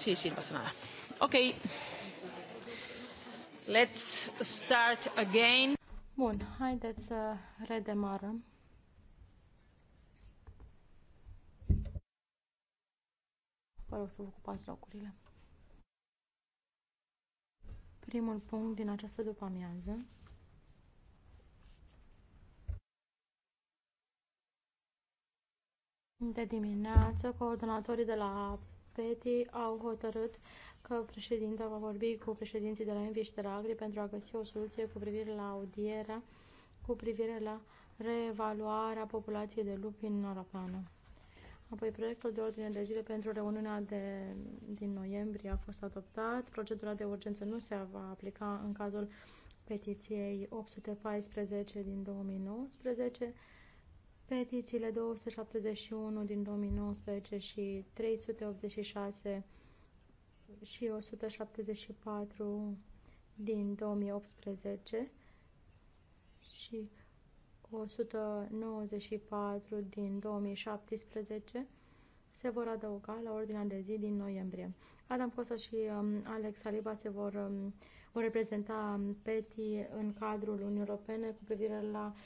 Sí, sí, no pasa nada. Ok. Let's start again. Bun, haideți să redemarăm. Vă rog să vă ocupați locurile. Primul punct din această după-amiază De dimineață, coordonatorii de la PETI au hotărât că președinta va vorbi cu președinții de la Envi și de la Agri pentru a găsi o soluție cu privire la audierea, cu privire la reevaluarea populației de lupi în Europeană. Apoi, proiectul de ordine de zile pentru reuniunea de, din noiembrie a fost adoptat. Procedura de urgență nu se va aplica în cazul petiției 814 din 2019 Petițiile 271 din 2019 și 386 și 174 din 2018 și 194 din 2017 se vor adăuga la ordinea de zi din noiembrie. Adam Cosa și um, Alex Aliba se vor, um, vor reprezenta um, PETI în cadrul Uniunii Europene cu privire la uh,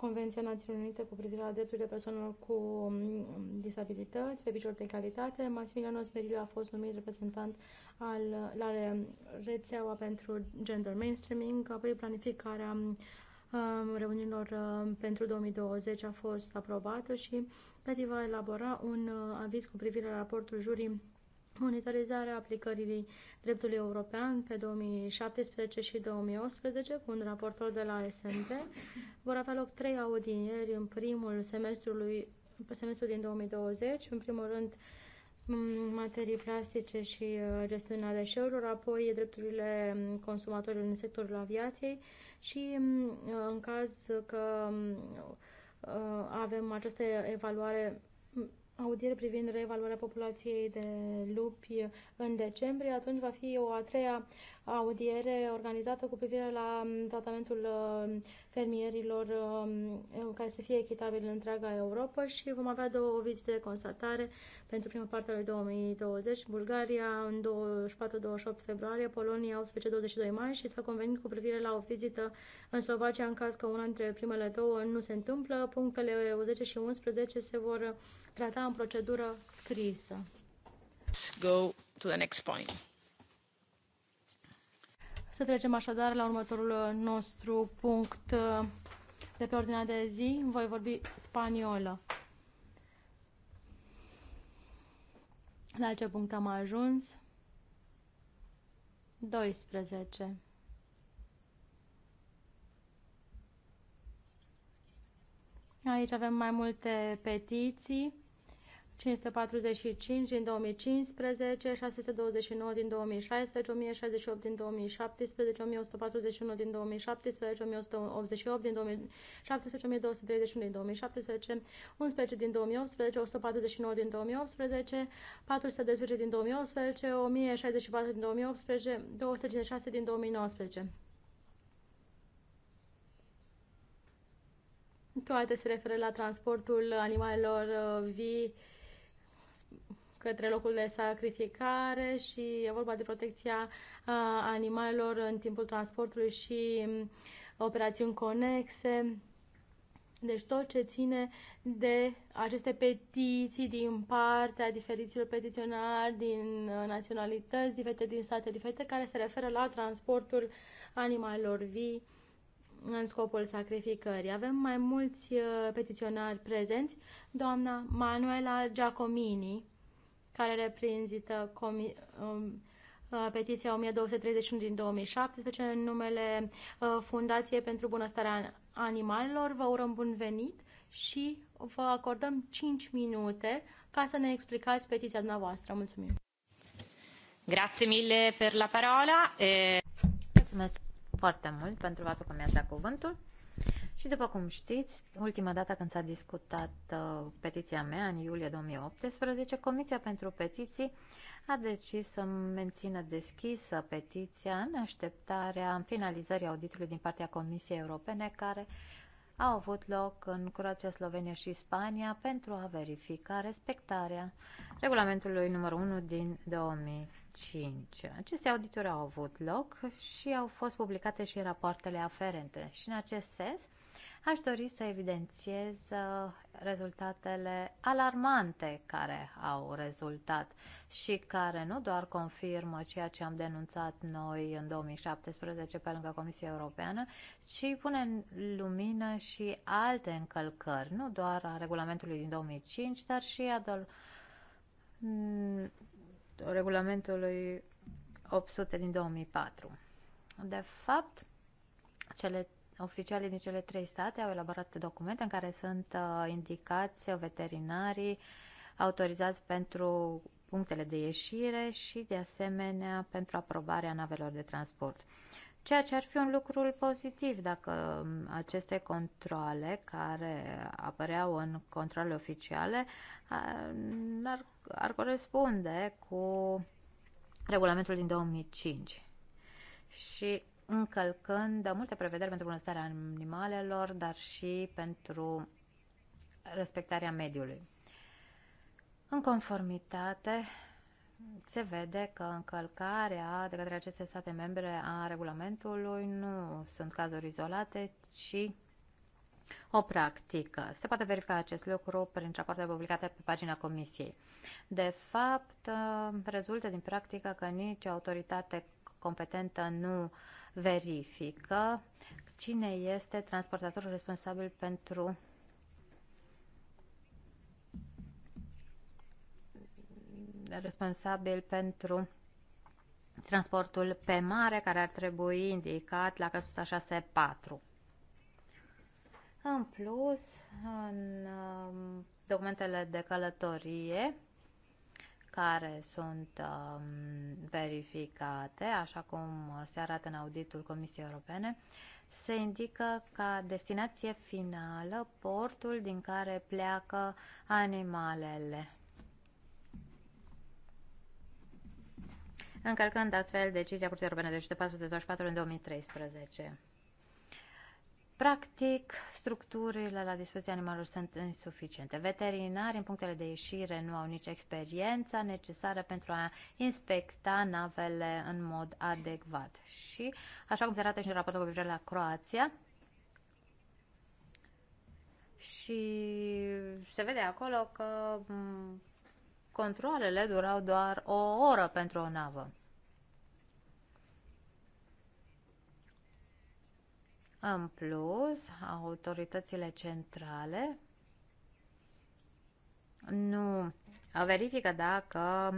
Convenția Națiunilor Unite cu privire la drepturile persoanelor cu um, um, disabilități pe picior de calitate. Massimiliano Speriliu a fost numit reprezentant al, la rețeaua pentru gender mainstreaming, apoi planificarea um, reuniunilor pentru 2020 a fost aprobată și Peti va elabora un uh, aviz cu privire la raportul jurii monitorizarea aplicării dreptului european pe 2017 și 2018 cu un raportor de la SNP. Vor avea loc trei audieri în primul semestrului, semestru din 2020, în primul rând mm, materii plastice și uh, gestiunea deșeurilor, apoi drepturile consumatorilor în sectorul aviației și mm, uh, în caz că mm, uh, avem această evaluare audieri privind reevaluarea populației de lupi în decembrie. Atunci va fi o a treia audiere organizată cu privire la mm, tratamentul mm, fermierilor mm, care să fie echitabil în întreaga Europa și vom avea două vizite de constatare pentru prima parte a lui 2020, Bulgaria în 24-28 februarie, Polonia 18-22 mai și s-a convenit cu privire la o vizită în Slovacia în caz că una dintre primele două nu se întâmplă. Punctele 10 și 11 se vor trata în procedură scrisă. Let's go to the next point. Să trecem așadar la următorul uh, nostru punct uh, de pe ordinea de zi. Voi vorbi spaniolă. La ce punct am ajuns? 12. Aici avem mai multe petiții 545 din 2015, 629 din 2016, 1068 din 2017, 1141 din 2017, 1188 din 2017, 1231 din 2017, 11 din 2018, 149 din 2018, 412 din 2018, 1064 din 2018, 256 din 2019. Toate se referă la transportul animalelor vii către locul de sacrificare și e vorba de protecția animalelor în timpul transportului și operațiuni conexe. Deci tot ce ține de aceste petiții din partea diferiților petiționari din naționalități diferite, din state diferite, care se referă la transportul animalelor vii în scopul sacrificării. Avem mai mulți uh, petiționari prezenți, doamna Manuela Giacomini, care reprinzită comi- um, uh, petiția 1231 din 2017 în numele uh, Fundației pentru Bunăstarea Animalelor. Vă urăm bun venit și vă acordăm 5 minute ca să ne explicați petiția dumneavoastră. Mulțumim! Grazie mille per la parola. E... Eh. Mulțumesc! foarte mult pentru faptul că mi-ați dat cuvântul. Și după cum știți, ultima dată când s-a discutat uh, petiția mea, în iulie 2018, Comisia pentru Petiții a decis să mențină deschisă petiția în așteptarea finalizării auditului din partea Comisiei Europene, care a avut loc în Croația, Slovenia și Spania pentru a verifica respectarea regulamentului numărul 1 din 2000. 2005. Aceste audituri au avut loc și au fost publicate și rapoartele aferente. Și în acest sens, aș dori să evidențiez uh, rezultatele alarmante care au rezultat și care nu doar confirmă ceea ce am denunțat noi în 2017 pe lângă Comisia Europeană, ci pune în lumină și alte încălcări, nu doar a regulamentului din 2005, dar și a regulamentului 800 din 2004. De fapt, cele oficialii din cele trei state au elaborat documente în care sunt uh, indicați veterinarii autorizați pentru punctele de ieșire și, de asemenea, pentru aprobarea navelor de transport. Ceea ce ar fi un lucru pozitiv dacă um, aceste controle care apăreau în controle oficiale ar, ar corespunde cu regulamentul din 2005 și încălcând multe prevederi pentru bunăstarea animalelor, dar și pentru respectarea mediului. În conformitate se vede că încălcarea de către aceste state membre a regulamentului nu sunt cazuri izolate, ci o practică. Se poate verifica acest lucru prin rapoarte publicate pe pagina Comisiei. De fapt, rezultă din practică că nici o autoritate competentă nu verifică cine este transportatorul responsabil pentru responsabil pentru transportul pe mare, care ar trebui indicat la căsuța 64. În plus, în um, documentele de călătorie, care sunt um, verificate, așa cum se arată în auditul Comisiei Europene, se indică ca destinație finală portul din care pleacă animalele. încălcând astfel decizia Curții Europene de Justiție 424 în 2013. Practic, structurile la dispoziția animalelor sunt insuficiente. Veterinari în punctele de ieșire nu au nici experiența necesară pentru a inspecta navele în mod adecvat. Și, așa cum se arată și în raportul cu privire la Croația, și se vede acolo că controlele durau doar o oră pentru o navă. În plus, autoritățile centrale nu verifică dacă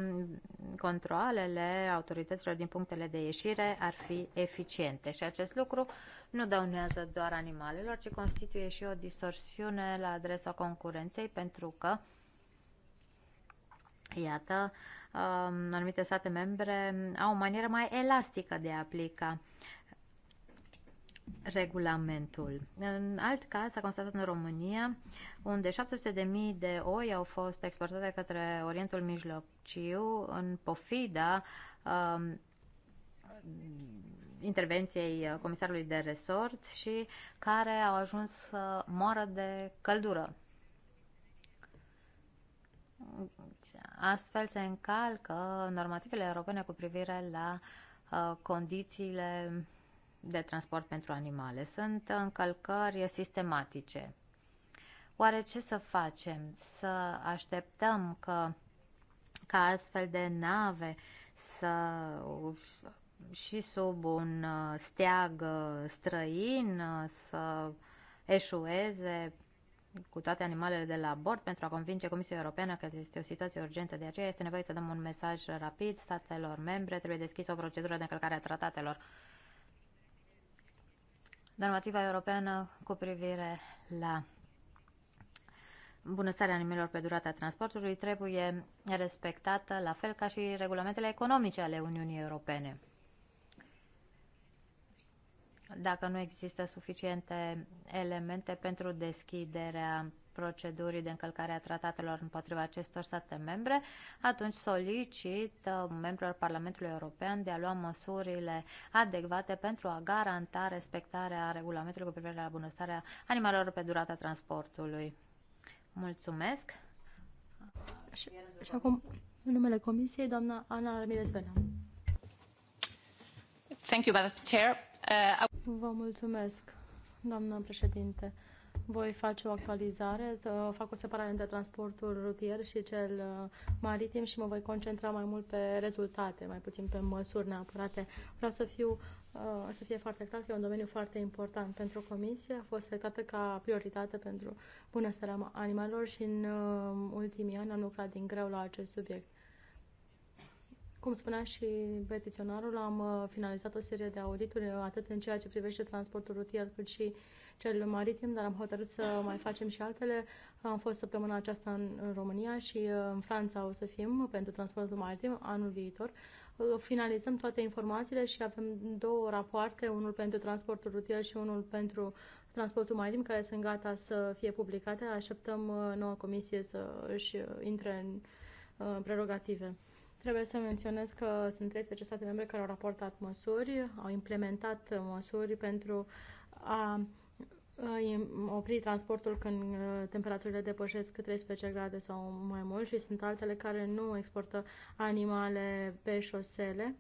controlele autorităților din punctele de ieșire ar fi eficiente și acest lucru nu dăunează doar animalelor, ci constituie și o distorsiune la adresa concurenței pentru că uh, Iată, um, anumite state membre au o manieră mai elastică de a aplica regulamentul. În alt caz, s-a constatat în România, unde 700.000 de oi au fost exportate către Orientul Mijlociu în pofida um, intervenției comisarului de resort și care au ajuns să moară de căldură. Astfel se încalcă normativele europene cu privire la uh, condițiile de transport pentru animale. Sunt încălcări sistematice. Oare ce să facem? Să așteptăm că ca astfel de nave să și sub un uh, steag uh, străin să eșueze cu toate animalele de la bord pentru a convinge Comisia Europeană că este o situație urgentă. De aceea este nevoie să dăm un mesaj rapid statelor membre, trebuie deschisă o procedură de încălcare a tratatelor. Normativa europeană cu privire la bunăstarea animalelor pe durata transportului trebuie respectată, la fel ca și regulamentele economice ale Uniunii Europene dacă nu există suficiente elemente pentru deschiderea procedurii de încălcare a tratatelor împotriva acestor state membre, atunci solicit uh, membrilor Parlamentului European de a lua măsurile adecvate pentru a garanta respectarea regulamentului cu privire la bunăstarea animalelor pe durata transportului. Mulțumesc! Și, și acum, în numele Comisiei, doamna Ana Ramirez Vela. Thank you, Madam Chair. Uh, vă mulțumesc, doamnă președinte. Voi face o actualizare, uh, fac o separare între transportul rutier și cel uh, maritim și mă voi concentra mai mult pe rezultate, mai puțin pe măsuri neapărate. Vreau să fiu să fie foarte clar că e un domeniu foarte important pentru comisie, a fost selectată ca prioritate pentru bunăstarea animalelor și în ultimii ani am lucrat din greu la acest subiect. Cum spunea și petiționarul, am uh, finalizat o serie de audituri uh, atât în ceea ce privește transportul rutier cât și cel maritim, dar am hotărât să mai facem și altele. Am fost săptămâna aceasta în România și uh, în Franța o să fim pentru transportul maritim anul viitor. Finalizăm toate informațiile și avem două rapoarte, unul pentru transportul rutier și unul pentru transportul maritim, care sunt gata să fie publicate. Așteptăm noua comisie să își intre în prerogative. Trebuie să menționez că sunt 13 state membre care au raportat măsuri, au implementat măsuri pentru a opri transportul când uh, temperaturile depășesc 13 grade sau mai mult și sunt altele care nu exportă animale pe șosele.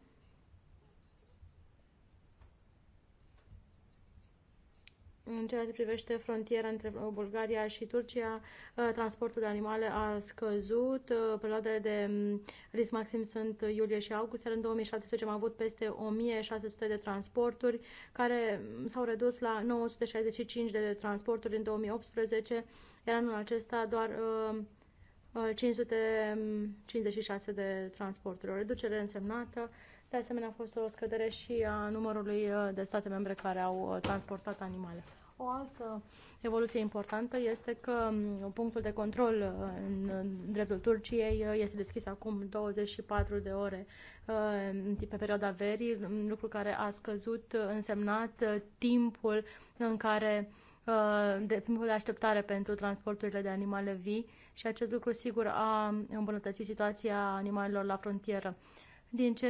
În ceea ce privește frontiera între uh, Bulgaria și Turcia, uh, transportul de animale a scăzut. Uh, perioadele de mm, risc maxim sunt iulie și august, iar în 2017 am avut peste 1600 de transporturi, care mm, s-au redus la 965 de transporturi în 2018, iar anul acesta doar 556 mm, de transporturi. O reducere însemnată de asemenea, a fost o scădere și a numărului uh, de state membre care au uh, transportat animale. O altă evoluție importantă este că um, punctul de control uh, în dreptul Turciei este deschis acum 24 de ore pe perioada verii, um, lucru care a scăzut însemnat timpul în care de timpul de așteptare pentru transporturile de animale vii și acest lucru sigur a îmbunătățit situația animalelor la frontieră. Din ce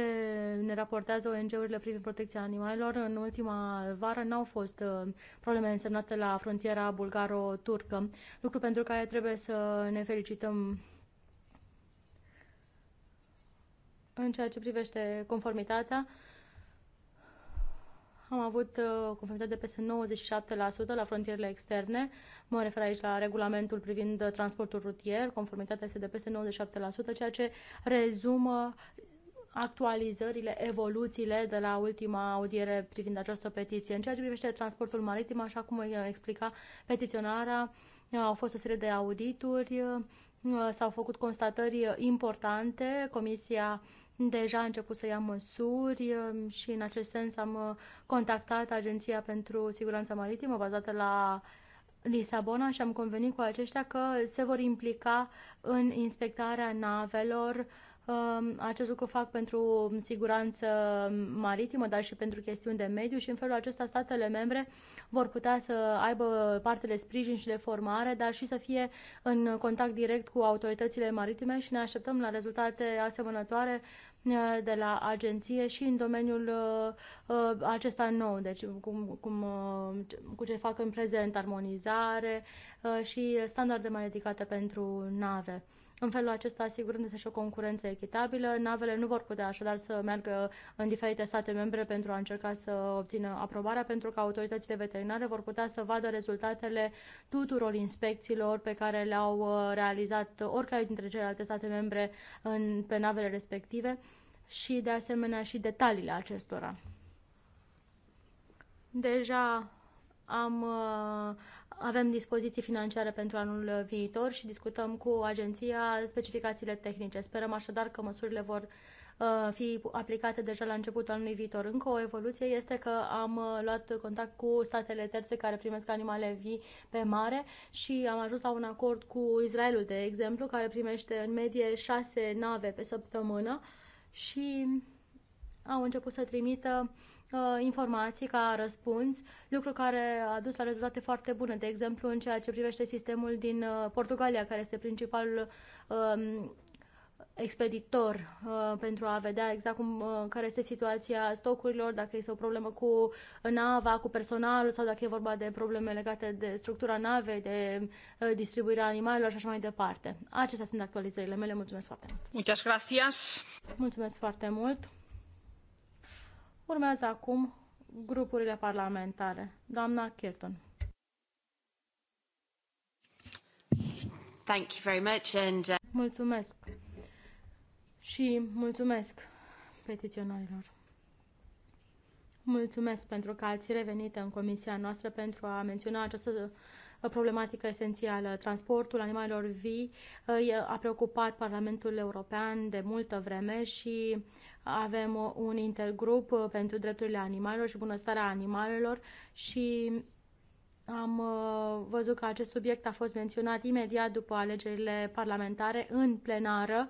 ne raportează ONG-urile privind protecția animalelor, în ultima vară n-au fost uh, probleme însemnate la frontiera bulgaro-turcă, lucru pentru care trebuie să ne felicităm în ceea ce privește conformitatea. Am avut uh, conformitate de peste 97% la frontierele externe. Mă refer aici la regulamentul privind transportul rutier. Conformitatea este de peste 97%, ceea ce rezumă actualizările, evoluțiile de la ultima audiere privind această petiție. În ceea ce privește transportul maritim, așa cum uh, explica petiționara, uh, au fost o serie de audituri, uh, s-au făcut constatări importante. Comisia deja a început să ia măsuri și în acest sens am contactat Agenția pentru Siguranța Maritimă bazată la Lisabona și am convenit cu aceștia că se vor implica în inspectarea navelor uh, Um, acest lucru fac pentru siguranță maritimă, dar și pentru chestiuni de mediu și în felul acesta statele membre vor putea să aibă parte de sprijin și de formare, dar și să fie în contact direct cu autoritățile maritime și ne așteptăm la rezultate asemănătoare uh, de la agenție și în domeniul uh, uh, acesta nou, deci cum, cum, cu ce fac în prezent, armonizare și standarde mai ridicate pentru nave. În felul acesta, asigurându-se și o concurență echitabilă, navele nu vor putea așadar să meargă în diferite state membre pentru a încerca să obțină aprobarea, pentru că autoritățile veterinare vor putea să vadă rezultatele tuturor inspecțiilor pe care le-au uh, realizat oricare dintre celelalte state membre în, pe navele respective și, de asemenea, și detaliile acestora. Deja am uh, avem dispoziții financiare pentru anul viitor și discutăm cu agenția specificațiile tehnice. Sperăm așadar că măsurile vor uh, fi aplicate deja la începutul anului viitor. Încă o evoluție este că am uh, luat contact cu statele terțe care primesc animale vii pe mare și am ajuns la un acord cu Israelul, de exemplu, care primește în medie șase nave pe săptămână și au început să trimită uh, Uh, informații ca răspuns, lucru care a dus la rezultate foarte bune, de exemplu în ceea ce privește sistemul din uh, Portugalia, care este principalul um, expeditor uh, pentru a vedea exact cum, uh, care este situația stocurilor, dacă este o problemă cu nava, cu personalul sau dacă e vorba de probleme legate de structura navei, de uh, distribuirea animalelor și așa mai departe. Acestea sunt actualizările mele. Mulțumesc foarte mult! Muchas gracias! Mulțumesc foarte mult! Urmează acum grupurile parlamentare. Doamna Kirton. Thank you very much and, uh... Mulțumesc și mulțumesc petiționarilor. Mulțumesc pentru că ați revenit în comisia noastră pentru a menționa această problematică esențială. Transportul animalelor vii uh, a preocupat Parlamentul European de multă vreme și avem uh, un intergrup uh, pentru drepturile animalelor și bunăstarea animalelor și am văzut că acest subiect a fost menționat imediat după alegerile parlamentare în plenară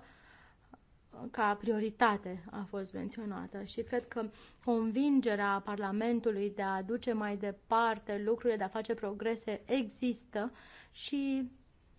ca prioritate a fost menționată și cred că convingerea Parlamentului de a duce mai departe lucrurile, de a face progrese, există și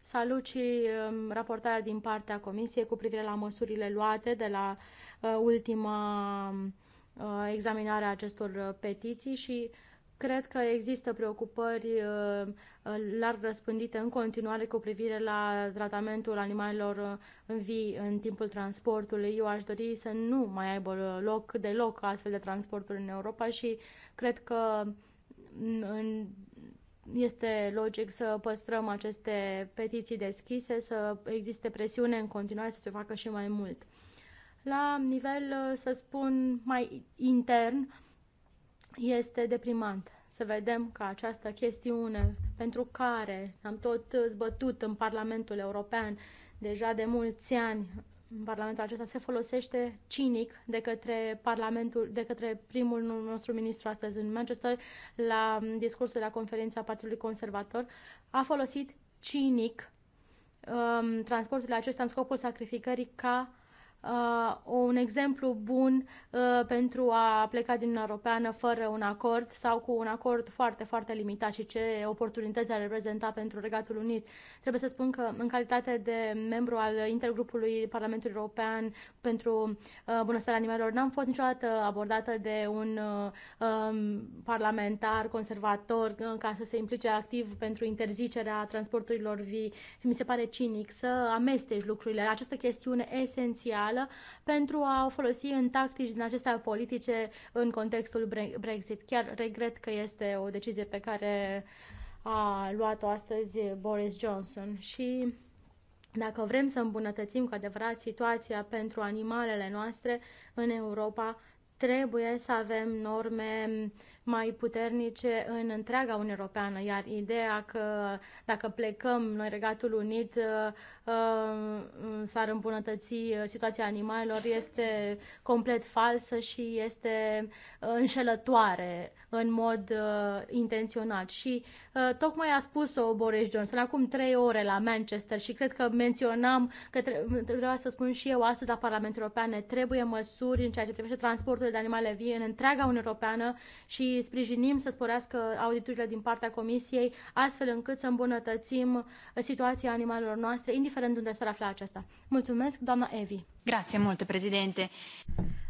salut și um, raportarea din partea Comisiei cu privire la măsurile luate de la uh, ultima uh, examinare a acestor uh, petiții și uh, Cred că există preocupări uh, uh, larg răspândite în continuare cu privire la tratamentul animalelor uh, în vii în timpul transportului. Eu aș dori să nu mai aibă loc deloc astfel de transporturi în Europa și cred că mm, este logic să păstrăm aceste petiții deschise, să existe presiune în continuare să se facă și mai mult. La nivel, să spun, mai intern, este deprimant să vedem că această chestiune pentru care am tot zbătut în Parlamentul European deja de mulți ani, în Parlamentul acesta se folosește cinic de către, Parlamentul, de către primul nostru ministru astăzi în Manchester la discursul la conferința Partidului Conservator, a folosit cinic um, transportul acesta în scopul sacrificării ca uh, un exemplu bun uh, pentru a pleca din Europeană fără un acord sau cu un acord foarte, foarte limitat și ce oportunități ar reprezenta pentru Regatul Unit. Trebuie să spun că în calitate de membru al intergrupului Parlamentului European pentru uh, bunăstarea animalelor n-am fost niciodată abordată de un uh, um, parlamentar conservator uh, ca să se implice activ pentru interzicerea transporturilor vii. Mi se pare cinic să amesteci lucrurile. Această chestiune esențială socială pentru a o folosi în tactici din acestea politice în contextul Brexit. Chiar regret că este o decizie pe care a luat-o astăzi Boris Johnson și dacă vrem să îmbunătățim cu adevărat situația pentru animalele noastre în Europa, trebuie să avem norme uh, mai puternice în întreaga Uniune Europeană, iar ideea că dacă plecăm noi Regatul Unit uh, uh, s-ar îmbunătăți uh, situația animalelor este complet falsă și este înșelătoare în mod intenționat. Și tocmai a spus-o Boris Johnson acum trei ore la Manchester și cred că menționam că trebuia să spun și eu astăzi la Parlamentul European trebuie măsuri în ceea ce privește transportul de animale vie în întreaga Uniune Europeană și și sprijinim să sporească auditurile din partea Comisiei, astfel încât să îmbunătățim situația animalelor noastre, indiferent unde s-ar afla aceasta. Mulțumesc, doamna Evi. Grație mult, președinte.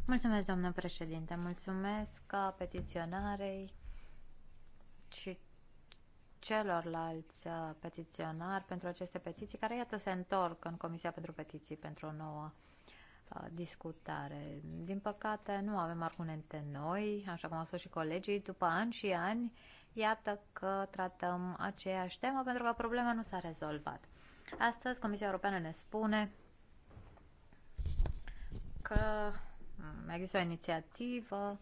Mulțumesc, doamnă președinte. Mulțumesc ca petiționarei și celorlalți uh, petiționari pentru aceste petiții, care iată se întorc în Comisia pentru Petiții pentru o nouă discutare. Din păcate, nu avem argumente noi, așa cum au spus și colegii, după ani și ani, iată că tratăm aceeași temă pentru că problema nu s-a rezolvat. Astăzi, Comisia Europeană ne spune că mm, există o inițiativă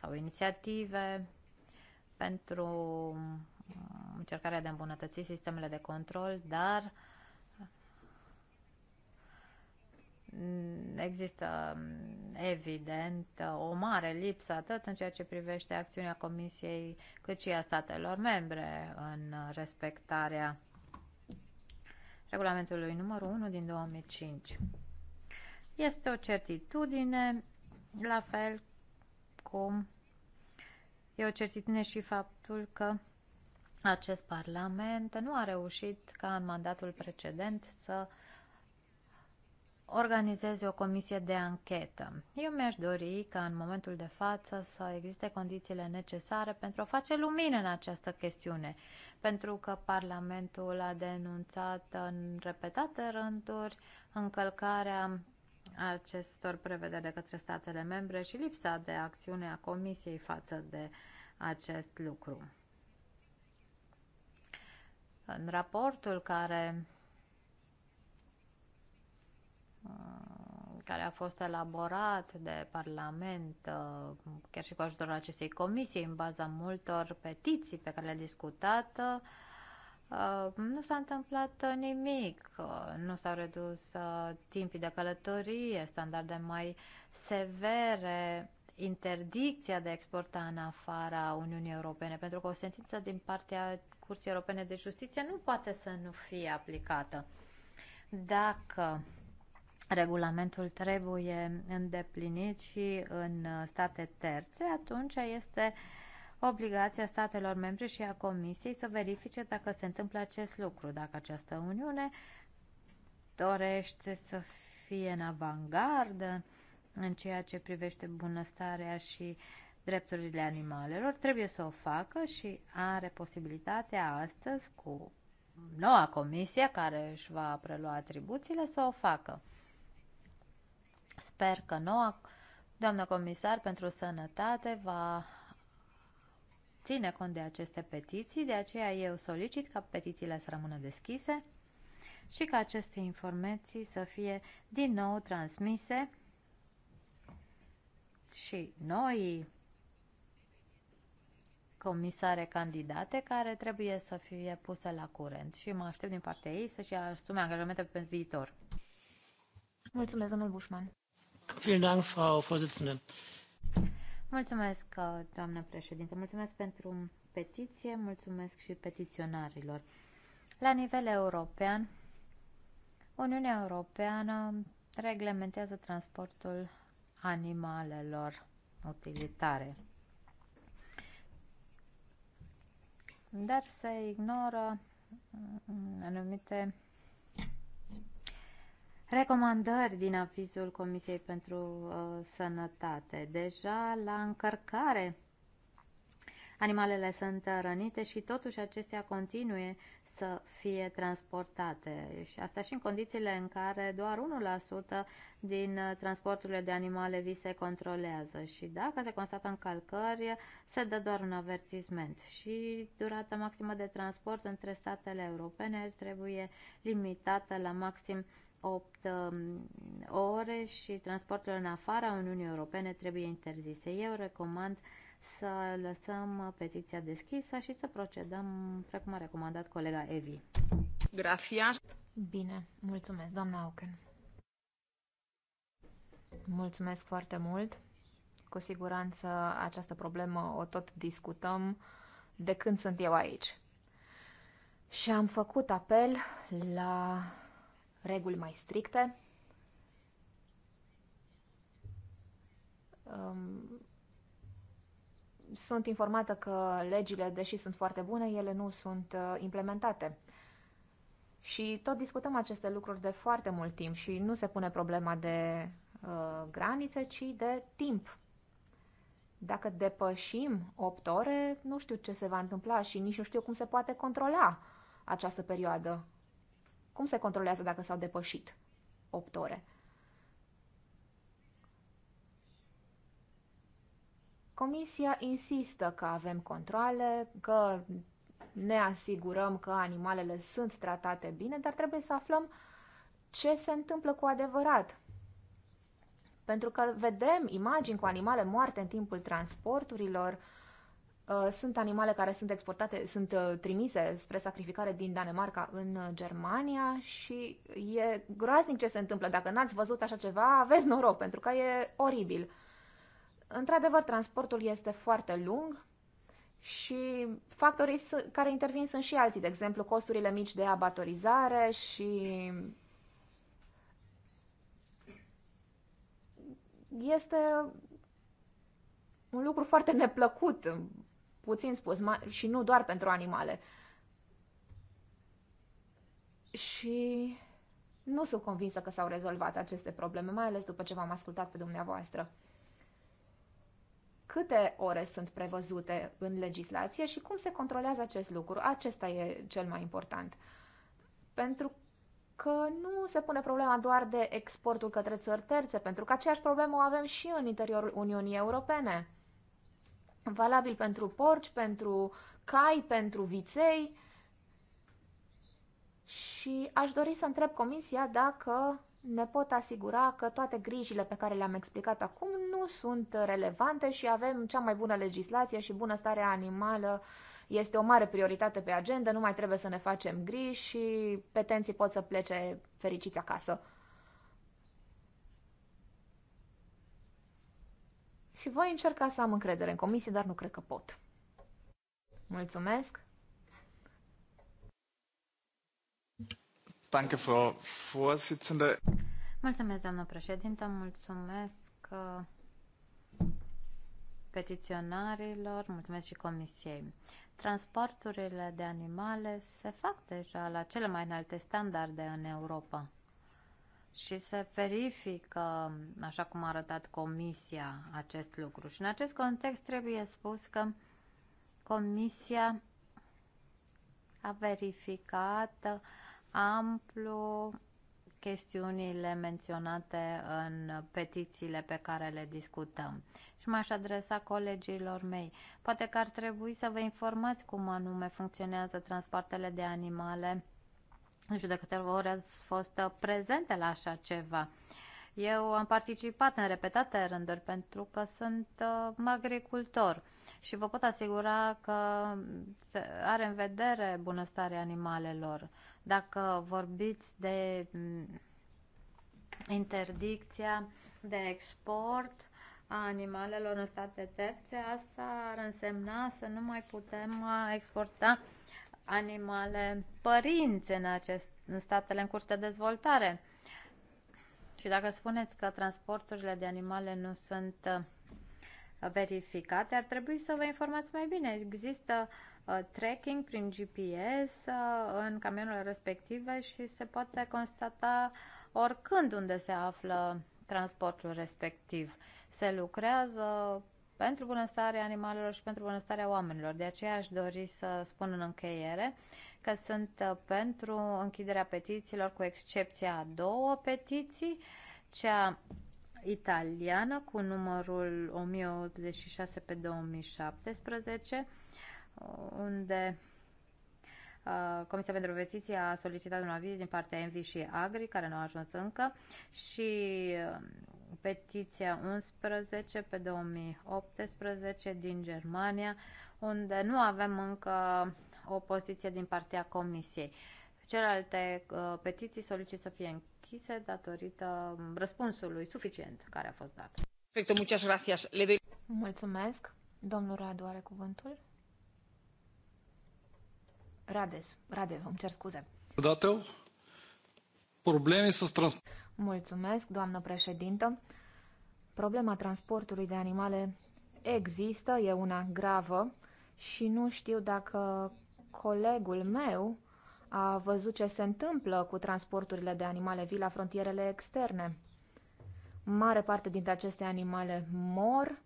sau inițiative pentru mm, încercarea de a îmbunătăți sistemele de control, dar uh, există evident o mare lipsă atât în ceea ce privește acțiunea Comisiei cât și a statelor membre în respectarea regulamentului numărul 1 din 2005. Este o certitudine, la fel cum e o certitudine și faptul că acest Parlament nu a reușit ca în mandatul precedent să uh, organizeze o comisie de anchetă. Eu mi-aș dori ca în momentul de față să existe condițiile necesare pentru a face lumină în această chestiune, pentru că Parlamentul a denunțat în repetate rânduri încălcarea acestor prevederi de către statele membre și lipsa de acțiune a Comisiei față de acest lucru. În raportul care Uh, care a fost elaborat de Parlament, uh, chiar și cu ajutorul acestei comisii, în baza multor petiții pe care le-a discutat, uh, nu s-a întâmplat nimic. Nu s-au redus timpii de călătorie, standarde mai severe, interdicția de a exporta în afara Uniunii Europene, pentru că o sentință din partea Curții Europene de Justiție nu poate să nu fie aplicată. Dacă regulamentul trebuie îndeplinit și în state terțe, atunci este obligația statelor membre și a Comisiei să verifice dacă se întâmplă acest lucru, dacă această Uniune dorește să fie în avangardă în ceea ce privește bunăstarea și drepturile animalelor, trebuie să o facă și are posibilitatea astăzi cu noua comisie care își va prelua atribuțiile să o facă. Sper că noua doamnă comisar pentru sănătate va ține cont de aceste petiții, de aceea eu solicit ca petițiile să rămână deschise și ca aceste informații să fie din nou transmise și noi comisare candidate care trebuie să fie puse la curent și mă aștept din partea ei să-și asume angajamente pentru viitor. Mulțumesc, domnul Bușman. Frau Mulțumesc, uh, doamnă președinte. Mulțumesc pentru petiție, mulțumesc și petiționarilor. La nivel european, Uniunea Europeană reglementează transportul animalelor utilitare. Dar se ignoră anumite recomandări din avizul Comisiei pentru uh, Sănătate. Deja la încărcare animalele sunt rănite și totuși acestea continue să fie transportate. Și asta și în condițiile în care doar 1% din transporturile de animale vi se controlează și dacă se constată încălcări, se dă doar un avertisment. Și durata maximă de transport între statele europene trebuie limitată la maxim 8 um, ore și transporturile în afara Uniunii Europene trebuie interzise. Eu recomand să lăsăm petiția deschisă și să procedăm precum a recomandat colega Evi. Gracias. Bine, mulțumesc, doamna Auken. Mulțumesc foarte mult. Cu siguranță această problemă o tot discutăm de când sunt eu aici. Și am făcut apel la reguli mai stricte. Um, sunt informată că legile, deși sunt foarte bune, ele nu sunt uh, implementate. Și tot discutăm aceste lucruri de foarte mult timp și nu se pune problema de uh, granițe, ci de timp. Dacă depășim 8 ore, nu știu ce se va întâmpla și nici nu știu cum se poate controla această perioadă cum se controlează dacă s-au depășit 8 ore? Comisia insistă că avem controle, că ne asigurăm că animalele sunt tratate bine, dar trebuie să aflăm ce se întâmplă cu adevărat. Pentru că vedem imagini cu animale moarte în timpul transporturilor, uh, Uh, sunt animale care sunt exportate, sunt uh, trimise spre sacrificare din Danemarca în uh, Germania și e groaznic ce se întâmplă. Dacă n-ați văzut așa ceva, aveți noroc, pentru că e oribil. Într-adevăr, transportul este foarte lung și factorii care intervin sunt și alții, de exemplu, costurile mici de abatorizare și este un lucru foarte neplăcut puțin spus, și nu doar pentru animale. Și nu sunt convinsă că s-au rezolvat aceste probleme, mai ales după ce v-am ascultat pe dumneavoastră. Câte ore sunt prevăzute în legislație și cum se controlează acest lucru? Acesta e cel mai important. Pentru că nu se pune problema doar de exportul către țări terțe, pentru că aceeași problemă o avem și în interiorul Uniunii Europene valabil pentru porci, pentru cai, pentru viței. Și aș dori să întreb comisia dacă ne pot asigura că toate grijile pe care le-am explicat acum nu sunt relevante și avem cea mai bună legislație și bunăstarea animală este o mare prioritate pe agenda, nu mai trebuie să ne facem griji și petenții pot să plece fericiți acasă. și voi încerca să am încredere în comisie, dar nu cred că pot. Mulțumesc! Danke, Frau Vorsitzende. Mulțumesc, doamnă președintă, mulțumesc uh, petiționarilor, mulțumesc și comisiei. Transporturile de animale se fac deja la cele mai înalte standarde în Europa și se verifică, așa cum a arătat Comisia, acest lucru. Și în acest context trebuie spus că Comisia a verificat amplu chestiunile menționate în petițiile pe care le discutăm. Și m-aș adresa colegilor mei. Poate că ar trebui să vă informați cum anume funcționează transportele de animale nu știu de câte ori ați fost uh, prezente la așa ceva. Eu am participat în repetate rânduri pentru că sunt uh, agricultor și vă pot asigura că are în vedere bunăstarea animalelor. Dacă vorbiți de mm, interdicția de export a animalelor în state terțe, asta ar însemna să nu mai putem uh, exporta uh, animale părinți în, acest, în statele în curs de dezvoltare. Și dacă spuneți că transporturile de animale nu sunt uh, verificate, ar trebui să vă informați mai bine. Există uh, tracking prin GPS uh, în camionurile respective și se poate constata oricând unde se află transportul respectiv. Se lucrează pentru bunăstarea animalelor și pentru bunăstarea oamenilor. De aceea aș dori să spun în încheiere că sunt uh, pentru închiderea petițiilor cu excepția a două petiții, cea italiană cu numărul 1086 pe 2017, uh, unde uh, Comisia pentru Petiții a solicitat un aviz din partea Envi și Agri, care nu a ajuns încă, și petiția 11 pe 2018 din Germania, unde nu avem încă o poziție din partea Comisiei. Celelalte uh, petiții solicit să fie închise datorită răspunsului suficient care a fost dat. Perfecto, muchas gracias. Le doy... Mulțumesc. Domnul Radu are cuvântul. Rades, Rade, îmi cer scuze. Datel, probleme să transport. Mulțumesc, doamnă președintă. Problema transportului de animale există, e una gravă și nu știu dacă colegul meu a văzut ce se întâmplă cu transporturile de animale vii la frontierele externe. Mare parte dintre aceste animale mor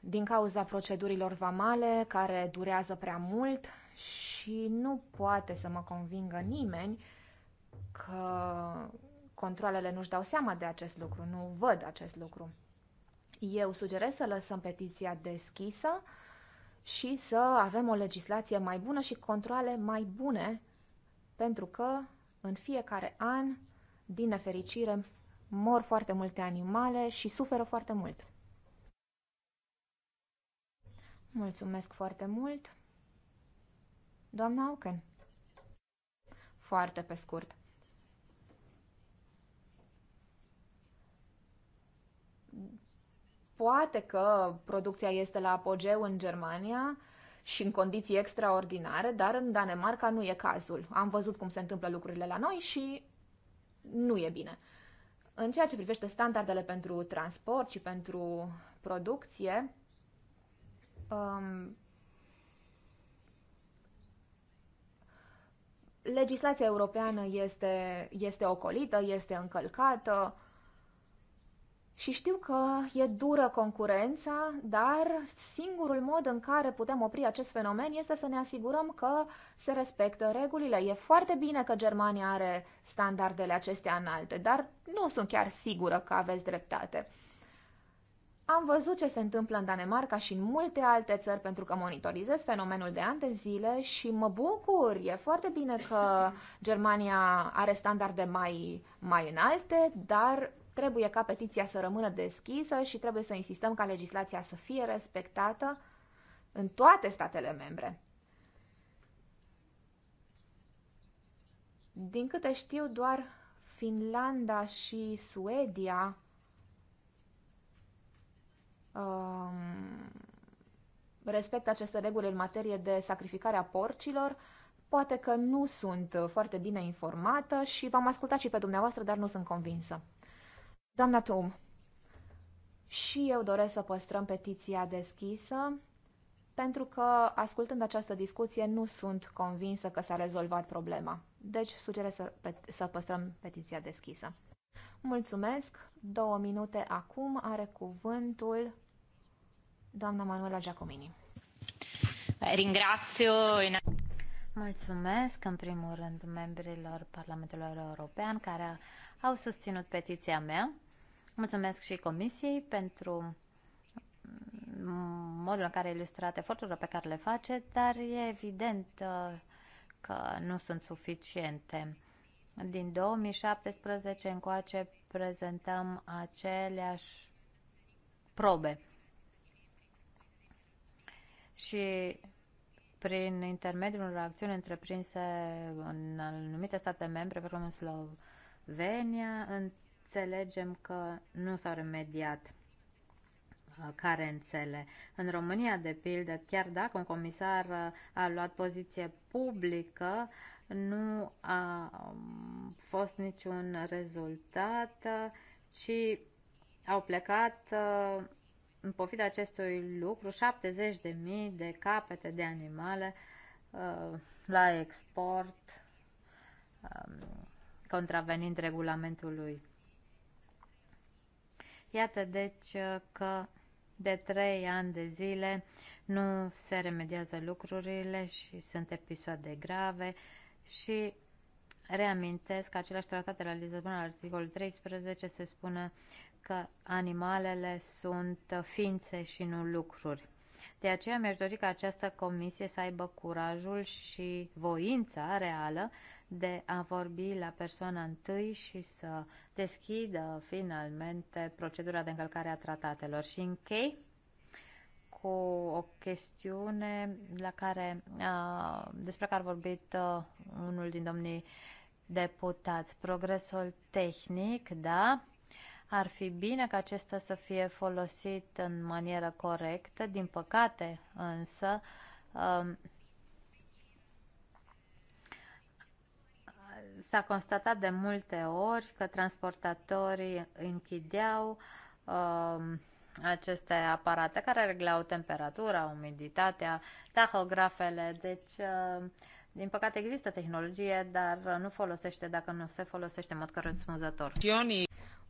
din cauza procedurilor vamale care durează prea mult și nu poate să mă convingă nimeni că controlele nu-și dau seama de acest lucru, nu văd acest lucru. Eu sugerez să lăsăm petiția deschisă și să avem o legislație mai bună și controle mai bune, pentru că în fiecare an, din nefericire, mor foarte multe animale și suferă foarte mult. Mulțumesc foarte mult! Doamna Auken. Foarte pe scurt. poate că producția este la apogeu în Germania și în condiții extraordinare, dar în Danemarca nu e cazul. Am văzut cum se întâmplă lucrurile la noi și nu e bine. În ceea ce privește standardele pentru transport și pentru producție, um, legislația europeană este, este ocolită, este încălcată, uh, și știu că e dură concurența, dar singurul mod în care putem opri acest fenomen este să ne asigurăm că se respectă regulile. E foarte bine că Germania are standardele acestea înalte, dar nu sunt chiar sigură că aveți dreptate. Am văzut ce se întâmplă în Danemarca și în multe alte țări pentru că monitorizez fenomenul de ani de zile și mă bucur. E foarte bine că Germania are standarde mai, mai înalte, dar Trebuie ca petiția să rămână deschisă și trebuie să insistăm ca legislația să fie respectată în toate statele membre. Din câte știu, doar Finlanda și Suedia um, respectă aceste reguli în materie de sacrificare a porcilor. Poate că nu sunt foarte bine informată și v-am ascultat și pe dumneavoastră, dar nu sunt convinsă. Doamna Tum, și eu doresc să păstrăm petiția deschisă, pentru că, ascultând această discuție, nu sunt convinsă că s-a rezolvat problema. Deci, sugerez să, să păstrăm petiția deschisă. Mulțumesc! Două minute acum are cuvântul doamna Manuela Giacomini. Ringrazio. Mulțumesc, în primul rând, membrilor Parlamentului European care au susținut petiția mea. Mulțumesc și Comisiei pentru mm, modul în care ilustrat eforturile pe care le face, dar e evident uh, că nu sunt suficiente. Din 2017 încoace prezentăm aceleași probe. Și prin intermediul unor acțiuni întreprinse în anumite state membre, precum în Slovenia, în înțelegem că nu s-au remediat uh, carențele. În România, de pildă, chiar dacă un comisar uh, a luat poziție publică, nu a um, fost niciun rezultat, uh, ci au plecat în pofida acestui lucru 70.000 de capete de animale la export, um, contravenind regulamentului Iată deci uh, că de trei ani de zile nu se remediază lucrurile și sunt episoade grave și reamintesc același tratat de la Lisabona, articolul 13, se spune că animalele sunt ființe și nu lucruri. De aceea mi-aș dori ca această comisie să aibă curajul și voința reală de a vorbi la persoana întâi și să deschidă finalmente procedura de încălcare a tratatelor. Și închei cu o chestiune la care, a, despre care a vorbit a, unul din domnii deputați. Progresul tehnic, da, ar fi bine ca acesta să fie folosit în manieră corectă, din păcate însă um, s-a constatat de multe ori că transportatorii închideau um, aceste aparate care reglau temperatura, umiditatea, tahografele, deci um, din păcate există tehnologie, dar nu folosește dacă nu se folosește în mod corespunzător.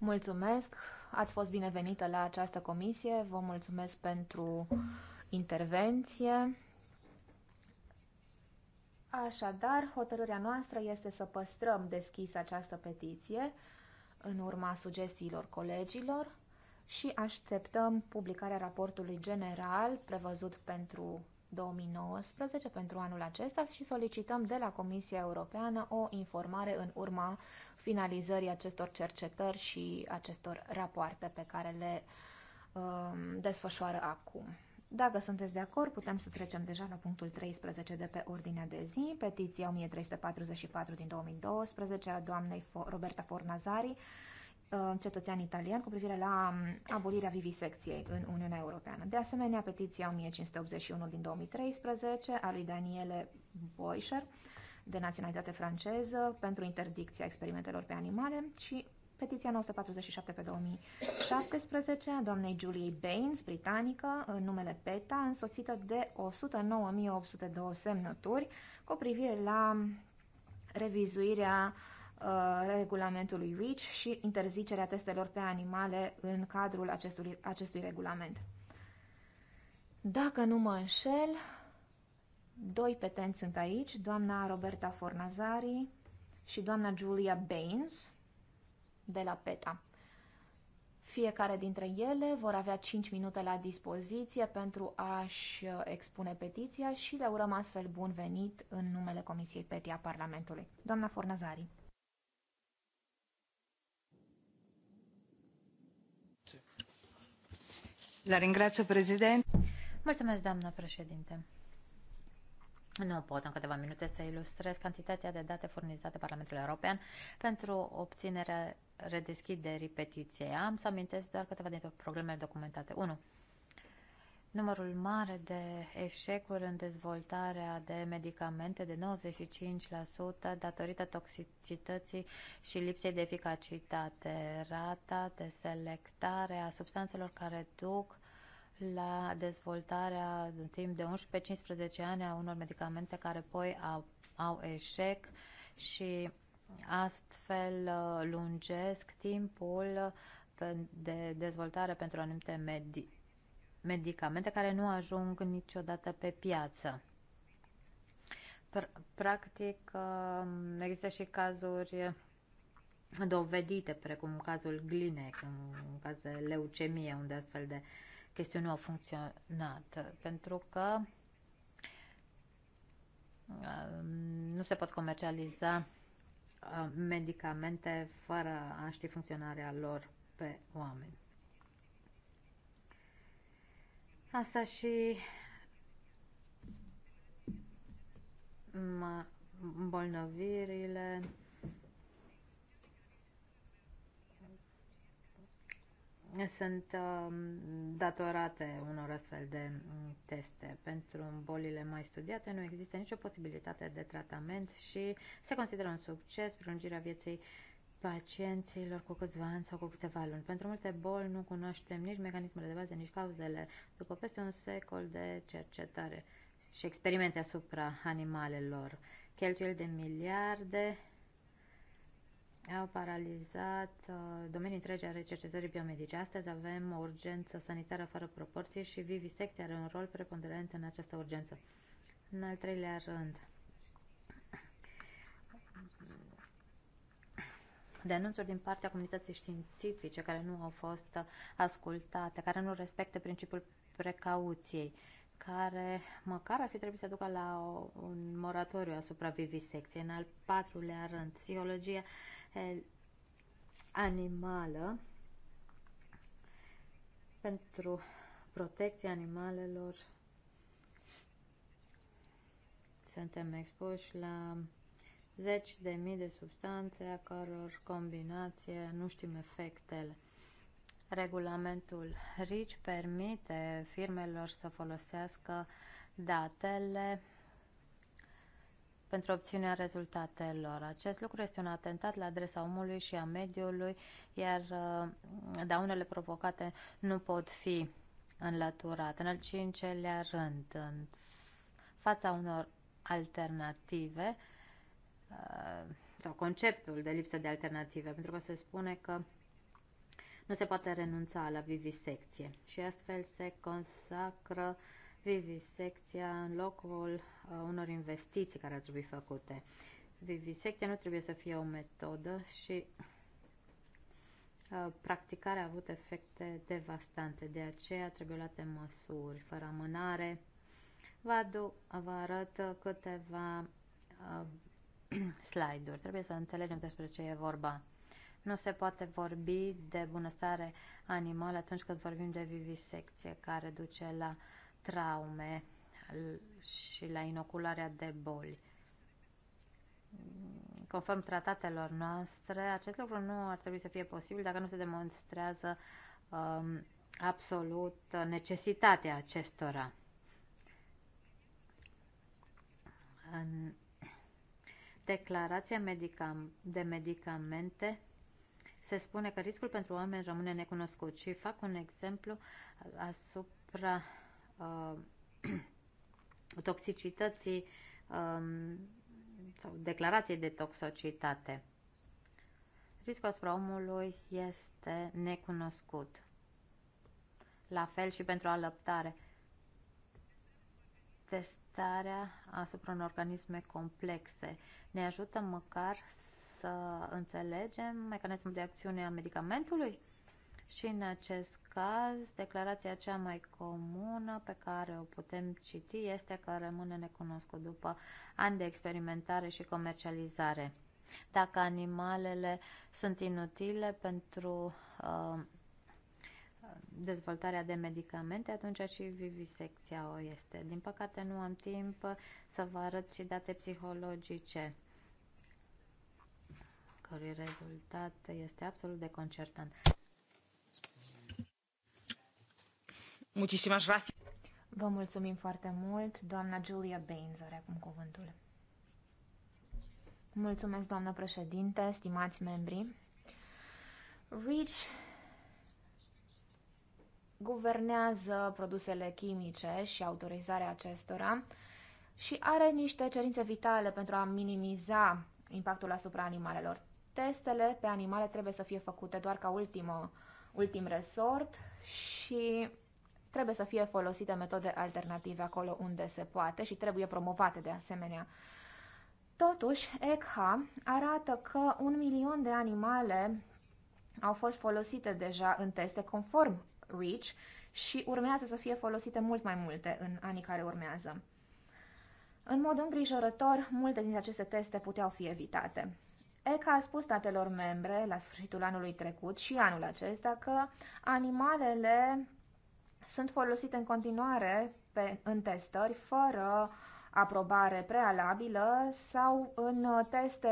Mulțumesc, ați fost binevenită la această comisie, vă mulțumesc pentru intervenție. Așadar, hotărârea noastră este să păstrăm deschis această petiție în urma sugestiilor colegilor și așteptăm publicarea raportului general prevăzut pentru 2019 pentru anul acesta și solicităm de la Comisia Europeană o informare în urma finalizării acestor cercetări și acestor rapoarte pe care le um, desfășoară acum. Dacă sunteți de acord, putem să trecem deja la punctul 13 de pe ordinea de zi, petiția 1344 din 2012 a doamnei Roberta Fornazari, Uh, cetățean italian cu privire la um, abolirea vivisecției în Uniunea Europeană. De asemenea, petiția 1581 din 2013 a lui Daniele Boischer, de naționalitate franceză, pentru interdicția experimentelor pe animale și petiția 947 pe 2017 a doamnei Julie Baines, britanică, în numele PETA, însoțită de 109.802 semnături cu privire la revizuirea uh, Uh, regulamentului REACH și interzicerea testelor pe animale în cadrul acestui, acestui regulament. Dacă nu mă înșel, doi petenți sunt aici, doamna Roberta Fornazari și doamna Julia Baines de la PETA. Fiecare dintre ele vor avea 5 minute la dispoziție pentru a-și uh, expune petiția și le urăm astfel bun venit în numele Comisiei PETIA Parlamentului. Doamna Fornazari. La Mulțumesc, doamnă președinte. Nu pot în câteva minute să ilustrez cantitatea de date furnizate Parlamentului European pentru obținerea redeschiderii petiției. Am să amintesc doar câteva dintre problemele documentate. 1 numărul mare de eșecuri în dezvoltarea de medicamente de 95% datorită toxicității și lipsei de eficacitate, rata de selectare a substanțelor care duc la dezvoltarea în timp de 11-15 ani a unor medicamente care apoi au, au eșec și astfel uh, lungesc timpul de dezvoltare pentru anumite medicamente medicamente care nu ajung niciodată pe piață. Practic, um, există și cazuri dovedite, precum cazul Glinec, în caz de leucemie, unde astfel de chestiuni nu au funcționat, pentru că um, nu se pot comercializa uh, medicamente fără a ști funcționarea lor pe oameni. Asta și îmbolnăvirile sunt um, datorate unor astfel de um, teste. Pentru bolile mai studiate nu există nicio posibilitate de tratament și se consideră un succes prelungirea vieții uh, pacienților cu câțiva ani sau cu câteva luni. Pentru multe boli nu cunoaștem nici mecanismele de bază, nici cauzele. După peste un secol de cercetare și experimente asupra animalelor, cheltuieli de miliarde au paralizat uh, domenii întregi ale cercetării biomedice. Astăzi avem o urgență sanitară fără proporții și vivisecția are un rol preponderent în această urgență. În al treilea rând, denunțuri din partea comunității științifice care nu au fost ascultate, care nu respectă principiul precauției, care măcar ar fi trebuit să ducă la o, un moratoriu asupra vivisecției. În al patrulea rând, psihologia animală pentru protecția animalelor suntem expuși la zeci de mii de substanțe a căror combinație nu știm efectele. Regulamentul RICI permite firmelor să folosească datele pentru obținerea rezultatelor. Acest lucru este un atentat la adresa omului și a mediului, iar uh, daunele provocate nu pot fi înlăturate. În al cincelea rând, în fața unor alternative, Uh, sau conceptul de lipsă de alternative, pentru că se spune că nu se poate renunța la vivisecție și astfel se consacră vivisecția în locul uh, unor investiții care ar trebui făcute. Vivisecția nu trebuie să fie o metodă și uh, practicarea a avut efecte devastante, de aceea trebuie luate măsuri, fără amânare. Vă, aduc, vă arăt câteva slide-uri. Trebuie să înțelegem despre ce e vorba. Nu se poate vorbi de bunăstare animală atunci când vorbim de vivisecție, care duce la traume și la inocularea de boli. Conform tratatelor noastre, acest lucru nu ar trebui să fie posibil dacă nu se demonstrează um, absolut necesitatea acestora. În declarația medicam, de medicamente se spune că riscul pentru oameni rămâne necunoscut. Și fac un exemplu asupra uh, toxicității um, sau declarației de toxicitate. Riscul asupra omului este necunoscut. La fel și pentru alăptare. Test testarea asupra unor organisme complexe. Ne ajută măcar să înțelegem mecanismul de acțiune a medicamentului? Și în acest caz, declarația cea mai comună pe care o putem citi este că rămâne necunoscut după ani de experimentare și comercializare. Dacă animalele sunt inutile pentru uh, dezvoltarea de medicamente, atunci și vivisecția o este. Din păcate nu am timp să vă arăt și date psihologice cărui rezultat este absolut deconcertant. Muchísimas Vă mulțumim foarte mult. Doamna Julia Baines are acum cuvântul. Mulțumesc, doamnă președinte, stimați membri. REACH guvernează produsele chimice și autorizarea acestora și are niște cerințe vitale pentru a minimiza impactul asupra animalelor. Testele pe animale trebuie să fie făcute doar ca ultimă, ultim resort și trebuie să fie folosite metode alternative acolo unde se poate și trebuie promovate de asemenea. Totuși, ECHA arată că un milion de animale au fost folosite deja în teste conform REACH și urmează să fie folosite mult mai multe în anii care urmează. În mod îngrijorător, multe dintre aceste teste puteau fi evitate. ECA a spus statelor membre la sfârșitul anului trecut și anul acesta că animalele sunt folosite în continuare pe, în testări fără aprobare prealabilă sau în uh, teste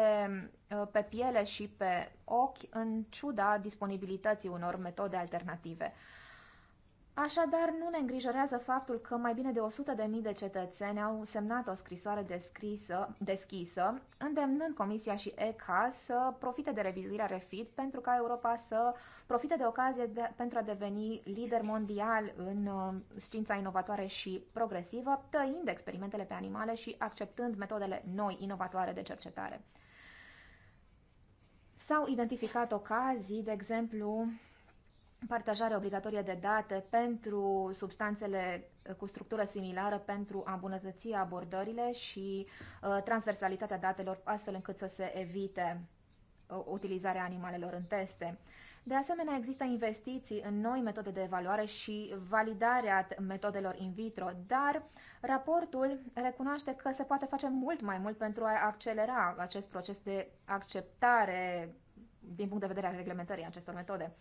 uh, pe piele și pe ochi în ciuda disponibilității unor metode alternative. Așadar, nu ne îngrijorează faptul că mai bine de 100.000 de, de cetățeni au semnat o scrisoare descrisă, deschisă, îndemnând Comisia și ECA să profite de revizuirea REFIT pentru ca Europa să profite de ocazie de, pentru a deveni lider mondial în uh, știința inovatoare și progresivă, tăind experimentele pe animale și acceptând metodele noi inovatoare de cercetare. S-au identificat ocazii, de exemplu, partajarea obligatorie de date pentru substanțele cu structură similară pentru a îmbunătăți abordările și uh, transversalitatea datelor, astfel încât să se evite uh, utilizarea animalelor în teste. De asemenea, există investiții în noi metode de evaluare și validarea metodelor in vitro, dar raportul recunoaște că se poate face mult mai mult pentru a accelera acest proces de acceptare din punct de vedere al reglementării acestor metode.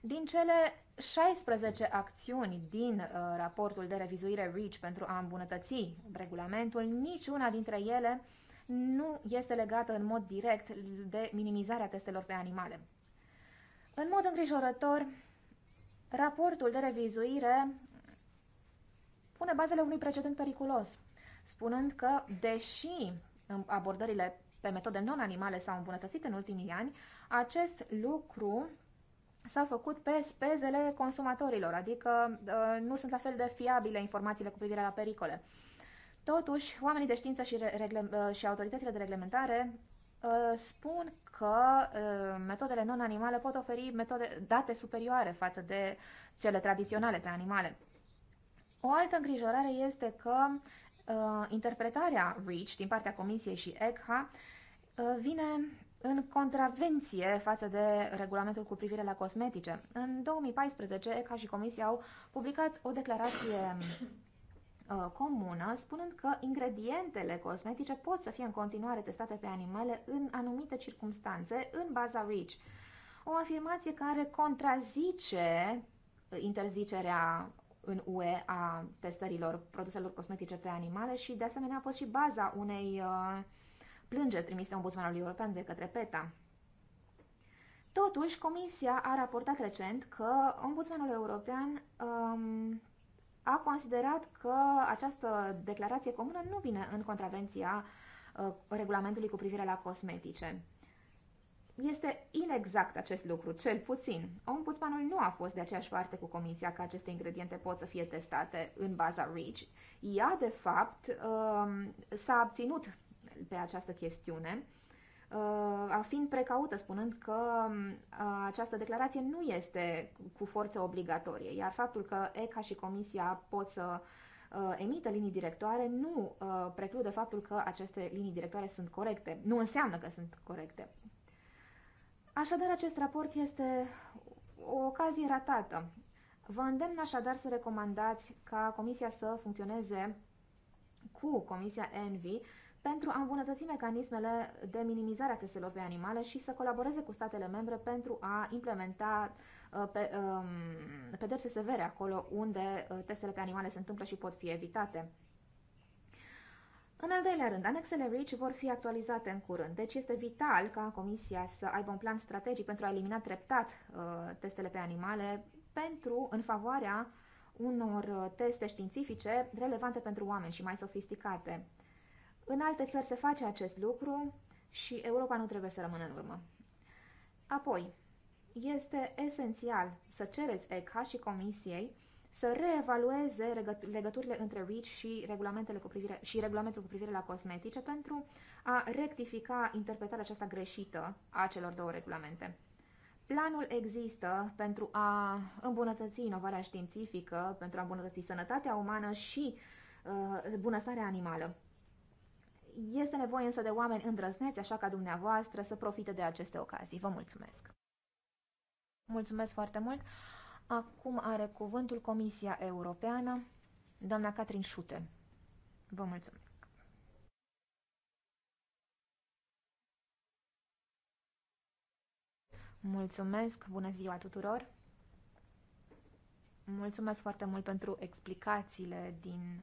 Din cele 16 acțiuni din uh, raportul de revizuire REACH pentru a îmbunătăți regulamentul, niciuna dintre ele nu este legată în mod direct de minimizarea testelor pe animale. În mod îngrijorător, raportul de revizuire pune bazele unui precedent periculos, spunând că, deși abordările pe metode non-animale s-au îmbunătățit în ultimii ani, acest lucru s au făcut pe spezele consumatorilor, adică uh, nu sunt la fel de fiabile informațiile cu privire la pericole. Totuși, oamenii de știință și, uh, și autoritățile de reglementare uh, spun că metodele non-animale pot oferi metode, date superioare față de cele tradiționale pe animale. O altă îngrijorare este că interpretarea REACH din partea Comisiei și ECHA vine în contravenție față de regulamentul cu privire la cosmetice. În 2014, ECA și Comisia au publicat o declarație uh, comună, spunând că ingredientele cosmetice pot să fie în continuare testate pe animale în anumite circunstanțe, în baza REACH. O afirmație care contrazice uh, interzicerea în UE a testărilor produselor cosmetice pe animale și, de asemenea, a fost și baza unei uh, plângeri trimise ombudsmanului european de către PETA. Totuși, Comisia a raportat recent că ombudsmanul european um, a considerat că această declarație comună nu vine în contravenția uh, regulamentului cu privire la cosmetice. Este inexact acest lucru, cel puțin. Ombudsmanul nu a fost de aceeași parte cu comisia că aceste ingrediente pot să fie testate în baza REACH. Ea, de fapt, um, s-a abținut pe această chestiune, uh, fiind precaută, spunând că um, uh, această declarație nu este cu forță obligatorie, iar faptul că ECA și Comisia pot să uh, emită linii directoare nu preclude faptul că aceste linii directoare sunt corecte, nu înseamnă că sunt corecte. Așadar, acest raport este o ocazie ratată. Vă îndemn așadar să recomandați ca Comisia să funcționeze cu Comisia ENVI pentru a îmbunătăți mecanismele de minimizare a testelor pe animale și să colaboreze cu statele membre pentru a implementa uh, pe, um, pedepse severe acolo unde uh, testele pe animale se întâmplă și pot fi evitate. În al doilea rând, anexele REACH vor fi actualizate în curând, deci este vital ca Comisia să aibă un plan strategic pentru a elimina treptat uh, testele pe animale pentru în favoarea unor uh, teste științifice relevante pentru oameni și mai sofisticate. În alte țări se face acest lucru și Europa nu trebuie să rămână în urmă. Apoi, este esențial să cereți ECHA și Comisiei să reevalueze legăturile între REACH și, regulamentele cu privire, și regulamentul cu privire la cosmetice pentru a rectifica interpretarea aceasta greșită a celor două regulamente. Planul există pentru a îmbunătăți inovarea științifică, pentru a îmbunătăți sănătatea umană și uh, bunăstarea animală. Este nevoie însă de oameni îndrăzneți, așa ca dumneavoastră, să profite de aceste ocazii. Vă mulțumesc! Mulțumesc foarte mult! Acum are cuvântul Comisia Europeană, doamna Catrin Șute. Vă mulțumesc! Mulțumesc! Bună ziua tuturor! Mulțumesc foarte mult pentru explicațiile din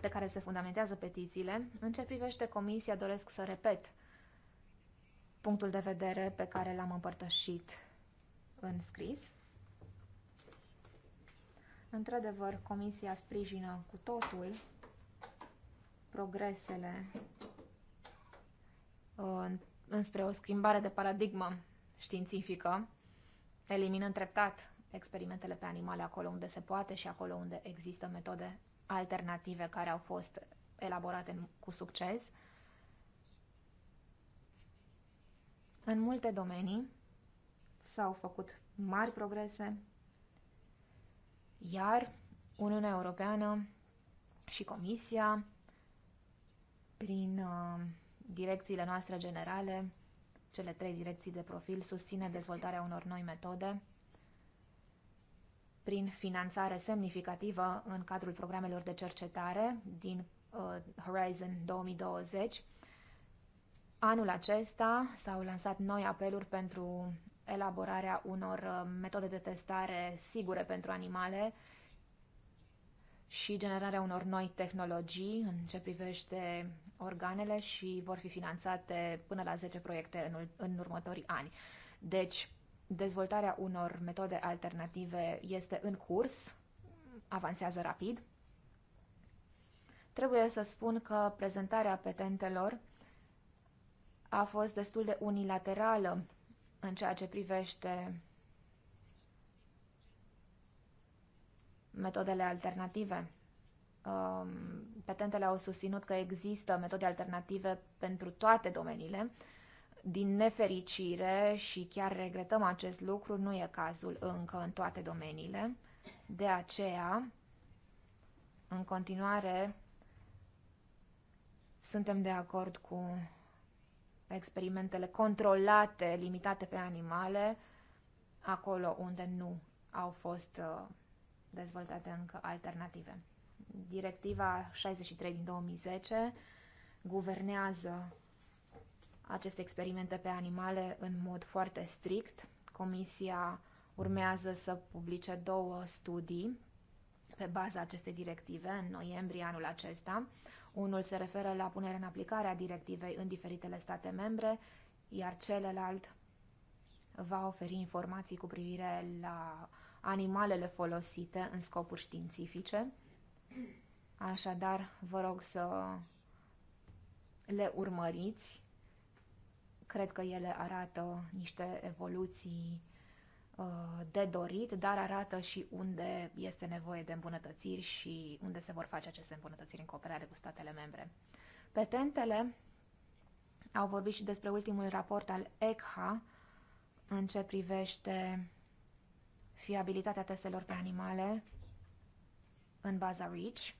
pe care se fundamentează petițiile. În ce privește comisia, doresc să repet punctul de vedere pe care l-am împărtășit în scris. Într-adevăr, comisia sprijină cu totul progresele uh, înspre o schimbare de paradigmă științifică, eliminând treptat experimentele pe animale acolo unde se poate și acolo unde există metode alternative care au fost elaborate cu succes. În multe domenii s-au făcut mari progrese, iar Uniunea Europeană și Comisia, prin uh, direcțiile noastre generale, cele trei direcții de profil, susține dezvoltarea unor noi metode prin finanțare semnificativă în cadrul programelor de cercetare din uh, Horizon 2020. Anul acesta s-au lansat noi apeluri pentru elaborarea unor uh, metode de testare sigure pentru animale și generarea unor noi tehnologii în ce privește organele și vor fi finanțate până la 10 proiecte în, în următorii ani. Deci, Dezvoltarea unor metode alternative este în curs, avansează rapid. Trebuie să spun că prezentarea petentelor a fost destul de unilaterală în ceea ce privește metodele alternative. Um, petentele au susținut că există metode alternative pentru toate domeniile din nefericire și chiar regretăm acest lucru, nu e cazul încă în toate domeniile. De aceea, în continuare, suntem de acord cu experimentele controlate, limitate pe animale, acolo unde nu au fost uh, dezvoltate încă alternative. Directiva 63 din 2010 guvernează aceste experimente pe animale în mod foarte strict. Comisia urmează să publice două studii pe baza acestei directive în noiembrie anul acesta. Unul se referă la punerea în aplicare a directivei în diferitele state membre, iar celălalt va oferi informații cu privire la animalele folosite în scopuri științifice. Așadar, vă rog să le urmăriți Cred că ele arată niște evoluții uh, de dorit, dar arată și unde este nevoie de îmbunătățiri și unde se vor face aceste îmbunătățiri în cooperare cu statele membre. Petentele au vorbit și despre ultimul raport al ECHA în ce privește fiabilitatea testelor pe animale în baza REACH.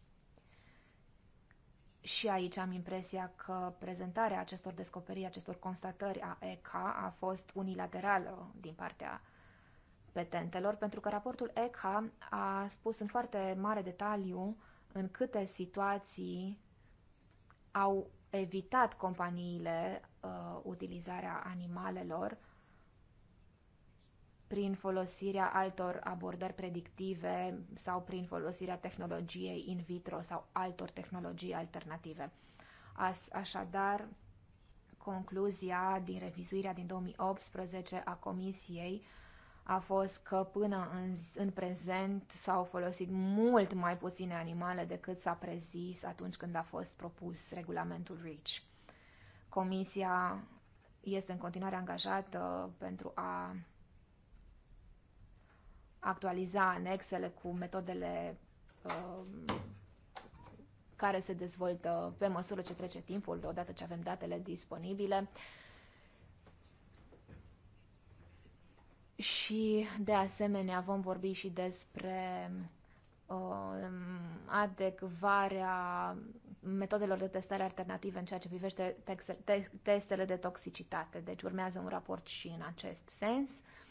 Și aici am impresia că prezentarea acestor descoperiri, acestor constatări a EK a fost unilaterală din partea petentelor, pentru că raportul EK a spus în foarte mare detaliu în câte situații au evitat companiile uh, utilizarea animalelor prin folosirea altor abordări predictive sau prin folosirea tehnologiei in vitro sau altor tehnologii alternative. Așadar, concluzia din revizuirea din 2018 a Comisiei a fost că până în, în prezent s-au folosit mult mai puține animale decât s-a prezis atunci când a fost propus regulamentul REACH. Comisia este în continuare angajată pentru a actualiza anexele cu metodele um, care se dezvoltă pe măsură ce trece timpul, odată ce avem datele disponibile. Și, de asemenea, vom vorbi și despre uh, adecvarea metodelor de testare alternative în ceea ce privește textele de toxicitate. Deci urmează un raport și în acest sens. Uh,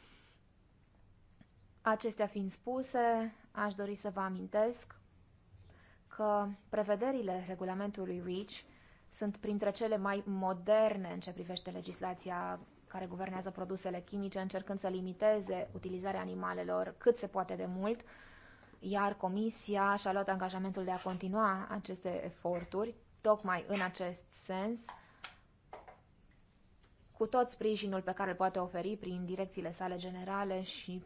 Acestea fiind spuse, aș dori să vă amintesc că prevederile regulamentului REACH sunt printre cele mai moderne în ce privește legislația care guvernează produsele chimice, încercând să limiteze utilizarea animalelor cât se poate de mult, iar Comisia și-a luat angajamentul de a continua aceste eforturi, tocmai în acest sens, cu tot sprijinul pe care îl poate oferi prin direcțiile sale generale și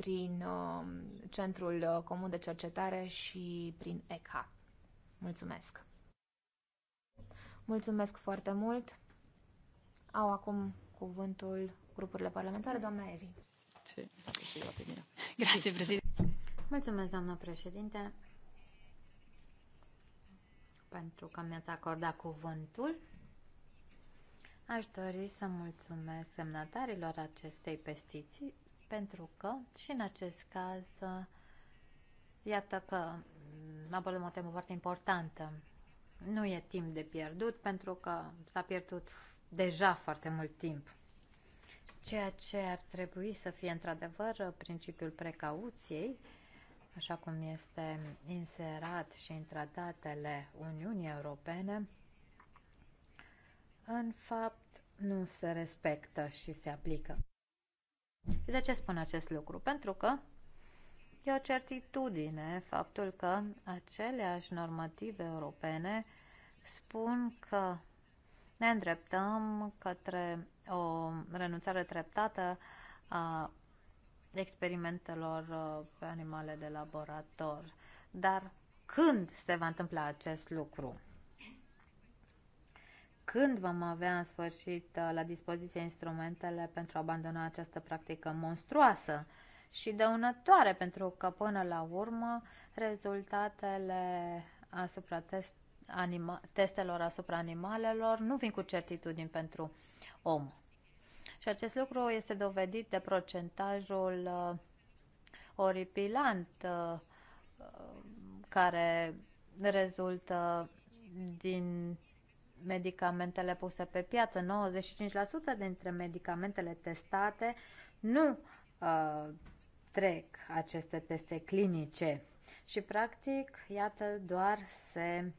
prin um, Centrul uh, Comun de Cercetare și prin ECA. Mulțumesc! Mulțumesc foarte mult! Au acum cuvântul grupurile parlamentare, doamna Evi. Grazie, președinte. Mulțumesc, doamna președinte, pentru că mi-ați acordat cuvântul. Aș dori să mulțumesc semnatarilor acestei petiții, pentru că și în acest caz iată că abolăm o temă foarte importantă. Nu e timp de pierdut pentru că s-a pierdut deja foarte mult timp. Ceea ce ar trebui să fie într-adevăr principiul precauției, așa cum este inserat și în tratatele Uniunii Europene, în fapt nu se respectă și se aplică. Și de ce spun acest lucru? Pentru că e o certitudine faptul că aceleași normative europene spun că ne îndreptăm către o renunțare treptată a experimentelor uh, pe animale de laborator. Dar când se va întâmpla acest lucru? când vom avea în sfârșit uh, la dispoziție instrumentele pentru a abandona această practică monstruoasă și dăunătoare, pentru că până la urmă rezultatele asupra test, anima, testelor asupra animalelor nu vin cu certitudini pentru om. Și acest lucru este dovedit de procentajul uh, oripilant uh, uh care rezultă din medicamentele puse pe piață. 95% dintre medicamentele testate nu uh, trec aceste teste clinice și, practic, iată, doar se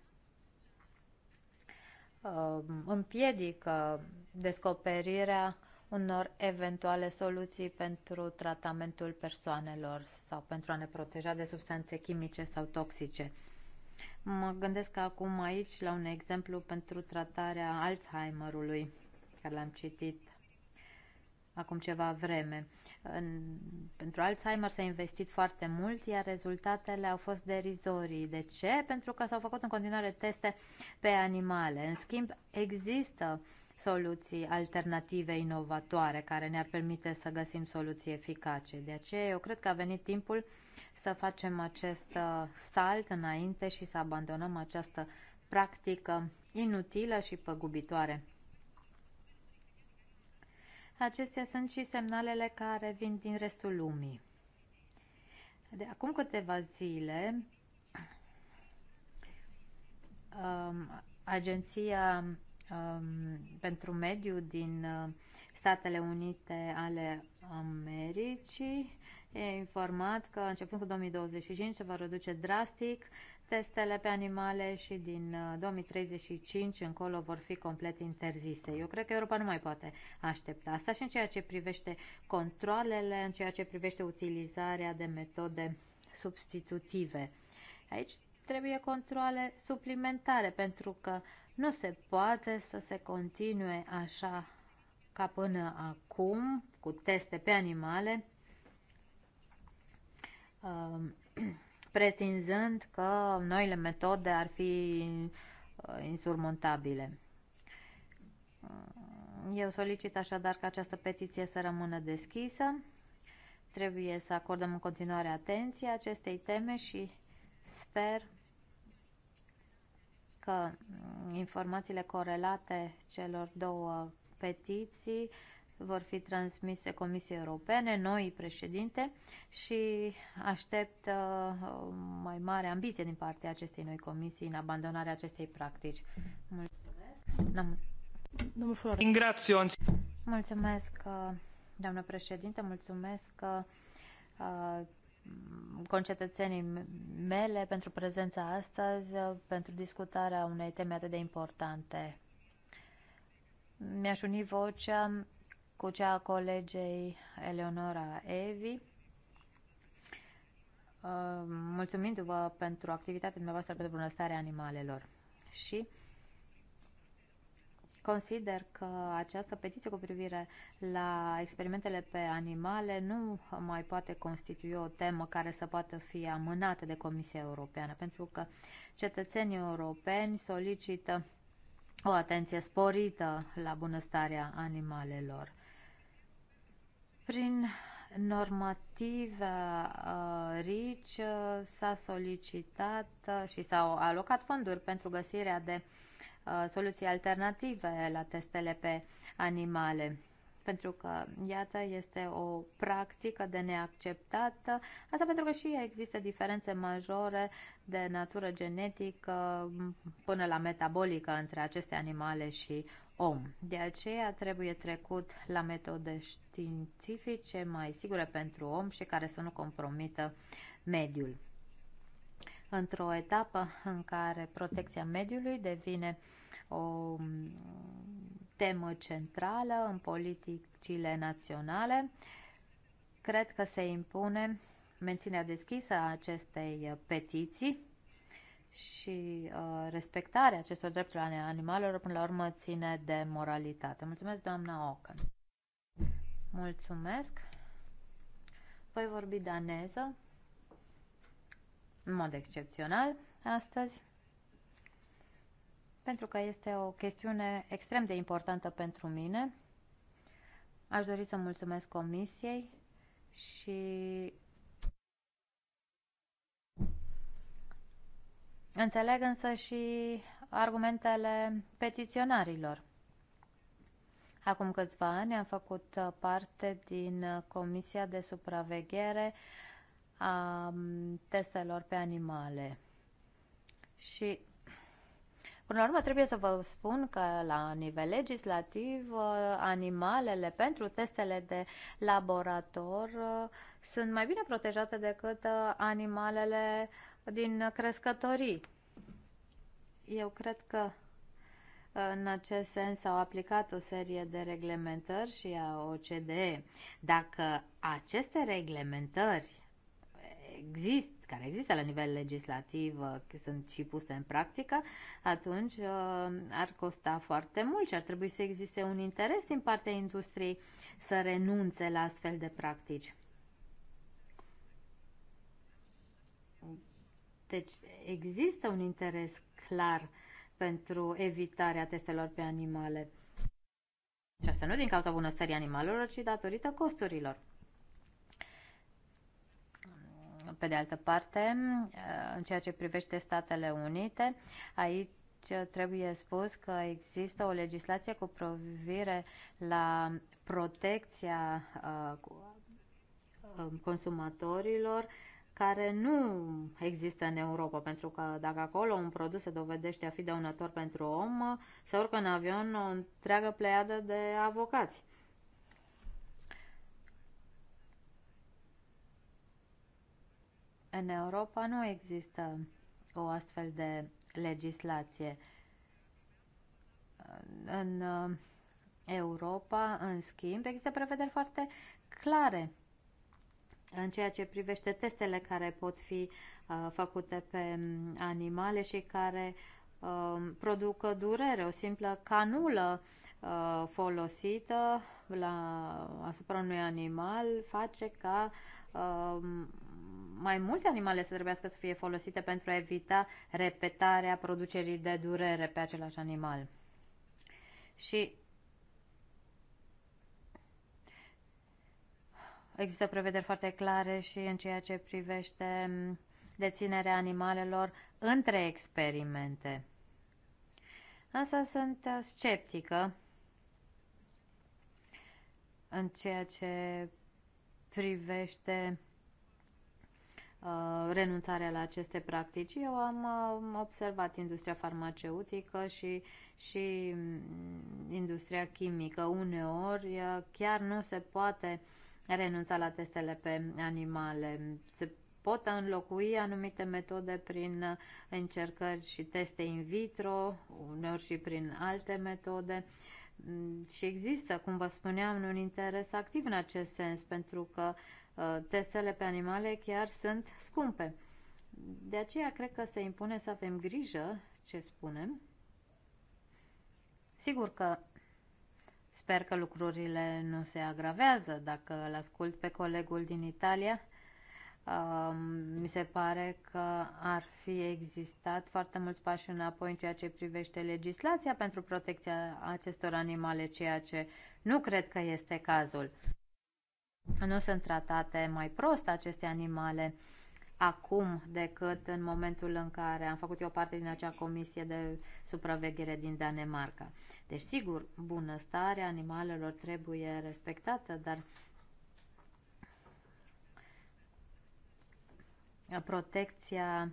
uh, împiedică descoperirea unor eventuale soluții pentru tratamentul persoanelor sau pentru a ne proteja de substanțe chimice sau toxice. Mă gândesc acum aici la un exemplu pentru tratarea Alzheimerului, care l-am citit acum ceva vreme. În, pentru Alzheimer s-a investit foarte mult, iar rezultatele au fost derizorii. De ce? Pentru că s-au făcut în continuare teste pe animale. În schimb, există uh, soluții alternative inovatoare care ne-ar permite să găsim soluții eficace. De aceea eu cred că a venit timpul să facem acest uh, salt înainte și să abandonăm această practică inutilă și păgubitoare. Acestea sunt și semnalele care vin din restul lumii. De acum câteva zile, um, agenția um, pentru mediu din uh, Statele Unite ale Americii e informat că începând cu 2025 se va reduce drastic testele pe animale și din 2035 uh, încolo vor fi complet interzise. Eu cred că Europa nu mai poate aștepta asta și în ceea ce privește controlele, în ceea ce privește utilizarea de metode substitutive. Aici trebuie controle suplimentare, pentru că nu se poate să se continue așa ca până acum, cu teste pe animale, um, pretinzând că noile metode ar fi uh, insurmontabile. Uh, eu solicit așadar ca această petiție să rămână deschisă. Trebuie să acordăm în continuare atenție acestei teme și sper că mm, informațiile corelate celor două petiții vor fi transmise Comisiei Europene, noi președinte și aștept uh, mai mare ambiție din partea acestei noi comisii în abandonarea acestei practici. Mulțumesc. Domnul Mulțumesc, uh, doamnă președinte, mulțumesc uh, concetățenii mele pentru prezența astăzi, pentru discutarea unei teme atât de importante. Mi-aș uni vocea cu cea a colegei Eleonora Evi, uh, mulțumindu-vă pentru activitatea dumneavoastră pentru bunăstarea animalelor. Și Consider că această petiție cu privire la experimentele pe animale nu mai poate constitui o temă care să poată fi amânată de Comisia Europeană, pentru că cetățenii europeni solicită o atenție sporită la bunăstarea animalelor. Prin normative uh, RICI uh, s-a solicitat uh, și s-au alocat fonduri pentru găsirea de uh, Uh, soluții alternative la testele pe animale. Pentru că, iată, este o practică de neacceptată, asta pentru că și există diferențe majore de natură genetică până la metabolică între aceste animale și om. De aceea trebuie trecut la metode științifice mai sigure pentru om și care să nu compromită mediul într-o etapă în care protecția mediului devine o temă centrală în politicile naționale, cred că se impune menținerea deschisă a acestei petiții și uh, respectarea acestor drepturi ale animalelor, până la urmă, ține de moralitate. Mulțumesc, doamna Ocan. Mulțumesc. Voi vorbi daneză în mod excepțional astăzi, pentru că este o chestiune extrem de importantă pentru mine. Aș dori să mulțumesc Comisiei și Înțeleg însă și argumentele petiționarilor. Acum câțiva ani am făcut parte din Comisia de Supraveghere a testelor pe animale. Și Până la urmă, trebuie să vă spun că la nivel legislativ, uh, animalele pentru testele de laborator uh, sunt mai bine protejate decât uh, animalele din crescătorii. Eu cred că în acest sens au aplicat o serie de reglementări și a OCDE. Dacă aceste reglementări exist, care există la nivel legislativ uh, sunt și puse în practică, atunci uh, ar costa foarte mult și ar trebui să existe un interes din partea industriei să renunțe la astfel de practici. Deci există un interes clar pentru evitarea testelor pe animale. Și asta nu din cauza bunăstării animalelor, ci datorită costurilor. Pe de altă parte, uh, în ceea ce privește Statele Unite, aici uh, trebuie spus că există o legislație cu privire la protecția uh, um, consumatorilor care nu există în Europa, pentru că dacă acolo un produs se dovedește a fi dăunător pentru om, se urcă în avion o întreagă pleiadă de avocați. În Europa nu există o astfel de legislație. În uh, Europa, în schimb, există prevederi foarte clare în ceea ce privește testele care pot fi uh, făcute pe mm, animale și care uh, um, producă durere. O simplă canulă uh, folosită la, asupra unui animal face ca uh, mai multe animale să trebuiască să fie folosite pentru a evita repetarea producerii de durere pe același animal. Și există prevederi foarte clare și în ceea ce privește deținerea animalelor între experimente. Însă sunt sceptică în ceea ce privește Uh, renunțarea la aceste practici. Eu am uh, observat industria farmaceutică și, și mm, industria chimică. Uneori uh, chiar nu se poate renunța la testele pe animale. Se pot înlocui anumite metode prin încercări și teste in vitro, uneori și prin alte metode. Mm, și există, cum vă spuneam, un interes activ în acest sens, pentru că Uh, testele pe animale chiar sunt scumpe. De aceea cred că se impune să avem grijă ce spunem. Sigur că sper că lucrurile nu se agravează. Dacă îl ascult pe colegul din Italia, uh, mi se pare că ar fi existat foarte mulți pași înapoi în ceea ce privește legislația pentru protecția acestor animale, ceea ce nu cred că este cazul. Nu sunt tratate mai prost aceste animale acum decât în momentul în care am făcut eu parte din acea comisie de supraveghere din Danemarca. Deci, sigur, bunăstarea animalelor trebuie respectată, dar protecția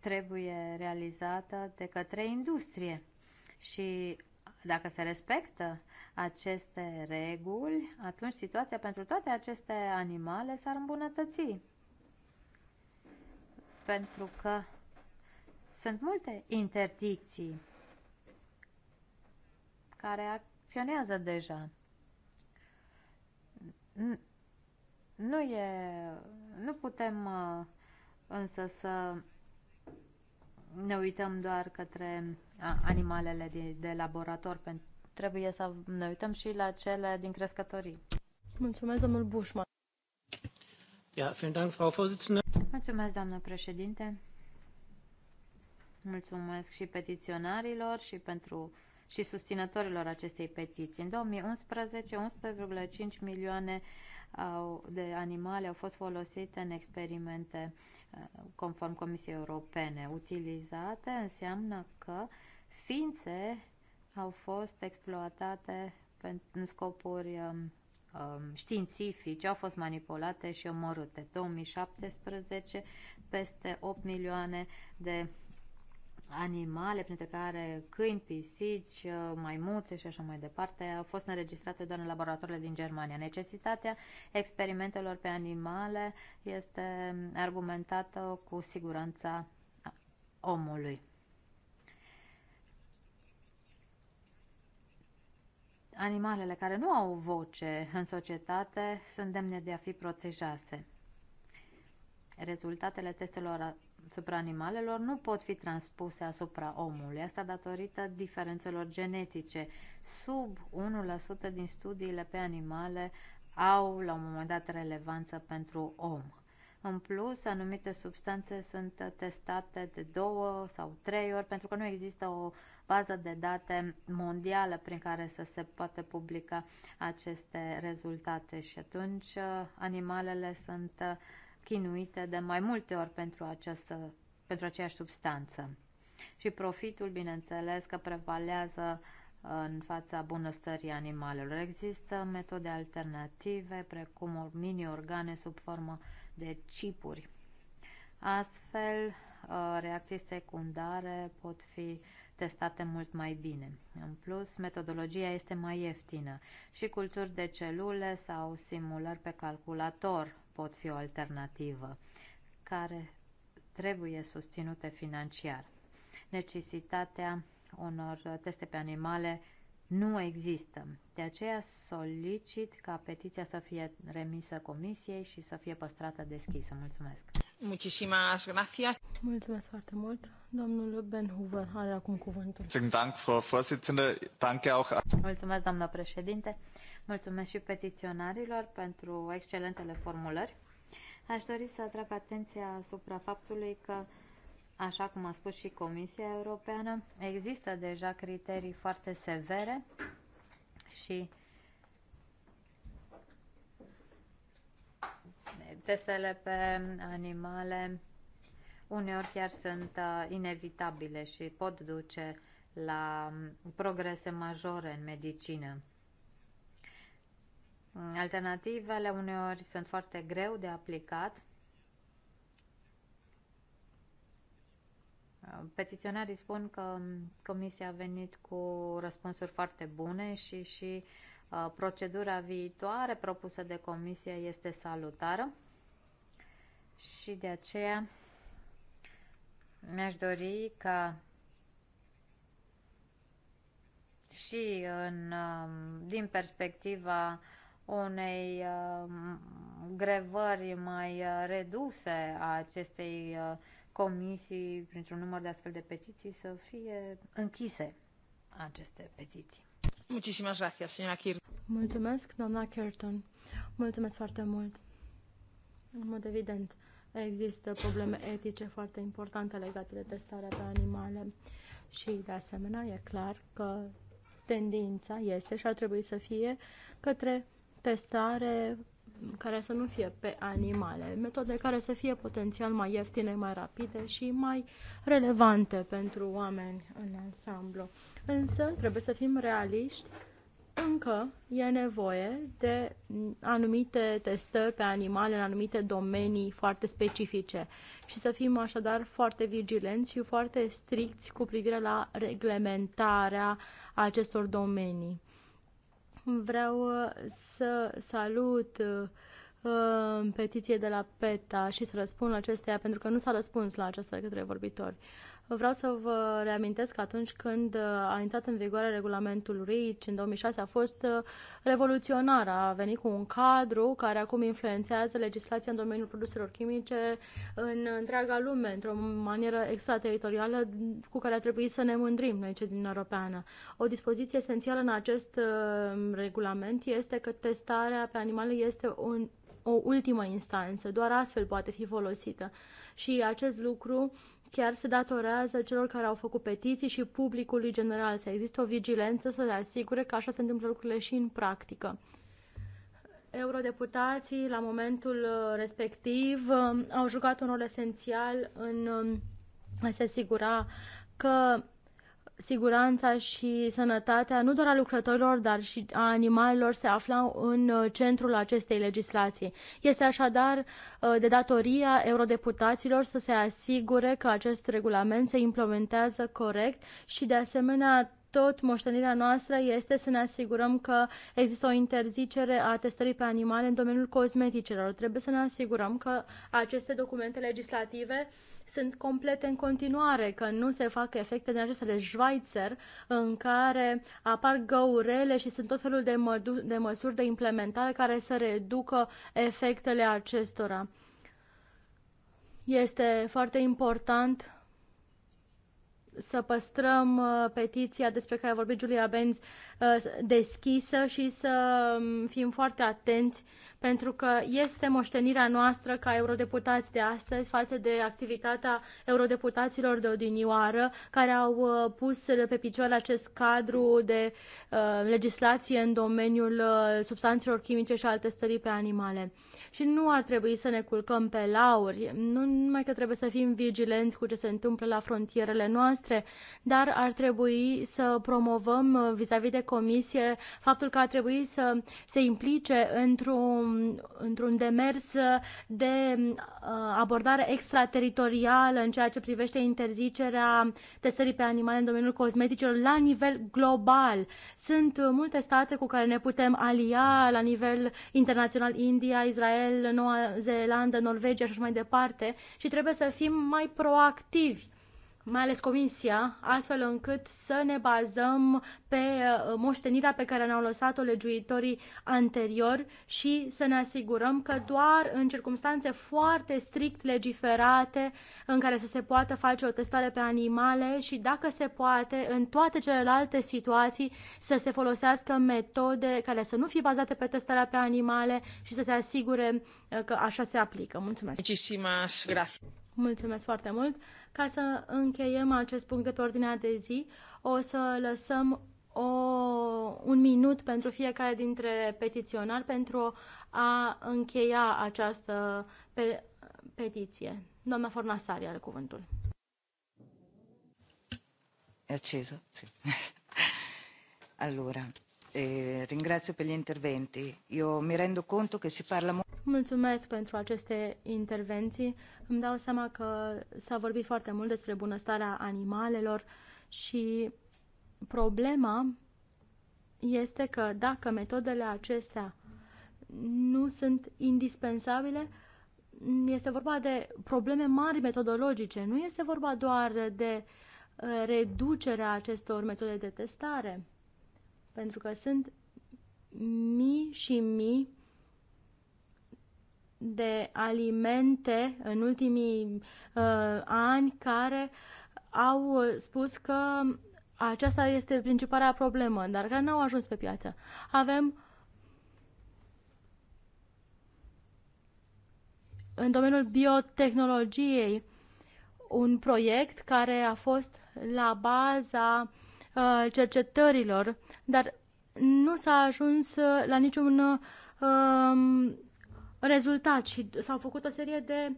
trebuie realizată de către industrie și dacă se respectă aceste reguli, atunci situația pentru toate aceste animale s-ar îmbunătăți. Pentru că sunt multe interdicții care acționează deja. Nu, e, nu putem uh, însă să ne uităm doar către animalele de, de laborator, pentru trebuie să ne uităm și la cele din crescătorii. Mulțumesc, domnul Bușman. Ja, vielen Dank, Frau Vorsitzende. Mulțumesc, doamnă președinte. Mulțumesc și petiționarilor și pentru și susținătorilor acestei petiții. În 2011, 11,5 milioane de animale au fost folosite în experimente uh, conform Comisiei Europene. Utilizate înseamnă că ființe au fost exploatate în scopuri um, um, științifice au fost manipulate și omorâte. 2017, peste 8 milioane de animale, printre care câini, pisici, uh, maimuțe și așa mai departe, au fost înregistrate doar în laboratoarele din Germania. Necesitatea experimentelor pe animale este argumentată cu siguranța omului. Animalele care nu au voce în societate sunt demne de a fi protejate. Rezultatele testelor asupra animalelor nu pot fi transpuse asupra omului, asta datorită diferențelor genetice. Sub 1% din studiile pe animale au la un moment dat relevanță pentru om. În plus, anumite substanțe sunt testate de două sau trei ori pentru că nu există o bază de date mondială prin care să se poate publica aceste rezultate și atunci uh, animalele sunt uh, chinuite de mai multe ori pentru, această, pentru aceeași substanță. Și profitul, bineînțeles, că prevalează uh, în fața bunăstării animalelor. Există metode alternative, precum mini-organe sub formă de chipuri. Astfel, uh, reacții secundare pot fi testate mult mai bine. În plus, metodologia este mai ieftină și culturi de celule sau simulări pe calculator pot fi o alternativă care trebuie susținute financiar. Necesitatea unor teste pe animale nu există. De aceea solicit ca petiția să fie remisă comisiei și să fie păstrată deschisă. Mulțumesc! Muchísimas gracias. Mulțumesc foarte mult. Domnul Ben Hoover are acum cuvântul. Mulțumesc, doamnă președinte. Mulțumesc și petiționarilor pentru excelentele formulări. Aș dori să atrag atenția asupra faptului că, așa cum a spus și Comisia Europeană, există deja criterii foarte severe și testele pe animale uneori chiar sunt uh, inevitabile și pot duce la um, progrese majore în medicină. Alternativele uneori sunt foarte greu de aplicat. Petiționarii spun că Comisia a venit cu răspunsuri foarte bune și, și uh, procedura viitoare propusă de Comisie este salutară și de aceea mi-aș dori ca și în, uh, din perspectiva unei uh, grevări mai uh, reduse a acestei uh, comisii printr-un număr de astfel de petiții să fie închise aceste petiții. Muchísimas gracias, señora Mulțumesc, doamna Kirton. Mulțumesc foarte mult. În mod evident, există probleme etice foarte importante legate de testarea pe animale și, de asemenea, e clar că tendința este și ar trebui să fie către testare care să nu fie pe animale, metode care să fie potențial mai ieftine, mai rapide și mai relevante pentru oameni în ansamblu. Însă, trebuie să fim realiști, încă e nevoie de anumite testări pe animale în anumite domenii foarte specifice și să fim așadar foarte vigilenți și foarte stricți cu privire la reglementarea acestor domenii Vreau uh, să salut uh, uh, petiție de la PETA și să răspund la acestea, pentru că nu s-a răspuns la această către vorbitori. Vreau să vă reamintesc că atunci când uh, a intrat în vigoare regulamentul REACH, în 2006 a fost uh, revoluționar. A venit cu un cadru care acum influențează legislația în domeniul produselor chimice în întreaga lume, într-o manieră extrateritorială cu care a trebuit să ne mândrim noi cei din Europeană. O dispoziție esențială în acest uh, regulament este că testarea pe animale este un, o ultimă instanță, doar astfel poate fi folosită. Și acest lucru chiar se datorează celor care au făcut petiții și publicului general. Să există o vigilență să se asigure că așa se întâmplă lucrurile și în practică. Eurodeputații, la momentul uh, respectiv, um, au jucat un rol esențial în um, a se asigura că siguranța și sănătatea nu doar a lucrătorilor, dar și a animalelor se afla în uh, centrul acestei legislații. Este așadar uh, de datoria eurodeputaților să se asigure că acest regulament se implementează corect și de asemenea tot moștenirea noastră este să ne asigurăm că există o interzicere a testării pe animale în domeniul cosmeticelor. Trebuie să ne asigurăm că aceste documente legislative uh, sunt complete în continuare, că nu se fac efecte din acestea de Schweizer în care apar găurele și sunt tot felul de, mădu- de măsuri de implementare care să reducă efectele acestora. Este foarte important să păstrăm uh, petiția despre care a vorbit Julia Benz uh, deschisă și să um, fim foarte atenți pentru că este moștenirea noastră ca eurodeputați de astăzi față de activitatea eurodeputaților de odinioară, care au uh, pus pe picioare acest cadru de uh, legislație în domeniul uh, substanțelor chimice și alte stării pe animale. Și nu ar trebui să ne culcăm pe lauri, nu numai că trebuie să fim vigilenți cu ce se întâmplă la frontierele noastre, dar ar trebui să promovăm uh, vis-a-vis -vis de comisie faptul că ar trebui să se implice într-un Um, într-un, demers de um, abordare extrateritorială în ceea ce privește interzicerea testării pe animale în domeniul cosmeticilor la nivel global. Sunt multe state cu care ne putem alia la nivel internațional, India, Israel, Noua Zeelandă, Norvegia și așa mai departe și trebuie să fim mai proactivi mai ales Comisia, astfel încât să ne bazăm pe uh, moștenirea pe care ne-au lăsat-o legiuitorii anterior și să ne asigurăm că doar în circunstanțe foarte strict legiferate în care să se poată face o testare pe animale și dacă se poate în toate celelalte situații să se folosească metode care să nu fie bazate pe testarea pe animale și să se asigure uh, că așa se aplică. Mulțumesc! Mulțumesc foarte mult! Ca să încheiem acest punct de pe ordinea de zi, o să lăsăm o, un minut pentru fiecare dintre petiționari pentru a încheia această pe, petiție. Doamna Fornasari are cuvântul. E acceso? Sì. allora, eh, ringrazio per gli interventi. Io mi rendo conto che si parla molto. Mulțumesc pentru aceste intervenții. Îmi dau seama că s-a vorbit foarte mult despre bunăstarea animalelor și problema este că dacă metodele acestea nu sunt indispensabile, este vorba de probleme mari metodologice, nu este vorba doar de eh, reducerea acestor metode de testare pentru că sunt mii și mii de alimente în ultimii uh, ani care au spus că aceasta este principala problemă, dar care n-au ajuns pe piață. Avem în domeniul biotehnologiei un proiect care a fost la baza Uh, cercetărilor, dar nu s-a ajuns uh, la niciun uh, um, rezultat și s-au făcut o serie de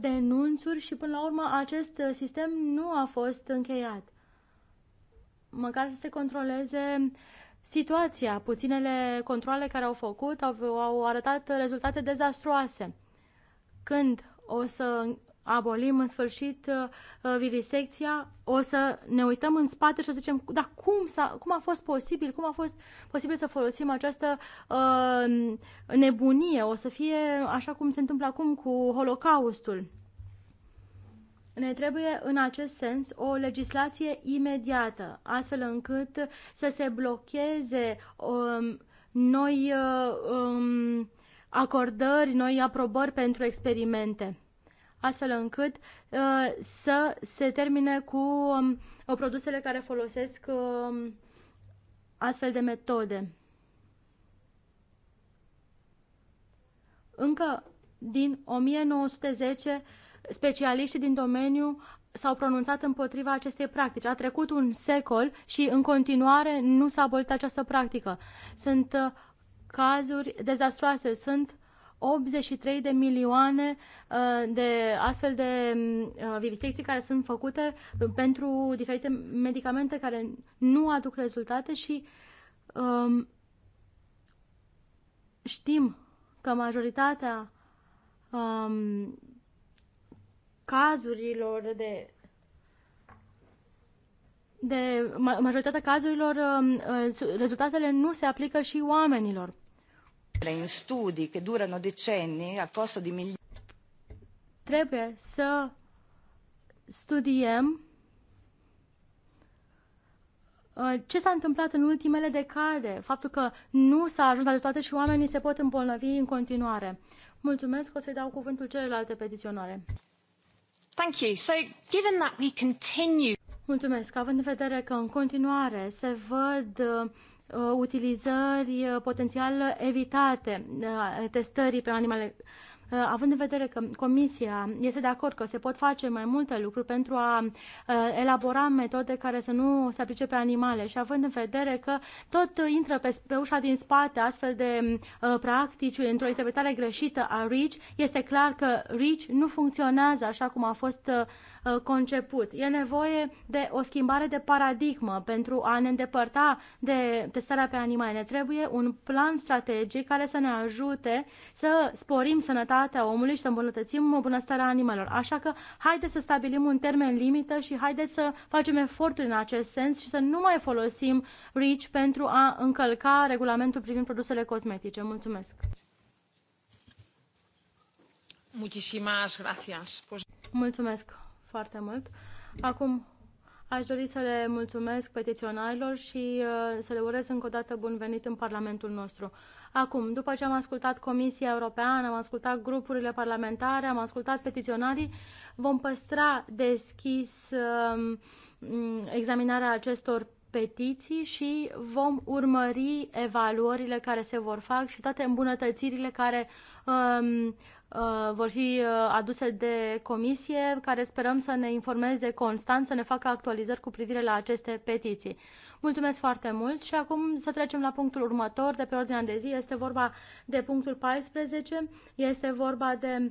denunțuri și până la urmă acest sistem nu a fost încheiat. Măcar să se controleze situația. Puținele controle care au făcut au, au arătat rezultate dezastroase. Când o să abolim în sfârșit uh, uh, vivisecția, o să ne uităm în spate și o să zicem, dar cum, a cum a fost posibil, cum a fost posibil să folosim această uh, nebunie, o să fie așa cum se întâmplă acum cu Holocaustul. Ne trebuie în acest sens o legislație imediată, astfel încât să se blocheze um, noi uh, um, acordări, noi aprobări pentru experimente astfel încât uh, să se termine cu um, uh, produsele care folosesc um, astfel de metode. Încă din 1910, specialiștii din domeniu s-au pronunțat împotriva acestei practici. A trecut un secol și în continuare nu s-a abolit această practică. Sunt uh, cazuri dezastroase, sunt 83 de milioane uh, de astfel de uh, vivisecții care sunt făcute uh, pentru diferite medicamente care nu aduc rezultate și um, știm că majoritatea um, cazurilor de de majoritatea cazurilor um, rezultatele nu se aplică și oamenilor. In studii che durano decenni a costo di milioni. Trebuie să studiem uh, ce s-a întâmplat în ultimele decade, faptul că nu s-a ajuns la toate și oamenii se pot îmbolnăvi în continuare. Mulțumesc, o să-i dau cuvântul celelalte petiționare. Thank you. So, given that we continue... Mulțumesc, având în vedere că în continuare se văd uh, Uh, utilizări uh, potențial evitate uh, testării pe animale având în vedere că Comisia este de acord că se pot face mai multe lucruri pentru a elabora metode care să nu se aplice pe animale și având în vedere că tot intră pe, pe ușa din spate astfel de uh, practici într-o interpretare greșită a REACH, este clar că REACH nu funcționează așa cum a fost uh, Uh, conceput. E nevoie de o schimbare de paradigmă pentru a ne îndepărta de testarea pe animale. Ne trebuie un plan strategic care să ne ajute să sporim sănătatea omului și să îmbunătățim bunăstarea animalelor. Așa că haideți să stabilim un termen limită și haideți să facem eforturi în acest sens și să nu mai folosim REACH pentru a încălca regulamentul privind produsele cosmetice. Mulțumesc! gracias. Mulțumesc! foarte mult. Acum aș dori să le mulțumesc petiționarilor și uh, să le urez încă o dată bun venit în Parlamentul nostru. Acum, după ce am ascultat Comisia Europeană, am ascultat grupurile parlamentare, am ascultat petiționarii, vom păstra deschis um, examinarea acestor petiții și vom urmări evaluările care se vor fac și toate îmbunătățirile care uh, Uh, vor fi uh, aduse de comisie, care sperăm să ne informeze constant, să ne facă actualizări cu privire la aceste petiții. Mulțumesc foarte mult și acum să trecem la punctul următor de pe ordinea de zi. Este vorba de punctul 14, este vorba de uh,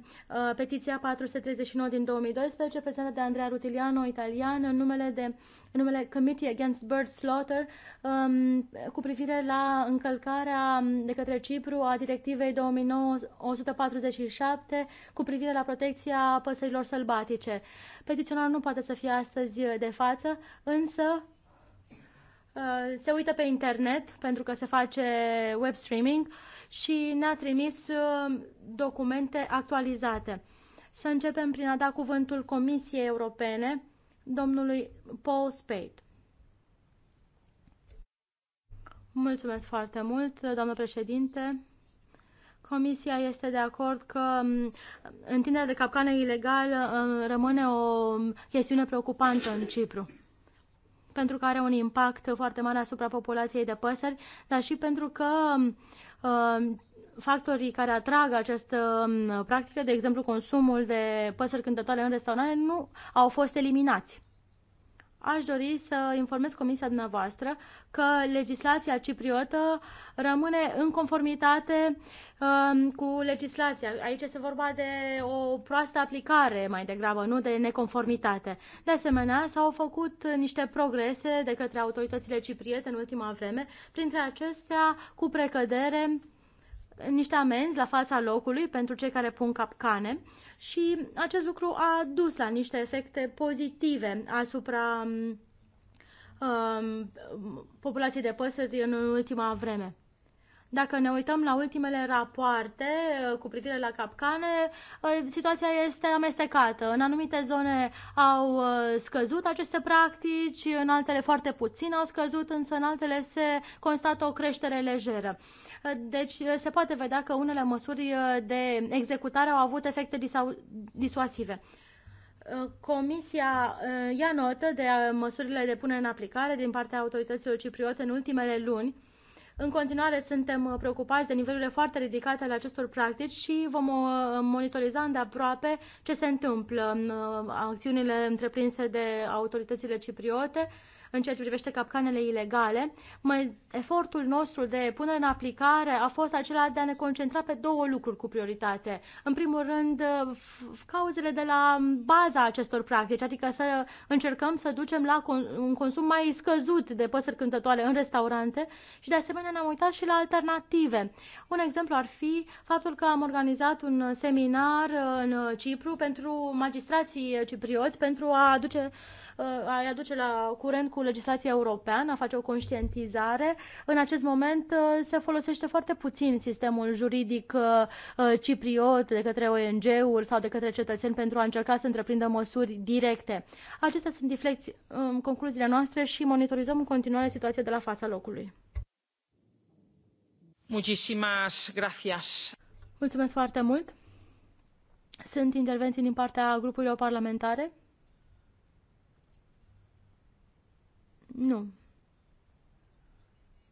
petiția 439 din 2012 prezentată de Andrea Rutiliano, italian, în numele de în numele Committee Against Bird Slaughter um, cu privire la încălcarea de către Cipru a directivei 2947 cu privire la protecția păsărilor sălbatice. Petiționarul nu poate să fie astăzi de față, însă Uh, se uită pe internet pentru că se face web streaming și ne-a trimis uh, documente actualizate. Să începem prin a da cuvântul Comisiei Europene, domnului Paul Spade. Mulțumesc foarte mult, doamnă președinte. Comisia este de acord că um, întinderea de capcană ilegală uh, rămâne o chestiune preocupantă în Cipru pentru că are un impact foarte mare asupra populației de păsări, dar și pentru că uh, factorii care atrag această um, practică, de exemplu consumul de păsări cântătoare în restaurante, nu au fost eliminați aș dori să informez Comisia dumneavoastră că legislația cipriotă rămâne în conformitate um, cu legislația. Aici este vorba de o proastă aplicare mai degrabă, nu de neconformitate. De asemenea, s-au făcut niște progrese de către autoritățile cipriete în ultima vreme, printre acestea cu precădere niște amenzi la fața locului pentru cei care pun capcane, uh, și acest lucru a dus la niște efecte pozitive asupra um, um, populației de păsări în ultima vreme. Dacă ne uităm la ultimele rapoarte uh, cu privire la capcane, uh, situația este amestecată. În anumite zone au uh, scăzut aceste practici, în altele foarte puțin au scăzut, însă în altele se constată o creștere lejeră. Eh, deci eh, se poate vedea că unele măsuri eh, de executare au avut efecte disuasive. Comisia ia notă de măsurile de punere în aplicare din partea autorităților cipriote în ultimele luni. În continuare suntem preocupați de nivelurile foarte ridicate ale acestor practici și vom monitoriza îndeaproape ce se întâmplă în acțiunile întreprinse de autoritățile cipriote în ceea ce privește capcanele ilegale, mai efortul nostru de punere în aplicare a fost acela de a ne concentra pe două lucruri cu prioritate. În primul rând, cauzele de la baza acestor practici, adică să încercăm să ducem la un consum mai scăzut de păsări cântătoare în restaurante și de asemenea ne-am uitat și la alternative. Un exemplu ar fi faptul că am organizat un seminar în Cipru pentru magistrații ciprioți pentru a aduce Uh, a-i aduce la curent cu legislația europeană, a face o conștientizare. În acest moment uh, se folosește foarte puțin sistemul juridic uh, cipriot de către ONG-uri sau de către cetățeni pentru a încerca să întreprindă măsuri directe. Acestea sunt deflecții, um, concluziile noastre și monitorizăm în continuare situația de la fața locului. Muchísimas gracias. Mulțumesc foarte mult. Sunt intervenții din partea grupurilor parlamentare. Nu.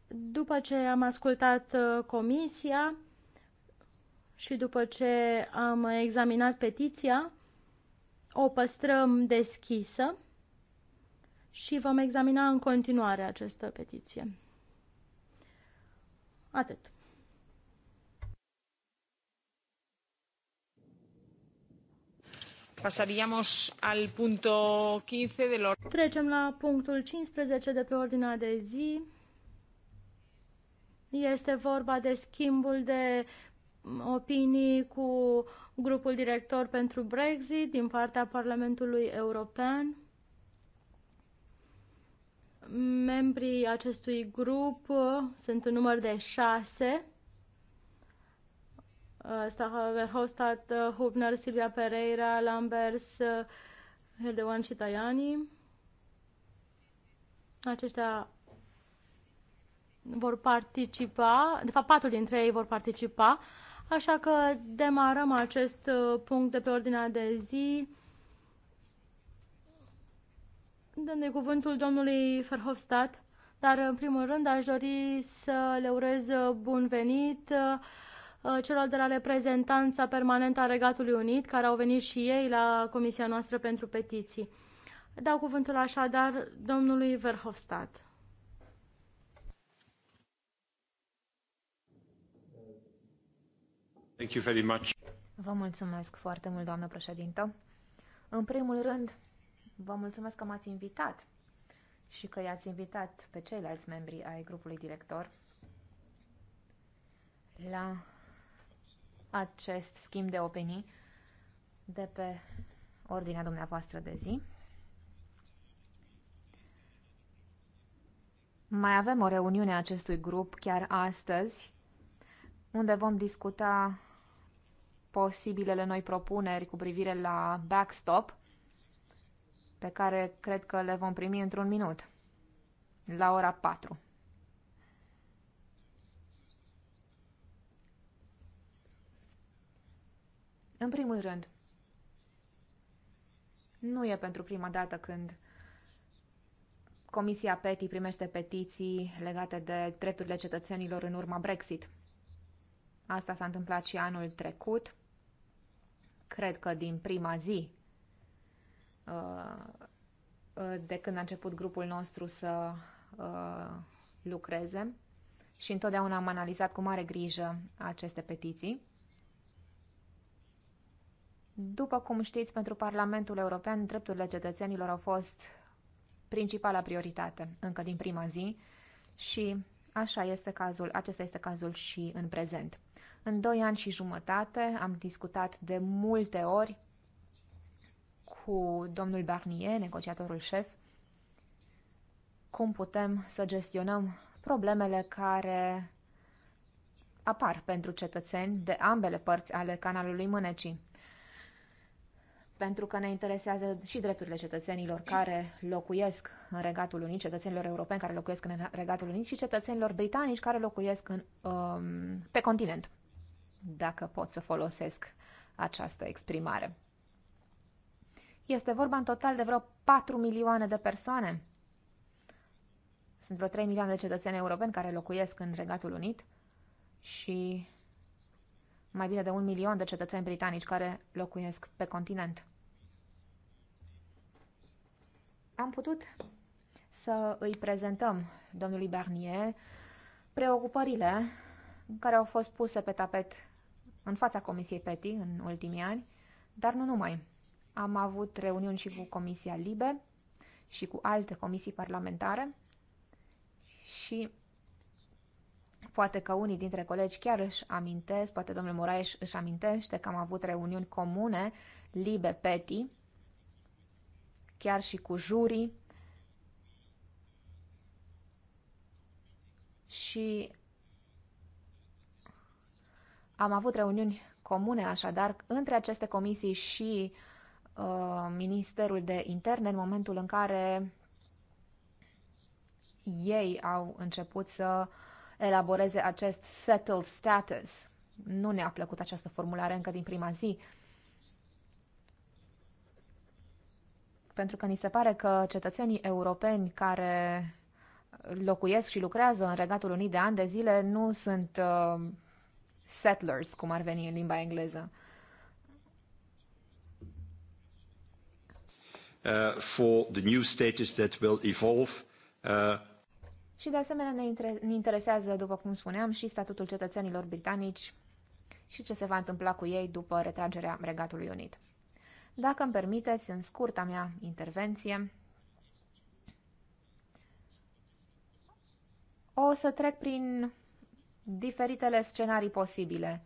După ce am ascultat uh, comisia și după ce am examinat petiția, o păstrăm deschisă și vom examina în continuare această petiție. Atât. Pasaríamos al punto 15 de los... Trecem la punctul 15 de pe ordinea de zi. Este vorba de schimbul de opinii cu grupul director pentru Brexit din partea Parlamentului European. Membrii acestui grup sunt un număr de șase Uh, Staha Verhofstadt, uh, Hubner, Silvia Pereira, Lambers, Heldewan uh, și Tajani. Aceștia vor participa, de fapt patru dintre ei vor participa, așa că demarăm acest punct de pe ordinea de zi. Dăm de cuvântul domnului Verhofstadt, dar în primul rând aș dori să le urez bun venit Uh, celor de la reprezentanța permanentă a Regatului Unit, care au venit și ei la Comisia noastră pentru petiții. Dau cuvântul așadar domnului Verhofstadt. Thank you very much. Vă mulțumesc foarte mult, doamnă președintă. În primul rând, vă mulțumesc că m-ați invitat și că i-ați invitat pe ceilalți membri ai grupului director la acest schimb de opinii de pe ordinea dumneavoastră de zi. Mai avem o reuniune a acestui grup chiar astăzi, unde vom discuta posibilele noi propuneri cu privire la backstop, pe care cred că le vom primi într-un minut, la ora 4. În primul rând, nu e pentru prima dată când Comisia PETI primește petiții legate de drepturile cetățenilor în urma Brexit. Asta s-a întâmplat și anul trecut, cred că din prima zi uh, de când a început grupul nostru să uh, lucreze și întotdeauna am analizat cu mare grijă aceste petiții. După cum știți, pentru Parlamentul European, drepturile cetățenilor au fost principala prioritate încă din prima zi și așa este cazul, acesta este cazul și în prezent. În doi ani și jumătate am discutat de multe ori cu domnul Barnier, negociatorul șef, cum putem să gestionăm problemele care apar pentru cetățeni de ambele părți ale canalului Mânecii pentru că ne interesează și drepturile cetățenilor care locuiesc în Regatul Unit, cetățenilor europeni care locuiesc în Regatul Unit și cetățenilor britanici care locuiesc în, um, pe continent, dacă pot să folosesc această exprimare. Este vorba în total de vreo 4 milioane de persoane. Sunt vreo 3 milioane de cetățeni europeni care locuiesc în Regatul Unit și mai bine de un milion de cetățeni britanici care locuiesc pe continent. am putut să îi prezentăm domnului Barnier preocupările care au fost puse pe tapet în fața Comisiei PETI în ultimii ani, dar nu numai. Am avut reuniuni și cu Comisia LIBE și cu alte comisii parlamentare și poate că unii dintre colegi chiar își amintesc, poate domnul Moraes își amintește că am avut reuniuni comune LIBE-PETI chiar și cu jurii. Și am avut reuniuni comune, așadar, între aceste comisii și uh, Ministerul de Interne, în momentul în care ei au început să elaboreze acest settled status. Nu ne-a plăcut această formulare încă din prima zi. Uh, pentru că ni se pare că cetățenii europeni care locuiesc și lucrează în Regatul Unit de ani de zile nu sunt uh, settlers, cum ar veni în limba engleză. Uh, for the new status that will evolve. Uh... Și de asemenea ne, inter- ne interesează, după cum spuneam, și statutul cetățenilor britanici și ce se va întâmpla cu ei după retragerea Regatului Unit. Dacă îmi permiteți, în scurta mea intervenție, o să trec prin diferitele scenarii posibile.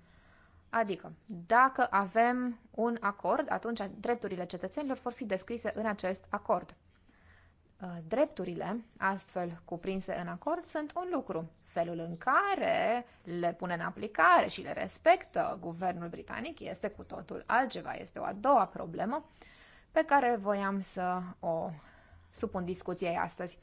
Adică, dacă avem un acord, atunci drepturile cetățenilor vor fi descrise în acest acord. Uh, drepturile astfel cuprinse în acord sunt un lucru. Felul în care le pune în aplicare și le respectă guvernul britanic este cu totul altceva. Este o a doua problemă pe care voiam să o supun discuției astăzi.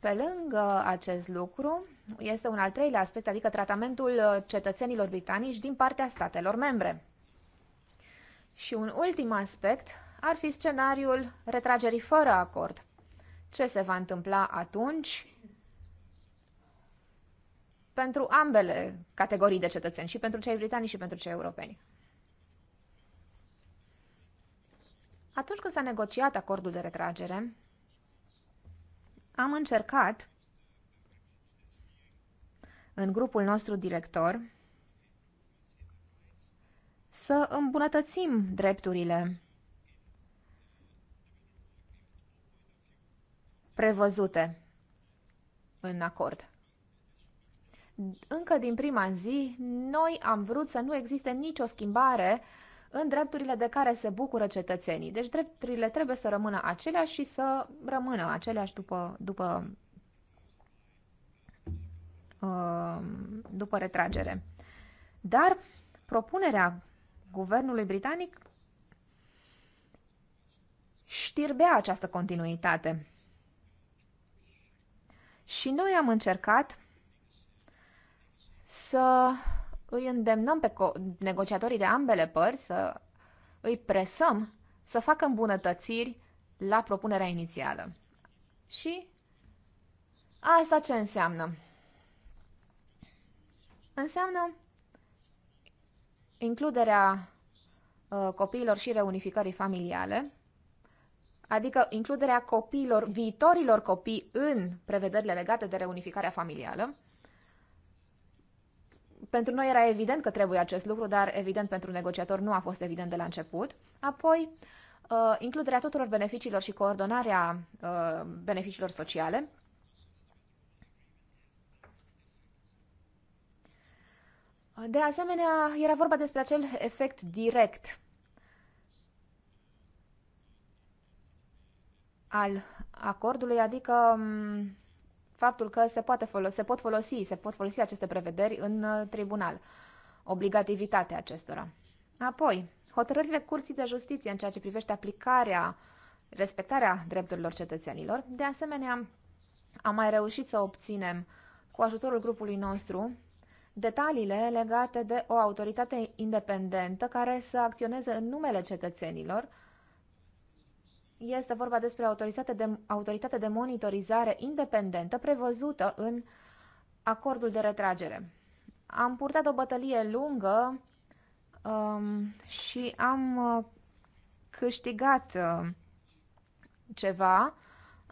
Pe lângă acest lucru, este un al treilea aspect, adică tratamentul cetățenilor britanici din partea statelor membre. Și un ultim aspect ar fi scenariul retragerii fără acord. Ce se va întâmpla atunci pentru ambele categorii de cetățeni, și pentru cei britanici și pentru cei europeni? Atunci când s-a negociat acordul de retragere, am încercat în grupul nostru director să îmbunătățim drepturile prevăzute în acord. Încă din prima zi, noi am vrut să nu existe nicio schimbare în drepturile de care se bucură cetățenii. Deci drepturile trebuie să rămână aceleași și să rămână aceleași după, după, uh, după retragere. Dar propunerea guvernului britanic știrbea această continuitate. Și noi am încercat să îi îndemnăm pe negociatorii de ambele părți, să îi presăm să facă îmbunătățiri la propunerea inițială. Și asta ce înseamnă? Înseamnă includerea uh, copiilor și reunificării familiale, adică includerea copiilor, viitorilor copii în prevederile legate de reunificarea familială. Pentru noi era evident că trebuie acest lucru, dar evident pentru negociator nu a fost evident de la început. Apoi, uh, includerea tuturor beneficiilor și coordonarea uh, beneficiilor sociale, De asemenea, era vorba despre acel efect direct al acordului, adică mm, faptul că se, poate folosi, se pot folosi, se pot folosi aceste prevederi în uh, tribunal, obligativitatea acestora. Apoi, hotărârile Curții de Justiție în ceea ce privește aplicarea, respectarea drepturilor cetățenilor. De asemenea, am mai reușit să obținem, cu ajutorul grupului nostru, detaliile legate de o autoritate independentă care să acționeze în numele cetățenilor. Este vorba despre autoritate de, autoritate de monitorizare independentă prevăzută în acordul de retragere. Am purtat o bătălie lungă um, și am uh, câștigat uh, ceva,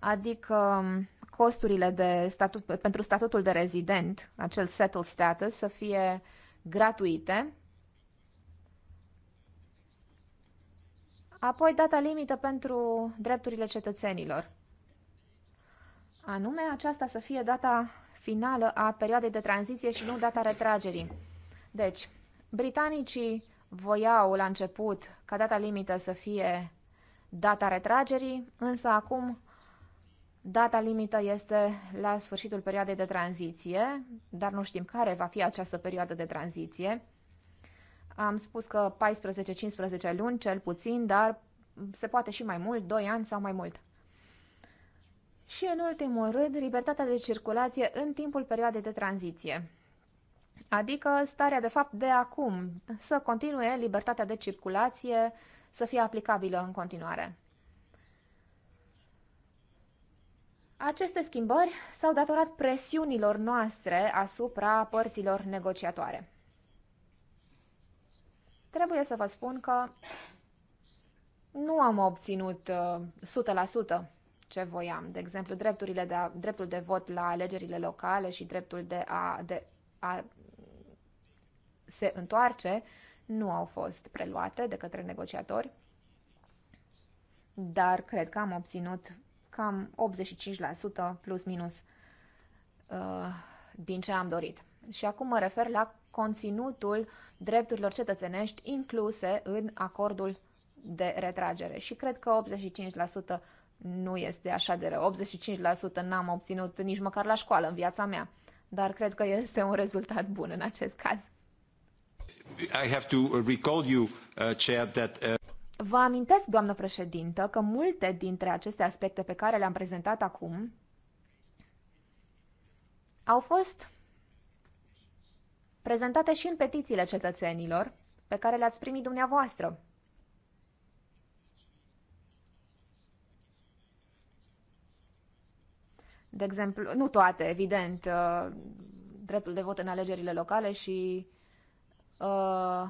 adică um, costurile de statut, pentru statutul de rezident, acel settled status, să fie gratuite. Apoi data limită pentru drepturile cetățenilor. Anume, aceasta să fie data finală a perioadei de tranziție și nu data retragerii. Deci, britanicii voiau la început ca data limită să fie data retragerii, însă acum Data limită este la sfârșitul perioadei de tranziție, dar nu știm care va fi această perioadă de tranziție. Am spus că 14-15 luni, cel puțin, dar se poate și mai mult, 2 ani sau mai mult. Și în ultimul rând, libertatea de circulație în timpul perioadei de tranziție. Adică starea de fapt de acum, să continue libertatea de circulație să fie aplicabilă în continuare. Aceste schimbări s-au datorat presiunilor noastre asupra părților negociatoare. Trebuie să vă spun că nu am obținut 100% uh, ce voiam. De exemplu, drepturile de a, dreptul de vot la alegerile locale și dreptul de a, de a se întoarce nu au fost preluate de către negociatori, dar cred că am obținut cam 85% plus minus uh, din ce am dorit. Și acum mă refer la conținutul drepturilor cetățenești incluse în acordul de retragere. Și cred că 85% nu este așa de rău. 85% n-am obținut nici măcar la școală în viața mea. Dar cred că este un rezultat bun în acest caz. I have to uh, recall you, uh, Chair, that... Uh... Vă amintesc, doamnă președintă, că multe dintre aceste aspecte pe care le-am prezentat acum au fost prezentate și în petițiile cetățenilor pe care le-ați primit dumneavoastră. De exemplu, nu toate, evident, uh, dreptul de vot în alegerile locale și uh,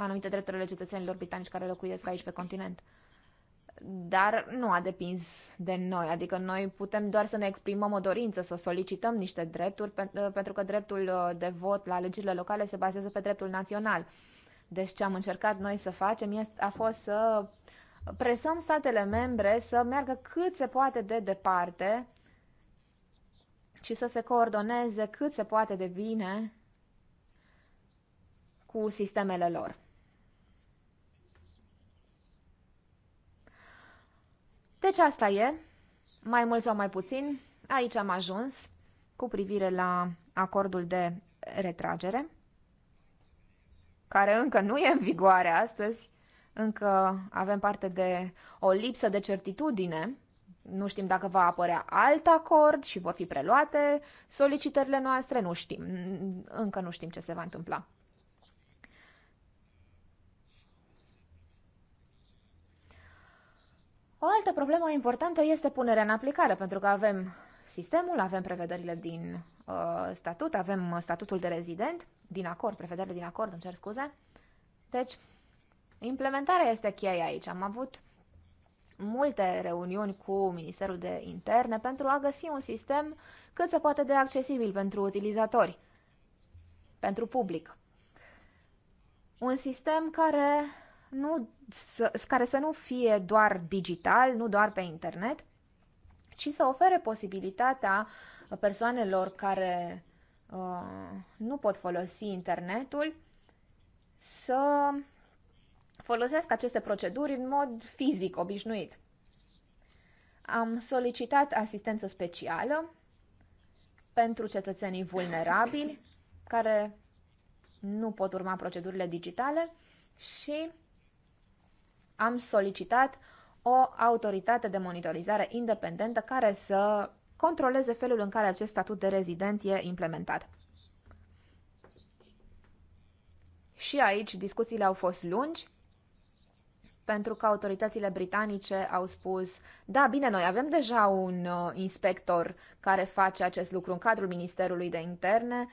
anumite drepturile cetățenilor britanici care locuiesc aici pe continent. Dar nu a depins de noi, adică noi putem doar să ne exprimăm o dorință, să solicităm niște drepturi, ă, pentru că dreptul ă, de vot la alegerile locale se bazează pe dreptul național. Deci ce am încercat noi să facem a fost să presăm statele membre să meargă cât se poate de departe și să se coordoneze cât se poate de bine cu sistemele lor. Deci asta e, mai mult sau mai puțin, aici am ajuns cu privire la acordul de retragere, care încă nu e în vigoare astăzi, încă avem parte de o lipsă de certitudine, nu știm dacă va apărea alt acord și vor fi preluate solicitările noastre, nu știm, încă nu știm ce se va întâmpla. O altă problemă importantă este punerea în aplicare, pentru că avem sistemul, avem prevederile din uh, statut, avem uh, statutul de rezident, din acord, prevederile din acord, îmi cer scuze. Deci, implementarea este cheia aici. Am avut multe reuniuni cu Ministerul de Interne pentru a găsi un sistem cât se poate de accesibil pentru utilizatori, pentru public. Un sistem care nu, să, care să nu fie doar digital, nu doar pe internet, ci să ofere posibilitatea persoanelor care uh, nu pot folosi internetul să folosească aceste proceduri în mod fizic obișnuit. Am solicitat asistență specială pentru cetățenii vulnerabili care nu pot urma procedurile digitale și am solicitat o autoritate de monitorizare independentă care să controleze felul în care acest statut de rezident e implementat. Și aici discuțiile au fost lungi, pentru că autoritățile britanice au spus, da, bine, noi avem deja un uh, inspector care face acest lucru în cadrul Ministerului de Interne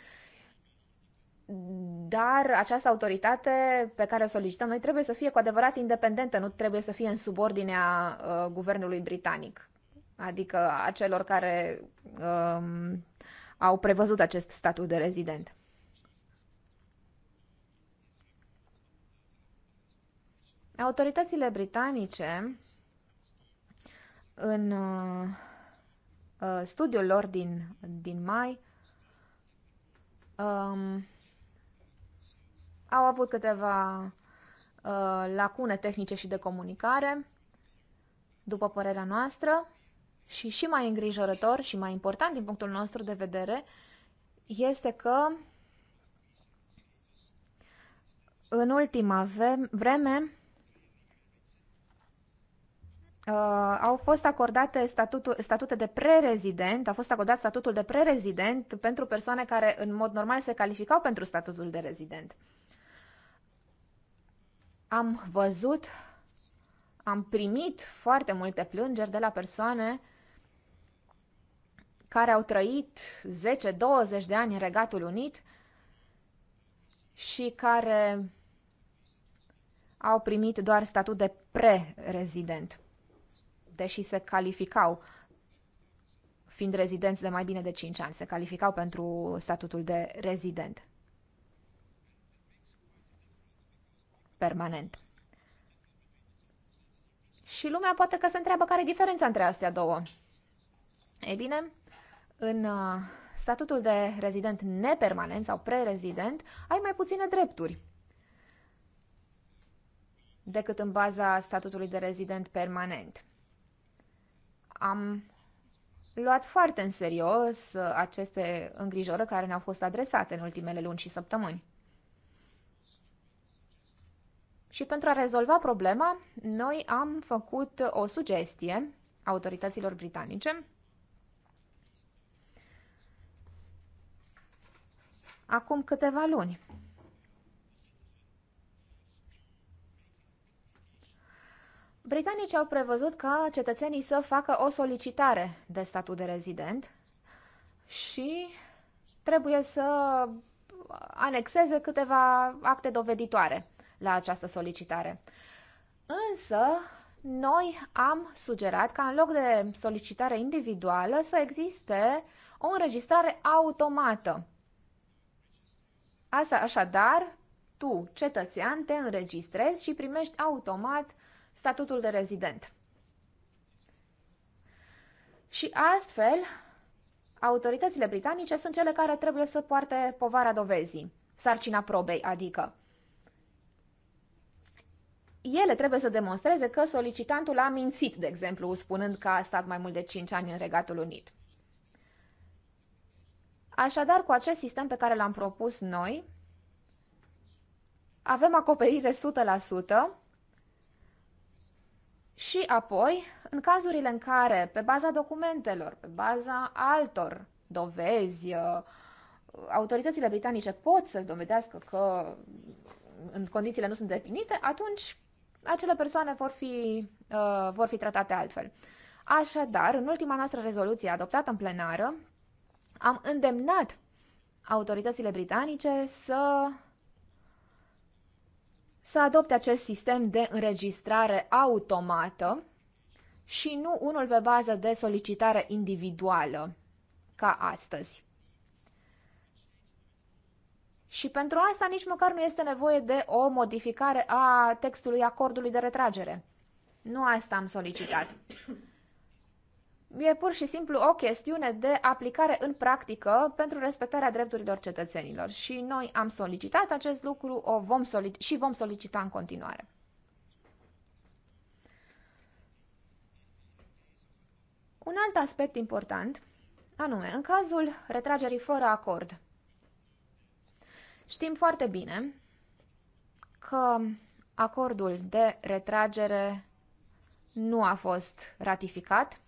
dar această autoritate pe care o solicităm noi trebuie să fie cu adevărat independentă, nu trebuie să fie în subordinea uh, guvernului britanic, adică a celor care uh, au prevăzut acest statut de rezident. Autoritățile britanice, în uh, uh studiul lor din, din mai, um, au avut câteva uh, lacune tehnice și de comunicare, după părerea noastră, și și mai îngrijorător și mai important din punctul nostru de vedere este că în ultima vreme uh, au fost acordate statutul, statute de prerezident, a fost acordat statutul de prerezident pentru persoane care în mod normal se calificau pentru statutul de rezident am văzut, am primit foarte multe plângeri de la persoane care au trăit 10-20 de ani în Regatul Unit și care au primit doar statut de pre-rezident, deși se calificau, fiind rezidenți de mai bine de 5 ani, se calificau pentru statutul de rezident. permanent. Și lumea poate că se întreabă care e diferența între astea două. Ei bine, în uh, statutul de rezident nepermanent sau prerezident, ai mai puține drepturi decât în baza statutului de rezident permanent. Am luat foarte în serios aceste îngrijorări care ne-au fost adresate în ultimele luni și săptămâni. Și pentru a rezolva problema, noi am făcut o sugestie autorităților britanice. Acum câteva luni. Britanicii au prevăzut ca cetățenii să facă o solicitare de statut de rezident și trebuie să anexeze câteva acte doveditoare la această solicitare. Însă, noi am sugerat ca în loc de solicitare individuală să existe o înregistrare automată. Asta, așadar, tu, cetățean, te înregistrezi și primești automat statutul de rezident. Și astfel, autoritățile britanice sunt cele care trebuie să poarte povara dovezii, sarcina probei, adică ele trebuie să demonstreze că solicitantul a mințit, de exemplu, spunând că a stat mai mult de 5 ani în Regatul Unit. Așadar, cu acest sistem pe care l-am propus noi, avem acoperire 100% și apoi, în cazurile în care, pe baza documentelor, pe baza altor dovezi, uh, autoritățile britanice pot să dovedească că uh, în condițiile nu sunt definite, atunci acele persoane vor fi, uh, vor fi tratate altfel. Așadar, în ultima noastră rezoluție adoptată în plenară, am îndemnat autoritățile britanice să să adopte acest sistem de înregistrare automată și nu unul pe bază de solicitare individuală, ca astăzi. Și pentru asta nici măcar nu este nevoie de o modificare a textului acordului de retragere. Nu asta am solicitat. E pur și simplu o chestiune de aplicare în practică pentru respectarea drepturilor cetățenilor și noi am solicitat acest lucru o vom și vom solicita în continuare. Un alt aspect important, anume, în cazul retragerii fără acord, Știm foarte bine că acordul de retragere nu a fost ratificat.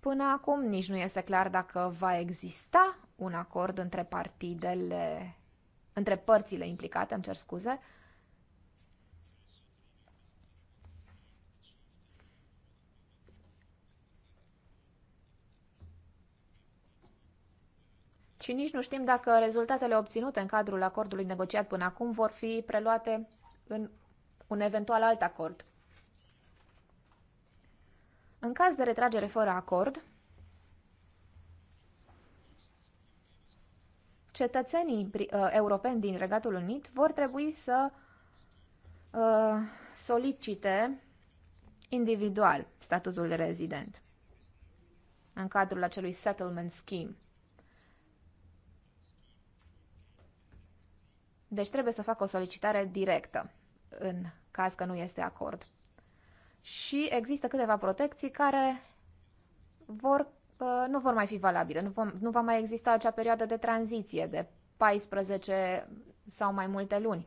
Până acum nici nu este clar dacă va exista un acord între partidele, între părțile implicate, îmi cer scuze, și nici nu știm dacă rezultatele obținute în cadrul acordului negociat până acum vor fi preluate în un eventual alt acord. În caz de retragere fără acord, cetățenii uh, europeni din Regatul Unit vor trebui să uh, solicite individual statutul de rezident în cadrul acelui settlement scheme. Deci trebuie să fac o solicitare directă în caz că nu este acord. Și există câteva protecții care vor, uh, nu vor mai fi valabile, nu, vom, nu va mai exista acea perioadă de tranziție de 14 sau mai multe luni.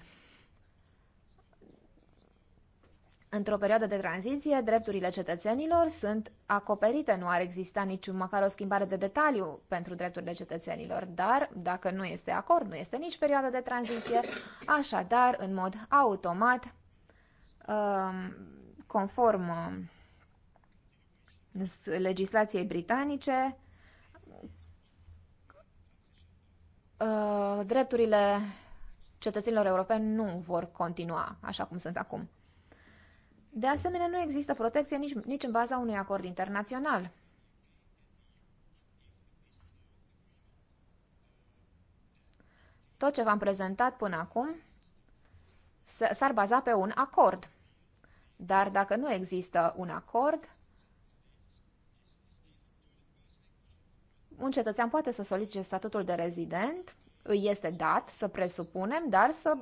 Într-o perioadă de tranziție, drepturile cetățenilor sunt acoperite, nu ar exista nici măcar o schimbare de detaliu pentru drepturile cetățenilor, dar dacă nu este acord, nu este nici perioada de tranziție, așadar, în mod automat, um, conform uh, legislației britanice, uh, drepturile cetățenilor europeni nu vor continua așa cum sunt acum. De asemenea, nu există protecție nici, nici în baza unui acord internațional. Tot ce v-am prezentat până acum s-ar baza pe un acord. Dar dacă nu există un acord, un cetățean poate să solicite statutul de rezident îi este dat, să presupunem, dar să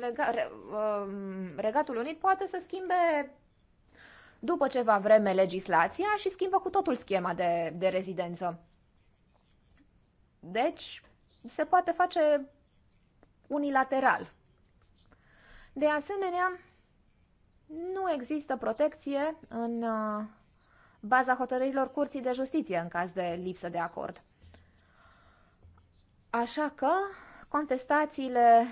lega, re, um, Regatul Unit poate să schimbe după ceva vreme legislația și schimbă cu totul schema de, de rezidență. Deci, se poate face unilateral. De asemenea, nu există protecție în uh, baza hotărârilor Curții de Justiție în caz de lipsă de acord. Așa că contestațiile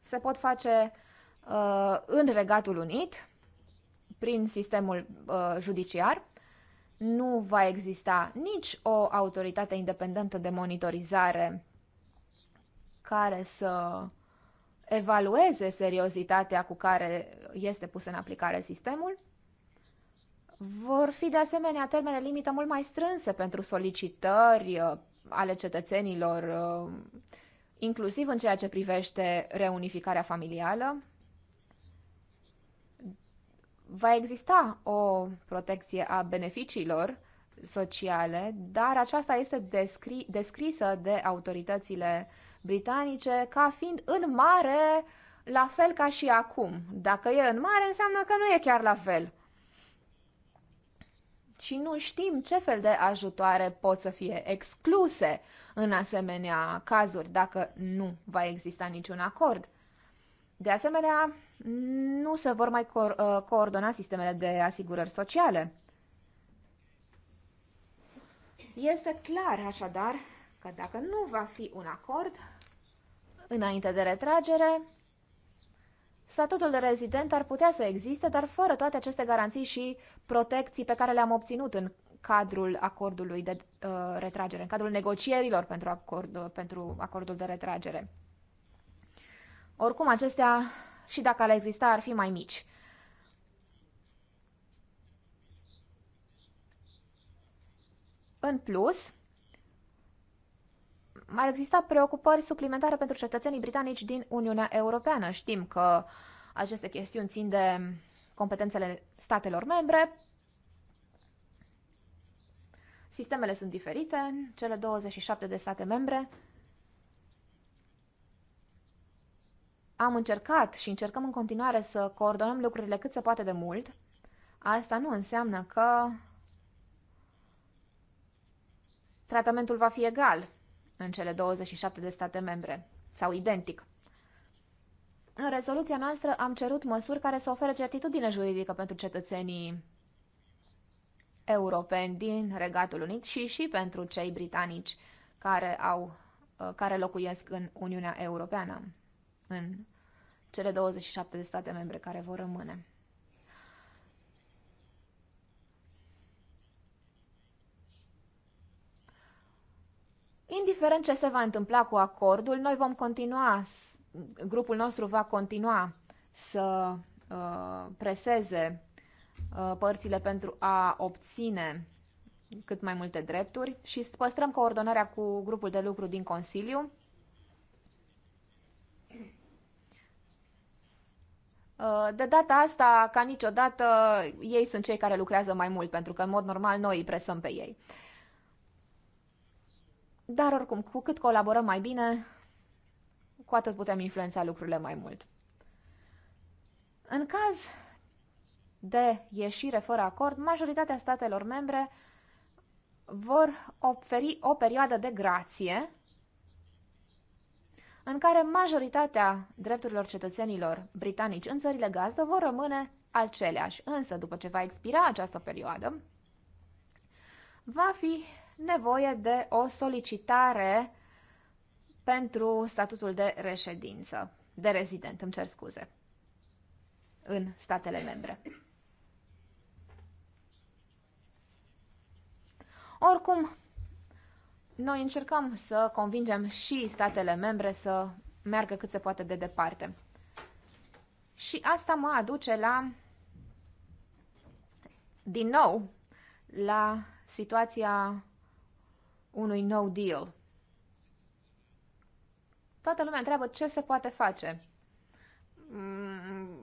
se pot face uh, în Regatul Unit prin sistemul uh, judiciar. Nu va exista nici o autoritate independentă de monitorizare care să evalueze seriozitatea cu care este pus în aplicare sistemul. Vor fi de asemenea termene limită mult mai strânse pentru solicitări, uh, ale cetățenilor, uh, inclusiv în ceea ce privește reunificarea familială. Va exista o protecție a beneficiilor sociale, dar aceasta este descri- descrisă de autoritățile britanice ca fiind în mare la fel ca și acum. Dacă e în mare, înseamnă că nu e chiar la fel și nu știm ce fel de ajutoare pot să fie excluse în asemenea cazuri dacă nu va exista niciun acord. De asemenea, nu se vor mai co- uh, coordona sistemele de asigurări sociale. Este clar, așadar, că dacă nu va fi un acord, înainte de retragere, Statutul de rezident ar putea să existe, dar fără toate aceste garanții și protecții pe care le-am obținut în cadrul acordului de uh, retragere, în cadrul negocierilor pentru, acord, uh, pentru acordul de retragere. Oricum, acestea, și dacă ar exista, ar fi mai mici. În plus, ar exista preocupări suplimentare pentru cetățenii britanici din Uniunea Europeană. Știm că aceste chestiuni țin de competențele statelor membre. Sistemele sunt diferite cele 27 de state membre. Am încercat și încercăm în continuare să coordonăm lucrurile cât se poate de mult. Asta nu înseamnă că tratamentul va fi egal în cele 27 de state membre, sau identic. În rezoluția noastră am cerut măsuri care să ofere certitudine juridică pentru cetățenii europeni din Regatul Unit și și pentru cei britanici care, au, uh, care locuiesc în Uniunea Europeană, în cele 27 de state membre care vor rămâne. Indiferent ce se va întâmpla cu acordul, noi vom continua, grupul nostru va continua să uh, preseze uh, părțile pentru a obține cât mai multe drepturi și păstrăm coordonarea cu grupul de lucru din Consiliu. Uh, de data asta, ca niciodată, ei sunt cei care lucrează mai mult, pentru că, în mod normal, noi îi presăm pe ei. Dar oricum, cu cât colaborăm mai bine, cu atât putem influența lucrurile mai mult. În caz de ieșire fără acord, majoritatea statelor membre vor oferi o perioadă de grație în care majoritatea drepturilor cetățenilor britanici în țările gazdă vor rămâne aceleași. Însă, după ce va expira această perioadă, va fi nevoie de o solicitare pentru statutul de reședință, de rezident, îmi cer scuze, în statele membre. Oricum, noi încercăm să convingem și statele membre să meargă cât se poate de departe. Și asta mă aduce la, din nou, la situația unui no deal. Toată lumea întreabă ce se poate face. Mm,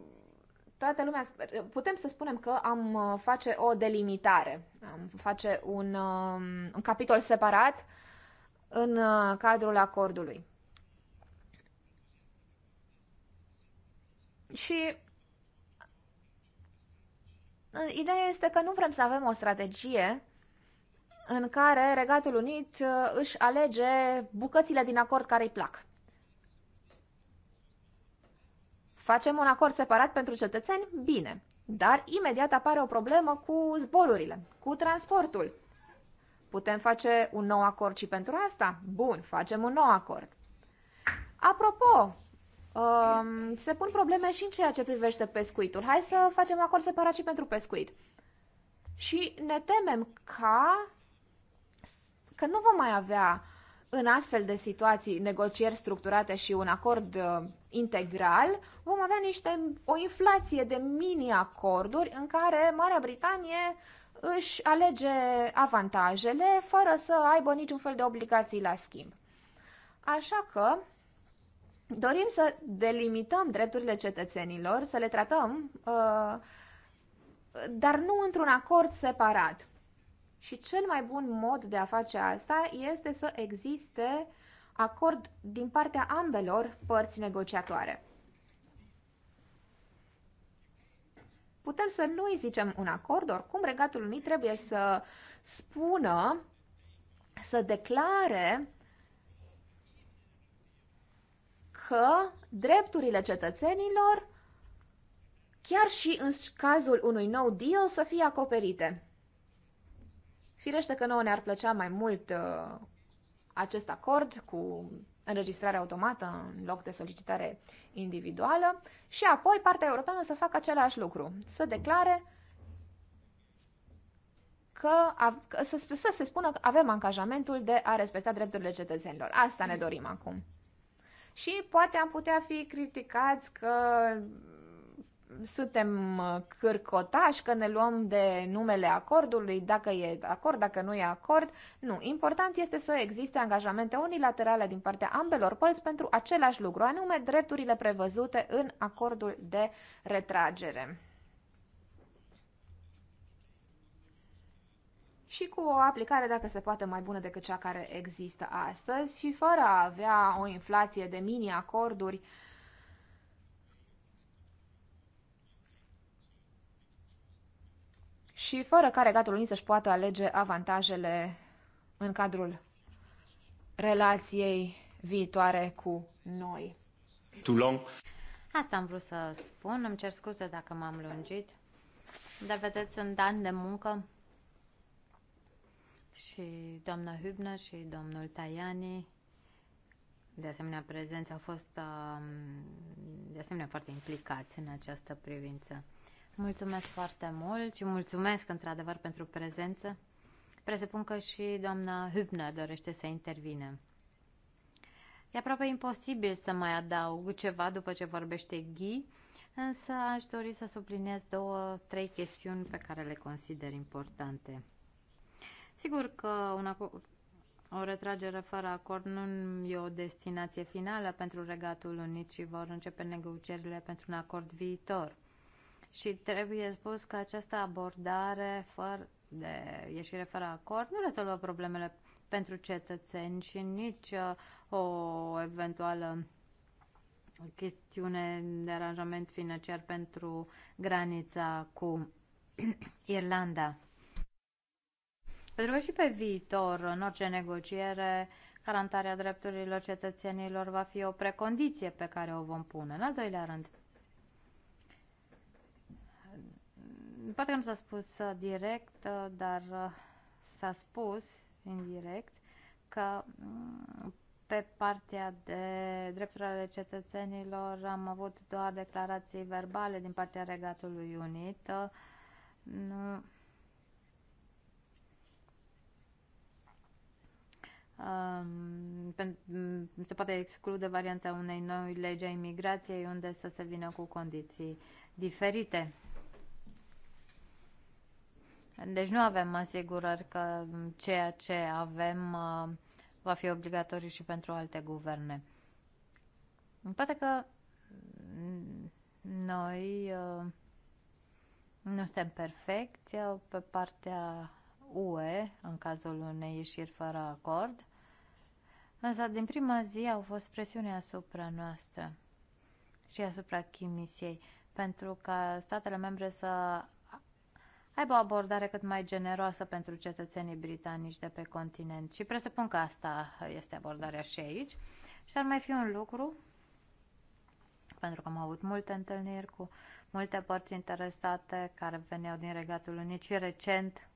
toată lumea, putem să spunem că am uh, face o delimitare, am face un, um, un capitol separat în uh, cadrul acordului. Și ideea este că nu vrem să avem o strategie în care Regatul Unit uh, își alege bucățile din acord care îi plac. Facem un acord separat pentru cetățeni? Bine. Dar imediat apare o problemă cu zborurile, cu transportul. Putem face un nou acord și pentru asta? Bun, facem un nou acord. Apropo, um, se pun probleme și în ceea ce privește pescuitul. Hai să facem acord separat și pentru pescuit. Și ne temem ca că nu vom mai avea în astfel de situații negocieri structurate și un acord uh, integral, vom avea niște o inflație de mini-acorduri în care Marea Britanie își alege avantajele fără să aibă niciun fel de obligații la schimb. Așa că dorim să delimităm drepturile cetățenilor, să le tratăm, uh, dar nu într-un acord separat. Și cel mai bun mod de a face asta este să existe acord din partea ambelor părți negociatoare. Putem să nu-i zicem un acord, oricum Regatul Unit trebuie să spună, să declare că drepturile cetățenilor, chiar și în cazul unui nou deal, să fie acoperite. Firește că nouă ne-ar plăcea mai mult uh, acest acord cu înregistrare automată în loc de solicitare individuală și apoi partea europeană să facă același lucru, să declare că, că să, să se spună că avem angajamentul de a respecta drepturile cetățenilor. Asta ne dorim acum. Și poate am putea fi criticați că suntem uh, cârcotași, că ne luăm de numele acordului, dacă e acord, dacă nu e acord. Nu, important este să existe angajamente unilaterale din partea ambelor părți pentru același lucru, anume drepturile prevăzute în acordul de retragere. și cu o aplicare, dacă se poate, mai bună decât cea care există astăzi și fără a avea o inflație de mini-acorduri uh, și fără care gatul Unit să-și poată alege avantajele în cadrul relației viitoare cu noi. Too long. Asta am vrut să spun, îmi cer scuze dacă m-am lungit, dar vedeți, sunt ani de muncă și doamna Hübner și domnul Tajani, de asemenea prezenți, au fost um, de asemenea foarte implicați în această privință. Mulțumesc foarte mult și mulțumesc într-adevăr pentru prezență. Presupun că și doamna Hübner dorește să intervine. E aproape imposibil să mai adaug ceva după ce vorbește Ghi, însă aș dori să subliniez două, trei chestiuni pe care le consider importante. Sigur că una, o retragere fără acord nu e o destinație finală pentru Regatul Unit și vor începe negocierile pentru un acord viitor și trebuie spus că această abordare fără de ieșire fără acord nu rezolvă problemele pentru cetățeni și nici uh, o eventuală chestiune de aranjament financiar pentru granița cu Irlanda. Pentru că și pe viitor, în orice negociere, garantarea drepturilor cetățenilor va fi o precondiție pe care o vom pune. În al doilea rând, poate că nu s-a spus uh, direct, uh, dar uh, s-a spus indirect că mm, pe partea de drepturi ale cetățenilor am avut doar declarații verbale din partea Regatului Unit. Nu. Um, mm, se poate exclude varianta unei noi legi a imigrației unde să se vină cu condiții diferite. Deci nu avem asigurări că ceea ce avem uh, va fi obligatoriu și pentru alte guverne. Poate că noi uh, nu suntem perfecți uh, pe partea UE în cazul unei ieșiri fără acord, însă din prima zi au fost presiune asupra noastră și asupra chimisiei pentru ca statele membre să aibă o abordare cât mai generoasă pentru cetățenii britanici de pe continent. Și presupun că asta este abordarea și aici. Și ar mai fi un lucru, pentru că am avut multe întâlniri cu multe părți interesate care veneau din Regatul Unit și recent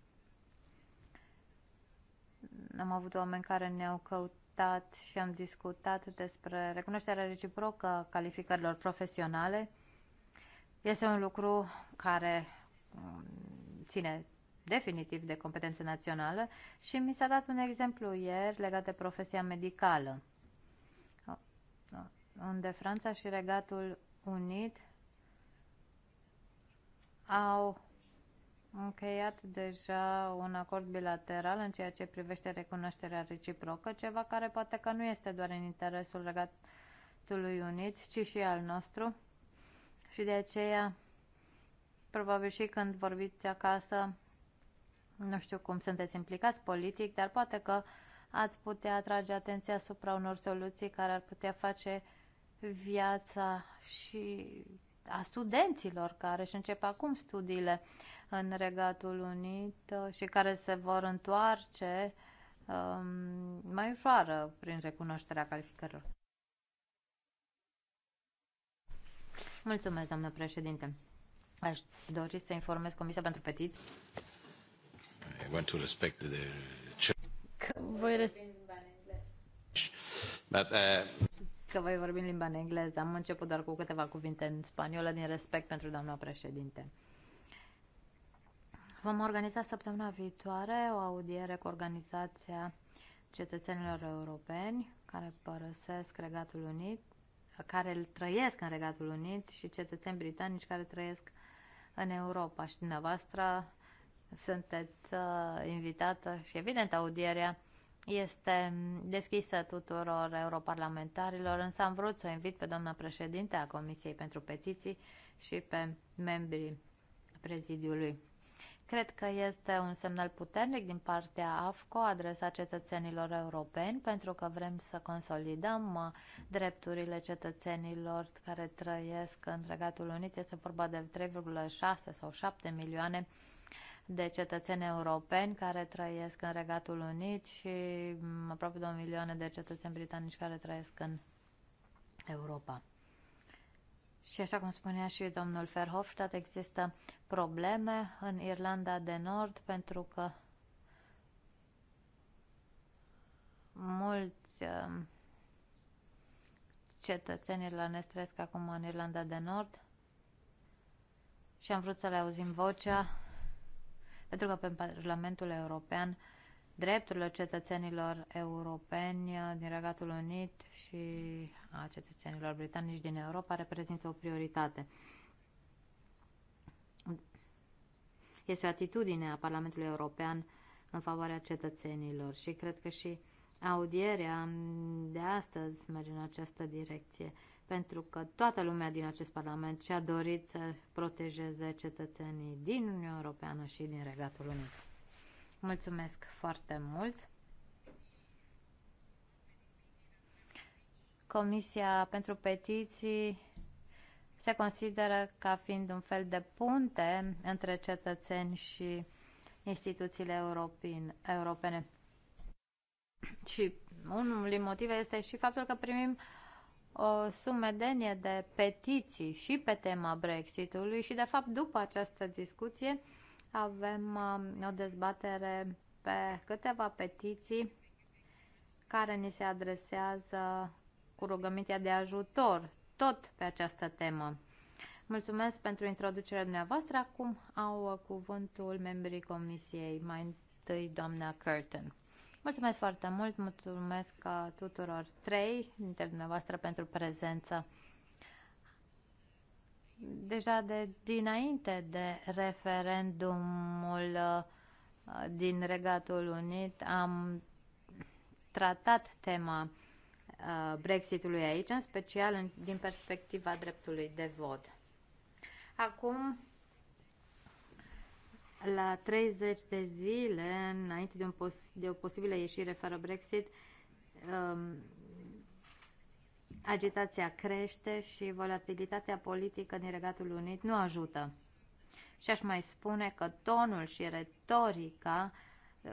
am avut oameni care ne-au căutat și am discutat despre recunoașterea reciprocă a calificărilor profesionale. Este un lucru care ține definitiv de competențe națională și mi s-a dat un exemplu ieri legat de profesia medicală, unde Franța și Regatul Unit au încheiat deja un acord bilateral în ceea ce privește recunoașterea reciprocă, ceva care poate că nu este doar în interesul Regatului Unit, ci și al nostru. Și de aceea Probabil și când vorbiți acasă, nu știu cum sunteți implicați politic, dar poate că ați putea atrage atenția asupra unor soluții care ar putea face viața și a studenților care își încep acum studiile în Regatul Unit uh, și care se vor întoarce um, mai ușoară prin recunoașterea calificărilor. Mulțumesc, doamnă președinte. Aș dori să informez Comisia pentru Petiții. I want to respect the... Voi res- uh... Că voi vorbi în limba în engleză. Am început doar cu câteva cuvinte în spaniolă din respect pentru doamna președinte. Vom organiza săptămâna viitoare o audiere cu organizația cetățenilor europeni care părăsesc Regatul Unit, care trăiesc în Regatul Unit și cetățeni britanici care trăiesc în Europa și dumneavoastră sunteți uh, invitată și evident audierea este deschisă tuturor europarlamentarilor, însă am vrut să o invit pe doamna președinte a Comisiei pentru Petiții și pe membrii prezidiului. Cred că este un semnal puternic din partea AFCO adresat cetățenilor europeni pentru că vrem să consolidăm uh, drepturile cetățenilor care trăiesc în Regatul Unit. Este vorba de 3,6 sau 7 milioane de cetățeni europeni care trăiesc în Regatul Unit și mm, aproape 2 milioane de cetățeni britanici care trăiesc în Europa. Și așa cum spunea și domnul Verhofstadt, există probleme în Irlanda de Nord pentru că mulți um, cetățeni irlandezi trăiesc acum în Irlanda de Nord și am vrut să le auzim vocea pentru că pe Parlamentul European drepturile cetățenilor europeni din Regatul Unit și a cetățenilor britanici din Europa reprezintă o prioritate. Este o atitudine a Parlamentului European în favoarea cetățenilor și cred că și audierea de astăzi merge în această direcție, pentru că toată lumea din acest Parlament și-a dorit să protejeze cetățenii din Uniunea Europeană și din Regatul Unit. Mulțumesc foarte mult! Comisia pentru Petiții se consideră ca fiind un fel de punte între cetățeni și instituțiile europene. Și unul din motive este și faptul că primim o sumedenie de petiții și pe tema Brexitului și de fapt după această discuție avem um, o dezbatere pe câteva petiții care ni se adresează cu rugămintea de ajutor, tot pe această temă. Mulțumesc pentru introducerea dumneavoastră. Acum au cuvântul membrii comisiei, mai întâi doamna Curtin. Mulțumesc foarte mult, mulțumesc uh, tuturor trei dintre dumneavoastră pentru prezență deja de dinainte de referendumul uh, din Regatul Unit am tratat tema uh, Brexitului aici, în special din perspectiva dreptului de vot. Acum, la 30 de zile, înainte de, un pos- de o posibilă ieșire fără Brexit, um, agitația crește și volatilitatea politică din Regatul Unit nu ajută. Și aș mai spune că tonul și retorica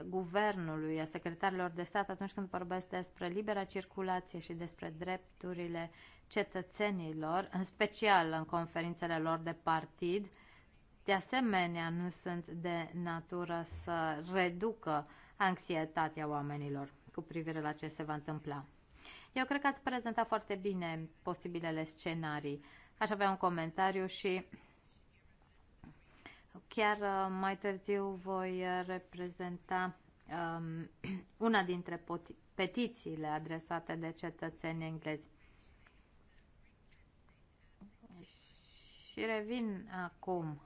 guvernului, a secretarilor de stat atunci când vorbesc despre libera circulație și despre drepturile cetățenilor, în special în conferințele lor de partid, de asemenea nu sunt de natură să reducă anxietatea oamenilor cu privire la ce se va întâmpla. Eu cred că ați prezentat foarte bine posibilele scenarii. Aș avea un comentariu și chiar uh, mai târziu voi uh, reprezenta um, una dintre petițiile adresate de cetățeni englezi. Și revin acum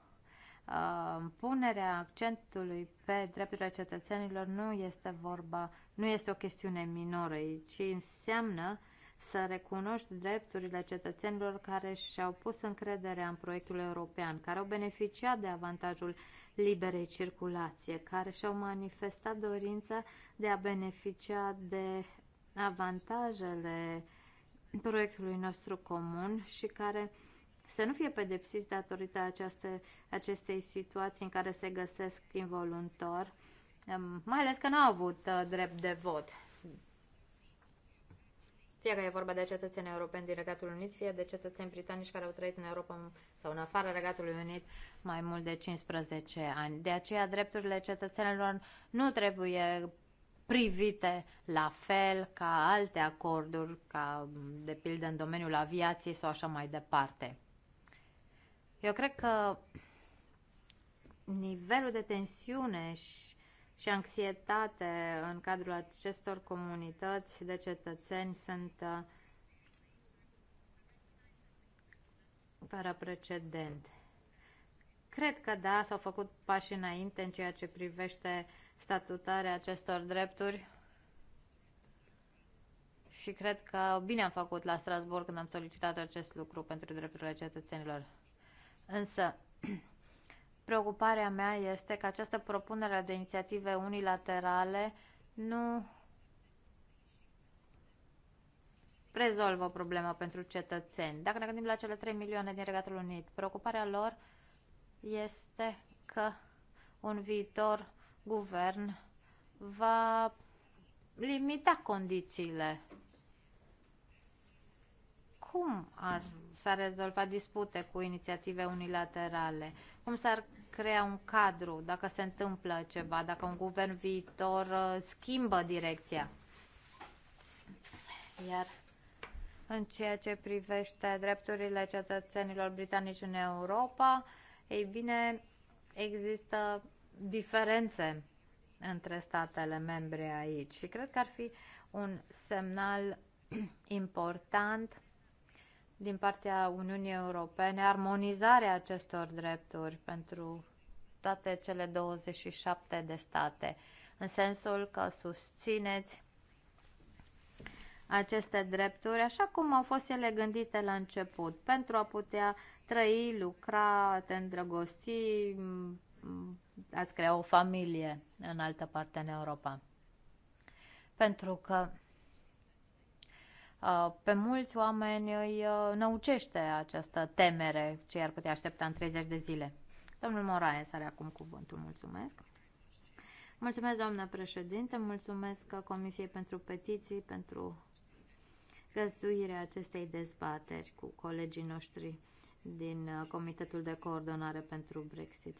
Uh, punerea accentului pe drepturile cetățenilor nu este vorba, nu este o chestiune minoră, ci înseamnă să recunoști drepturile cetățenilor care și-au pus încrederea în proiectul european, care au beneficiat de avantajul liberei circulație, care și-au manifestat dorința de a beneficia de avantajele proiectului nostru comun și care uh, să nu fie pedepsiți datorită aceste, acestei situații în care se găsesc involuntor, um, mai ales că nu au avut uh, drept de vot. Fie că e vorba de cetățeni europeni din Regatul Unit, fie de cetățeni britanici care au trăit în Europa sau în afara Regatului Unit mai mult de 15 ani. De aceea, drepturile cetățenilor nu trebuie privite la fel ca alte acorduri, ca de pildă în domeniul aviației sau așa mai departe. Eu cred că nivelul de tensiune și, și anxietate în cadrul acestor comunități de cetățeni sunt uh, fără precedent. Cred că da, s-au făcut pași înainte în ceea ce privește statutarea acestor drepturi și cred că bine am făcut la Strasbourg când am solicitat acest lucru pentru drepturile cetățenilor. Însă, preocuparea mea este că această propunere de inițiative unilaterale nu rezolvă problema pentru cetățeni. Dacă ne gândim la cele 3 milioane din Regatul Unit, preocuparea lor este că un viitor guvern va limita condițiile. Cum ar s-ar rezolva dispute cu inițiative unilaterale? Cum s-ar crea un cadru dacă se întâmplă ceva, dacă un guvern viitor uh, schimbă direcția? Iar în ceea ce privește drepturile cetățenilor britanici în Europa, ei bine, există diferențe între statele membre aici și cred că ar fi un semnal important din partea Uniunii Europene armonizarea acestor drepturi pentru toate cele 27 de state, în sensul că susțineți aceste drepturi așa cum au fost ele gândite la început, pentru a putea trăi, lucra, te îndrăgosti, ați crea o familie în altă parte în Europa. Pentru că Uh, pe mulți oameni îi uh, năucește această temere ce i-ar putea aștepta în 30 de zile. Domnul Moraes are acum cuvântul. Mulțumesc. Mulțumesc, doamnă președinte, mulțumesc Comisiei pentru Petiții, pentru găzduirea acestei dezbateri cu colegii noștri din uh, Comitetul de Coordonare pentru Brexit.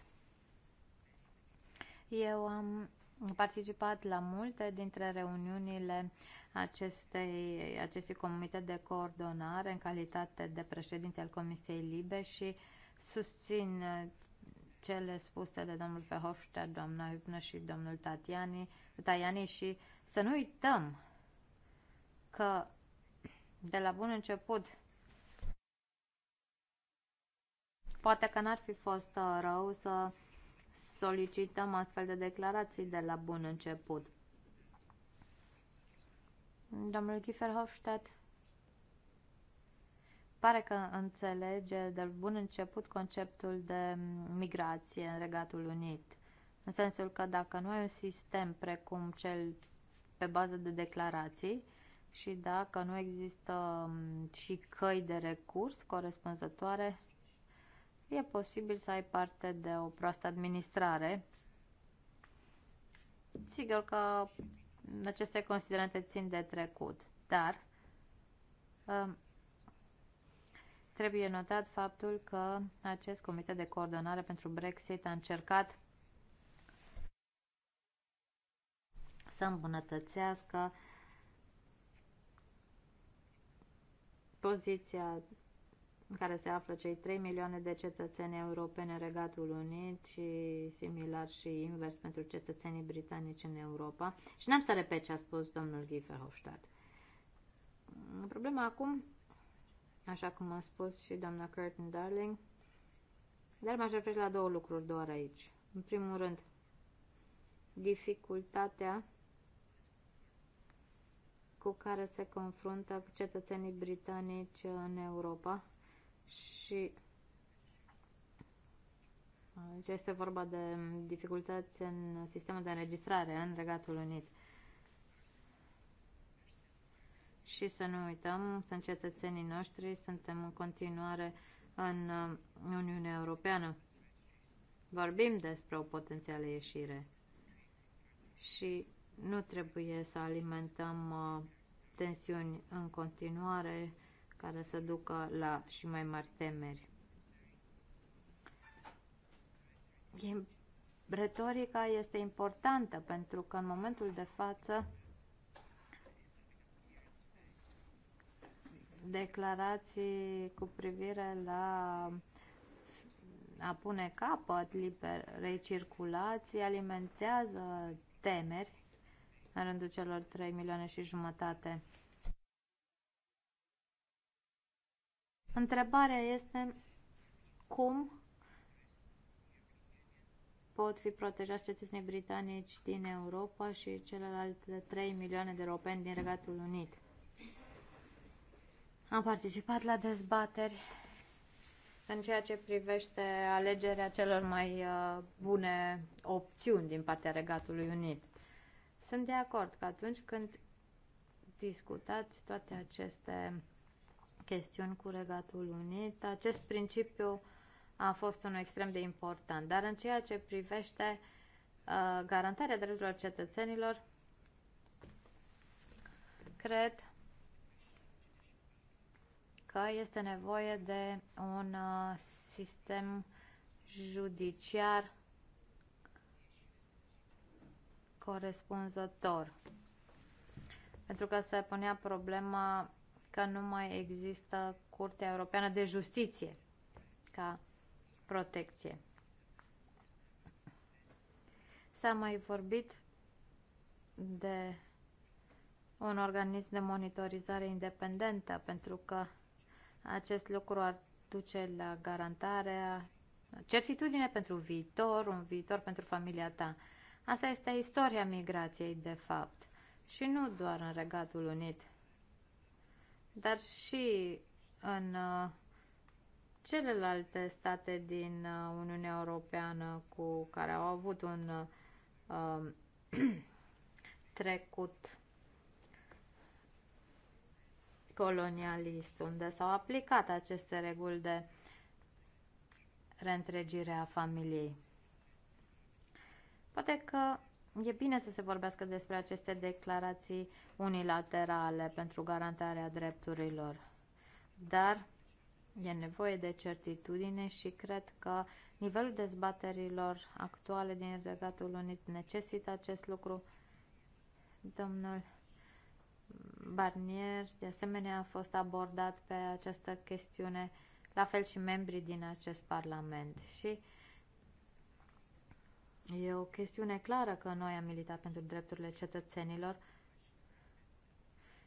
Eu am participat la multe dintre reuniunile acestei, acestui comitet de coordonare în calitate de președinte al Comisiei Libe și susțin uh, cele spuse de domnul Verhofstadt, doamna Hübner și domnul Tatiani, Taiani și să nu uităm că de la bun început poate că n-ar fi fost uh, rău să solicităm astfel de declarații de la bun început. Domnul Kieferhofstadt pare că înțelege de bun început conceptul de migrație în Regatul Unit, în sensul că dacă nu ai un sistem precum cel pe bază de declarații și dacă nu există mm, și căi de recurs corespunzătoare, e posibil să ai parte de o proastă administrare. Sigur că aceste considerente țin de trecut, dar um, trebuie notat faptul că acest comitet de coordonare pentru Brexit a încercat să îmbunătățească poziția în care se află cei 3 milioane de cetățeni europeni în Regatul Unit și similar și invers pentru cetățenii britanici în Europa. Și n-am să repet ce a spus domnul Guy Verhofstadt. Problema acum, așa cum a spus și doamna Curtin Darling, dar m-aș referi la două lucruri doar aici. În primul rând, dificultatea cu care se confruntă cetățenii britanici în Europa și aici este vorba de dificultăți în sistemul de înregistrare în Regatul Unit. Și să nu uităm, sunt cetățenii noștri, suntem în continuare în uh, Uniunea Europeană. Vorbim despre o potențială ieșire și nu trebuie să alimentăm uh, tensiuni în continuare care să ducă la și mai mari temeri. Retorica este importantă pentru că în momentul de față declarații cu privire la a pune capăt liberei circulații alimentează temeri în rândul celor 3 milioane și jumătate Întrebarea este cum pot fi protejați cetățenii britanici din Europa și celelalte 3 milioane de europeni din Regatul Unit. Am participat la dezbateri în ceea ce privește alegerea celor mai uh, bune opțiuni din partea Regatului Unit. Sunt de acord că atunci când discutați toate aceste chestiuni cu Regatul Unit. Acest principiu a fost unul extrem de important, dar în ceea ce privește uh, garantarea drepturilor cetățenilor, cred că este nevoie de un uh, sistem judiciar corespunzător. Pentru că se punea problema că nu mai există Curtea Europeană de Justiție ca protecție. S-a mai vorbit de un organism de monitorizare independentă, pentru că acest lucru ar duce la garantarea certitudine pentru viitor, un viitor pentru familia ta. Asta este istoria migrației, de fapt, și nu doar în Regatul Unit dar și în uh, celelalte state din uh, Uniunea Europeană cu care au avut un uh, trecut colonialist, unde s-au aplicat aceste reguli de reîntregire a familiei. Poate că E bine să se vorbească despre aceste declarații unilaterale pentru garantarea drepturilor, dar e nevoie de certitudine și cred că nivelul dezbaterilor actuale din Regatul Unit necesită acest lucru. Domnul Barnier, de asemenea, a fost abordat pe această chestiune, la fel și membrii din acest Parlament. Și E o chestiune clară că noi am militat pentru drepturile cetățenilor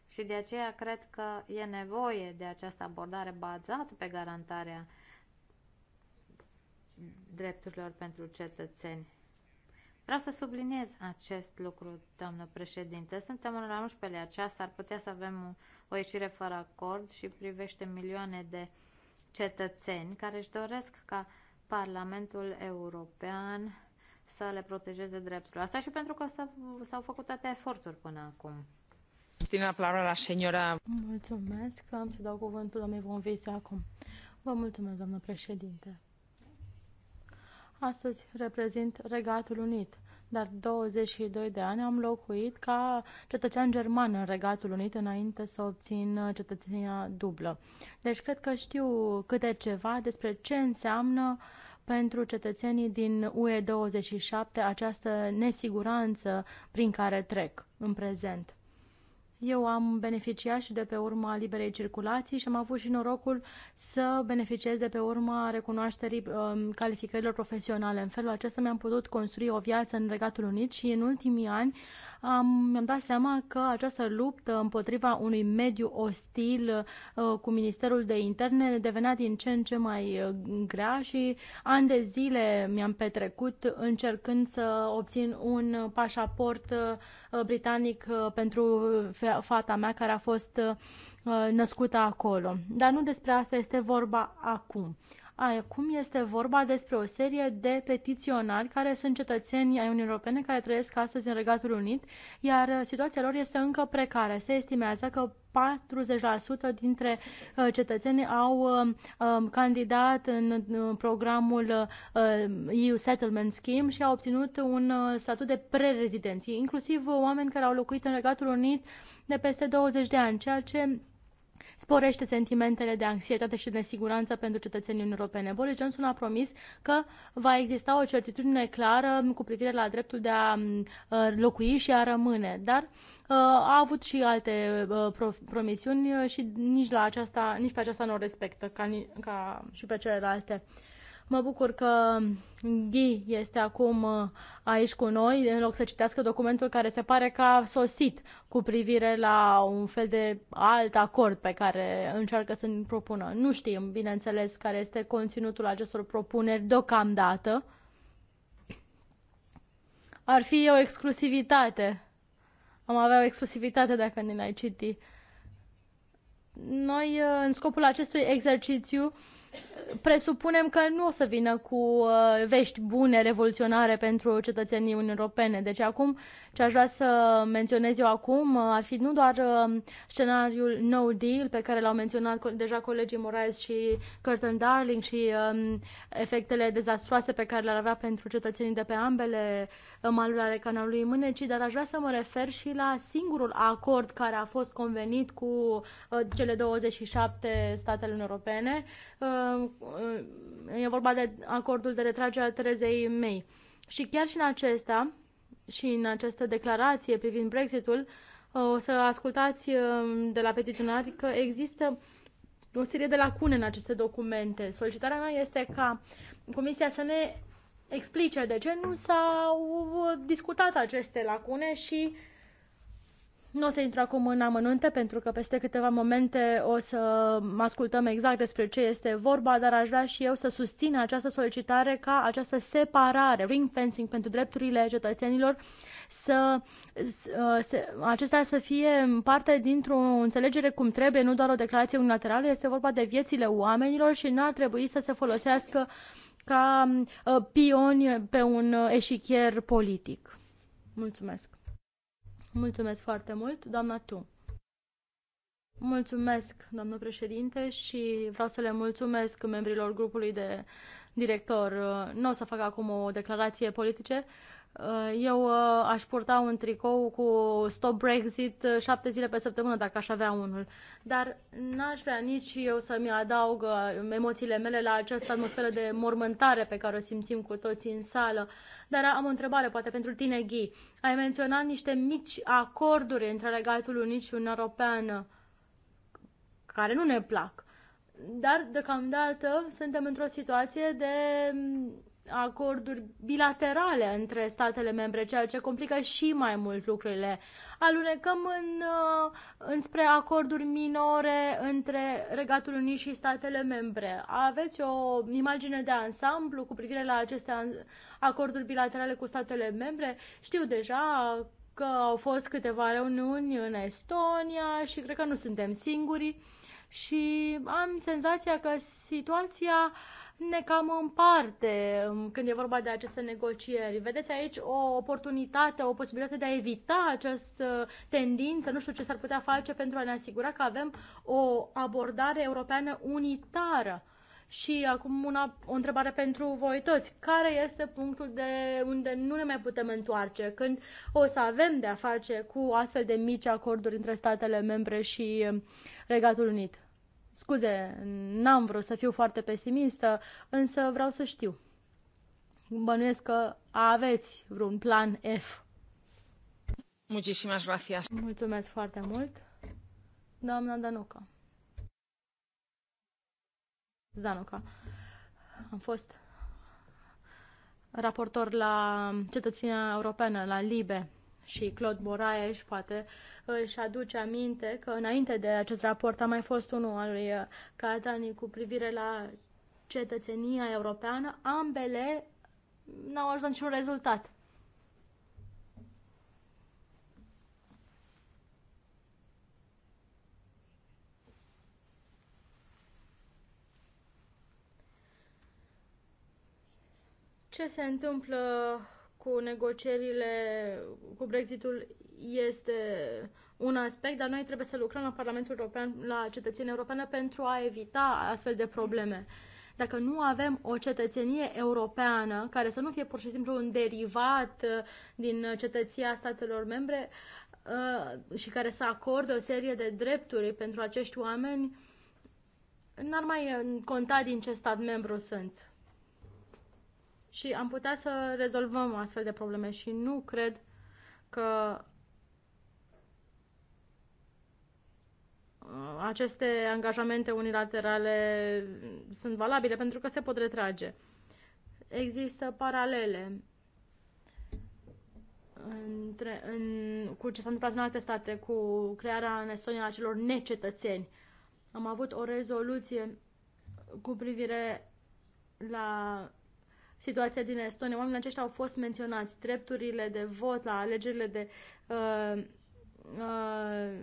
și de aceea cred că e nevoie de această abordare bazată pe garantarea drepturilor pentru cetățeni. Vreau să subliniez acest lucru, doamnă președinte. Suntem în la 11 lea aceasta, ar putea să avem o ieșire fără acord și privește milioane de cetățeni care își doresc ca Parlamentul European să le protejeze dreptul. Asta și pentru că s-au făcut atâtea eforturi până acum. Cristina Plavra la señora. Mulțumesc că am să dau cuvântul la Mivon vise acum. Vă mulțumesc, doamnă președinte. Astăzi reprezint Regatul Unit, dar 22 de ani am locuit ca cetățean german în Regatul Unit înainte să obțin cetățenia dublă. Deci cred că știu câte ceva despre ce înseamnă uh, pentru cetățenii din UE27 această nesiguranță prin care trec în prezent. Eu am beneficiat și de pe urma liberei circulații și am avut și norocul să beneficiez de pe urma recunoașterii um, calificărilor profesionale. În felul acesta mi-am putut construi o viață în Regatul Unit și în ultimii ani am, mi-am dat seama că această luptă împotriva unui mediu ostil uh, cu Ministerul de Interne devenea din ce în ce mai uh, grea și ani de zile mi-am petrecut încercând să obțin un pașaport uh, britanic pentru fata mea care a fost născută acolo. Dar nu despre asta este vorba acum. Acum este vorba despre o serie de petiționari care sunt cetățeni ai Uniunii Europene care trăiesc astăzi în Regatul Unit, iar uh, situația lor este încă precară. Se estimează că 40% dintre uh, cetățeni au uh, um, candidat în programul EU Settlement Scheme și au obținut un statut de prerezidenție, inclusiv oameni care au locuit în Regatul Unit de peste 20 de ani, ceea ce sporește sentimentele de anxietate și de nesiguranță pentru cetățenii Uniunii Europene. Boris Johnson a promis că va exista o certitudine clară cu privire la dreptul de a locui și a rămâne, dar a avut și alte promisiuni și nici, la aceasta, nici pe aceasta nu o respectă ca, ca și pe celelalte. Mă bucur că Ghi este acum uh, aici cu noi, în loc să citească documentul care se pare că a sosit cu privire la un fel de alt acord pe care încearcă să-l propună. Nu știm, bineînțeles, care este conținutul acestor propuneri deocamdată. Ar fi o exclusivitate. Am avea o exclusivitate dacă ne ai citi. Noi, uh, în scopul acestui exercițiu, presupunem că nu o să vină cu uh, vești bune, revoluționare pentru cetățenii Uniunii Europene. Deci acum ce aș vrea să menționez eu acum uh, ar fi nu doar um, scenariul no deal pe care l-au menționat deja colegii Moraes și Curtin Darling și um, efectele dezastroase pe care le-ar avea pentru cetățenii de pe ambele uh, maluri ale canalului Mâneci, dar aș vrea să mă refer și la singurul acord care a fost convenit cu uh, cele 27 statele europene. Um, e vorba de acordul de retragere a Terezei May. Și chiar și în acesta, și în această declarație privind Brexitul uh, o să ascultați uh, de la petiționari că există o serie de lacune în aceste documente. Solicitarea mea este ca Comisia să ne explice de ce nu s-au discutat aceste lacune și uh, nu o să intru acum în amănunte pentru că peste câteva momente o să mă ascultăm exact despre ce este vorba, dar aș vrea și eu să susțin această solicitare ca această separare, ring fencing pentru drepturile cetățenilor, să, să, acestea să fie parte dintr-o înțelegere cum trebuie, nu doar o declarație unilaterală, este vorba de viețile oamenilor și nu ar trebui să se folosească ca ă, pioni pe un eșichier politic. Mulțumesc! Mulțumesc foarte mult, doamna Tu. Mulțumesc, doamnă președinte, și vreau să le mulțumesc membrilor grupului de director. Nu o să fac acum o declarație politice, Uh, eu uh, aș purta un tricou cu Stop Brexit uh, șapte zile pe săptămână dacă aș avea unul. Dar n-aș vrea nici eu să-mi adaug emoțiile mele la această atmosferă de mormântare pe care o simțim cu toții în sală. Dar am o întrebare, poate pentru tine, Ghi. Ai menționat niște mici acorduri între Regatul Unit și Uniunea Europeană care nu ne plac. Dar, deocamdată, suntem într-o situație de acorduri bilaterale între statele membre, ceea ce complică și mai mult lucrurile. Alunecăm în, uh, înspre acorduri minore între Regatul Unit și statele membre. Aveți o imagine de ansamblu cu privire la aceste acorduri bilaterale cu statele membre? Știu deja că au fost câteva reuniuni în Estonia și cred că nu suntem singuri și am senzația că situația uh, ne cam împarte um, când e vorba de aceste negocieri. Vedeți aici o oportunitate, o posibilitate de a evita această tendință, nu știu ce s-ar putea face pentru a ne asigura că avem o abordare europeană unitară. Și acum una, o întrebare pentru voi toți. Care este punctul de unde nu ne mai putem întoarce când o să avem de a face cu astfel de mici acorduri între statele membre și um, Regatul Unit? Scuze, n-am vrut să fiu foarte pesimistă, însă vreau să știu. Bănuiesc că aveți vreun plan F. Muchísimas gracias. Mulțumesc foarte mult, doamna Danuca. Danuca. Am fost raportor la cetățenia europeană, la LIBE, și Claude Moraes poate uh, își aduce aminte că înainte de acest raport a mai fost unul al lui uh, Catani cu privire la cetățenia europeană, ambele n-au ajuns niciun rezultat. Ce se întâmplă cu negocierile cu Brexitul este un aspect, dar noi trebuie să lucrăm la Parlamentul European, la cetățenii europene pentru a evita astfel de probleme. Dacă nu avem o cetățenie europeană, care să nu fie pur și simplu un derivat uh, din cetăția statelor membre uh, și care să acorde o serie de drepturi pentru acești oameni, n-ar mai uh, conta din ce stat membru sunt și am putea să rezolvăm astfel de probleme și nu cred că uh, aceste angajamente unilaterale sunt valabile pentru că se pot retrage. Există paralele între, în, cu ce s-a întâmplat în alte state, cu crearea în Estonia a celor necetățeni. Am avut o rezoluție cu privire la situația din Estonia. Oamenii aceștia au fost menționați. Drepturile de vot la alegerile de uh, uh,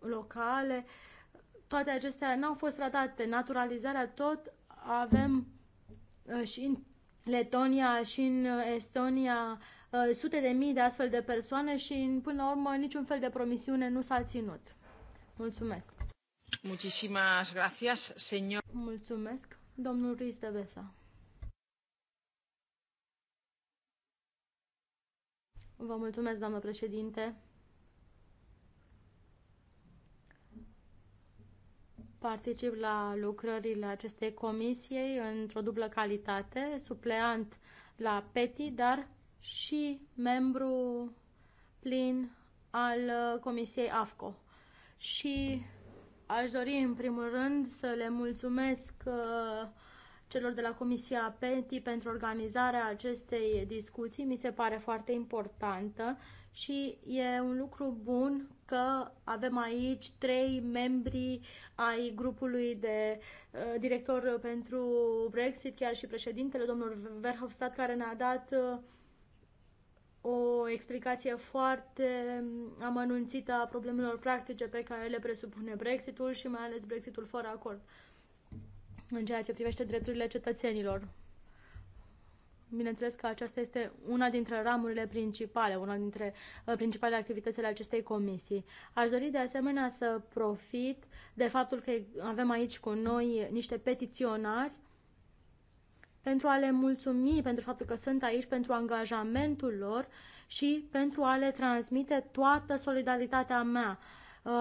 locale, toate acestea n-au fost tratate. Naturalizarea tot avem uh, și în Letonia și în Estonia uh, sute de mii de astfel de persoane și până la urmă niciun fel de promisiune nu s-a ținut. Mulțumesc! Muchísimas gracias, señor. Mulțumesc, domnul Ruiz de Besa. Vă mulțumesc, doamnă președinte. Particip la lucrările acestei comisiei într-o dublă calitate, supleant la PETI, dar și membru plin al Comisiei AFCO. Și aș dori, în primul rând, să le mulțumesc uh, celor de la Comisia PETI pentru organizarea acestei discuții mi se pare foarte importantă și e un lucru bun că avem aici trei membri ai grupului de uh, director pentru Brexit, chiar și președintele, domnul Verhofstadt, care ne-a dat uh, o explicație foarte mm, amănunțită a problemelor practice pe care le presupune Brexitul și mai ales Brexitul fără acord. Uh, în ceea ce privește drepturile cetățenilor. Bineînțeles că aceasta este una dintre ramurile principale, una dintre uh, principalele activitățile acestei comisii. Aș dori de asemenea să profit de faptul că avem aici cu noi niște petiționari pentru a le mulțumi pentru faptul că sunt aici, pentru angajamentul lor și pentru a le transmite toată solidaritatea mea. Uh,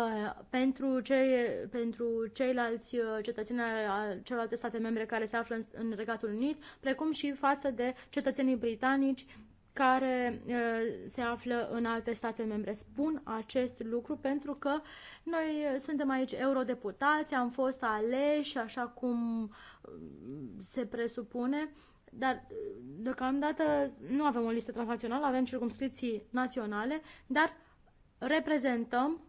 pentru, cei pentru ceilalți uh, cetățeni al celorlalte state membre care se află în, în Regatul Unit, precum și față de cetățenii britanici care uh, se află în alte state membre. Spun acest lucru pentru că noi suntem aici eurodeputați, am fost aleși așa cum se presupune, dar deocamdată nu avem o listă transnațională, avem circumscripții naționale, dar reprezentăm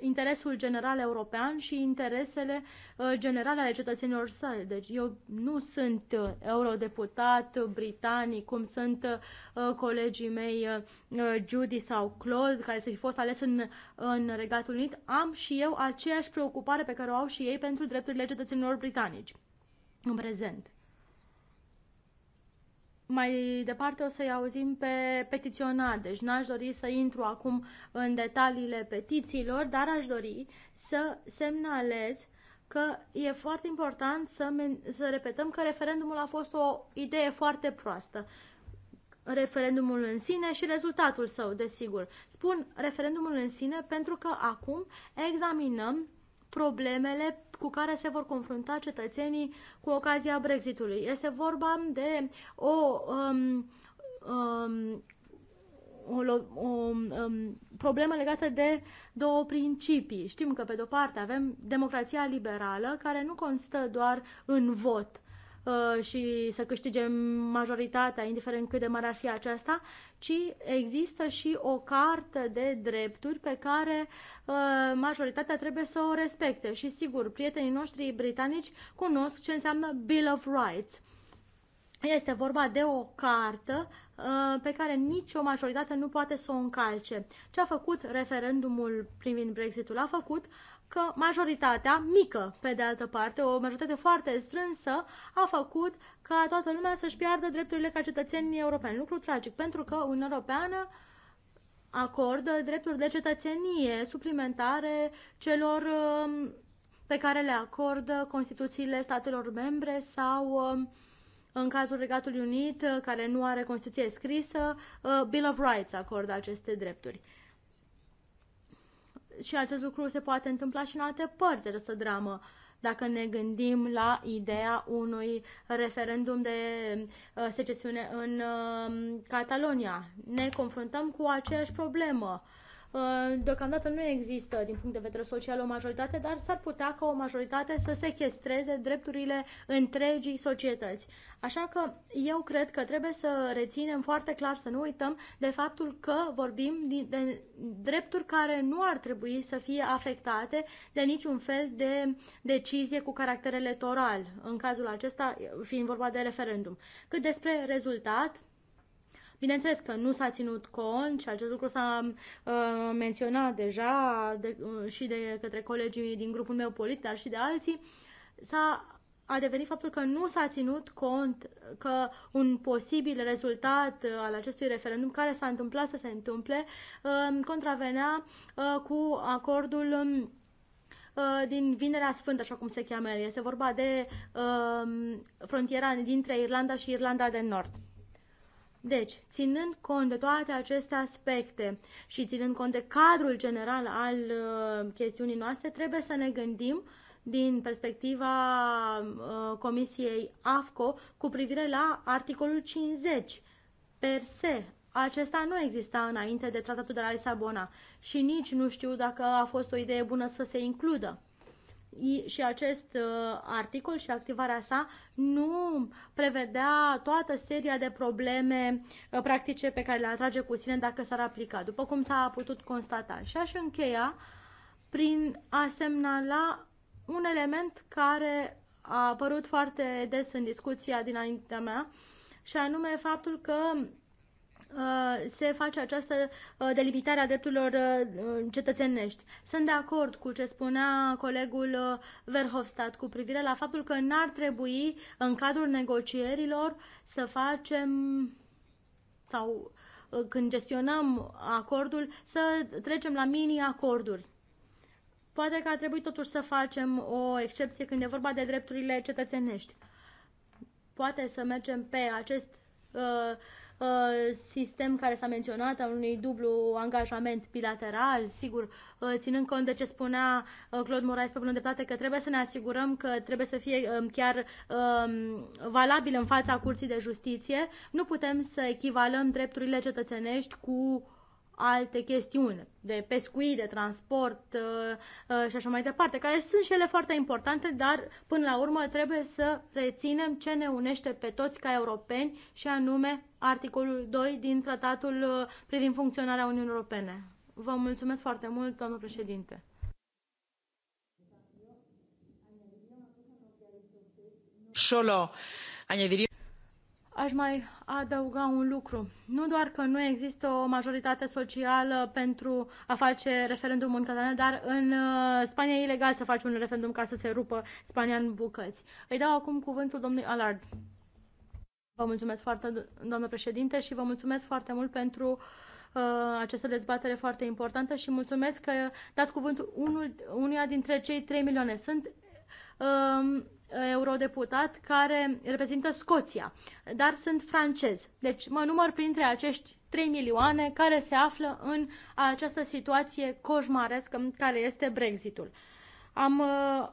interesul general european și interesele uh, generale ale cetățenilor sale. Deci eu nu sunt uh, eurodeputat britanic, cum sunt uh, colegii mei Judy sau Claude, care să fi fost ales în, în Regatul Unit. Am și eu aceeași preocupare pe care o au și ei pentru drepturile cetățenilor britanici în prezent. Mai departe o să-i auzim pe petiționar, deci n-aș dori să intru acum în detaliile petițiilor, dar aș dori să semnalez că e foarte important să, să repetăm că referendumul a fost o idee foarte proastă. Referendumul în sine și rezultatul său, desigur. Spun referendumul în sine pentru că acum examinăm problemele cu care se vor confrunta cetățenii cu ocazia Brexitului. Este vorba de o, um, um, o, o um, um, problemă legată de două principii. Știm că, pe de-o parte, avem democrația liberală, care nu constă doar în vot, Uh, și să câștige majoritatea, indiferent cât de mare ar fi aceasta, ci există și o carte de drepturi pe care uh, majoritatea trebuie să o respecte. Și sigur, prietenii noștri britanici cunosc ce înseamnă Bill of Rights. Este vorba de o cartă uh, pe care nicio majoritate nu poate să o încalce. Ce a făcut referendumul privind Brexitul? A făcut că majoritatea mică, pe de altă parte, o majoritate foarte strânsă, a făcut ca toată lumea să-și piardă drepturile ca cetățeni europeni. Lucru tragic, pentru că Uniunea Europeană acordă drepturi de cetățenie suplimentare celor um, pe care le acordă Constituțiile statelor membre sau um, în cazul Regatului Unit, uh, care nu are Constituție scrisă, uh, Bill of Rights acordă aceste drepturi și acest lucru se poate întâmpla și în alte părți, de această dramă. Dacă ne gândim la ideea unui referendum de uh, secesiune în uh, Catalonia, ne confruntăm cu aceeași problemă. Uh, deocamdată nu există, din punct de vedere social, o majoritate, dar s-ar putea ca o majoritate să sechestreze drepturile întregii societăți. Așa că eu cred că trebuie să reținem foarte clar, să nu uităm de faptul că vorbim de drepturi care nu ar trebui să fie afectate de niciun fel de decizie cu caracter electoral, în cazul acesta fiind vorba de referendum. Cât despre rezultat, Bineînțeles că nu s-a ținut cont și acest lucru s-a uh, menționat deja de, uh, și de către colegii din grupul meu politic, dar și de alții, s-a a devenit faptul că nu s-a ținut cont că un posibil rezultat uh, al acestui referendum care s-a întâmplat să se întâmple um, contravenea uh, cu acordul um, uh, din Vinerea Sfântă, așa cum se cheamă el. Este vorba de um, frontiera dintre Irlanda și Irlanda de Nord. Deci, ținând cont de toate aceste aspecte și ținând cont de cadrul general al uh, chestiunii noastre, trebuie să ne gândim din perspectiva uh, Comisiei AFCO cu privire la articolul 50 per se. Acesta nu exista înainte de tratatul de la Lisabona și nici nu știu dacă a fost o idee bună să se includă și acest uh, articol și activarea sa nu prevedea toată seria de probleme uh, practice pe care le atrage cu sine dacă s-ar aplica, după cum s-a putut constata. Și aș încheia prin a semnala un element care a apărut foarte des în discuția dinaintea mea, și anume faptul că Uh, se face această uh, delimitare a drepturilor uh, cetățenești. Sunt de acord cu ce spunea colegul Verhofstadt cu privire la faptul că n-ar trebui în cadrul negocierilor să facem sau când gestionăm acordul, să trecem la mini-acorduri. Poate că ar trebui totuși să facem o excepție când e vorba de drepturile cetățenești. Poate să mergem pe acest uh, Uh, sistem care s-a menționat, al unui dublu angajament bilateral, sigur, uh, ținând cont de ce spunea uh, Claude Moraes pe bună dreptate, că trebuie să ne asigurăm că trebuie să fie um, chiar um, valabil în fața Curții de Justiție, nu putem să echivalăm drepturile cetățenești cu alte chestiuni de pescuit, de transport uh, uh, și așa mai departe, care sunt și ele foarte importante, dar până la urmă trebuie să reținem ce ne unește pe toți ca europeni și anume articolul 2 din tratatul uh, privind funcționarea Uniunii Europene. Vă mulțumesc foarte mult, domnul președinte. Solo añadiría Aș mai adăuga un lucru. Nu doar că nu există o majoritate socială pentru a face referendum în Catalonia, dar în uh, Spania e ilegal să faci un referendum ca să se rupă Spania în bucăți. Îi dau acum cuvântul domnului Alard. Vă mulțumesc foarte, doamnă președinte, și vă mulțumesc foarte mult pentru uh, această dezbatere foarte importantă și mulțumesc că dați cuvântul unul, unuia dintre cei 3 milioane. Sunt uh, eurodeputat care reprezintă Scoția, dar sunt francez. Deci mă număr printre acești 3 milioane care se află în această situație coșmarescă care este Brexitul. Am uh,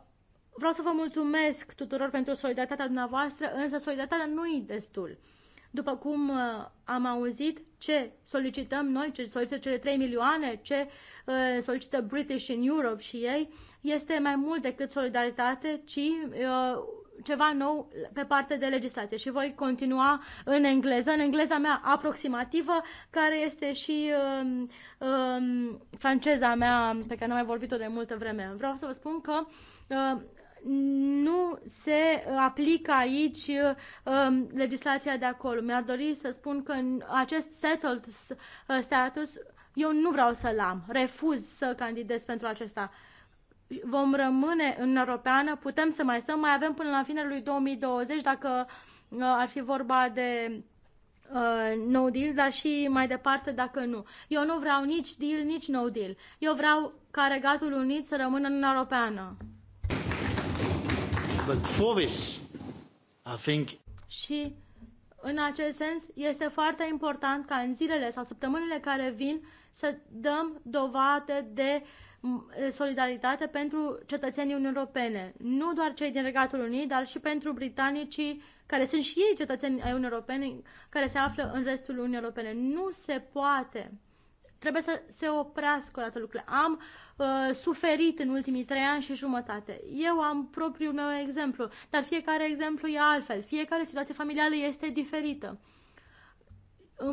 Vreau să vă mulțumesc tuturor pentru solidaritatea dumneavoastră, însă solidaritatea nu e destul după cum uh, am auzit, ce solicităm noi, ce solicită cele 3 milioane, ce uh, solicită British in Europe și ei, este mai mult decât solidaritate, ci uh, ceva nou pe parte de legislație și voi continua în engleză, în engleza mea aproximativă, care este și um, um, franceza mea pe care nu am mai vorbit-o de multă vreme. Vreau să vă spun că uh, nu se aplică aici um, legislația de acolo. Mi-ar dori să spun că în acest settled uh, status eu nu vreau să-l am, refuz să candidez pentru acesta. Vom rămâne în Europeană, putem să mai stăm, mai avem până la finele lui 2020 dacă uh, ar fi vorba de uh, no deal, dar și mai departe dacă nu. Eu nu vreau nici deal, nici no deal. Eu vreau ca Regatul Unit să rămână în Europeană. Și în acest sens este foarte important ca în zilele sau săptămânile care vin să dăm dovadă de solidaritate pentru cetățenii Uniunii Europene. Nu doar cei din Regatul Unit, dar și pentru britanicii care sunt și ei cetățeni ai Uniunii Europene, care se află în restul Uniunii Europene. Nu se poate Trebuie să se oprească toate lucrurile. Am uh, suferit în ultimii trei ani și jumătate. Eu am propriul meu exemplu, dar fiecare exemplu e altfel. Fiecare situație familială este diferită.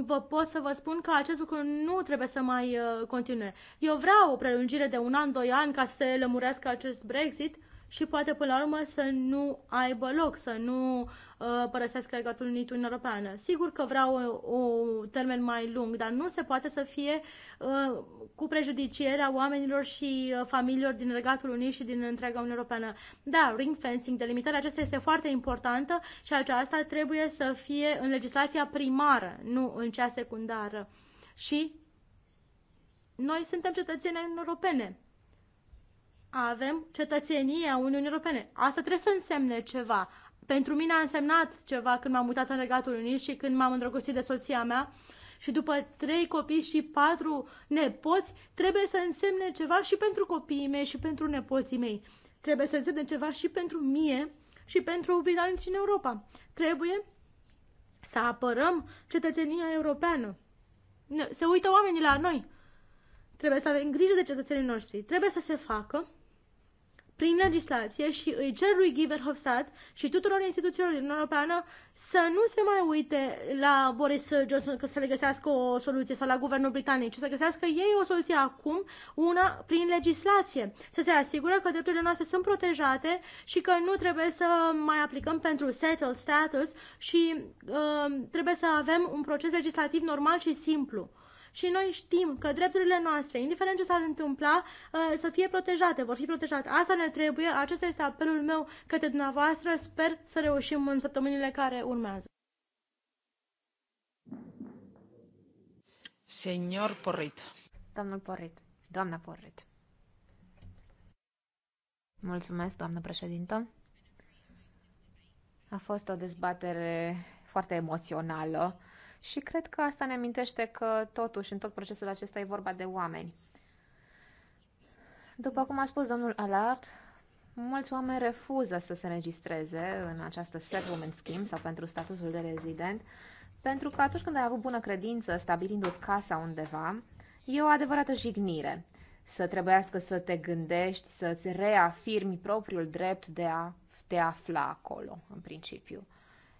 Vă pot să vă spun că acest lucru nu trebuie să mai uh, continue. Eu vreau o prelungire de un an, doi ani ca să se lămurească acest Brexit, uh, și poate până la urmă să nu aibă loc, să nu uh, părăsească legatul Uniunii Europeană. Sigur că vreau un uh, termen mai lung, dar nu se poate să fie uh, cu prejudicierea oamenilor și uh, familiilor din Regatul Unii și din întreaga Uniunea Europeană. Da, ring fencing, delimitarea aceasta este foarte importantă și aceasta trebuie să fie în legislația primară, nu în cea secundară. Și noi suntem cetățeni europene avem cetățenia Uniunii Europene. Asta trebuie să însemne ceva. Pentru mine a însemnat ceva când m-am mutat în Regatul Unit și când m-am îndrăgostit de soția mea și după trei copii și patru nepoți, trebuie să însemne ceva și pentru copiii mei și pentru nepoții mei. Trebuie să însemne ceva și pentru mie și pentru britanici în Europa. Trebuie să apărăm cetățenia europeană. Se uită oamenii la noi. Trebuie să avem grijă de cetățenii noștri. Trebuie să se facă prin legislație și îi cer lui Guy Verhofstadt și tuturor instituțiilor din Uniunea Europeană să nu se mai uite la Boris Johnson că să le găsească o soluție sau la guvernul britanic, ci să găsească ei o soluție acum, una prin legislație, să se asigură că drepturile noastre sunt protejate și că nu trebuie să mai aplicăm pentru settled status și uh, trebuie să avem un proces legislativ normal și simplu și noi știm că drepturile noastre, indiferent ce s-ar întâmpla, uh, să fie protejate, vor fi protejate. Asta ne trebuie, acesta este apelul meu către dumneavoastră, sper să reușim în săptămânile care urmează. Senior Porrit. Domnul Porrit. Doamna Porrit. Mulțumesc, doamnă președintă. A fost o dezbatere foarte emoțională și cred că asta ne amintește că totuși în tot procesul acesta e vorba de oameni. După cum a spus domnul Alard, mulți oameni refuză să se registreze în această settlement scheme sau pentru statusul de rezident, pentru că atunci când ai avut bună credință stabilindu-ți casa undeva, e o adevărată jignire să trebuiască să te gândești, să-ți reafirmi propriul drept de a te afla acolo, în principiu.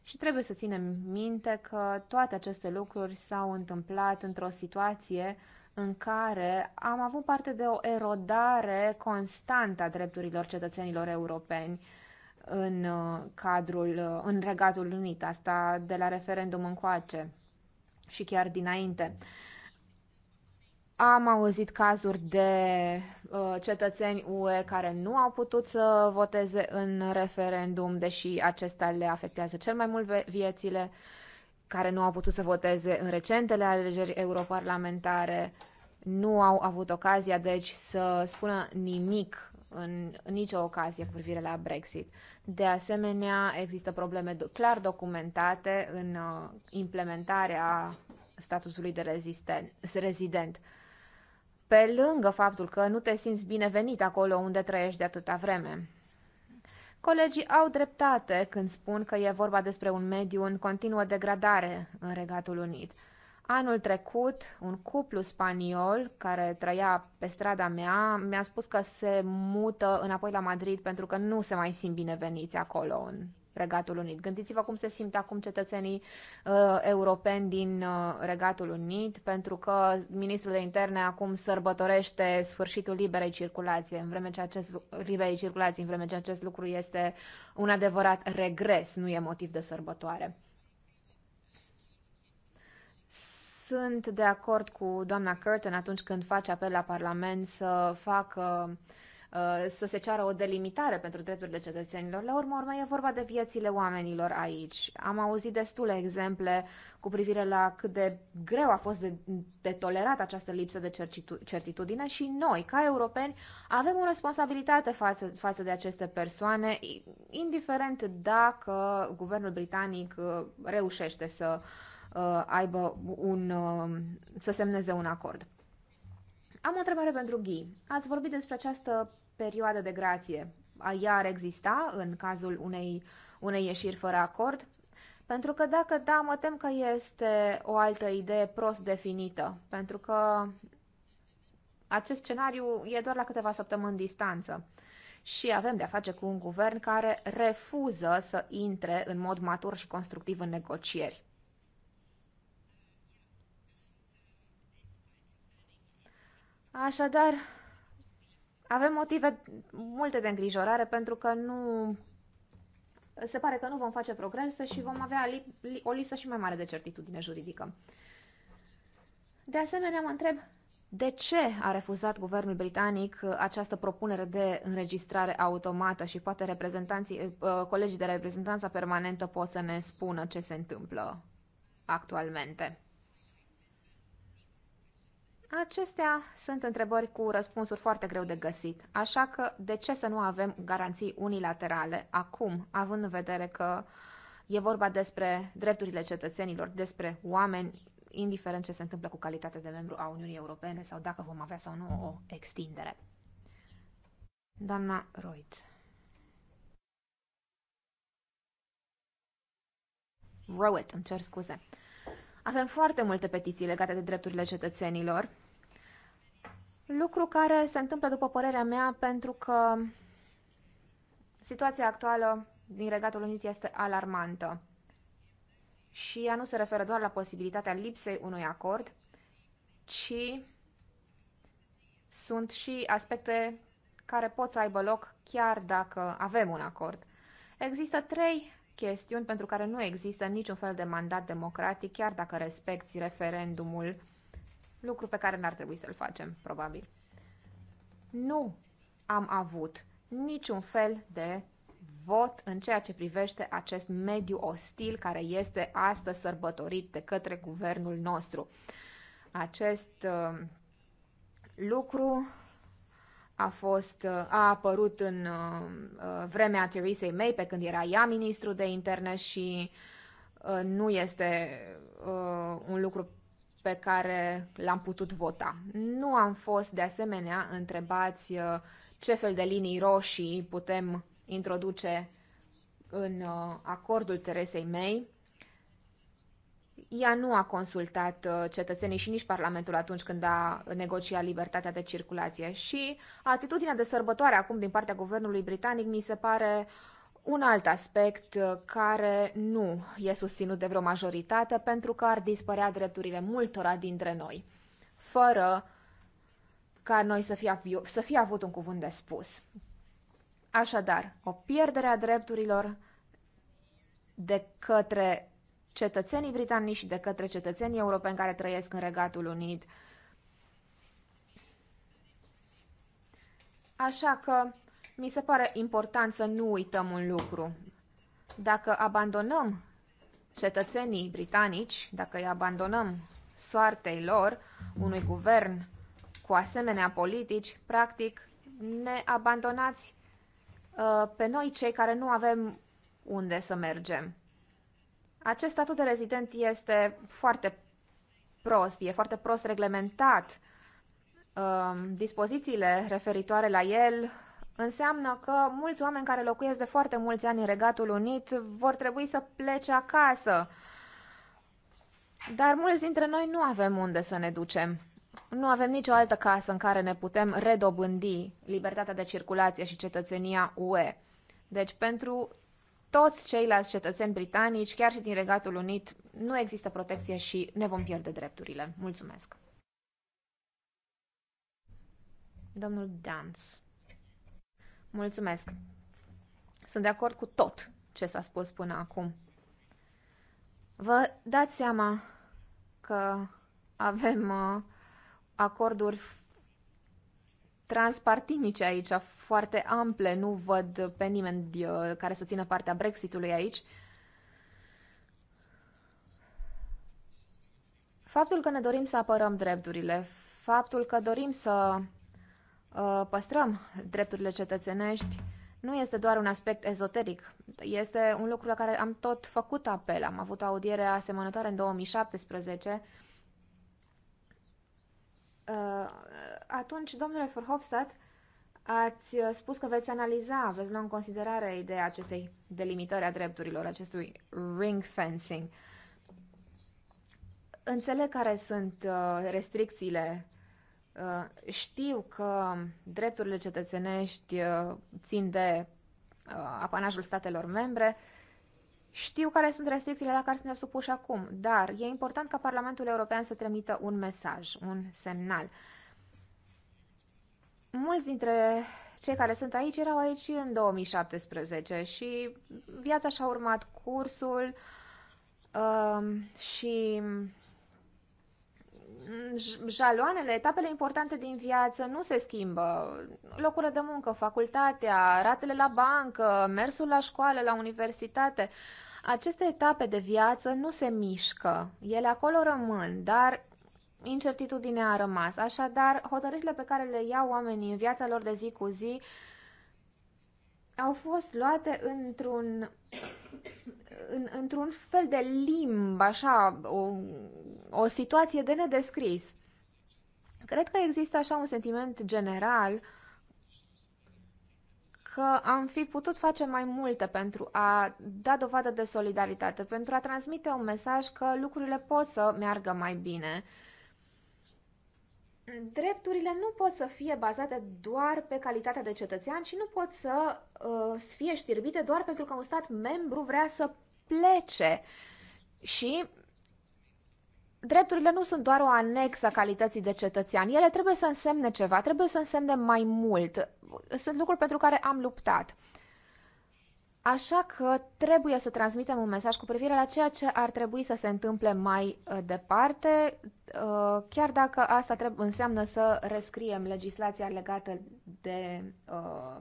Și trebuie să ținem minte că toate aceste lucruri s-au întâmplat într-o situație în care am avut parte de o erodare constantă a drepturilor cetățenilor europeni în uh, cadrul, uh, în Regatul Unit, asta de la referendum încoace și chiar dinainte. Am auzit cazuri de Uh, cetățeni UE care nu au putut să voteze în referendum, deși acesta le afectează cel mai mult viețile, care nu au putut să voteze în recentele alegeri europarlamentare, nu au avut ocazia, deci, să spună nimic în nicio ocazie cu privire la Brexit. De asemenea, există probleme clar documentate în uh, implementarea statutului de rezident pe lângă faptul că nu te simți binevenit acolo unde trăiești de atâta vreme. Colegii au dreptate când spun că e vorba despre un mediu în continuă degradare în Regatul Unit. Anul trecut, un cuplu spaniol care trăia pe strada mea mi-a spus că se mută înapoi la Madrid pentru că nu se mai simt bineveniți acolo, în Regatul Unit. Gândiți-vă cum se simt acum cetățenii uh, europeni din uh, Regatul Unit, pentru că ministrul de interne acum sărbătorește sfârșitul liberei circulații, în vreme ce acest, liberei circulații, în vreme ce acest lucru este un adevărat regres, nu e motiv de sărbătoare. Sunt de acord cu doamna Curtin atunci când face apel la Parlament să facă uh, Uh, să se ceară o delimitare pentru drepturile cetățenilor. La urmă, urmă, e vorba de viețile oamenilor aici. Am auzit destule exemple cu privire la cât de greu a fost de, de tolerat această lipsă de certitudine și noi, ca europeni, avem o responsabilitate față, față de aceste persoane, indiferent dacă guvernul britanic uh, reușește să uh, aibă un, să semneze un acord. Am o întrebare pentru Ghi. Ați vorbit despre această perioadă de grație. Ea ar exista în cazul unei, unei ieșiri fără acord? Pentru că dacă da, mă tem că este o altă idee prost definită, pentru că acest scenariu e doar la câteva săptămâni distanță. Și avem de-a face cu un guvern care refuză să intre în mod matur și constructiv în negocieri. Așadar, avem motive multe de îngrijorare pentru că nu se pare că nu vom face progrese și vom avea o lipsă și mai mare de certitudine juridică. De asemenea, mă întreb de ce a refuzat guvernul britanic această propunere de înregistrare automată și poate reprezentanții, eh, colegii de reprezentanța permanentă pot să ne spună ce se întâmplă actualmente. Acestea sunt întrebări cu răspunsuri foarte greu de găsit, așa că de ce să nu avem garanții unilaterale acum, având în vedere că e vorba despre drepturile cetățenilor, despre oameni, indiferent ce se întâmplă cu calitatea de membru a Uniunii Europene sau dacă vom avea sau nu o extindere. Doamna Reut. Rowett, îmi cer scuze. Avem foarte multe petiții legate de drepturile cetățenilor Lucru care se întâmplă, după părerea mea, pentru că situația actuală din Regatul Unit este alarmantă. Și ea nu se referă doar la posibilitatea lipsei unui acord, ci sunt și aspecte care pot să aibă loc chiar dacă avem un acord. Există trei chestiuni pentru care nu există niciun fel de mandat democratic, chiar dacă respecti referendumul Lucru pe care n-ar trebui să-l facem, probabil. Nu am avut niciun fel de vot în ceea ce privește acest mediu ostil care este astăzi sărbătorit de către guvernul nostru. Acest uh, lucru a fost uh, a apărut în uh, uh, vremea Theresei May pe când era ea ministru de interne și uh, nu este uh, un lucru pe care l-am putut vota. Nu am fost, de asemenea, întrebați uh, ce fel de linii roșii putem introduce în uh, acordul Teresei mei. Ea nu a consultat uh, cetățenii și nici Parlamentul atunci când a negociat libertatea de circulație și atitudinea de sărbătoare acum din partea guvernului britanic mi se pare uh, un alt aspect uh, care nu e susținut de vreo majoritate pentru că ar dispărea drepturile multora dintre noi, fără ca noi să fie, să fie avut un cuvânt de spus. Așadar, o pierdere a drepturilor de către cetățenii britanici și de către cetățenii europeni care trăiesc în Regatul Unit. Așa că mi se pare important să nu uităm un lucru. Dacă abandonăm cetățenii britanici, dacă îi abandonăm soartei lor, unui guvern cu asemenea politici, practic ne abandonați uh, pe noi cei care nu avem unde să mergem. Acest statut de rezident este foarte prost, e foarte prost reglementat. Uh, dispozițiile referitoare la el înseamnă că mulți oameni care locuiesc de foarte mulți ani în Regatul Unit vor trebui să plece acasă. Dar mulți dintre noi nu avem unde să ne ducem. Nu avem nicio altă casă în care ne putem redobândi libertatea de circulație și cetățenia UE. Deci pentru toți ceilalți cetățeni britanici, chiar și din Regatul Unit, nu există protecție și ne vom pierde drepturile. Mulțumesc! Domnul Dance Mulțumesc. Sunt de acord cu tot ce s-a spus până acum. Vă dați seama că avem uh, acorduri transpartinice aici, foarte ample. Nu văd pe nimeni uh, care să țină partea Brexitului aici. Faptul că ne dorim să apărăm drepturile, faptul că dorim să Uh, păstrăm drepturile cetățenești nu este doar un aspect ezoteric, este un lucru la care am tot făcut apel. Am avut o audiere asemănătoare în 2017. Uh, atunci, domnule Verhofstadt, ați uh, spus că veți analiza, veți lua în considerare ideea acestei delimitări a drepturilor, acestui ring fencing. Înțeleg care sunt restricțiile Uh, știu că drepturile cetățenești uh, țin de uh, apanajul statelor membre, știu care sunt restricțiile la care suntem supuși acum, dar e important ca Parlamentul European să trimită un mesaj, un semnal. Mulți dintre cei care sunt aici erau aici în 2017 și viața și-a urmat cursul uh, și jaloanele, etapele importante din viață nu se schimbă. Locurile de muncă, facultatea, ratele la bancă, mersul la școală, la universitate. Aceste etape de viață nu se mișcă. Ele acolo rămân, dar incertitudinea a rămas. Așadar, hotărârile pe care le iau oamenii în viața lor de zi cu zi au fost luate într-un în, într-un fel de limb, așa, o, o situație de nedescris. Cred că există așa un sentiment general că am fi putut face mai multe pentru a da dovadă de solidaritate, pentru a transmite un mesaj că lucrurile pot să meargă mai bine. Drepturile nu pot să fie bazate doar pe calitatea de cetățean și nu pot să uh, fie știrbite doar pentru că un stat membru vrea să plece. Și drepturile nu sunt doar o anexă a calității de cetățean. Ele trebuie să însemne ceva, trebuie să însemne mai mult. Sunt lucruri pentru care am luptat. Așa că trebuie să transmitem un mesaj cu privire la ceea ce ar trebui să se întâmple mai uh, departe, uh, chiar dacă asta trebuie, înseamnă să rescriem legislația legată de uh,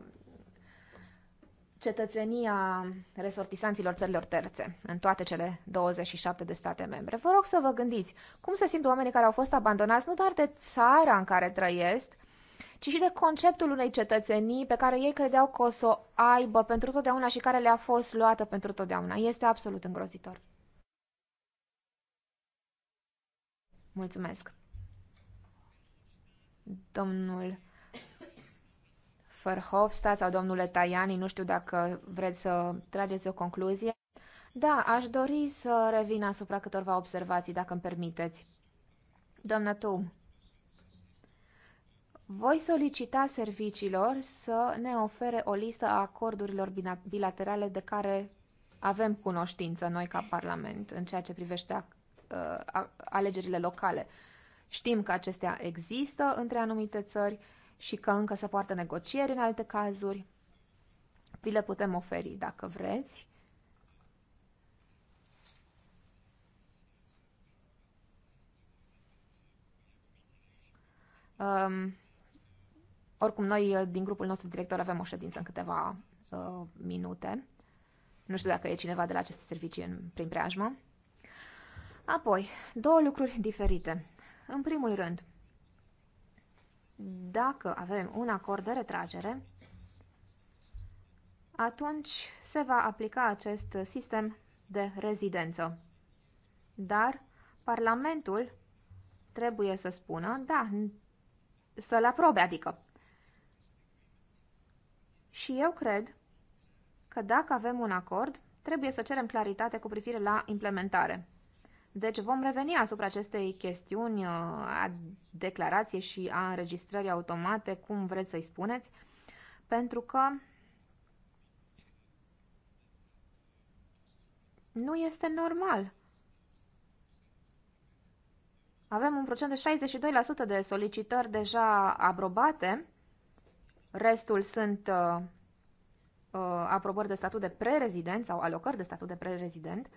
cetățenia resortisanților țărilor terțe în toate cele 27 de state membre. Vă rog să vă gândiți cum se simt oamenii care au fost abandonați nu doar de țara în care trăiesc, ci și de conceptul unei cetățenii pe care ei credeau că o să o aibă pentru totdeauna și care le-a fost luată pentru totdeauna. Este absolut îngrozitor. Mulțumesc. Domnul Verhofstadt sau domnule Tajani, nu știu dacă vreți să trageți o concluzie. Da, aș dori să revin asupra câtorva observații, dacă îmi permiteți. Doamna Tum, voi solicita serviciilor să ne ofere o listă a acordurilor bilaterale de care avem cunoștință noi ca Parlament în ceea ce privește uh, alegerile locale. Știm că acestea există între anumite țări, și că încă se poartă negocieri în alte cazuri. Vi le putem oferi dacă vreți. Um, oricum, noi uh, din grupul nostru director avem o ședință în câteva uh, minute. Nu știu dacă e cineva de la aceste servicii în, prin preajmă. Apoi, două lucruri diferite. În primul rând, dacă avem un acord de retragere, atunci se va aplica acest sistem de rezidență. Dar Parlamentul trebuie să spună, da, să-l aprobe, adică. Și eu cred că dacă avem un acord, trebuie să cerem claritate cu privire la implementare. Deci vom reveni asupra acestei chestiuni uh, a declarației și a înregistrării automate, cum vreți să-i spuneți, pentru că nu este normal. Avem un procent de 62% de solicitări deja aprobate, restul sunt uh, uh, aprobări de statut de prerezident sau alocări de statut de prerezident, uh,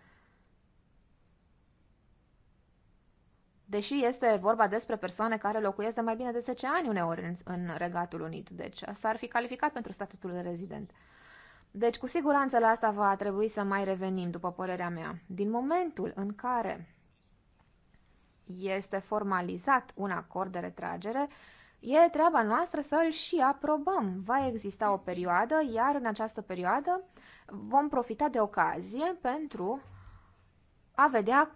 deși este vorba despre persoane care locuiesc de mai bine de 10 ani uneori în, în Regatul Unit, deci asta ar fi calificat pentru statutul de rezident. Deci, cu siguranță la asta va trebui să mai revenim, după părerea mea. Din momentul în care este formalizat un acord de retragere, e treaba noastră să îl și aprobăm. Va exista o perioadă, iar în această perioadă vom profita de ocazie pentru a vedea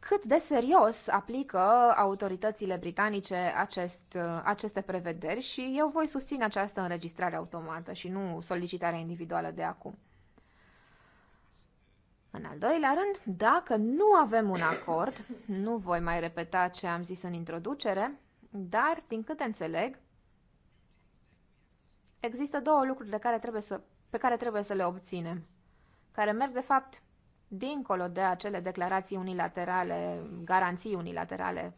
cât de serios aplică autoritățile britanice acest, aceste prevederi și eu voi susține această înregistrare automată și nu solicitarea individuală de acum. În al doilea rând, dacă nu avem un acord, nu voi mai repeta ce am zis în introducere, dar, din câte înțeleg, există două lucruri de care trebuie să, pe care trebuie să le obținem, care merg, de fapt, dincolo de acele declarații unilaterale, garanții unilaterale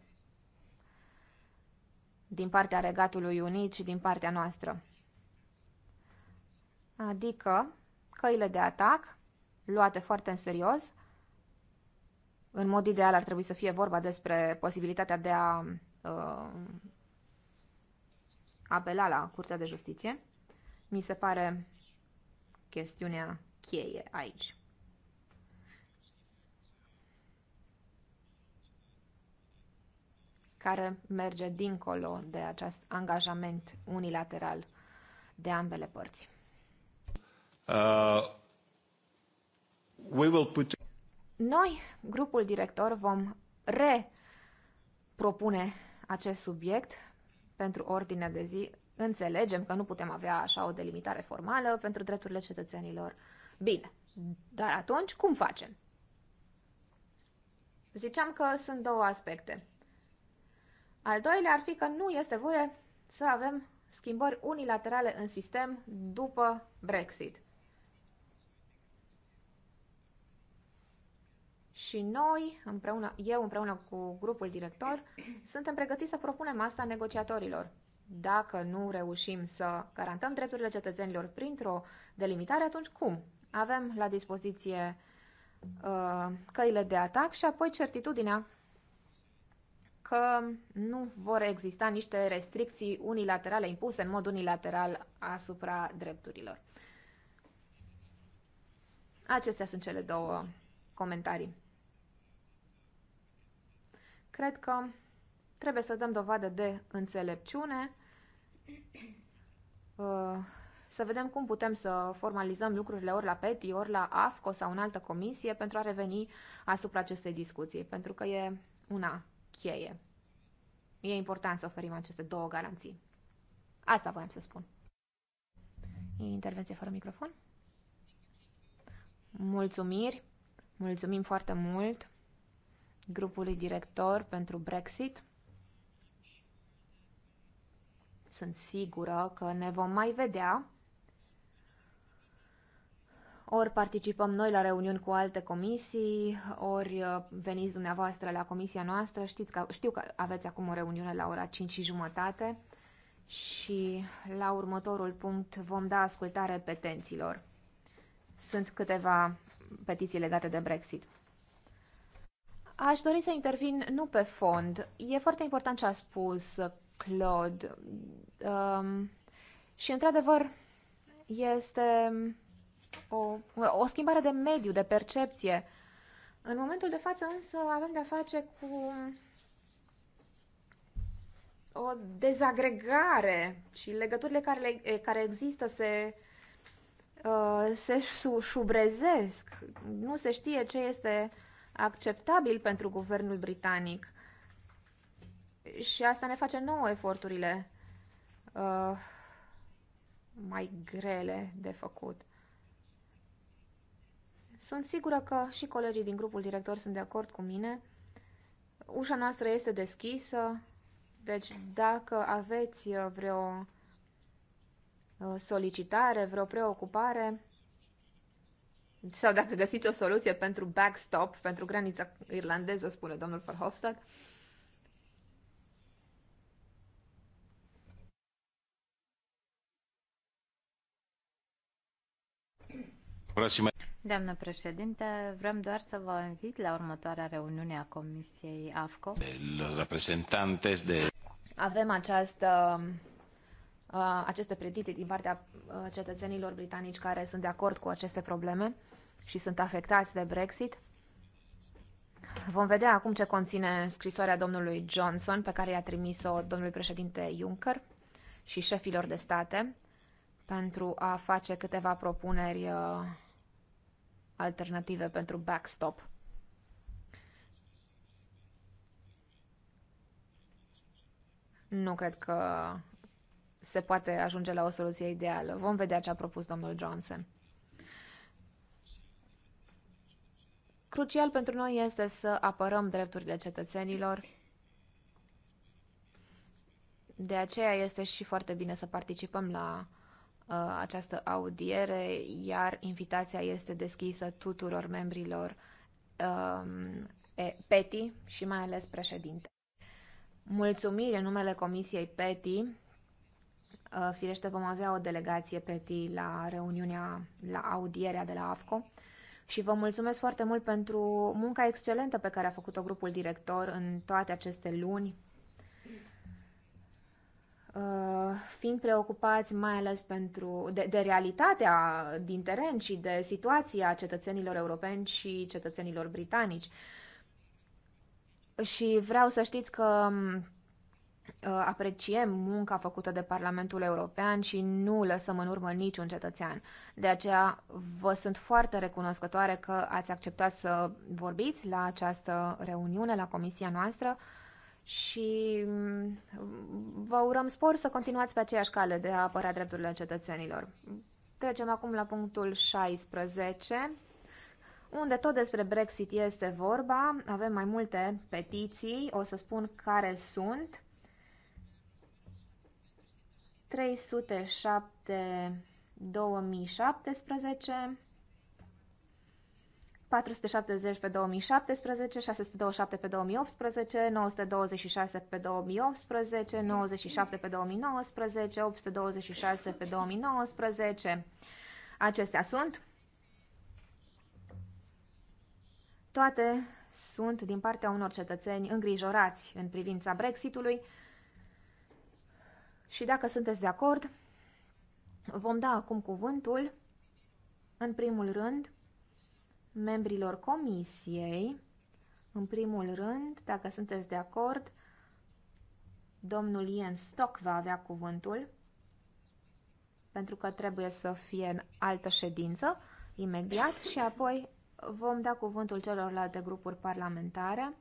din partea Regatului Unit și din partea noastră. Adică căile de atac, luate foarte în serios, în mod ideal ar trebui să fie vorba despre posibilitatea de a uh, apela la Curtea de Justiție. Mi se pare chestiunea cheie aici. care merge dincolo de acest angajament unilateral de ambele părți. Uh, we will put... Noi, grupul director, vom repropune acest subiect pentru ordinea de zi. Înțelegem că nu putem avea așa o delimitare formală pentru drepturile cetățenilor. Bine, dar atunci cum facem? Ziceam că sunt două aspecte. Al doilea ar fi că nu este voie să avem schimbări unilaterale în sistem după Brexit. Și noi, împreună, eu împreună cu grupul director, suntem pregătiți să propunem asta negociatorilor. Dacă nu reușim să garantăm drepturile cetățenilor printr-o delimitare, atunci cum? Avem la dispoziție uh, căile de atac și apoi certitudinea că nu vor exista niște restricții unilaterale impuse în mod unilateral asupra drepturilor. Acestea sunt cele două comentarii. Cred că trebuie să dăm dovadă de înțelepciune, să vedem cum putem să formalizăm lucrurile ori la PETI, ori la AFCO sau în altă comisie pentru a reveni asupra acestei discuții, pentru că e una cheie. E important să oferim aceste două garanții. Asta voiam să spun. Intervenție fără microfon. Mulțumiri. Mulțumim foarte mult grupului director pentru Brexit. Sunt sigură că ne vom mai vedea ori participăm noi la reuniuni cu alte comisii, ori uh, veniți dumneavoastră la comisia noastră. Știți că, știu că aveți acum o reuniune la ora 5 și jumătate și la următorul punct vom da ascultare petenților. Sunt câteva petiții legate de Brexit. Aș dori să intervin nu pe fond. E foarte important ce a spus Claude. Um, și, într-adevăr, este o, o schimbare de mediu, de percepție. În momentul de față însă avem de-a face cu o dezagregare și legăturile care, le, care există se, uh, se șubrezesc. Nu se știe ce este acceptabil pentru guvernul britanic. Și asta ne face nouă eforturile uh, mai grele de făcut. Sunt sigură că și colegii din grupul director sunt de acord cu mine. Ușa noastră este deschisă, deci dacă aveți uh, vreo uh, solicitare, vreo preocupare sau dacă găsiți o soluție pentru backstop, pentru granița irlandeză, spune domnul Verhofstadt, Doamnă președinte, vrem doar să vă invit la următoarea reuniune a Comisiei AFCO. de... Avem această, uh, aceste predicții din partea uh, cetățenilor britanici care sunt de acord cu aceste probleme și sunt afectați de Brexit. Vom vedea acum ce conține scrisoarea domnului Johnson pe care i-a trimis-o domnului președinte Juncker și șefilor de state pentru a face câteva propuneri uh, alternative pentru backstop. Nu cred că se poate ajunge la o soluție ideală. Vom vedea ce a propus domnul Johnson. Crucial pentru noi este să apărăm drepturile cetățenilor. De aceea este și foarte bine să participăm la Uh, această audiere, iar invitația este deschisă tuturor membrilor um, PETI și mai ales președinte. Mulțumiri în numele Comisiei PETI. Uh, firește, vom avea o delegație PETI la reuniunea, la audierea de la AFCO și vă mulțumesc foarte mult pentru munca excelentă pe care a făcut-o grupul director în toate aceste luni Uh, fiind preocupați mai ales pentru, de, de realitatea din teren și de situația cetățenilor europeni și cetățenilor britanici. Și vreau să știți că um, uh, apreciem munca făcută de Parlamentul European și nu lăsăm în urmă niciun cetățean. De aceea vă sunt foarte recunoscătoare că ați acceptat să vorbiți la această reuniune, la comisia noastră și mm, vă urăm spor să continuați pe aceeași cale de a apărea drepturile cetățenilor. Trecem acum la punctul 16, unde tot despre Brexit este vorba. Avem mai multe petiții, o să spun care sunt. 307 2017 470 pe 2017, 627 pe 2018, 926 pe 2018, 97 pe 2019, 826 pe 2019. Acestea sunt. Toate sunt din partea unor cetățeni îngrijorați în privința Brexitului și dacă sunteți de acord, vom da acum cuvântul, în primul rând, membrilor comisiei. În primul rând, dacă sunteți de acord, domnul Ian Stock va avea cuvântul, pentru că trebuie să fie în altă ședință imediat și apoi vom da cuvântul celorlalte grupuri parlamentare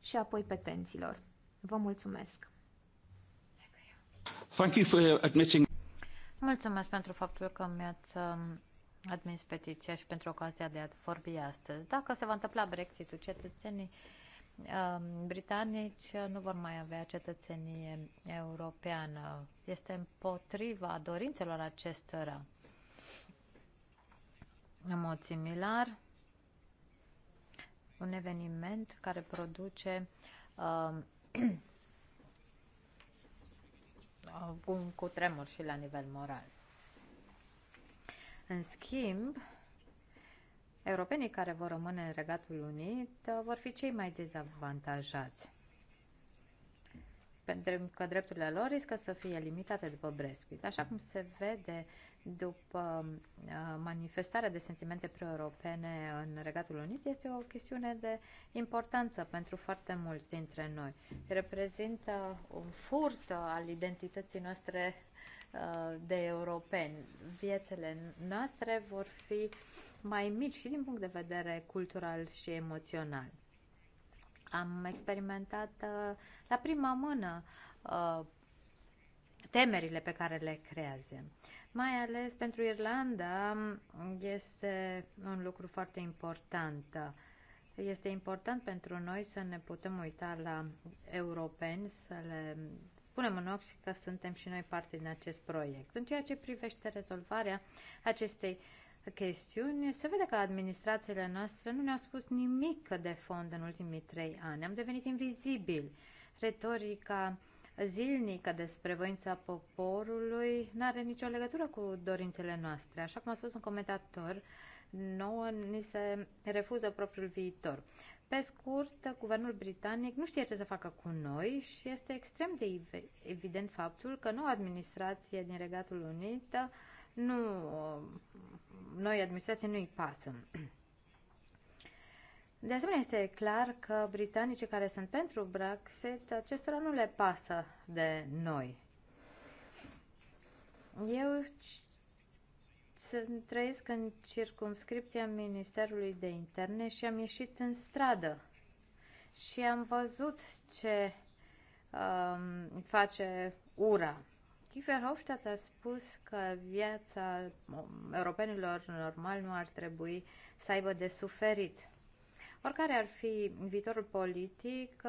și apoi petenților. Vă mulțumesc! Thank you for admitting... Mulțumesc pentru faptul că mi-ați um, admis petiția și pentru ocazia de a vorbi astăzi. Dacă se va întâmpla Brexit-ul, cetățenii um, britanici nu vor mai avea cetățenie europeană. Este împotriva dorințelor acestora. În mod similar, un eveniment care produce uh, um, un cutremur și la nivel moral. În schimb, europenii care vor rămâne în Regatul Unit uh, vor fi cei mai dezavantajați pentru că drepturile lor riscă să fie limitate după Brexit, așa cum se vede după uh, manifestarea de sentimente pro-europene în Regatul Unit, este o chestiune de importanță pentru foarte mulți dintre noi. Reprezintă un furt uh, al identității noastre Uh, de europeni. Viețele noastre vor fi mai mici și din punct de vedere cultural și emoțional. Am experimentat uh, la prima mână uh, temerile pe care le creează. Mai ales pentru Irlanda este un lucru foarte important. Este important pentru noi să ne putem uita la europeni, să le punem în ochi că suntem și noi parte din acest proiect. În ceea ce privește rezolvarea acestei chestiuni, se vede că administrațiile noastre nu ne-au spus nimic de fond în ultimii trei ani. Am devenit invizibili. Retorica zilnică despre voința poporului nu are nicio legătură cu dorințele noastre. Așa cum a spus un comentator, nouă ni se refuză propriul viitor. Pe scurt, guvernul britanic nu știe ce să facă cu noi și este extrem de evident faptul că noua administrație din Regatul Unit nu, noi administrație nu-i pasă. De asemenea, este clar că britanicii care sunt pentru Brexit, acestora nu le pasă de noi. Eu sunt, trăiesc în circumscripția Ministerului de Interne și am ieșit în stradă și am văzut ce um, face ura. Kiefer Hofstadt a spus că viața um, europenilor normal nu ar trebui să aibă de suferit. Oricare ar fi viitorul politic,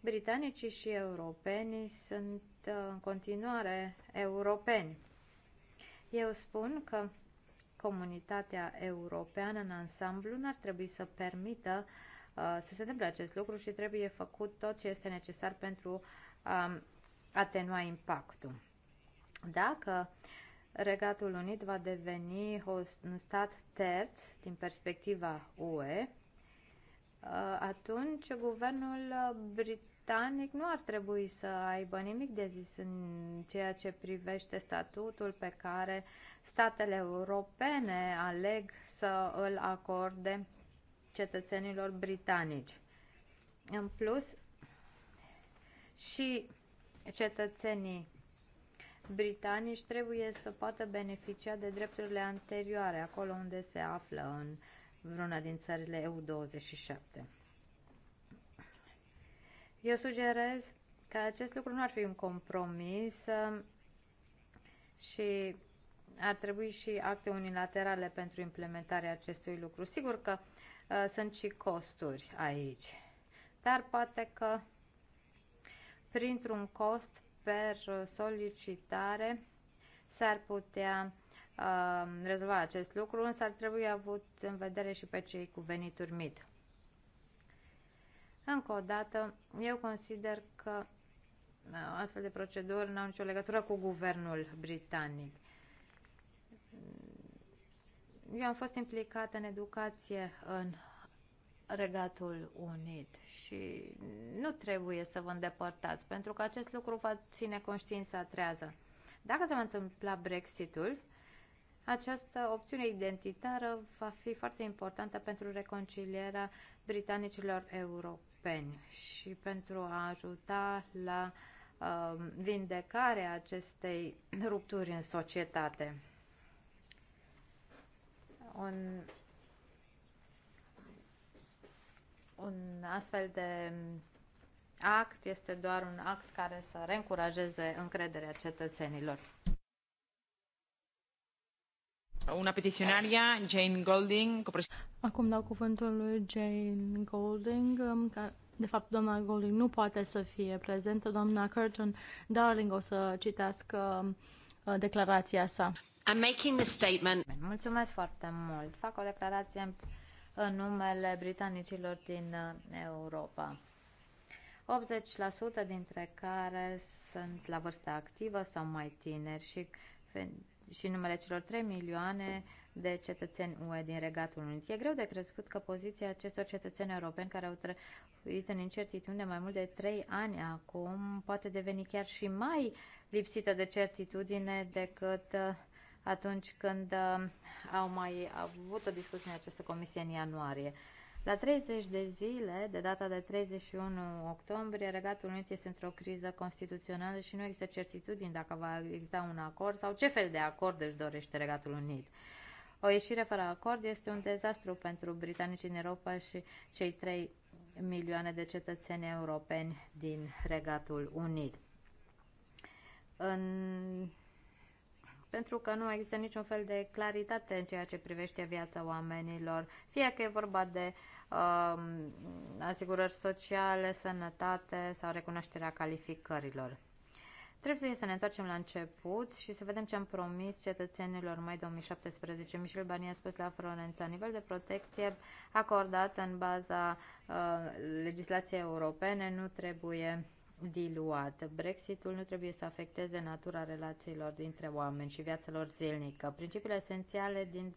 britanicii și europenii sunt uh, în continuare europeni. Eu spun că comunitatea europeană în ansamblu n-ar trebui să permită uh, să se întâmple acest lucru și trebuie făcut tot ce este necesar pentru a atenua impactul. Dacă Regatul Unit va deveni un stat terț din perspectiva UE, uh, atunci guvernul britanic britanic nu ar trebui să aibă nimic de zis în ceea ce privește statutul pe care statele europene aleg să îl acorde cetățenilor britanici. În plus, și cetățenii britanici trebuie să poată beneficia de drepturile anterioare acolo unde se află în vreuna din țările EU27. Eu sugerez că acest lucru nu ar fi un compromis um, și ar trebui și acte unilaterale pentru implementarea acestui lucru. Sigur că uh, sunt și costuri aici, dar poate că printr-un cost per solicitare s-ar putea um, rezolva acest lucru, însă ar trebui avut în vedere și pe cei cu venituri mici. Încă o dată, eu consider că uh, astfel de proceduri nu au nicio legătură cu guvernul britanic. Eu am fost implicată în educație în Regatul Unit și nu trebuie să vă îndepărtați, pentru că acest lucru va ține conștiința trează. Dacă se va întâmpla Brexitul, această opțiune identitară va fi foarte importantă pentru reconcilierea britanicilor europeni și pentru a ajuta la uh, vindecarea acestei rupturi în societate. Un, un astfel de act este doar un act care să reîncurajeze încrederea cetățenilor una petiționaria, Jane Golding. Acum dau cuvântul lui Jane Golding, um, de fapt, doamna Golding nu poate să fie prezentă. Doamna Curtin Darling o să citească um, uh, declarația sa. I'm making the statement. Mulțumesc foarte mult. Fac o declarație în numele britanicilor din uh, Europa. 80% dintre care sunt la vârstă activă sau mai tineri și și numele celor 3 milioane de cetățeni UE din Regatul Unit. E greu de crescut că poziția acestor cetățeni europeni care au trăit în incertitudine mai mult de 3 ani acum poate deveni chiar și mai lipsită de certitudine decât uh, atunci când uh, au mai avut o discuție în această comisie în ianuarie. La 30 de zile, de data de 31 octombrie, Regatul Unit este într-o criză constituțională și nu există certitudini dacă va exista un acord sau ce fel de acord își dorește Regatul Unit. O ieșire fără acord este un dezastru pentru britanicii în Europa și cei 3 milioane de cetățeni europeni din Regatul Unit. În pentru că nu există niciun fel de claritate în ceea ce privește viața oamenilor, fie că e vorba de uh, asigurări sociale, sănătate sau recunoașterea calificărilor. Trebuie să ne întoarcem la început și să vedem ce am promis cetățenilor mai 2017. Michel bani a spus la Florența, nivel de protecție acordat în baza uh, legislației europene nu trebuie diluat. Brexitul nu trebuie să afecteze natura relațiilor dintre oameni și viața lor zilnică. Principiile esențiale din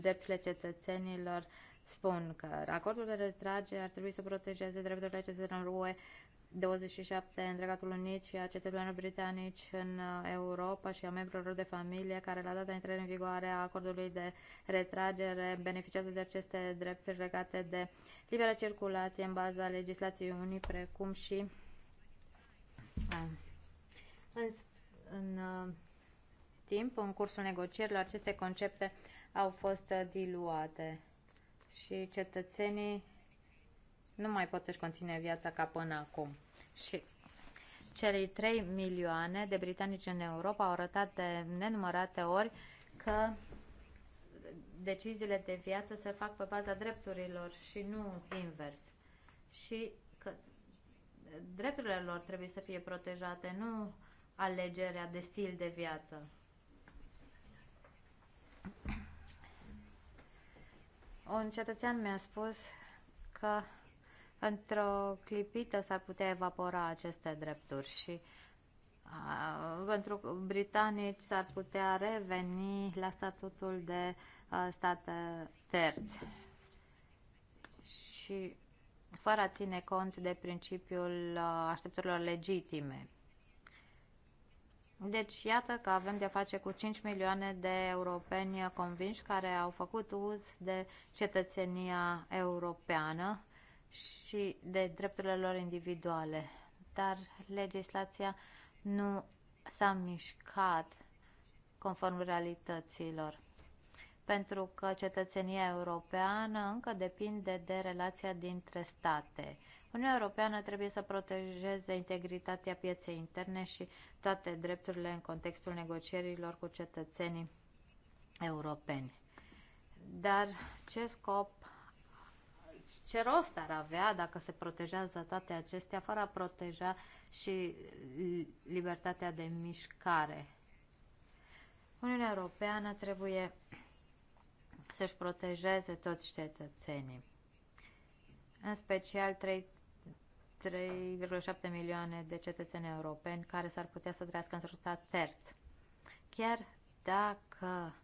drepturile cetățenilor spun că acordul de retragere ar trebui să protejeze drepturile cetățenilor UE 27 în Regatul Unit și a cetățenilor britanici în uh, Europa și a membrilor de familie care la data intrării în vigoare a acordului de retragere beneficiază de aceste drepturi legate de libera circulație în baza legislației unii precum și în, în uh, timp, în cursul negocierilor, aceste concepte au fost uh, diluate și cetățenii nu mai pot să-și continue viața ca până acum. Și cele 3 milioane de britanici în Europa au arătat de nenumărate ori că deciziile de viață se fac pe baza drepturilor și nu invers. Și drepturile lor trebuie să fie protejate, nu alegerea de stil de viață. Un cetățean mi-a spus că într-o clipită s-ar putea evapora aceste drepturi și a, pentru britanici s-ar putea reveni la statutul de a, stat terți. Și fără a ține cont de principiul uh, așteptărilor legitime. Deci, iată că avem de-a face cu 5 milioane de europeni convinși care au făcut uz de cetățenia europeană și de drepturile lor individuale. Dar legislația nu s-a mișcat conform realităților pentru că cetățenia europeană încă depinde de relația dintre state. Uniunea Europeană trebuie să protejeze integritatea pieței interne și toate drepturile în contextul negocierilor cu cetățenii europeni. Dar ce scop, ce rost ar avea dacă se protejează toate acestea fără a proteja și libertatea de mișcare? Uniunea Europeană trebuie să-și protejeze toți cetățenii. În special 3,7 milioane de cetățeni europeni care s-ar putea să trăiască într-un stat terț. Chiar dacă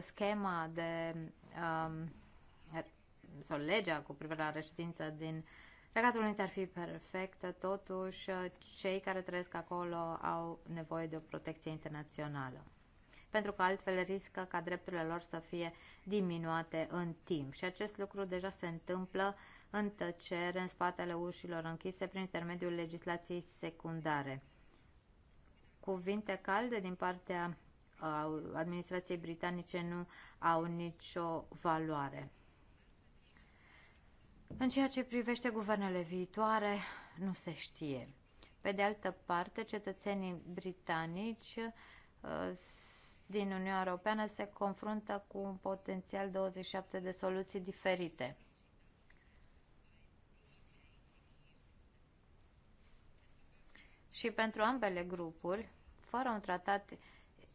schema de um, sau legea cu privire la reședință din Regatul Unit ar fi perfectă, totuși cei care trăiesc acolo au nevoie de o protecție internațională pentru că altfel riscă ca drepturile lor să fie diminuate în timp. Și acest lucru deja se întâmplă în tăcere, în spatele ușilor închise, prin intermediul legislației secundare. Cuvinte calde din partea administrației britanice nu au nicio valoare. În ceea ce privește guvernele viitoare, nu se știe. Pe de altă parte, cetățenii britanici uh, din Uniunea Europeană se confruntă cu un potențial 27 de soluții diferite. Și pentru ambele grupuri, fără un tratat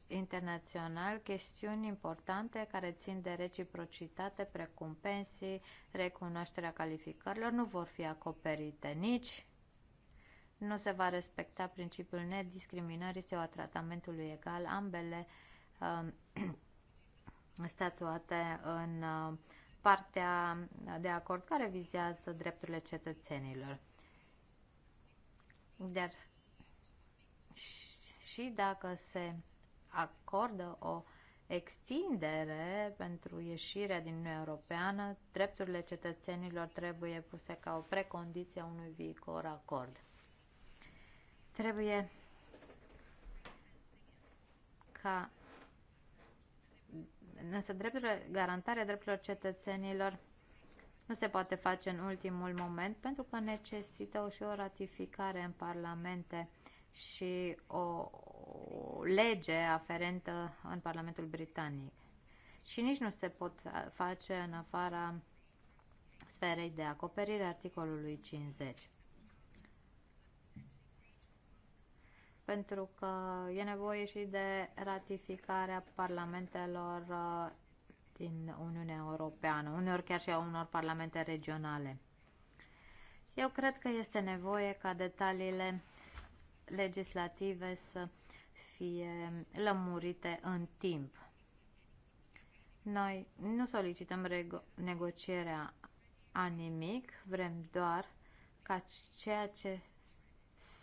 internațional, chestiuni importante care țin de reciprocitate, precum pensii, recunoașterea calificărilor, nu vor fi acoperite nici nu se va respecta principiul nediscriminării sau a tratamentului egal. Ambele uh, Um, statuate în uh, partea de acord care vizează drepturile cetățenilor. Dar și dacă se acordă o extindere pentru ieșirea din Uniunea Europeană, drepturile cetățenilor trebuie puse ca o precondiție a unui viitor acord. Trebuie ca Însă drepturile, garantarea drepturilor cetățenilor nu se poate face în ultimul moment pentru că necesită și o ratificare în parlamente și o lege aferentă în Parlamentul Britanic. Și nici nu se pot face în afara sferei de acoperire articolului 50. pentru că e nevoie și de ratificarea parlamentelor uh, din Uniunea Europeană, uneori chiar și a unor parlamente regionale. Eu cred că este nevoie ca detaliile legislative să fie lămurite în timp. Noi nu solicităm negocierea a nimic, vrem doar ca ceea ce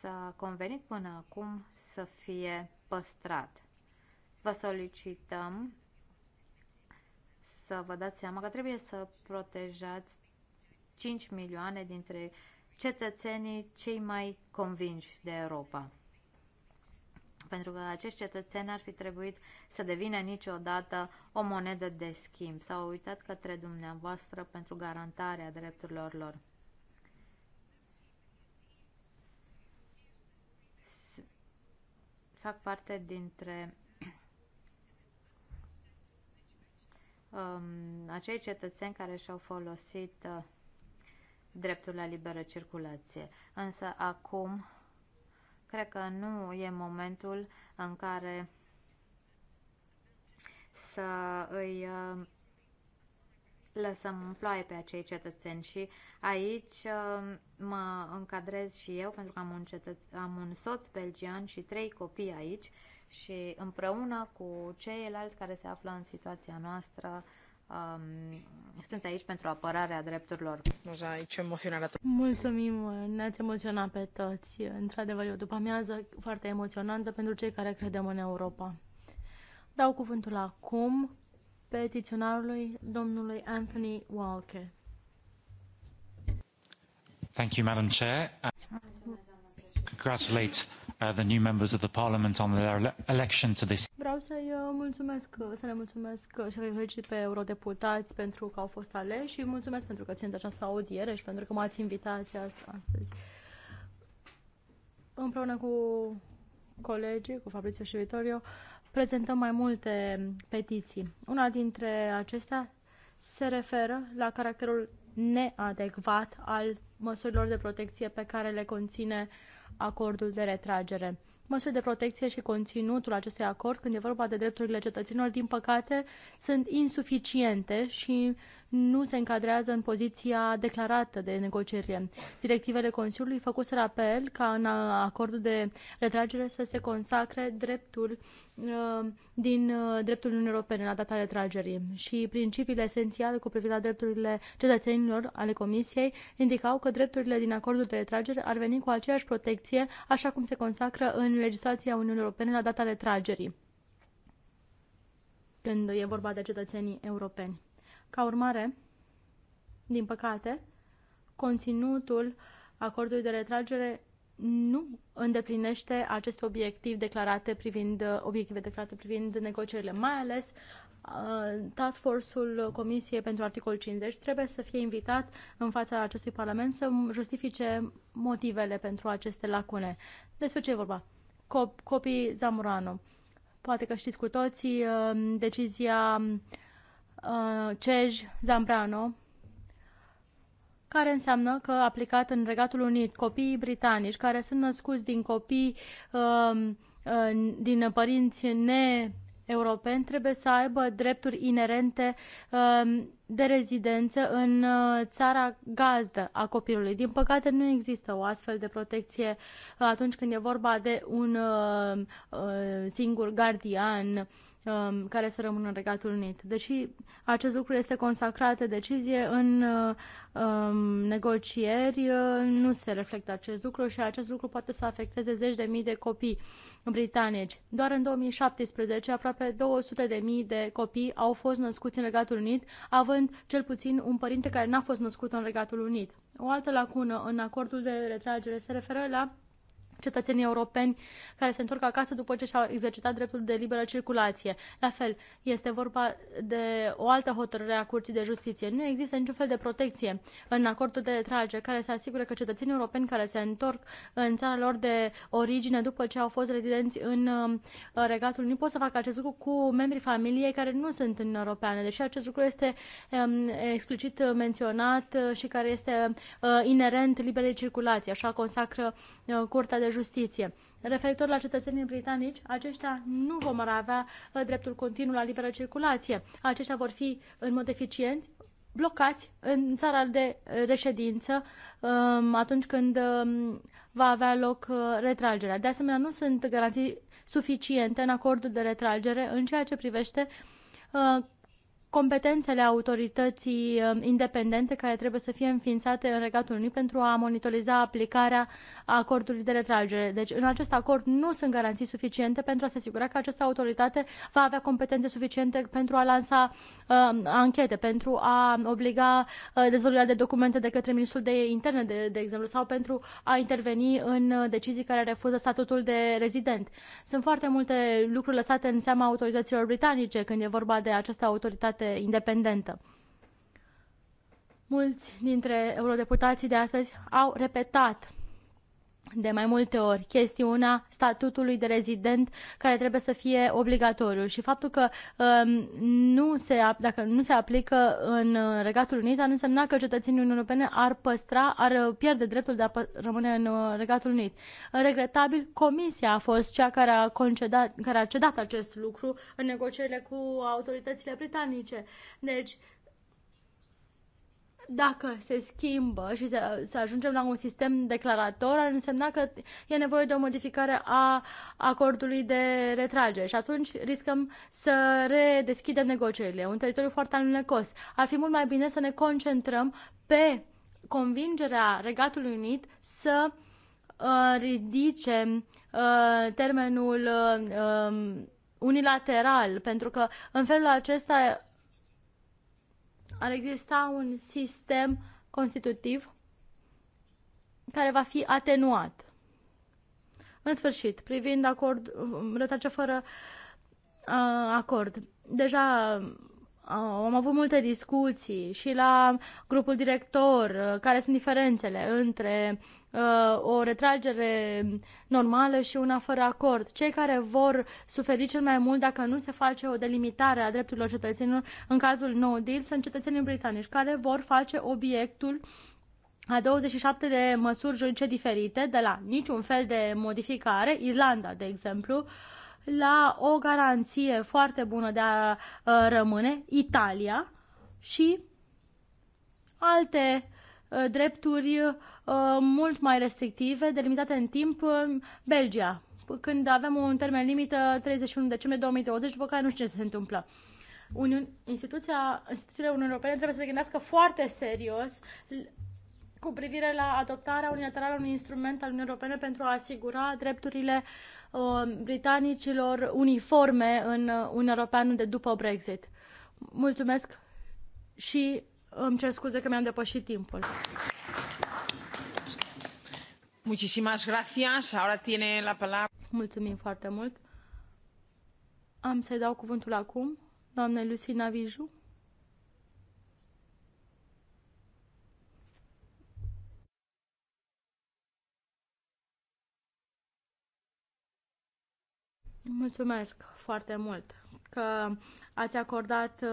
s-a convenit până acum să fie păstrat. Vă solicităm să vă dați seama că trebuie să protejați 5 milioane dintre cetățenii cei mai convinși de Europa. Pentru că acești cetățeni ar fi trebuit să devină niciodată o monedă de schimb. S-au uitat către dumneavoastră pentru garantarea drepturilor lor. fac parte dintre um, acei cetățeni care și-au folosit uh, dreptul la liberă circulație. Însă acum cred că nu e momentul în care să îi uh, lăsăm în ploaie pe acei cetățeni și aici um, mă încadrez și eu pentru că am un, cetăț- am un soț belgian și trei copii aici și împreună cu ceilalți care se află în situația noastră um, sunt aici pentru apărarea drepturilor. Mulțumim, ne-ați emoționat pe toți. Într-adevăr, e o după amiază foarte emoționantă pentru cei care credem în Europa. Dau cuvântul acum petiționarului domnului Anthony Walker. Thank you, Madam Chair. Congratulate uh, the new members of the Parliament on their ele election to this. Vreau să uh, mulțumesc, uh, să le mulțumesc uh, și să felicit pe eurodeputați pentru că au fost aleși și mulțumesc pentru că țineți această audiere și pentru că m-ați invitat astăzi. Împreună cu colegii, cu Fabrizio și Vittorio, prezentăm mai multe petiții. Una dintre acestea se referă la caracterul neadecvat al măsurilor de protecție pe care le conține acordul de retragere. Măsuri de protecție și conținutul acestui acord, când e vorba de drepturile cetățenilor, din păcate, sunt insuficiente și nu se încadrează în poziția declarată de negociere. Directivele Consiliului făcuseră apel ca în acordul de retragere să se consacre dreptul uh, din uh, dreptul Uniunii Europene la data retragerii și principiile esențiale cu privire la drepturile cetățenilor ale Comisiei indicau că drepturile din acordul de retragere ar veni cu aceeași protecție așa cum se consacră în legislația Uniunii Europene la data retragerii când e vorba de cetățenii europeni. Ca urmare, din păcate, conținutul acordului de retragere nu îndeplinește aceste obiective declarate privind, obiective declarate privind negocierile, mai ales uh, task force-ul Comisiei pentru articol 50 trebuie să fie invitat în fața acestui Parlament să justifice motivele pentru aceste lacune. Despre ce e vorba? Cop- copii Zamurano. Poate că știți cu toții uh, decizia uh, Cej Zambrano, care înseamnă că aplicat în Regatul Unit copiii britanici care sunt născuți din copii uh, uh, din părinți ne europeni trebuie să aibă drepturi inerente um, de rezidență în uh, țara gazdă a copilului. Din păcate, nu există o astfel de protecție uh, atunci când e vorba de un uh, singur gardian Um, care să rămână în Regatul Unit. Deși acest lucru este consacrat de decizie, în uh, um, negocieri uh, nu se reflectă acest lucru și acest lucru poate să afecteze zeci de mii de copii britanici. Doar în 2017, aproape 200 de mii de copii au fost născuți în Regatul Unit, având cel puțin un părinte care n-a fost născut în Regatul Unit. O altă lacună în acordul de retragere se referă la cetățenii europeni care se întorc acasă după ce și-au exercitat dreptul de liberă circulație. La fel, este vorba de o altă hotărâre a Curții de Justiție. Nu există niciun fel de protecție în acordul de trage care să asigure că cetățenii europeni care se întorc în țara lor de origine după ce au fost rezidenți în uh, Regatul nu pot să facă acest lucru cu membrii familiei care nu sunt în europeană, deși acest lucru este um, explicit uh, menționat uh, și care este inerent liberei circulații, așa consacră Curtea de de Justiție. Referitor la cetățenii britanici, aceștia nu vor avea uh, dreptul continuu la liberă circulație. Aceștia vor fi în mod eficient blocați în țara de uh, reședință um, atunci când um, va avea loc uh, retragerea. De asemenea, nu sunt garanții suficiente în acordul de retragere în ceea ce privește competențele autorității um, independente care trebuie să fie înființate în Regatul Unit pentru a monitoriza aplicarea acordului de retragere. Deci în acest acord nu sunt garanții suficiente pentru a se asigura că această autoritate va avea competențe suficiente pentru a lansa uh, anchete, pentru a obliga uh, dezvăluirea de documente de către Ministrul de Interne, de, de exemplu, sau pentru a interveni în uh, decizii care refuză statutul de rezident. Sunt foarte multe lucruri lăsate în seama autorităților britanice când e vorba de această autoritate autoritate independentă. Mulți dintre eurodeputații de astăzi au repetat de mai multe ori chestiunea statutului de rezident care trebuie să fie obligatoriu și faptul că um, nu se, dacă nu se aplică în Regatul Unit ar însemna că cetățenii Uniunii Europene ar păstra, ar pierde dreptul de a rămâne în uh, Regatul Unit. Regretabil, Comisia a fost cea care a, concedat, care a cedat acest lucru în negocierile cu autoritățile britanice. Deci, dacă se schimbă și se, să ajungem la un sistem declarator, ar însemna că e nevoie de o modificare a acordului de retragere și atunci riscăm să redeschidem negocierile. Un teritoriu foarte alunecos. Ar fi mult mai bine să ne concentrăm pe convingerea Regatului Unit să uh, ridice uh, termenul uh, um, unilateral, pentru că în felul acesta ar exista un sistem constitutiv care va fi atenuat. În sfârșit, privind acord, retrage fără uh, acord, deja am avut multe discuții și la grupul director, uh, care sunt diferențele între uh, o retragere normală și una fără acord. Cei care vor suferi cel mai mult dacă nu se face o delimitare a drepturilor cetățenilor în cazul no deal sunt cetățenii britanici care vor face obiectul a 27 de măsuri juridice diferite, de la niciun fel de modificare, Irlanda, de exemplu, uh, la o garanție foarte bună de a uh, rămâne, Italia, și alte uh, drepturi uh, mult mai restrictive, delimitate în timp, Belgia, când avem un termen limită 31 decembrie 2020, după care nu știu ce se întâmplă. Uniun, instituția, instituțiile Uniunii Europene trebuie să se gândească foarte serios cu privire la adoptarea unilaterală a unui instrument al Uniunii Europene pentru a asigura drepturile Uh, britanicilor uniforme în uh, Uniunea Europeană de după Brexit. Mulțumesc și îmi cer scuze că mi-am depășit timpul. Muchísimas gracias. Ahora tiene la palabra. Mulțumim foarte mult. Am să-i dau cuvântul acum, doamnei Lucina Viju. Mulțumesc foarte mult că ați acordat uh,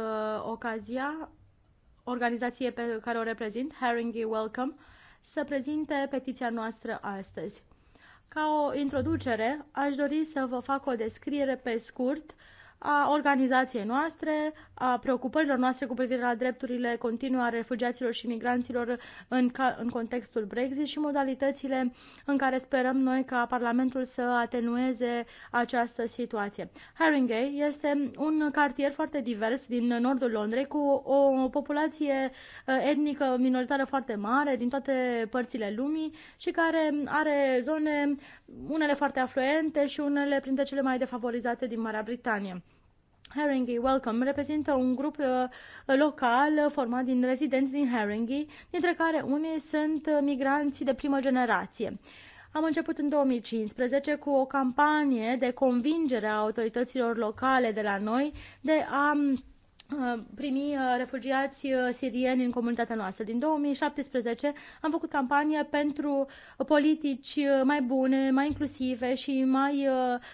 ocazia organizației pe care o reprezint, Haringey Welcome, să prezinte petiția noastră astăzi. Ca o introducere, aș dori să vă fac o descriere pe scurt uh, a organizației noastre, a preocupărilor noastre cu privire la drepturile continue a refugiaților și migranților în, ca, în contextul Brexit și modalitățile în care sperăm noi ca Parlamentul să atenueze această situație. Haringey este un cartier foarte divers din nordul Londrei cu o populație eh, etnică minoritară foarte mare din toate părțile lumii și care are zone unele foarte afluente și unele printre cele mai defavorizate din Marea Britanie. Haringey Welcome reprezintă un grup uh, local format din rezidenți din Haringey, dintre care unii sunt uh, migranți de primă generație. Am început în 2015 cu o campanie de convingere a autorităților locale de la noi de a Uh, primi uh, refugiați uh, sirieni în comunitatea noastră. Din 2017 am făcut campanie pentru politici mai bune, mai inclusive și mai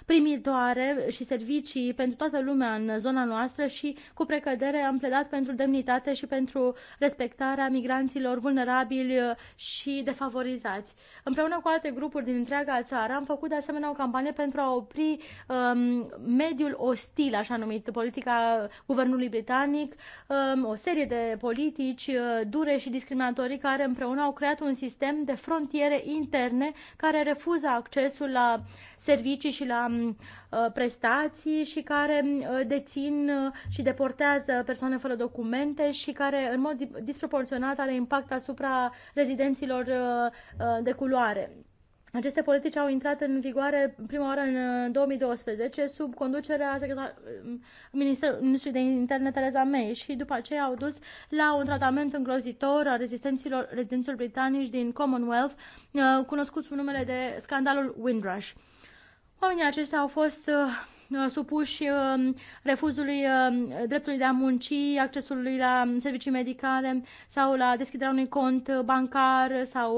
primitoare și servicii pentru toată lumea în zona noastră și cu precădere am pledat pentru demnitate și pentru respectarea migranților vulnerabili și defavorizați. Împreună cu alte grupuri din întreaga țară am făcut de asemenea o campanie pentru a opri um, mediul ostil, așa numit, politica guvernului britanic um, o serie de politici uh, dure și discriminatorii care împreună au creat un sistem de frontiere interne care refuză accesul la servicii și la um, uh, prestații și care uh, dețin și deportează persoane fără documente și care în mod disproporționat are impact asupra rezidenților de culoare. Aceste politici au intrat în vigoare prima oară în 2012 uh, sub conducerea uh, Ministrului de Interne Theresa May și după aceea au dus la un tratament îngrozitor a rezistenților rezidenților britanici din Commonwealth, uh, cunoscut sub numele de scandalul Windrush. Oamenii aceștia au fost Uh, supuși uh, refuzului uh, dreptului de a munci, accesului la servicii medicale sau la deschiderea unui cont bancar sau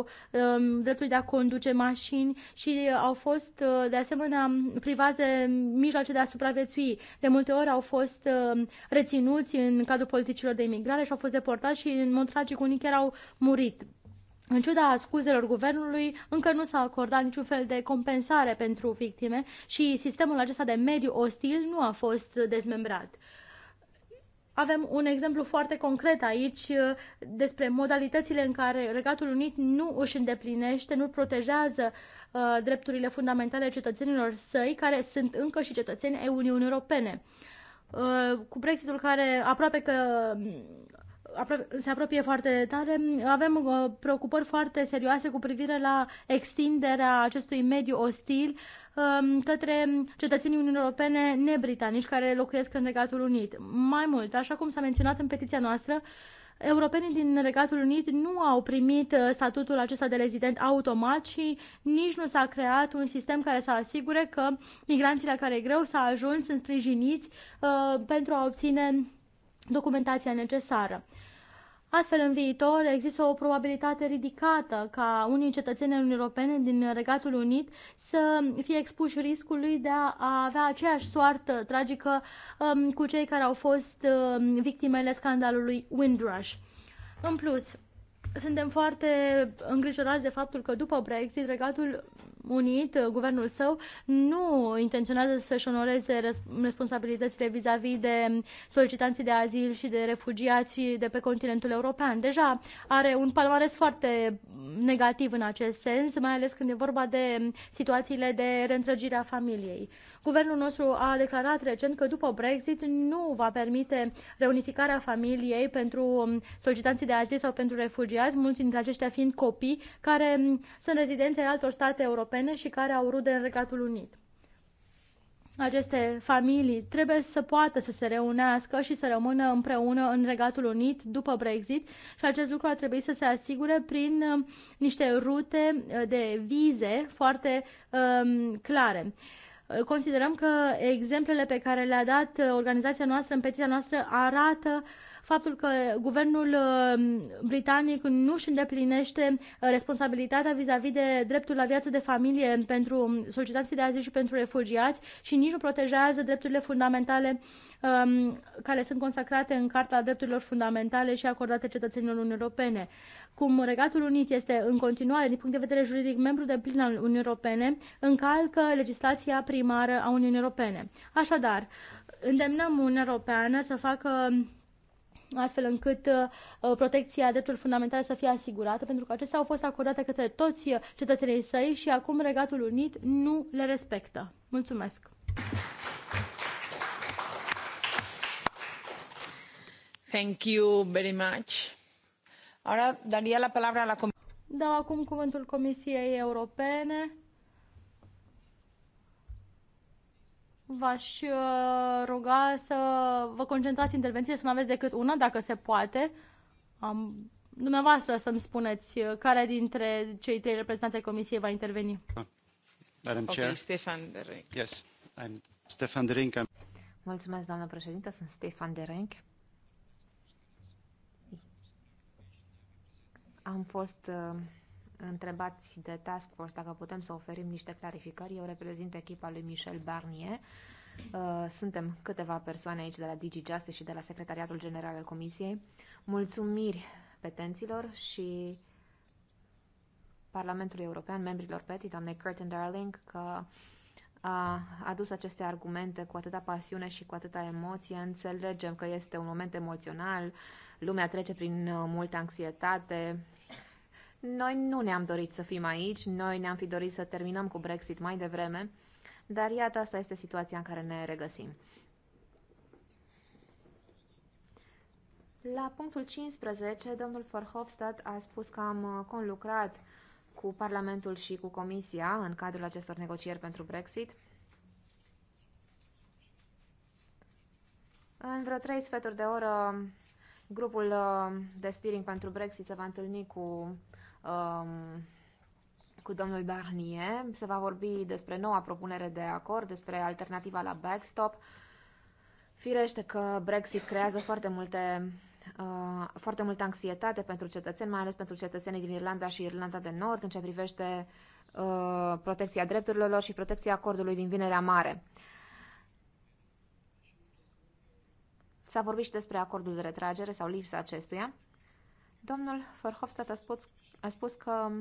um, dreptului de a conduce mașini și au fost de asemenea privați de mijloace de a supraviețui. De multe ori au fost um, reținuți în cadrul politicilor de imigrare și au fost deportați și în mod tragic unii chiar au murit. În ciuda scuzelor guvernului, încă nu s-a acordat niciun fel de compensare pentru victime și sistemul acesta de mediu ostil nu a fost dezmembrat. Avem un exemplu foarte concret aici uh, despre modalitățile în care Regatul Unit nu își îndeplinește, nu protejează uh, drepturile fundamentale cetățenilor săi, care sunt încă și cetățeni ai Uniunii Europene. Uh, cu Brexitul care aproape că se apropie foarte tare, avem uh, preocupări foarte serioase cu privire la extinderea acestui mediu ostil um, către cetățenii Uniunii Europene nebritanici care locuiesc în Regatul Unit. Mai mult, așa cum s-a menționat în petiția noastră, europenii din Regatul Unit nu au primit uh, statutul acesta de rezident automat și nici nu s-a creat un sistem care să asigure că migranții la care e greu să ajung sunt sprijiniți uh, pentru a obține documentația necesară. Astfel, în viitor, există o probabilitate ridicată ca unii cetățeni Uniunii Europene din Regatul Unit să fie expuși riscului de a avea aceeași soartă tragică um, cu cei care au fost um, victimele scandalului Windrush. În plus, suntem foarte îngrijorați de faptul că după Brexit, Regatul Unit, uh, guvernul său, nu intenționează să-și onoreze responsabilitățile vis-a-vis -vis de um, solicitanții de azil și de refugiați de pe continentul european. Deja are un palmares foarte um, negativ în acest sens, mai ales când e vorba de um, situațiile de reîntrăgire a familiei. Guvernul nostru a declarat recent că după Brexit nu va permite reunificarea familiei pentru solicitanții de azil sau pentru refugiați, mulți dintre aceștia fiind copii care sunt rezidenți ai altor state europene europene și care au rude în Regatul Unit. Aceste familii trebuie să poată să se reunească și să rămână împreună în Regatul Unit după Brexit și acest lucru ar trebui să se asigure prin uh, niște rute uh, de vize foarte um, clare. Uh, considerăm că exemplele pe care le-a dat organizația noastră în petiția noastră arată uh, faptul că guvernul uh, britanic nu își îndeplinește uh, responsabilitatea vis-a-vis -vis de dreptul la viață de familie pentru um, solicitanții de azil și pentru refugiați și nici nu protejează drepturile fundamentale um, care sunt consacrate în Carta Drepturilor Fundamentale și acordate cetățenilor Uniunii Europene. Cum Regatul Unit este în continuare, din punct de vedere juridic, membru de plin al Uniunii Europene, încalcă legislația primară a Uniunii Europene. Așadar, îndemnăm Uniunea Europeană să facă astfel încât uh, protecția drepturilor fundamentale să fie asigurată, pentru că acestea au fost acordate către toți uh, cetățenii săi și acum Regatul Unit nu le respectă. Mulțumesc! Thank you very much. Ahora daría la palabra a la Dau acum cuvântul Comisiei Europene. v-aș uh, ruga să vă concentrați intervențiile, să nu aveți decât una, dacă se poate. Am, dumneavoastră să-mi spuneți uh, care dintre cei trei reprezentanți ai Comisiei va interveni. Madam Chair. Okay, Stefan de Renck. Yes, I'm Stefan de Renck. Mulțumesc, doamnă președintă, sunt Stefan de Renck. Am fost uh, întrebați de task force dacă putem să oferim niște clarificări. Eu reprezint echipa lui Michel Barnier. Uh, suntem câteva persoane aici de la Justice și de la Secretariatul General al Comisiei. Mulțumiri petenților și Parlamentului European, membrilor PETI, doamnei Curtin Darling, că a adus aceste argumente cu atâta pasiune și cu atâta emoție. Înțelegem că este un moment emoțional, lumea trece prin uh, multă anxietate, noi nu ne-am dorit să fim aici, noi ne-am fi dorit să terminăm cu Brexit mai devreme, dar iată, asta este situația în care ne regăsim. La punctul 15, domnul Verhofstadt a spus că am uh, conlucrat cu Parlamentul și cu Comisia în cadrul acestor negocieri pentru Brexit. În vreo trei sferturi de oră, grupul uh, de steering pentru Brexit se va întâlni cu um, cu domnul Barnier. Se va vorbi despre noua propunere de acord, despre alternativa la backstop. Firește că Brexit creează foarte multe uh, foarte multă anxietate pentru cetățeni, mai ales pentru cetățenii din Irlanda și Irlanda de Nord, în ce privește uh, protecția drepturilor lor și protecția acordului din Vinerea Mare. S-a vorbit și despre acordul de retragere sau lipsa acestuia. Domnul Verhofstadt a spus a spus că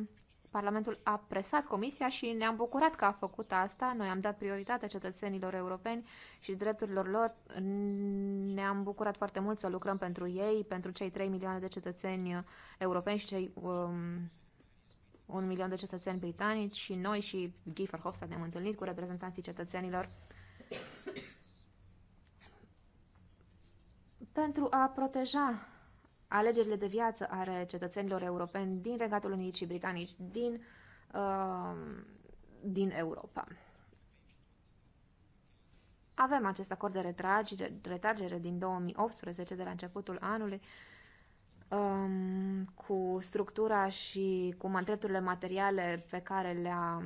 Parlamentul a presat Comisia și ne-am bucurat că a făcut asta. Noi am dat prioritate cetățenilor europeni și drepturilor lor. Ne-am bucurat foarte mult să lucrăm pentru ei, pentru cei 3 milioane de cetățeni europeni și cei um, 1 milion de cetățeni britanici și noi și Guy Verhofstadt ne-am întâlnit cu reprezentanții cetățenilor pentru a proteja alegerile de viață ale cetățenilor europeni din Regatul Unit și britanici din, uh, din Europa. Avem acest acord de retragere, retragere din 2018, de la începutul anului, um, cu structura și cu drepturile materiale pe care le-a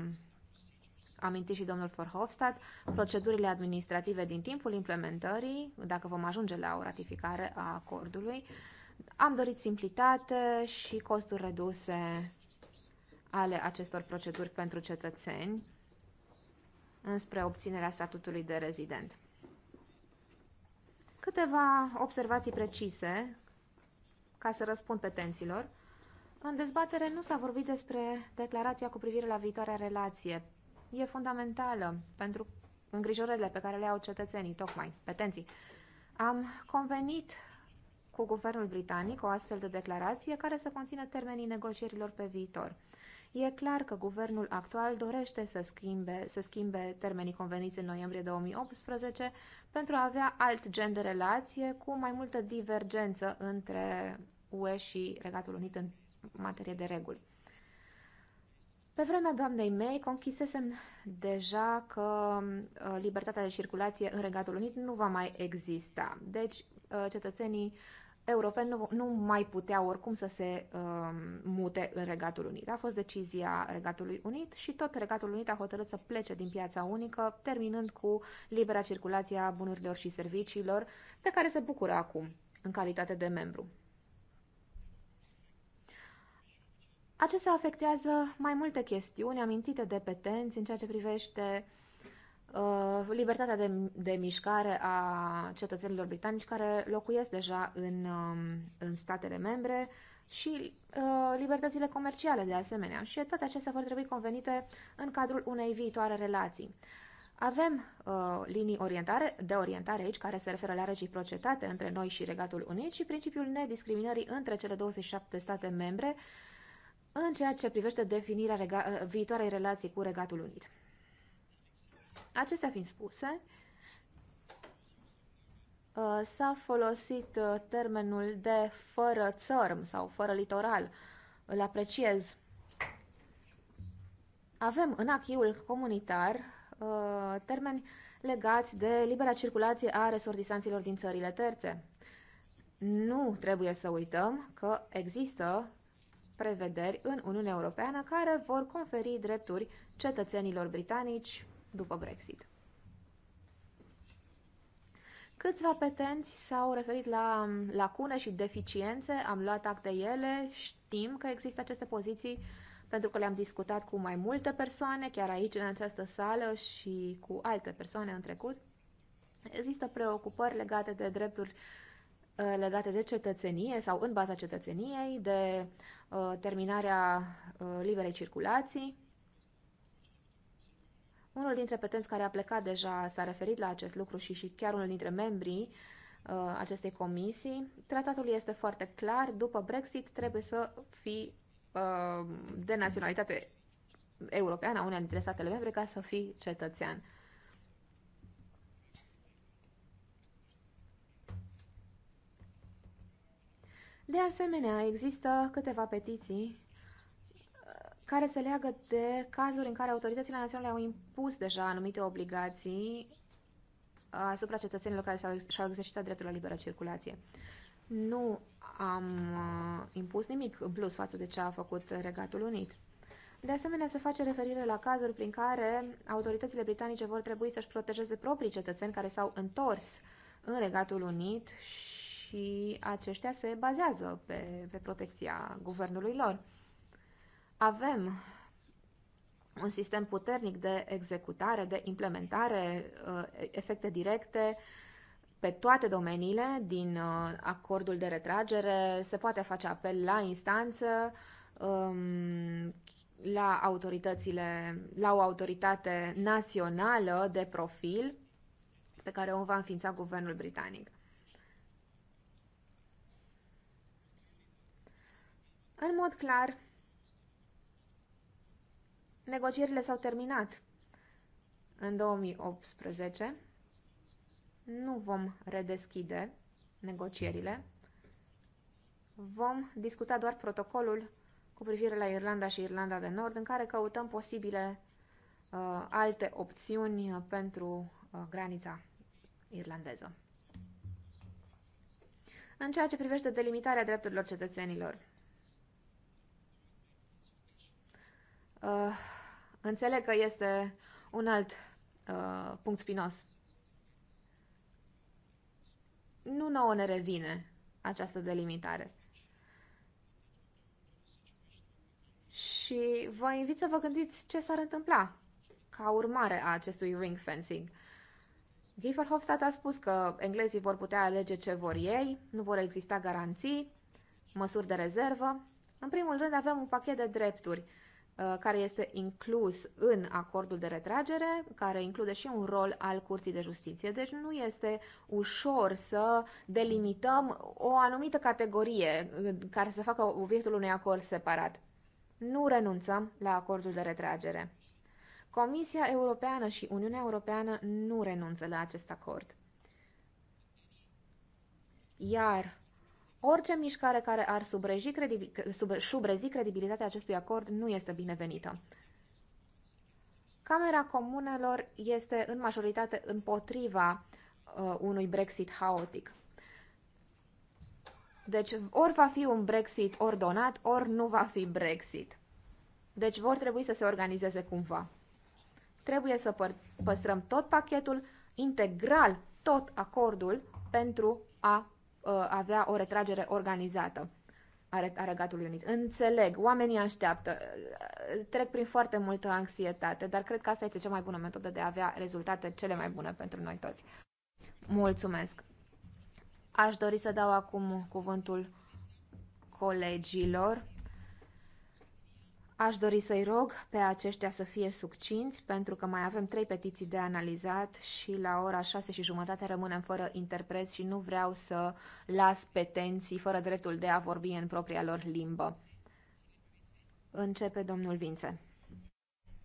amintit și domnul Forhofstadt, procedurile administrative din timpul implementării, dacă vom ajunge la o ratificare a acordului, uh, am dorit simplitate și costuri reduse ale acestor proceduri pentru cetățeni înspre obținerea statutului de rezident. Câteva observații precise ca să răspund petenților. În dezbatere nu s-a vorbit despre declarația cu privire la viitoarea relație. E fundamentală pentru îngrijorările pe care le au cetățenii, tocmai petenții. Am convenit cu guvernul britanic o astfel de declarație care să conțină termenii negocierilor pe viitor. E clar că guvernul actual dorește să schimbe, să schimbe termenii conveniți în noiembrie 2018 pentru a avea alt gen de relație cu mai multă divergență între UE și Regatul Unit în materie de reguli. Pe vremea doamnei May, conchisesem deja că uh, libertatea de circulație în Regatul Unit nu va mai exista. Deci, uh, cetățenii europeni nu, nu mai puteau oricum să se um, mute în Regatul Unit. A fost decizia Regatului Unit și tot Regatul Unit a hotărât să plece din piața unică, terminând cu libera circulație a bunurilor și serviciilor, de care se bucură acum în calitate de membru. Acestea afectează mai multe chestiuni amintite de petenți în ceea ce privește uh, Uh, libertatea de, de mișcare a cetățenilor britanici care locuiesc deja în, um, în statele membre și uh, libertățile comerciale de asemenea. Și toate acestea vor trebui convenite în cadrul unei viitoare relații. Avem uh, linii orientare, de orientare aici care se referă la reciprocitate între noi și Regatul Unit și principiul nediscriminării între cele 27 state membre în ceea ce privește definirea uh, viitoarei relații cu Regatul Unit. Acestea fiind spuse, uh, s-a folosit uh, termenul de fără țărm sau fără litoral. Îl apreciez. Avem în achiul comunitar uh, termeni legați de libera circulație a resortisanților din țările terțe. Nu trebuie să uităm că există prevederi în Uniunea Europeană care vor conferi drepturi cetățenilor britanici după Brexit. Câțiva petenți s-au referit la lacune și deficiențe, am luat act de ele, știm că există aceste poziții pentru că le-am discutat cu mai multe persoane, chiar aici în această sală și cu alte persoane în trecut. Există preocupări legate de drepturi uh, legate de cetățenie sau în baza cetățeniei, de uh, terminarea uh, liberei circulații, unul dintre petenți care a plecat deja s-a referit la acest lucru și, și chiar unul dintre membrii uh, acestei comisii. Tratatul este foarte clar, după Brexit trebuie să fii uh, de naționalitate europeană a unei dintre statele membre ca să fii cetățean. De asemenea, există câteva petiții care se leagă de cazuri în care autoritățile naționale au impus deja anumite obligații asupra cetățenilor care și-au exercitat dreptul la liberă circulație. Nu am uh, impus nimic în plus față de ce a făcut Regatul Unit. De asemenea, se face referire la cazuri prin care autoritățile britanice vor trebui să-și protejeze proprii cetățeni care s-au întors în Regatul Unit și aceștia se bazează pe, pe protecția guvernului lor. Avem un sistem puternic de executare, de implementare, uh, efecte directe pe toate domeniile din uh, acordul de retragere. Se poate face apel la instanță, um, la autoritățile, la o autoritate națională de profil pe care o va înființa guvernul britanic. În mod clar, Negocierile s-au terminat în 2018. Nu vom redeschide negocierile. Vom discuta doar protocolul cu privire la Irlanda și Irlanda de Nord, în care căutăm posibile uh, alte opțiuni pentru uh, granița irlandeză. În ceea ce privește delimitarea drepturilor cetățenilor, uh, Înțeleg că este un alt uh, punct spinos. Nu nouă ne revine această delimitare. Și vă invit să vă gândiți ce s-ar întâmpla ca urmare a acestui ring fencing. Guy Hofstadt a spus că englezii vor putea alege ce vor ei, nu vor exista garanții, măsuri de rezervă. În primul rând avem un pachet de drepturi Uh, care este inclus în acordul de retragere, care include și un rol al Curții de Justiție. Deci nu este ușor să delimităm o anumită categorie uh, care să facă obiectul unui acord separat. Nu renunțăm la acordul de retragere. Comisia Europeană și Uniunea Europeană nu renunță la acest acord. Iar Orice mișcare care ar subreji credibil, sub, credibilitatea acestui acord nu este binevenită. Camera Comunelor este în majoritate împotriva uh, unui Brexit haotic. Deci ori va fi un Brexit ordonat, ori nu va fi Brexit. Deci vor trebui să se organizeze cumva. Trebuie să păstrăm tot pachetul, integral tot acordul, pentru a Uh, avea o retragere organizată a Regatului Unit. Înțeleg, oamenii așteaptă, uh, trec prin foarte multă anxietate, dar cred că asta este cea mai bună metodă de a avea rezultate cele mai bune pentru noi toți. Mulțumesc! Aș dori să dau acum cuvântul colegilor. Aș dori să-i rog pe aceștia să fie succinți, pentru că mai avem trei petiții de analizat și la ora șase și jumătate rămânem fără interpreți și nu vreau să las petenții fără dreptul de a vorbi în propria lor limbă. Începe domnul Vințe.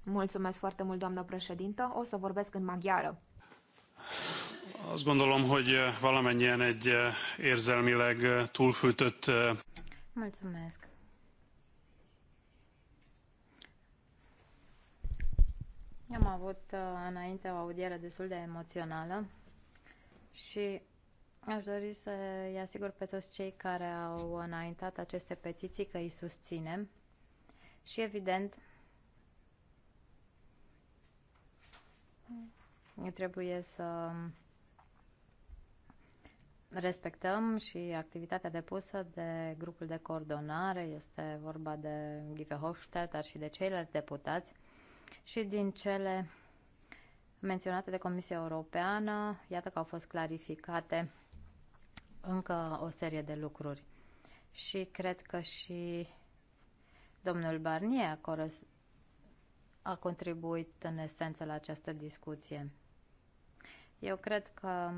Mulțumesc foarte mult, doamnă președintă. O să vorbesc în maghiară. Azt gondolom, hogy valamennyien egy eh, érzelmileg eh, túlfűtött... Eh, Mulțumesc. Am avut uh, înainte o audiere destul de emoțională și aș dori să îi asigur pe toți cei care au înaintat aceste petiții că îi susținem și evident trebuie să respectăm și activitatea depusă de grupul de coordonare, este vorba de Give Hofstadt, dar și de ceilalți deputați și din cele menționate de Comisia Europeană, iată că au fost clarificate încă o serie de lucruri. Și cred că și domnul Barnier a, a contribuit în esență la această discuție. Eu cred că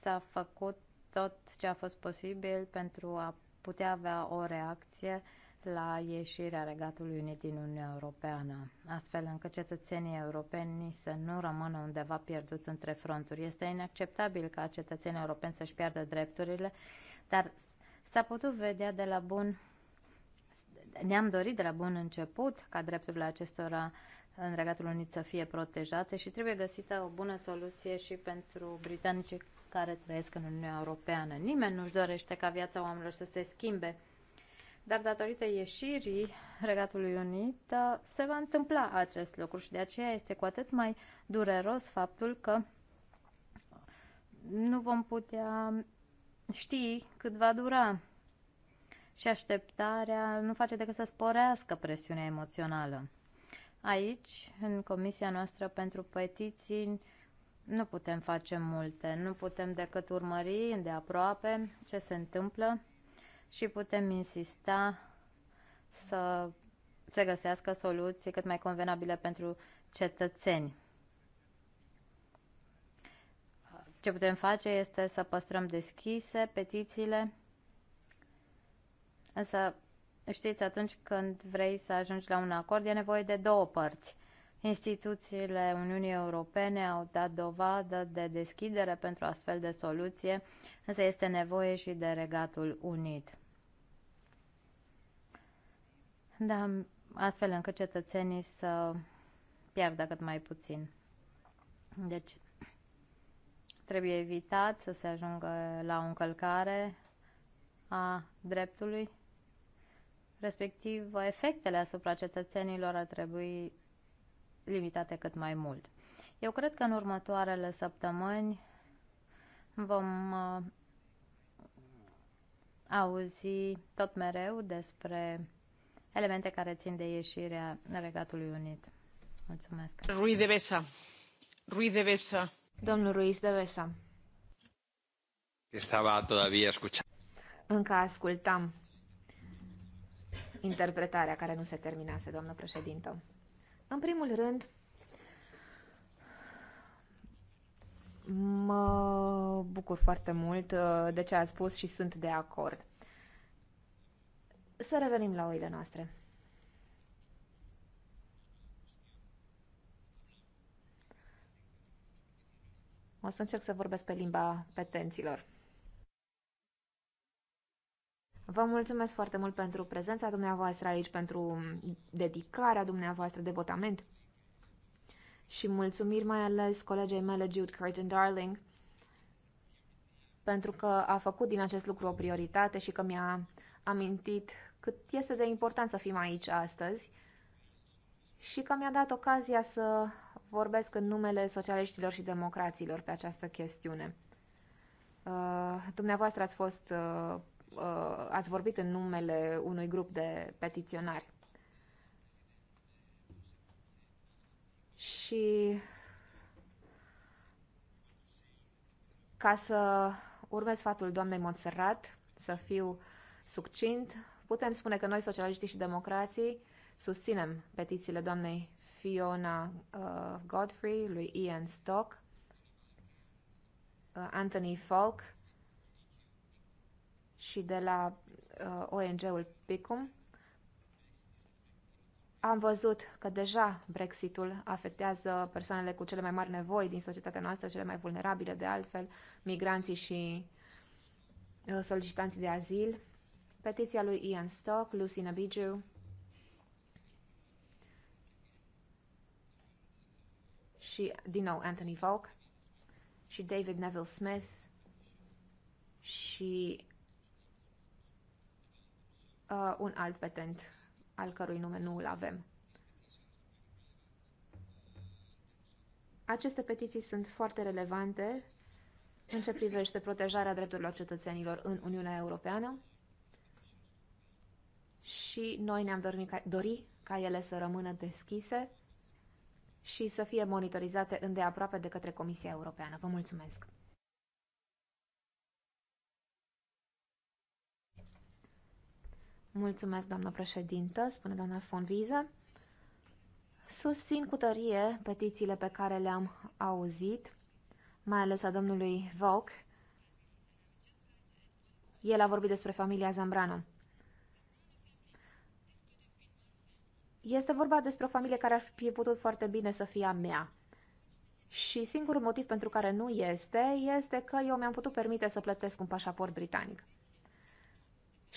s-a făcut tot ce a fost posibil pentru a putea avea o reacție uh, la ieșirea Regatului Unit din Uniunea Europeană, astfel încât cetățenii europeni să nu rămână undeva pierduți între fronturi. Este inacceptabil ca cetățenii europeni să-și piardă drepturile, dar s-a putut vedea de la bun ne-am dorit de la bun început ca drepturile acestora în Regatul Unit să fie protejate și trebuie găsită o bună soluție și pentru britanicii care trăiesc în Uniunea Europeană. Nimeni nu-și dorește ca viața oamenilor să se schimbe dar datorită ieșirii Regatului Unit uh, se va întâmpla acest lucru și de aceea este cu atât mai dureros faptul că nu vom putea ști cât va dura și așteptarea nu face decât să sporească presiunea emoțională. Aici, în comisia noastră pentru petiții, nu putem face multe, nu putem decât urmări îndeaproape ce se întâmplă și putem insista să se găsească soluții cât mai convenabile pentru cetățeni. Ce putem face este să păstrăm deschise petițiile, însă știți, atunci când vrei să ajungi la un acord, e nevoie de două părți. Instituțiile Uniunii Europene au dat dovadă de deschidere pentru astfel de soluție, însă este nevoie și de Regatul Unit. Da, astfel încât cetățenii să pierdă cât mai puțin. Deci, trebuie evitat să se ajungă la o încălcare a dreptului, respectiv efectele asupra cetățenilor ar trebui limitate cât mai mult. Eu cred că în următoarele săptămâni vom uh, auzi tot mereu despre elemente care țin de ieșirea Regatului Unit. Mulțumesc. Ruiz de Besa. Ruiz de Besa. Domnul Ruiz de Besa. Estaba todavía escuchando. Încă ascultam interpretarea care nu se terminase, doamnă președintă. În primul rând, mă bucur foarte mult uh, de ce a spus și sunt de acord. Să revenim la oile noastre. O să încerc să vorbesc pe limba petenților. Vă mulțumesc foarte mult pentru prezența dumneavoastră aici, pentru dedicarea dumneavoastră, devotament și mulțumiri mai ales colegei mele Jude Curtin Darling pentru că a făcut din acest lucru o prioritate și că mi-a amintit cât este de important să fim aici astăzi și că mi-a dat ocazia să vorbesc în numele socialiștilor și democraților pe această chestiune. Uh, dumneavoastră ați fost uh, Uh, ați vorbit în numele unui grup de petiționari. Și ca să urmez sfatul doamnei Montserrat, să fiu succint, putem spune că noi, socialiștii și democrații, susținem petițiile doamnei Fiona uh, Godfrey, lui Ian Stock, uh, Anthony Falk, și de la uh, ONG-ul PICUM, am văzut că deja Brexitul afectează persoanele cu cele mai mari nevoi din societatea noastră, cele mai vulnerabile de altfel, migranții și uh, solicitanții de azil. Petiția lui Ian Stock, Lucy Nabiju și, din nou, Anthony Falk și David Neville Smith și uh, un alt petent al cărui nume nu îl avem. Aceste petiții sunt foarte relevante în ce privește protejarea drepturilor cetățenilor în Uniunea Europeană și noi ne-am dori ca, dori ca ele să rămână deschise și să fie monitorizate îndeaproape de către Comisia Europeană. Vă mulțumesc! Mulțumesc, doamnă președintă, spune doamna Fonviză. Susțin cu tărie petițiile pe care le-am auzit, mai ales a domnului Volk. El a vorbit despre familia Zambrano. Este vorba despre o familie care ar fi putut foarte bine să fie a mea. Și singurul motiv pentru care nu este, este că eu mi-am putut permite să plătesc un pașaport britanic.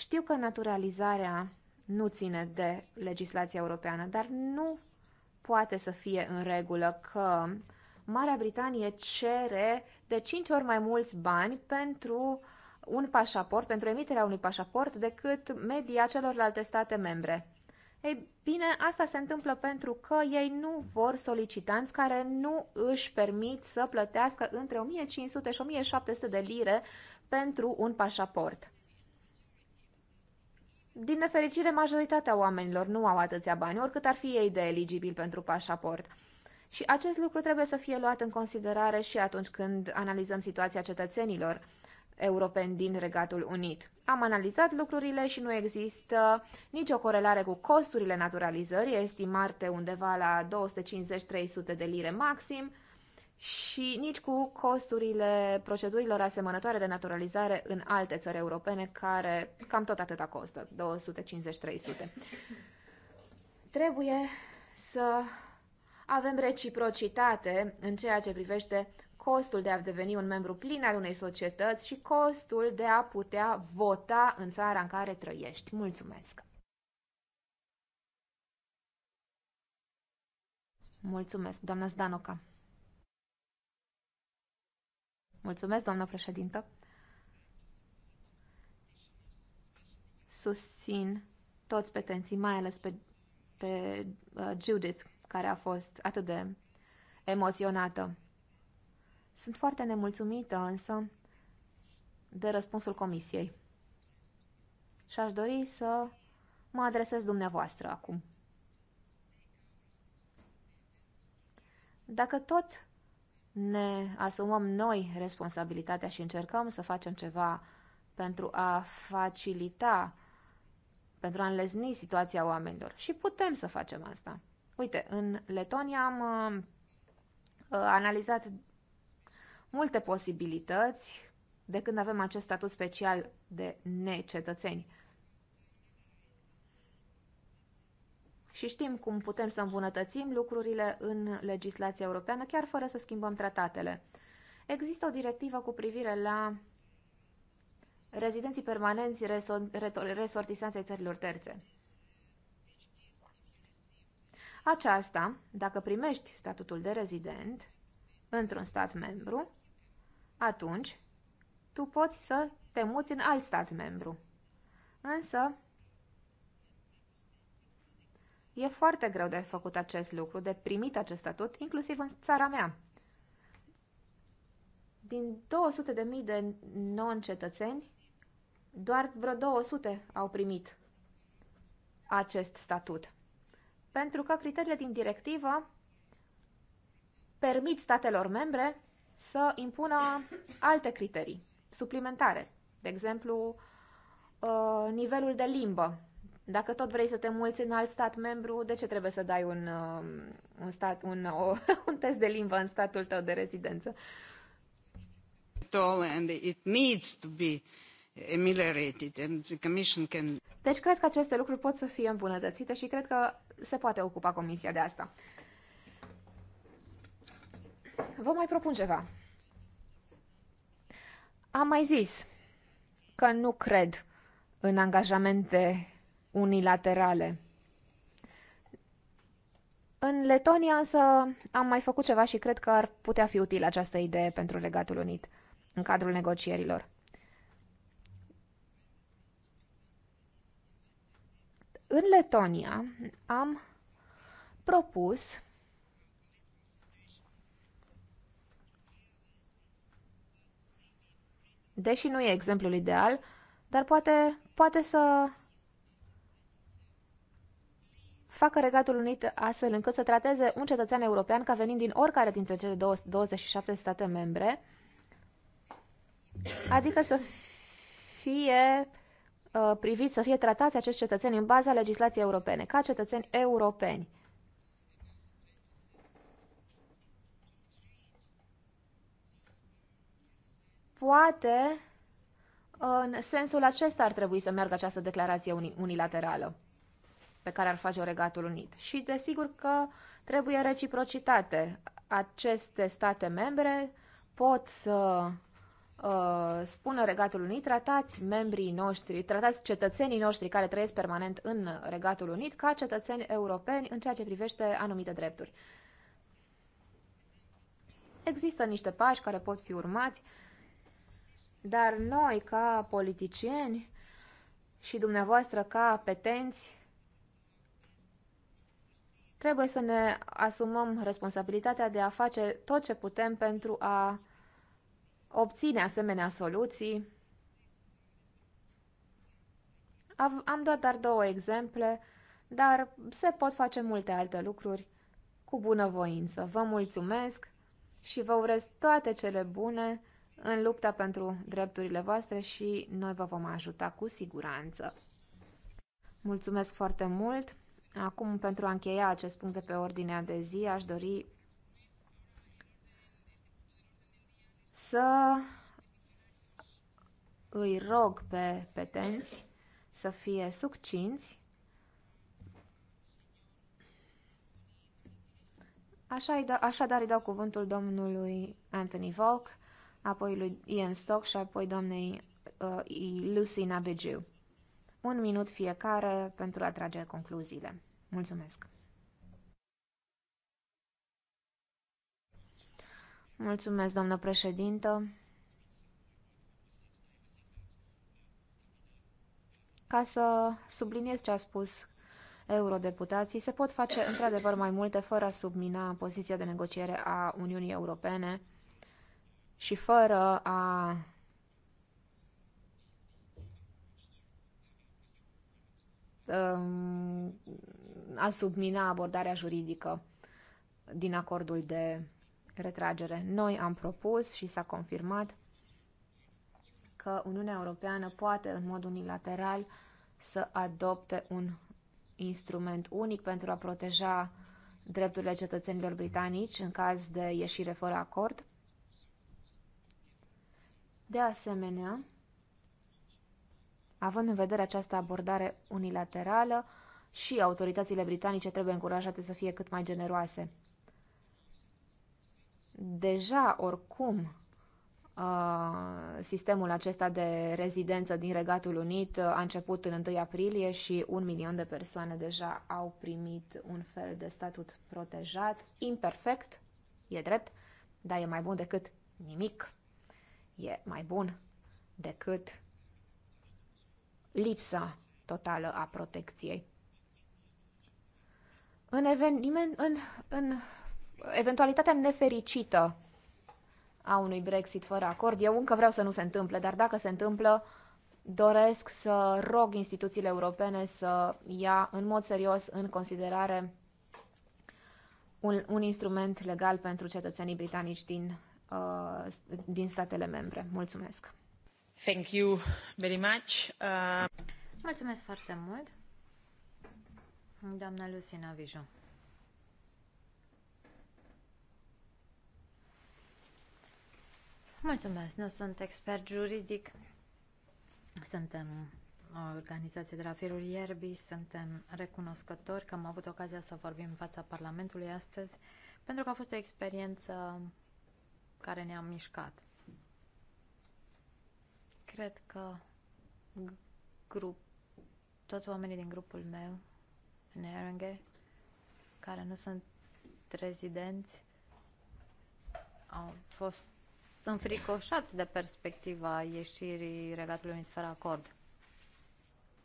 Știu că naturalizarea nu ține de legislația europeană, dar nu poate să fie în regulă că Marea Britanie cere de 5 ori mai mulți bani pentru un pașaport, pentru emiterea unui pașaport, decât media celorlalte state membre. Ei bine, asta se întâmplă pentru că ei nu vor solicitanți care nu își permit să plătească între 1500 și 1700 de lire pentru un pașaport. Din nefericire, majoritatea oamenilor nu au atâția bani, oricât ar fi ei de eligibil pentru pașaport. Și acest lucru trebuie să fie luat în considerare și atunci când analizăm situația cetățenilor europeni din Regatul Unit. Am analizat lucrurile și nu există nicio corelare cu costurile naturalizării, estimate undeva la 250-300 de lire maxim, și nici cu costurile procedurilor asemănătoare de naturalizare în alte țări europene, care cam tot atâta costă, 250-300. Trebuie să avem reciprocitate în ceea ce privește costul de a deveni un membru plin al unei societăți și costul de a putea vota în țara în care trăiești. Mulțumesc! Mulțumesc, doamna Zdanoca! Mulțumesc, doamnă președintă. Susțin toți petenții, mai ales pe, pe uh, Judith, care a fost atât de emoționată. Sunt foarte nemulțumită, însă, de răspunsul comisiei. Și aș dori să mă adresez dumneavoastră acum. Dacă tot ne asumăm noi responsabilitatea și încercăm să facem ceva pentru a facilita, pentru a înlezni situația oamenilor. Și putem să facem asta. Uite, în Letonia am uh, uh analizat multe posibilități de când avem acest statut special de necetățeni. și știm cum putem să îmbunătățim lucrurile în legislația europeană, chiar fără să schimbăm tratatele. Există o directivă cu privire la rezidenții permanenți resortisanței țărilor terțe. Aceasta, dacă primești statutul de rezident într-un stat membru, atunci tu poți să te muți în alt stat membru. Însă, E foarte greu de făcut acest lucru, de primit acest statut, inclusiv în țara mea. Din 200.000 de, de non-cetățeni, doar vreo 200 au primit acest statut. Pentru că criteriile din directivă permit statelor membre să impună alte criterii suplimentare, de exemplu, uh, nivelul de limbă dacă tot vrei să te mulți în alt stat membru, de ce trebuie să dai un, um, un, stat, un, o, un test de limbă în statul tău de rezidență? Deci cred că aceste lucruri pot să fie îmbunătățite și cred că se poate ocupa Comisia de asta. Vă mai propun ceva. Am mai zis că nu cred în angajamente unilaterale. În Letonia însă am mai făcut ceva și cred că ar putea fi util această idee pentru Regatul Unit în cadrul negocierilor. În Letonia am propus deși nu e exemplul ideal, dar poate, poate să facă Regatul Unit astfel încât să trateze un cetățean european ca venind din oricare dintre cele 27 state membre, adică să fie uh, privit să fie tratați acești cetățeni în baza legislației europene, ca cetățeni europeni. Poate în sensul acesta ar trebui să meargă această declarație unilaterală pe care ar face-o Regatul Unit. Și desigur că trebuie reciprocitate. Aceste state membre pot să uh, spună Regatul Unit, tratați membrii noștri, tratați cetățenii noștri care trăiesc permanent în Regatul Unit ca cetățeni europeni în ceea ce privește anumite drepturi. Există niște pași care pot fi urmați, dar noi, ca politicieni și dumneavoastră, ca petenți, Trebuie să ne asumăm responsabilitatea de a face tot ce putem pentru a obține asemenea soluții. Am dat doar două exemple, dar se pot face multe alte lucruri cu bunăvoință. Vă mulțumesc și vă urez toate cele bune în lupta pentru drepturile voastre și noi vă vom ajuta cu siguranță. Mulțumesc foarte mult! Acum, pentru a încheia acest punct de pe ordinea de zi, aș dori să îi rog pe petenți să fie succinți. Așa da, așadar îi dau cuvântul domnului Anthony Volk, apoi lui Ian Stock și apoi doamnei uh, Lucy Nabegiu. Un minut fiecare pentru a trage concluziile. Mulțumesc! Mulțumesc, doamnă președintă! Ca să subliniez ce a spus eurodeputații, se pot face într-adevăr mai multe fără a submina poziția de negociere a Uniunii Europene și fără a a submina abordarea juridică din acordul de retragere. Noi am propus și s-a confirmat că Uniunea Europeană poate în mod unilateral să adopte un instrument unic pentru a proteja drepturile cetățenilor britanici în caz de ieșire fără acord. De asemenea, având în vedere această abordare unilaterală, și autoritățile britanice trebuie încurajate să fie cât mai generoase. Deja, oricum, uh, sistemul acesta de rezidență din Regatul Unit uh, a început în 1 aprilie și un milion de persoane deja au primit un fel de statut protejat, imperfect, e drept, dar e mai bun decât nimic. E mai bun decât lipsa totală a protecției. În, eveniment, în, în eventualitatea nefericită a unui Brexit fără acord, eu încă vreau să nu se întâmple, dar dacă se întâmplă, doresc să rog instituțiile europene să ia în mod serios în considerare un, un instrument legal pentru cetățenii britanici din, uh, din statele membre. Mulțumesc! Thank you very much. Uh... Mulțumesc foarte mult! Doamna Lucina Vijon. Mulțumesc, nu sunt expert juridic. Suntem o organizație de la firul ierbii, suntem recunoscători că am avut ocazia să vorbim în fața Parlamentului astăzi, pentru că a fost o experiență care ne-a mișcat. Cred că grup, toți oamenii din grupul meu Nerenghe, care nu sunt rezidenți, au fost înfricoșați de perspectiva ieșirii Regatului Unit fără acord.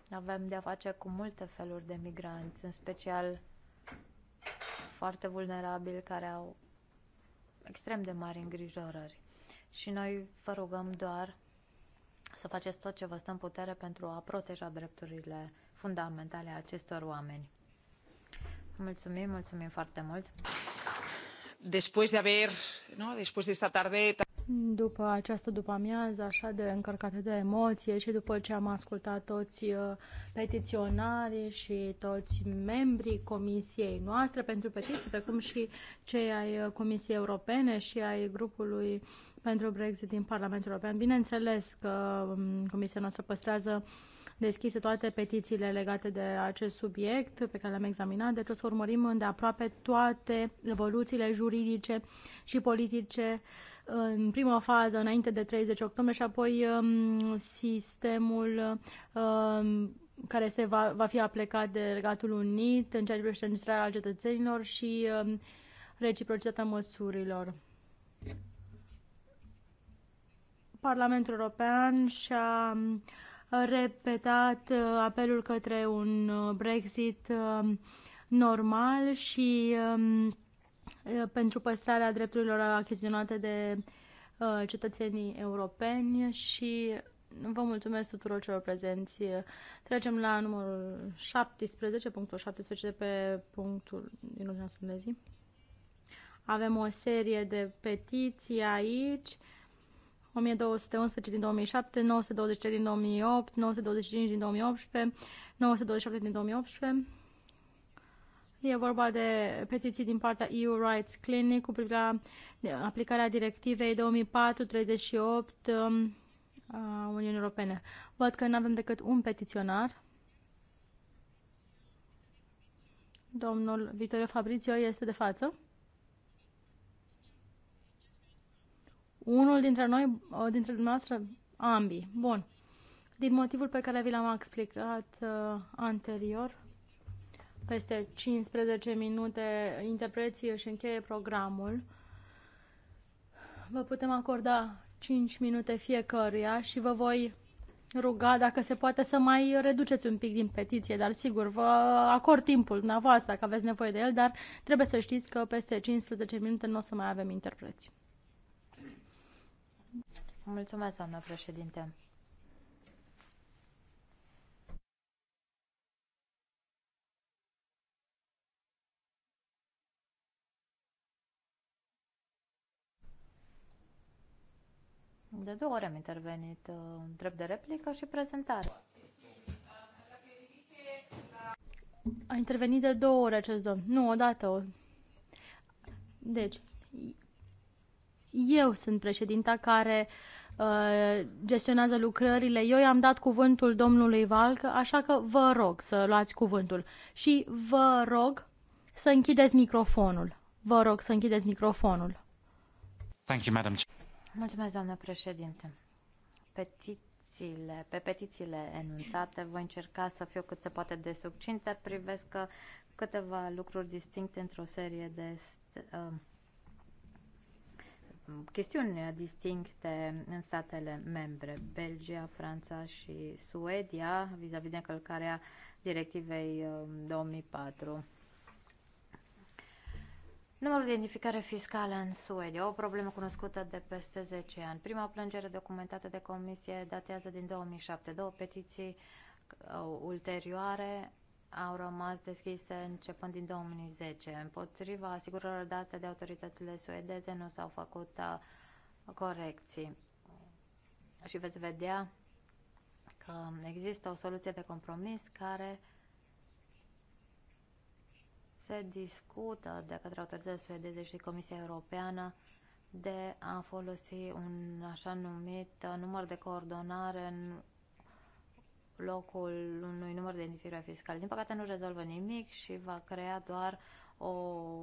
Avem de-a face cu multe feluri de migranți, în special foarte vulnerabili, care au extrem de mari îngrijorări. Și noi vă rugăm doar să faceți tot ce vă stă în putere pentru a proteja drepturile fundamentale a acestor oameni. Mulțumim, mulțumim foarte mult. Después de haber, no, después de esta tarde după această după-amiază așa de încărcată de emoție și după ce am ascultat toți uh, petiționarii și toți membrii comisiei noastre pentru petiții, precum și cei ai uh, Comisiei Europene și ai grupului pentru Brexit din Parlamentul European. Bineînțeles că um, comisia noastră păstrează uh, deschise toate petițiile legate de acest subiect pe care le-am examinat, deci o să urmărim îndeaproape toate evoluțiile juridice și politice în prima fază, înainte de 30 octombrie, și apoi um, sistemul um, care se va, va fi aplicat de Regatul Unit în ceea ce privește înregistrarea cetățenilor și um, reciprocitatea măsurilor. Parlamentul European și-a repetat uh, apelul către un uh, Brexit um, normal și um, uh, pentru păstrarea drepturilor achiziționate de cetățenii europeni și vă mulțumesc tuturor celor prezenți. Trecem la numărul 17, punctul 17 de pe punctul din urmea Avem o serie de petiții aici 1211 din 2007, 923 din 2008, 925 din 2018, 927 din 2018. E vorba de petiții din partea EU Rights Clinic cu privire la aplicarea directivei 2004-38 um, a Uniunii Europene. Văd că nu avem decât un petiționar. Domnul Vitorio Fabrizio este de față. Unul dintre noi, uh, dintre dumneavoastră, ambii. Bun. Din motivul pe care vi l-am explicat uh, anterior, peste 15 minute interpreții își încheie programul. Vă putem acorda 5 minute fiecăruia și vă voi ruga dacă se poate să mai reduceți un pic din petiție, dar sigur, vă acord timpul dumneavoastră dacă aveți nevoie de el, dar trebuie să știți că peste 15 minute nu o să mai avem interpreții. Mulțumesc, doamnă președinte. De două ori am intervenit în uh, drept de replică și prezentare. A intervenit de două ori acest domn. Nu, odată. Deci, eu sunt președinta care uh, gestionează lucrările. Eu i-am dat cuvântul domnului Valc, așa că vă rog să luați cuvântul și vă rog să închideți microfonul. Vă rog să închideți microfonul. Thank you, madam. Mulțumesc, doamnă președinte. Petițiile, pe petițiile enunțate voi încerca să fiu cât se poate de succintă. Privesc câteva lucruri distincte într-o serie de uh, chestiuni distincte în statele membre, Belgia, Franța și Suedia, vis-a-vis -vis de încălcarea directivei 2004. Um, Numărul de identificare fiscală în Suedia, o problemă cunoscută de peste 10 ani. Prima plângere documentată de comisie datează din 2007. Două petiții uh, ulterioare au rămas deschise începând din 2010. Împotriva asigurărilor date de autoritățile suedeze nu s-au făcut uh, corecții. Și veți vedea că există o soluție de compromis care se discută de către autoritățile suedeze și Comisia Europeană de a folosi un așa numit uh, număr de coordonare în blocul unui număr de identificare fiscal. Din păcate nu rezolvă nimic și va crea doar o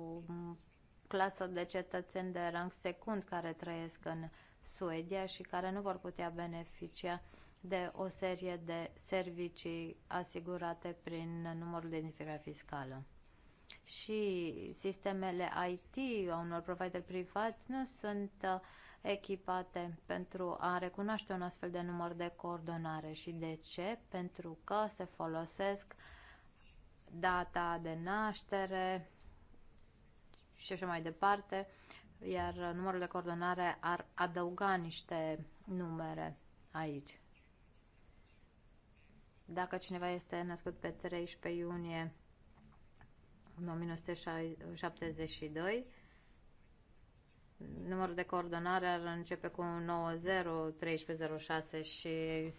clasă de cetățeni de rang secund care trăiesc în Suedia și care nu vor putea beneficia de o serie de servicii asigurate prin numărul de identificare fiscală. Și sistemele IT a unor provider privați nu sunt uh, echipate pentru a recunoaște un astfel de număr de coordonare și de ce? Pentru că se folosesc data de naștere și așa mai departe, iar numărul de coordonare ar adăuga niște numere aici. Dacă cineva este născut pe 13 iunie 1972, numărul de coordonare ar începe cu 90-1306 și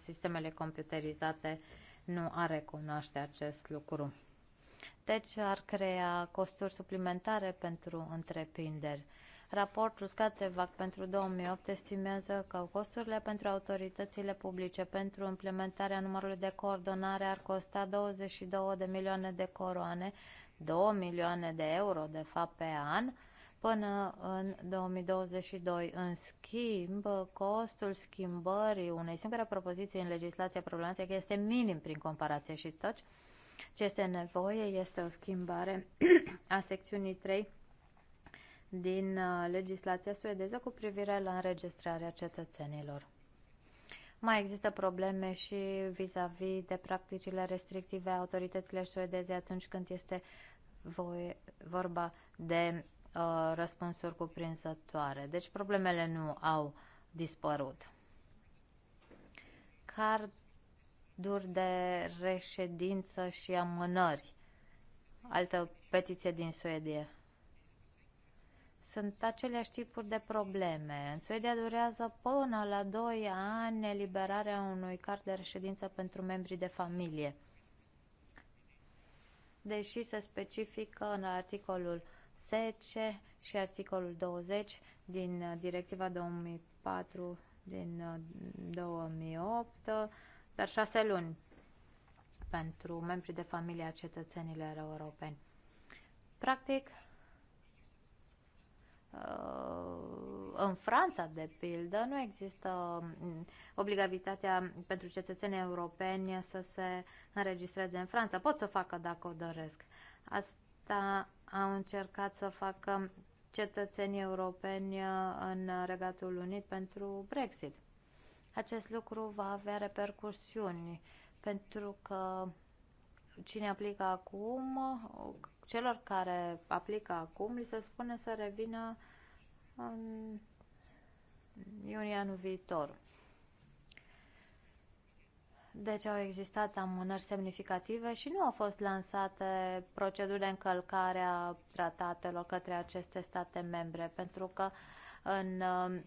sistemele computerizate nu ar recunoaște acest lucru. Deci ar crea costuri suplimentare pentru întreprinderi. Raportul Scatevac pentru 2008 estimează că costurile pentru autoritățile publice pentru implementarea numărului de coordonare ar costa 22 de milioane de coroane, 2 milioane de euro de fapt pe an, până în 2022. În schimb, costul schimbării unei singure propoziții în legislația problematică este minim prin comparație și tot ce este nevoie este o schimbare a secțiunii 3 din uh, legislația suedeză cu privire la înregistrarea cetățenilor. Mai există probleme și vis-a-vis -vis de practicile restrictive a autorităților suedeze atunci când este voie, vorba de Uh, răspunsuri cuprinzătoare. Deci problemele nu au dispărut. Carduri de reședință și amânări. Altă petiție din Suedia. Sunt aceleași tipuri de probleme. În Suedia durează până la 2 ani eliberarea unui card de reședință pentru membrii de familie deși se specifică în articolul 10 și articolul 20 din uh, Directiva 2004 din 2008, uh, dar 6 luni pentru membrii de familie a cetățenilor europeni. Practic, uh, în Franța, de pildă, nu există mm, obligativitatea pentru cetățenii europeni să se înregistreze în Franța. Pot să o facă dacă o doresc. Asta asta au încercat să facă cetățenii europeni uh, în Regatul Unit pentru Brexit. Acest lucru va avea repercursiuni pentru că cine aplică acum, celor care aplică acum, li se spune să revină în iunie anul viitor. Deci au existat amânări semnificative și nu au fost lansate proceduri de încălcare a tratatelor către aceste state membre, pentru că în uh,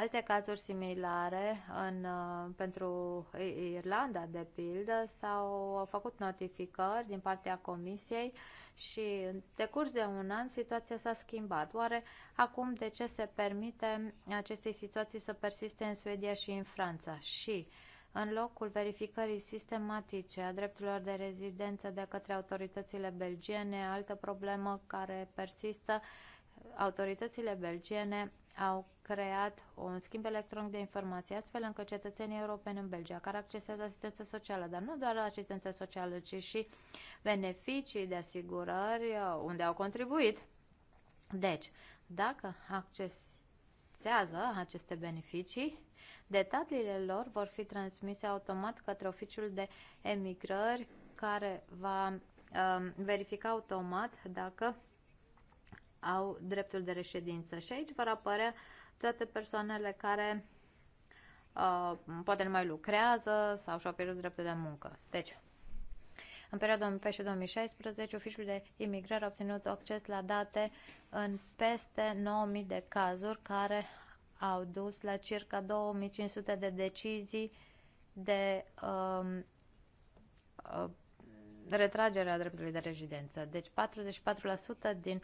alte cazuri similare, în, uh, pentru Irlanda, de pildă, s-au făcut notificări din partea Comisiei și de decurs de un an situația s-a schimbat. Oare acum de ce se permite acestei situații să persiste în Suedia și în Franța? Și uh, în locul verificării sistematice a drepturilor de rezidență de către autoritățile belgiene, altă problemă care persistă, autoritățile belgiene au creat un schimb electronic de informații, astfel încât cetățenii europeni în Belgia, care accesează asistență socială, dar nu doar asistență socială, ci și beneficii de asigurări uh, unde au contribuit. Deci, dacă accesează aceste beneficii, Detaliile lor vor fi transmise automat către oficiul de emigrări care va uh, verifica automat dacă au dreptul de reședință. Și aici vor apărea toate persoanele care uh, poate nu mai lucrează sau și-au pierdut dreptul de muncă. Deci, în perioada 2014-2016, oficiul de imigrare a obținut acces la date în peste 9.000 de cazuri care au dus la circa 2500 de decizii de um, uh, a dreptului de rezidență. Deci 44% din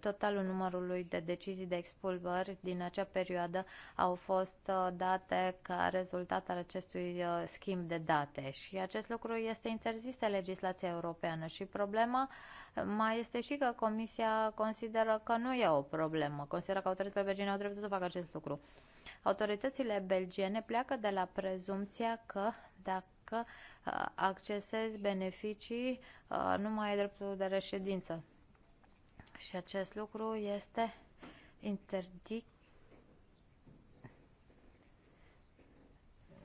totalul numărului de decizii de expulbări din acea perioadă au fost uh, date ca rezultat al acestui uh, schimb de date și acest lucru este interzis de legislația europeană și problema uh, mai este și că Comisia consideră că nu e o problemă, consideră că autoritățile belgiene au dreptul să facă acest lucru. Autoritățile belgiene pleacă de la prezumția că dacă că accesezi beneficii, nu mai ai dreptul de reședință. Și acest lucru este interdict.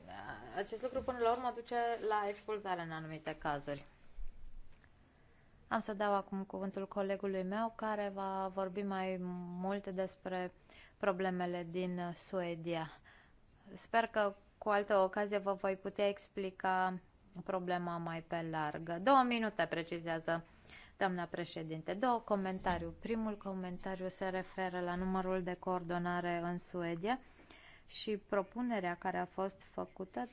Da, acest lucru până la urmă duce la expulzare în anumite cazuri. Am să dau acum cuvântul colegului meu care va vorbi mai mult despre problemele din Suedia. Sper că cu altă ocazie vă voi putea explica problema mai pe larg. Două minute precizează Doamna președinte, două comentariu. Primul comentariu se referă la numărul de coordonare în Suedia și propunerea care a fost făcută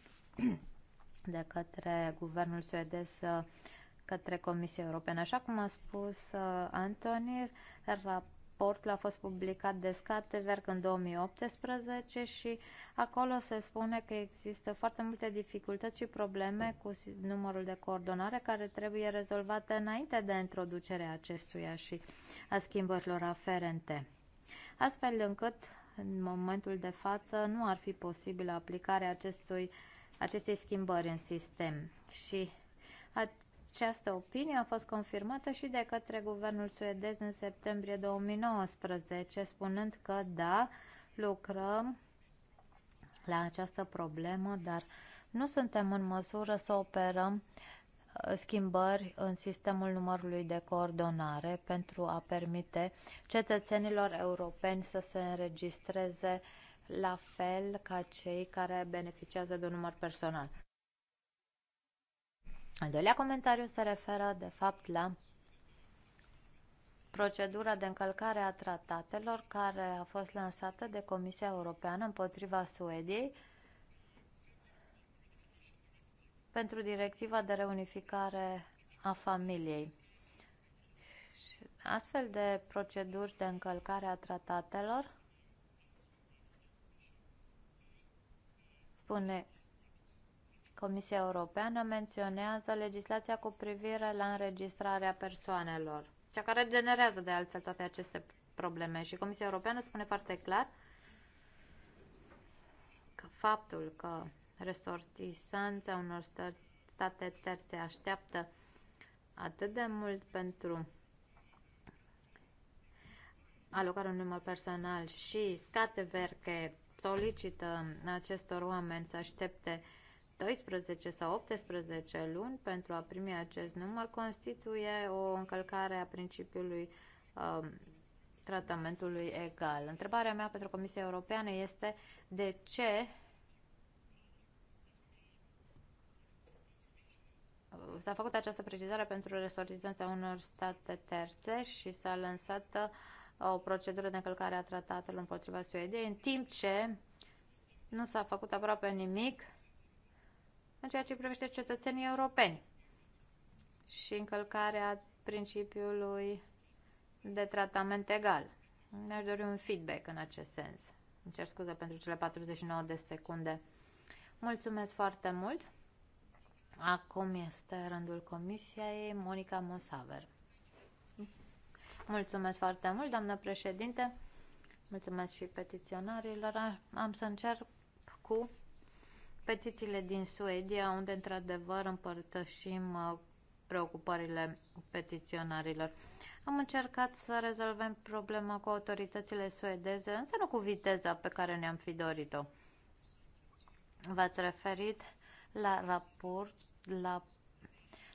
de către guvernul suedez către Comisia Europeană. Așa cum a spus uh, Antonir, rap raportul a fost publicat de Scateverg în 2018 și acolo se spune că există foarte multe dificultăți și probleme cu numărul de coordonare care trebuie rezolvate înainte de introducerea acestuia și a schimbărilor aferente. Astfel încât, în momentul de față, nu ar fi posibilă aplicarea acestui, acestei schimbări în sistem și această opinie a fost confirmată și de către guvernul suedez în septembrie 2019, spunând că da, lucrăm la această problemă, dar nu suntem în măsură să operăm uh, schimbări în sistemul numărului de coordonare pentru a permite cetățenilor europeni să se înregistreze la fel ca cei care beneficiază de un număr personal. Al doilea comentariu se referă, de fapt, la procedura de încălcare a tratatelor care a fost lansată de Comisia Europeană împotriva Suediei pentru directiva de reunificare a familiei. Astfel de proceduri de încălcare a tratatelor, spune Comisia Europeană menționează legislația cu privire la înregistrarea persoanelor, cea care generează de altfel toate aceste probleme. Și Comisia Europeană spune foarte clar că faptul că resortisanța unor state terțe așteaptă atât de mult pentru alocarea unui număr personal și state verche solicită acestor oameni să aștepte uh, 12 sau 18 luni pentru a primi acest număr constituie o încălcare a principiului uh, tratamentului egal. Întrebarea mea pentru Comisia Europeană este de ce s-a făcut această precizare pentru resortizanța unor state terțe și s-a lansat uh, o procedură de încălcare a tratatelor împotriva Suediei, în timp ce nu s-a făcut aproape nimic în ceea ce privește cetățenii europeni și încălcarea principiului de tratament egal. Mi-aș dori un feedback în acest sens. Îmi cer scuze pentru cele 49 de secunde. Mulțumesc foarte mult! Acum este rândul comisiei Monica Mosaver. Mulțumesc foarte mult, doamnă președinte. Mulțumesc și petiționarilor. Am să încerc cu petițiile din Suedia, unde într-adevăr împărtășim uh, preocupările petiționarilor. Am încercat să rezolvăm problema cu autoritățile suedeze, însă nu cu viteza pe care ne-am fi dorit-o. V-ați referit la raport, la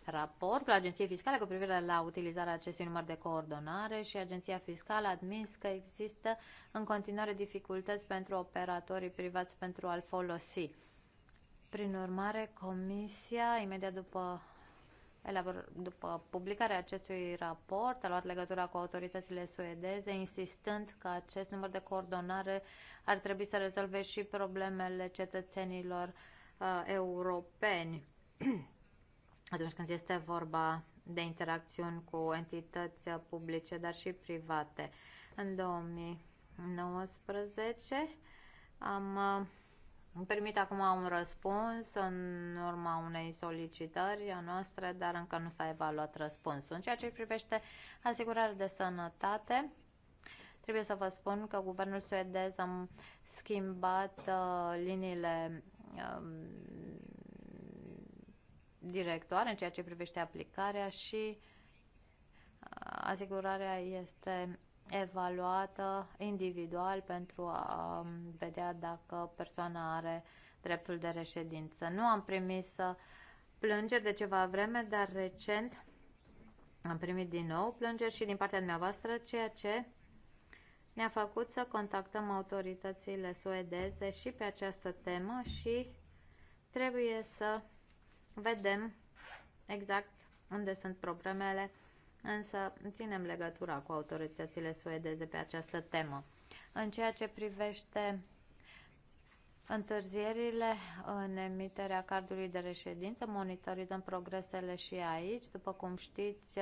raport la agenție fiscală cu privire la utilizarea acestui număr de coordonare și Agenția Fiscală a admis că există în continuare dificultăți pentru operatorii privați pentru a-l folosi. Prin urmare, Comisia, imediat după, după publicarea acestui raport, a luat legătura cu autoritățile suedeze, insistând că acest număr de coordonare ar trebui să rezolve și problemele cetățenilor uh, europeni atunci când este vorba de interacțiuni cu entități publice, dar și private. În 2019 am uh, îmi permit acum un răspuns în urma unei solicitări a noastre, dar încă nu s-a evaluat răspunsul. În ceea ce privește asigurarea de sănătate, trebuie să vă spun că guvernul suedez a schimbat uh, liniile uh, directoare în ceea ce privește aplicarea și uh, asigurarea este evaluată individual pentru a vedea dacă persoana are dreptul de reședință. Nu am primit să uh, plângeri de ceva vreme, dar recent am primit din nou plângeri și din partea dumneavoastră, ceea ce ne-a făcut să contactăm autoritățile suedeze și pe această temă și trebuie să vedem exact unde sunt problemele însă ținem legătura cu autoritățile suedeze pe această temă. În ceea ce privește întârzierile în emiterea cardului de reședință, monitorizăm progresele și aici. După cum știți,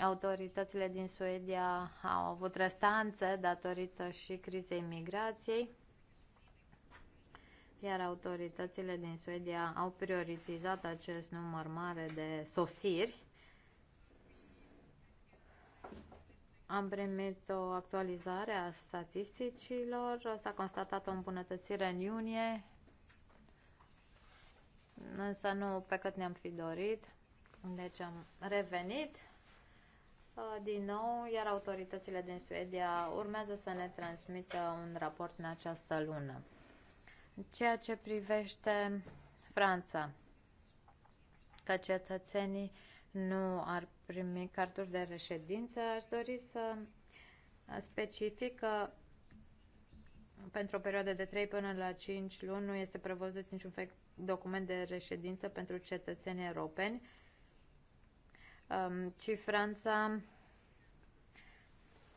autoritățile din Suedia au avut restanțe datorită și crizei migrației, iar autoritățile din Suedia au prioritizat acest număr mare de sosiri Am primit o actualizare a statisticilor, s-a constatat o îmbunătățire în iunie, însă nu pe cât ne-am fi dorit. Deci am revenit uh, din nou, iar autoritățile din Suedia urmează să ne transmită un raport în această lună. Ceea ce privește Franța, că cetățenii nu ar primi carduri de reședință, aș dori să specific că pentru o perioadă de 3 până la 5 luni nu este prevăzut niciun fel document de reședință pentru cetățenii europeni, um, ci Franța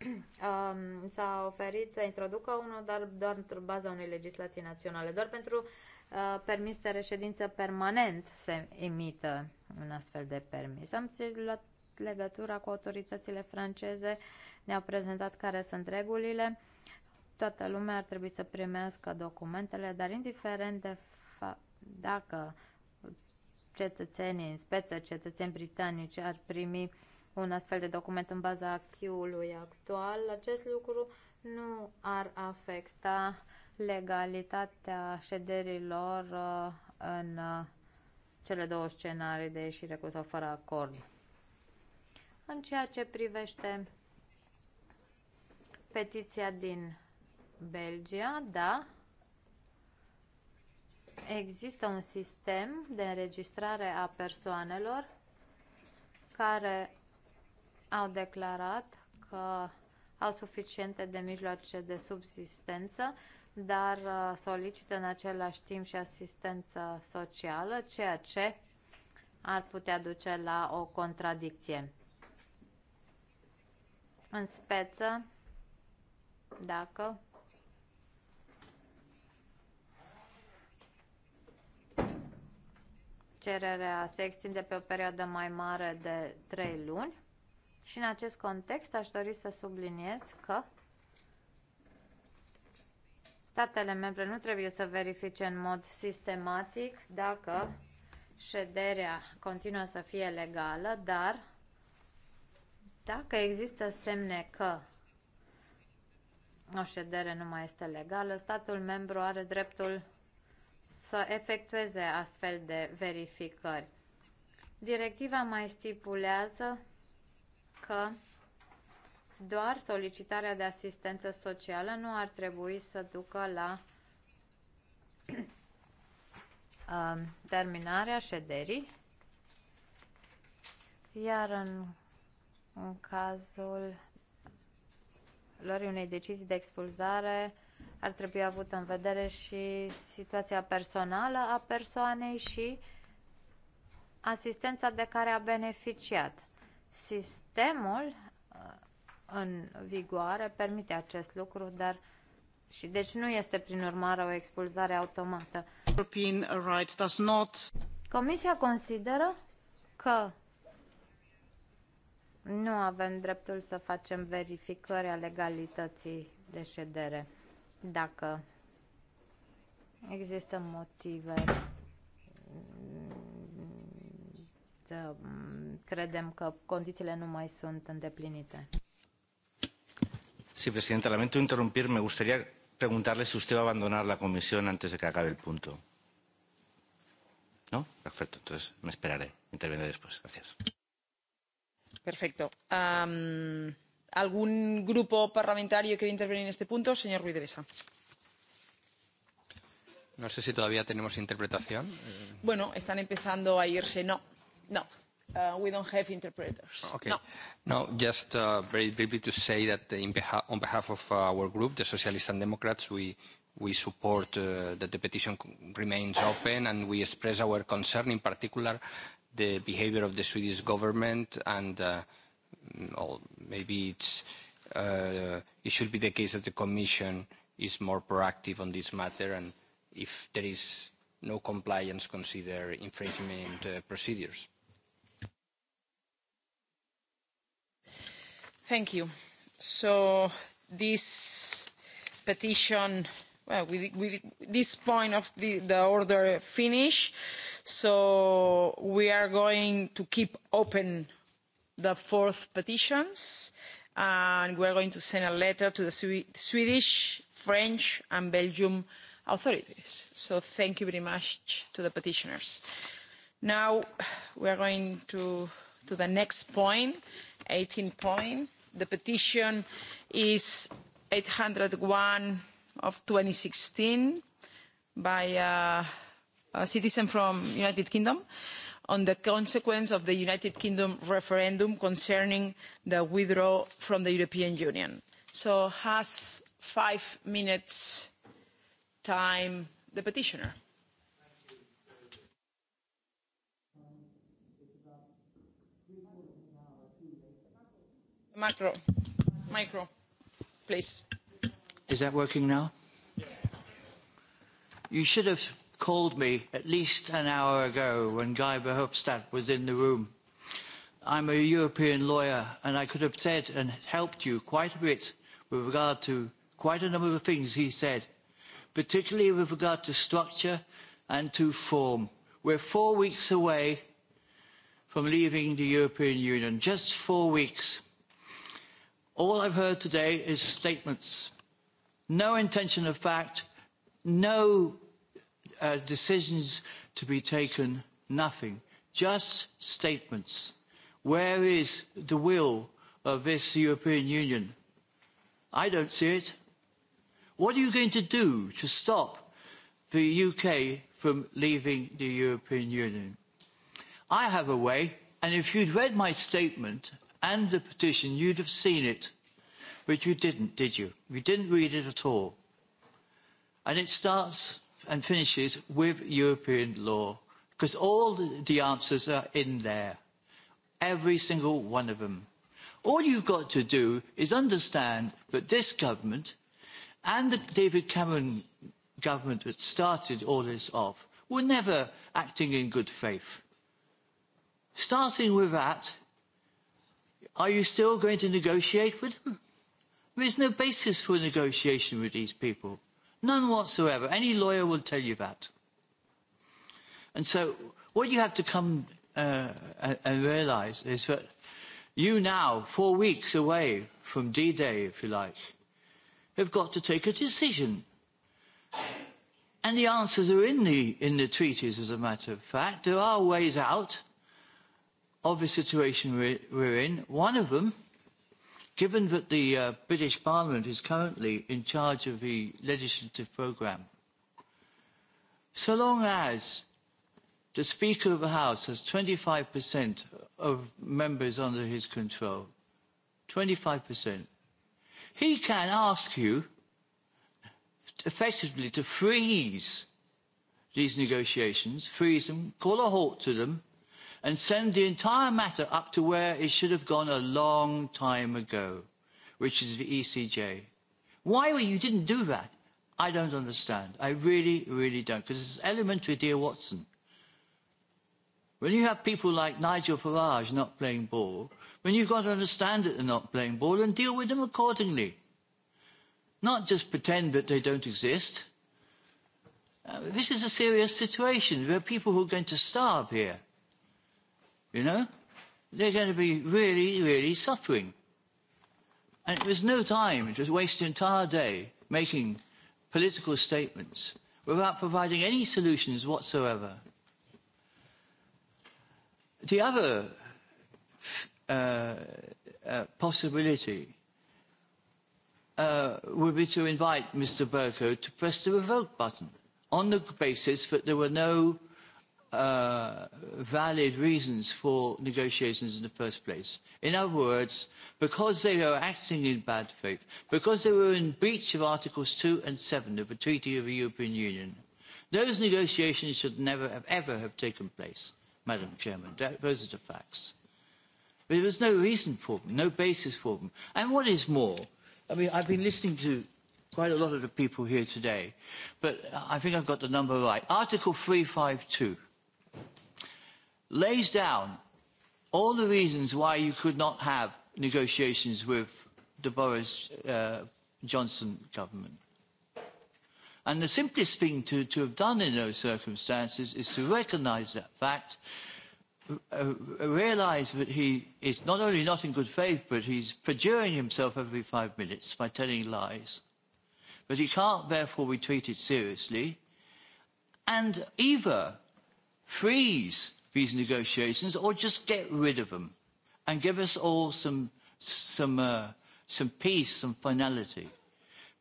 um, s-a oferit să introducă unul, dar doar într baza unei legislații naționale. Doar pentru Uh, permis de reședință permanent se emită un astfel de permis. Am luat legătura cu autoritățile franceze, ne-au prezentat care sunt regulile. Toată lumea ar trebui să primească documentele, dar indiferent de dacă cetățenii, în speță cetățeni britanici, ar primi un astfel de document în baza acquis actual, acest lucru nu ar afecta uh, legalitatea șederilor uh, în uh, cele două scenarii de ieșire cu sau fără acord. În ceea ce privește petiția din Belgia, da, există un sistem de înregistrare a persoanelor care au declarat că au suficiente de mijloace de subsistență dar uh, solicită în același timp și asistență socială, ceea ce ar putea duce la o contradicție. În speță, dacă cererea se extinde pe o perioadă mai mare de 3 luni și în acest context aș dori să subliniez că statele membre nu trebuie să verifice în mod sistematic dacă șederea continuă să fie legală, dar dacă există semne că o ședere nu mai este legală, statul membru are dreptul să efectueze astfel de verificări. Directiva mai stipulează că doar solicitarea de asistență socială nu ar trebui să ducă la um, terminarea șederii, iar în, în cazul lor unei decizii de expulzare ar trebui avut în vedere și situația personală a persoanei și asistența de care a beneficiat. Sistemul în vigoare permite acest lucru, dar și deci nu este prin urmare o expulzare automată. Comisia consideră că nu avem dreptul să facem verificări a legalității de ședere dacă există motive să credem că condițiile nu mai sunt îndeplinite. Sí, presidenta, lamento interrumpir. Me gustaría preguntarle si usted va a abandonar la comisión antes de que acabe el punto. ¿No? Perfecto. Entonces me esperaré. Intervendré después. Gracias. Perfecto. Um, ¿Algún grupo parlamentario quiere intervenir en este punto? Señor Ruiz de Besa. No sé si todavía tenemos interpretación. Bueno, están empezando a irse. No, no uh, we don't have interpreters. Oh, okay. No, no just uh, very briefly to say that in behalf, on behalf of uh, our group, the Socialists and Democrats, we we support uh, that the petition remains open and we express our concern in particular the behavior of the Swedish government and uh, well, mm, maybe it's, uh, it should be the case that the Commission is more proactive on this matter and if there is no compliance, consider infringement uh, procedures. Thank you. So this petition, well, with, this point of the, order finish, so we are going to keep open the fourth petitions and we are going to send a letter to the Swedish, French and Belgium authorities. So thank you very much to the petitioners. Now we are going to, to the next point, 18 point The petition is 801 of 2016 by uh, a citizen from United Kingdom on the consequence of the United Kingdom referendum concerning the withdrawal from the European Union. So has five minutes time the petitioner. Macro. Micro, please. Is that working now? You should have called me at least an hour ago when Guy Verhofstadt was in the room. I'm a European lawyer and I could have said and helped you quite a bit with regard to quite a number of things he said, particularly with regard to structure and to form. We're four weeks away from leaving the European Union, just four weeks All I've heard today is statements. No intention of fact, no uh, decisions to be taken, nothing. Just statements. Where is the will of this European Union? I don't see it. What are you going to do to stop the UK from leaving the European Union? I have a way, and if you'd read my statement, and the petition, you'd have seen it. But you didn't, did you? You didn't read it at all. And it starts and finishes with European law, because all the answers are in there, every single one of them. All you've got to do is understand that this government and the David Cameron government that started all this off were never acting in good faith. Starting with that, are you still going to negotiate with them? There's no basis for negotiation with these people. None whatsoever. Any lawyer will tell you that. And so what you have to come uh, and, and realise is that you now, four weeks away from D-Day, if you like, have got to take a decision. And the answers are in the, in the treaties, as a matter of fact. There are ways out of the situation we're, in. One of them, given that the uh, British Parliament is currently in charge of the legislative programme, so long as the Speaker of the House has 25% of members under his control, 25%, he can ask you effectively to freeze these negotiations, freeze them, call a halt to them, and send the entire matter up to where it should have gone a long time ago, which is the ECJ. Why were you didn't do that, I don't understand. I really, really don't, because it's elementary, dear Watson. When you have people like Nigel Farage not playing ball, when you've got to understand that they're not playing ball and deal with them accordingly. Not just pretend that they don't exist. Uh, this is a serious situation. There are people who are going to starve here you know? They're going to be really, really suffering. And there's no time to waste an entire day making political statements without providing any solutions whatsoever. The other uh, uh, possibility uh, would be to invite Mr. Berko to press the revoke button on the basis that there were no Uh, valid reasons for negotiations in the first place. In other words, because they were acting in bad faith, because they were in breach of Articles 2 and 7 of the Treaty of the European Union, those negotiations should never have ever have taken place, Madam Chairman. That, those are the facts. There was no reason for them, no basis for them. And what is more, I mean, I've been listening to quite a lot of the people here today, but I think I've got the number right. Article 352 lays down all the reasons why you could not have negotiations with the Boris uh, Johnson government. And the simplest thing to, to have done in those circumstances is to recognise that fact, uh, uh realise that he is not only not in good faith, but he's perjuring himself every five minutes by telling lies. But he can't therefore be treated seriously. And either freeze these negotiations or just get rid of them and give us all some, some, uh, some peace, some finality.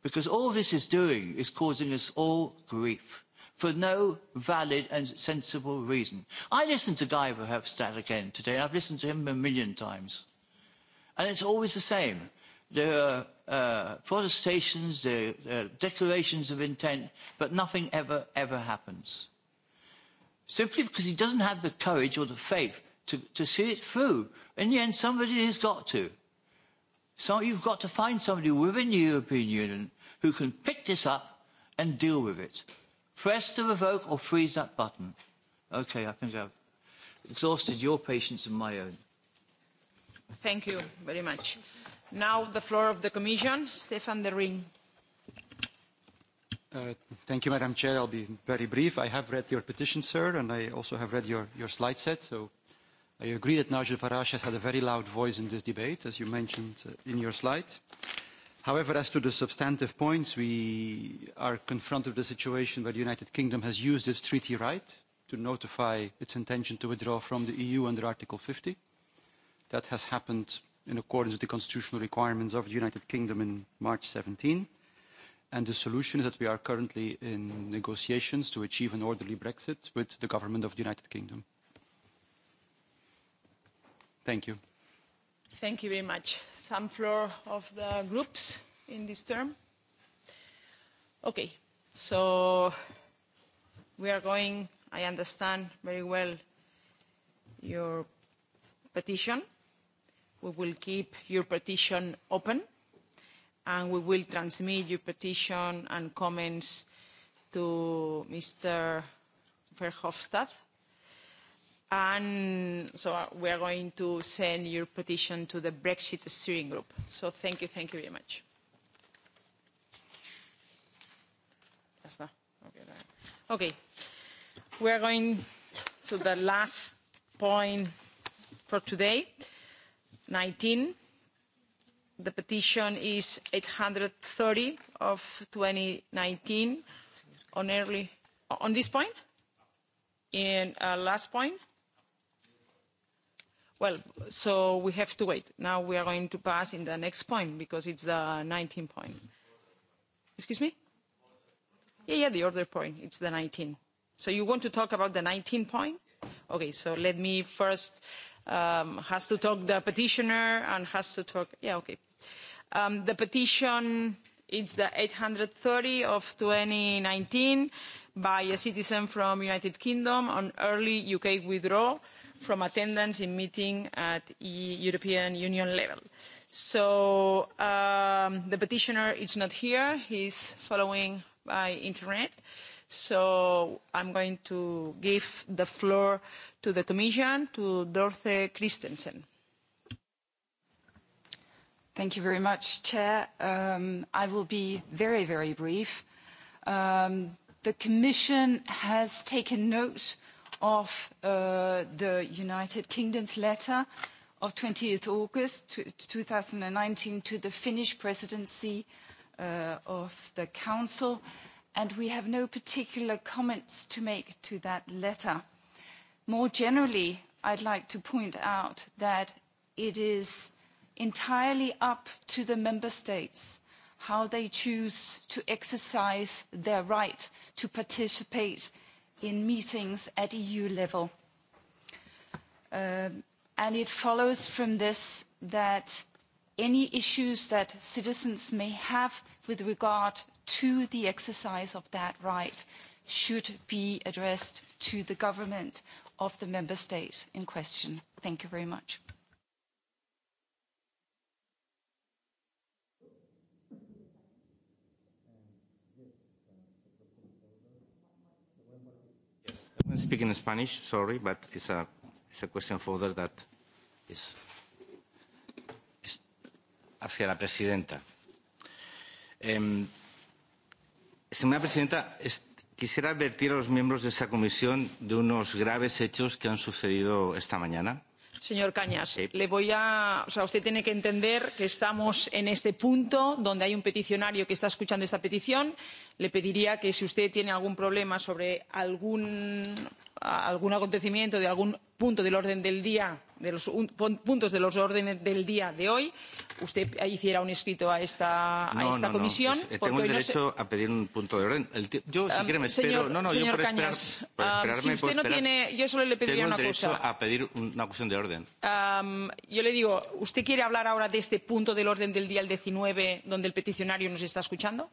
Because all this is doing is causing us all grief for no valid and sensible reason. I listened to Guy Verhofstadt again today. I've listened to him a million times. And it's always the same. There are uh, protestations, there are uh, declarations of intent, but nothing ever, ever happens simply because he doesn't have the courage or the faith to, to see it through. In the end, somebody has got to. So you've got to find somebody within the European Union who can pick this up and deal with it. Press the revoke or freeze that button. Okay, I think I've exhausted your patience and my own. Thank you very much. Now the floor of the Commission, Stefan de Ring. Uh, thank you, Madam Chair. I'll be very brief. I have read your petition, sir, and I also have read your, your slide set. So I agree that Nigel Farage has had a very loud voice in this debate, as you mentioned uh, in your slide. However, as to the substantive points, we are confronted with a situation where the United Kingdom has used its treaty right to notify its intention to withdraw from the EU under Article 50. That has happened in accordance with the constitutional requirements of the United Kingdom in March 17. And the solution is that we are currently in negotiations to achieve an orderly Brexit with the government of the United Kingdom. Thank you. Thank you very much. Some floor of the groups in this term? Okay, so we are going, I understand very well your petition. We will keep your petition open and we will transmit your petition and comments to Mr. Verhofstadt. And so uh, we are going to send your petition to the Brexit steering group. So thank you, thank you very much. okay, we are going to the last point for today, 19 The petition is 830 of 2019 on early on this point In uh, last point. Well, so we have to wait. Now we are going to pass in the next point because it's the 19 point. Excuse me? Yeah, yeah, the other point. It's the 19. So you want to talk about the 19 point? Okay, so let me first um, has to talk the petitioner and has to talk. Yeah, okay. Um, the petition is the 830 of 2019 by a citizen from United Kingdom on early UK withdrawal from attendance in meeting at European Union level. So um, the petitioner is not here. He's following by internet. So I'm going to give the floor to the Commission, to Dorthe Christensen. Thank you very much, Chair. Um, I will be very, very brief. Um, the Commission has taken note of uh, the United Kingdom's letter of 20th August 2019 to the Finnish presidency uh, of the Council, and we have no particular comments to make to that letter. More generally, I'd like to point out that it is entirely up to the member states how they choose to exercise their right to participate in meetings at EU level. Um, and it follows from this that any issues that citizens may have with regard to the exercise of that right should be addressed to the government of the member state in question. Thank you very much. I'm speaking in Spanish, sorry, but it's a, it's a question further that is, is hacia la presidenta. Eh, señora presidenta, es, quisiera advertir a los miembros de esta comisión de unos graves hechos que han sucedido esta mañana Señor Cañas, usted tiene que entender que estamos en este punto donde hay un peticionario que está escuchando esta petición. Le pediría que si usted tiene algún problema sobre algún algún acontecimiento de algún punto del orden del día de los un, puntos de los órdenes del día de hoy usted hiciera un escrito a esta, no, a esta no, comisión. No. Pues, eh, tengo el derecho no se... a pedir un punto de orden. El tío, yo, si um, quiere, me señor, espero. No, no, señor yo por Cañas, esperar, por um, esperarme, um, si usted no esperar, tiene. Yo solo le pediría tengo una el derecho cosa. a pedir una cuestión de orden. Um, yo le digo, ¿usted quiere hablar ahora de este punto del orden del día, el 19, donde el peticionario nos está escuchando?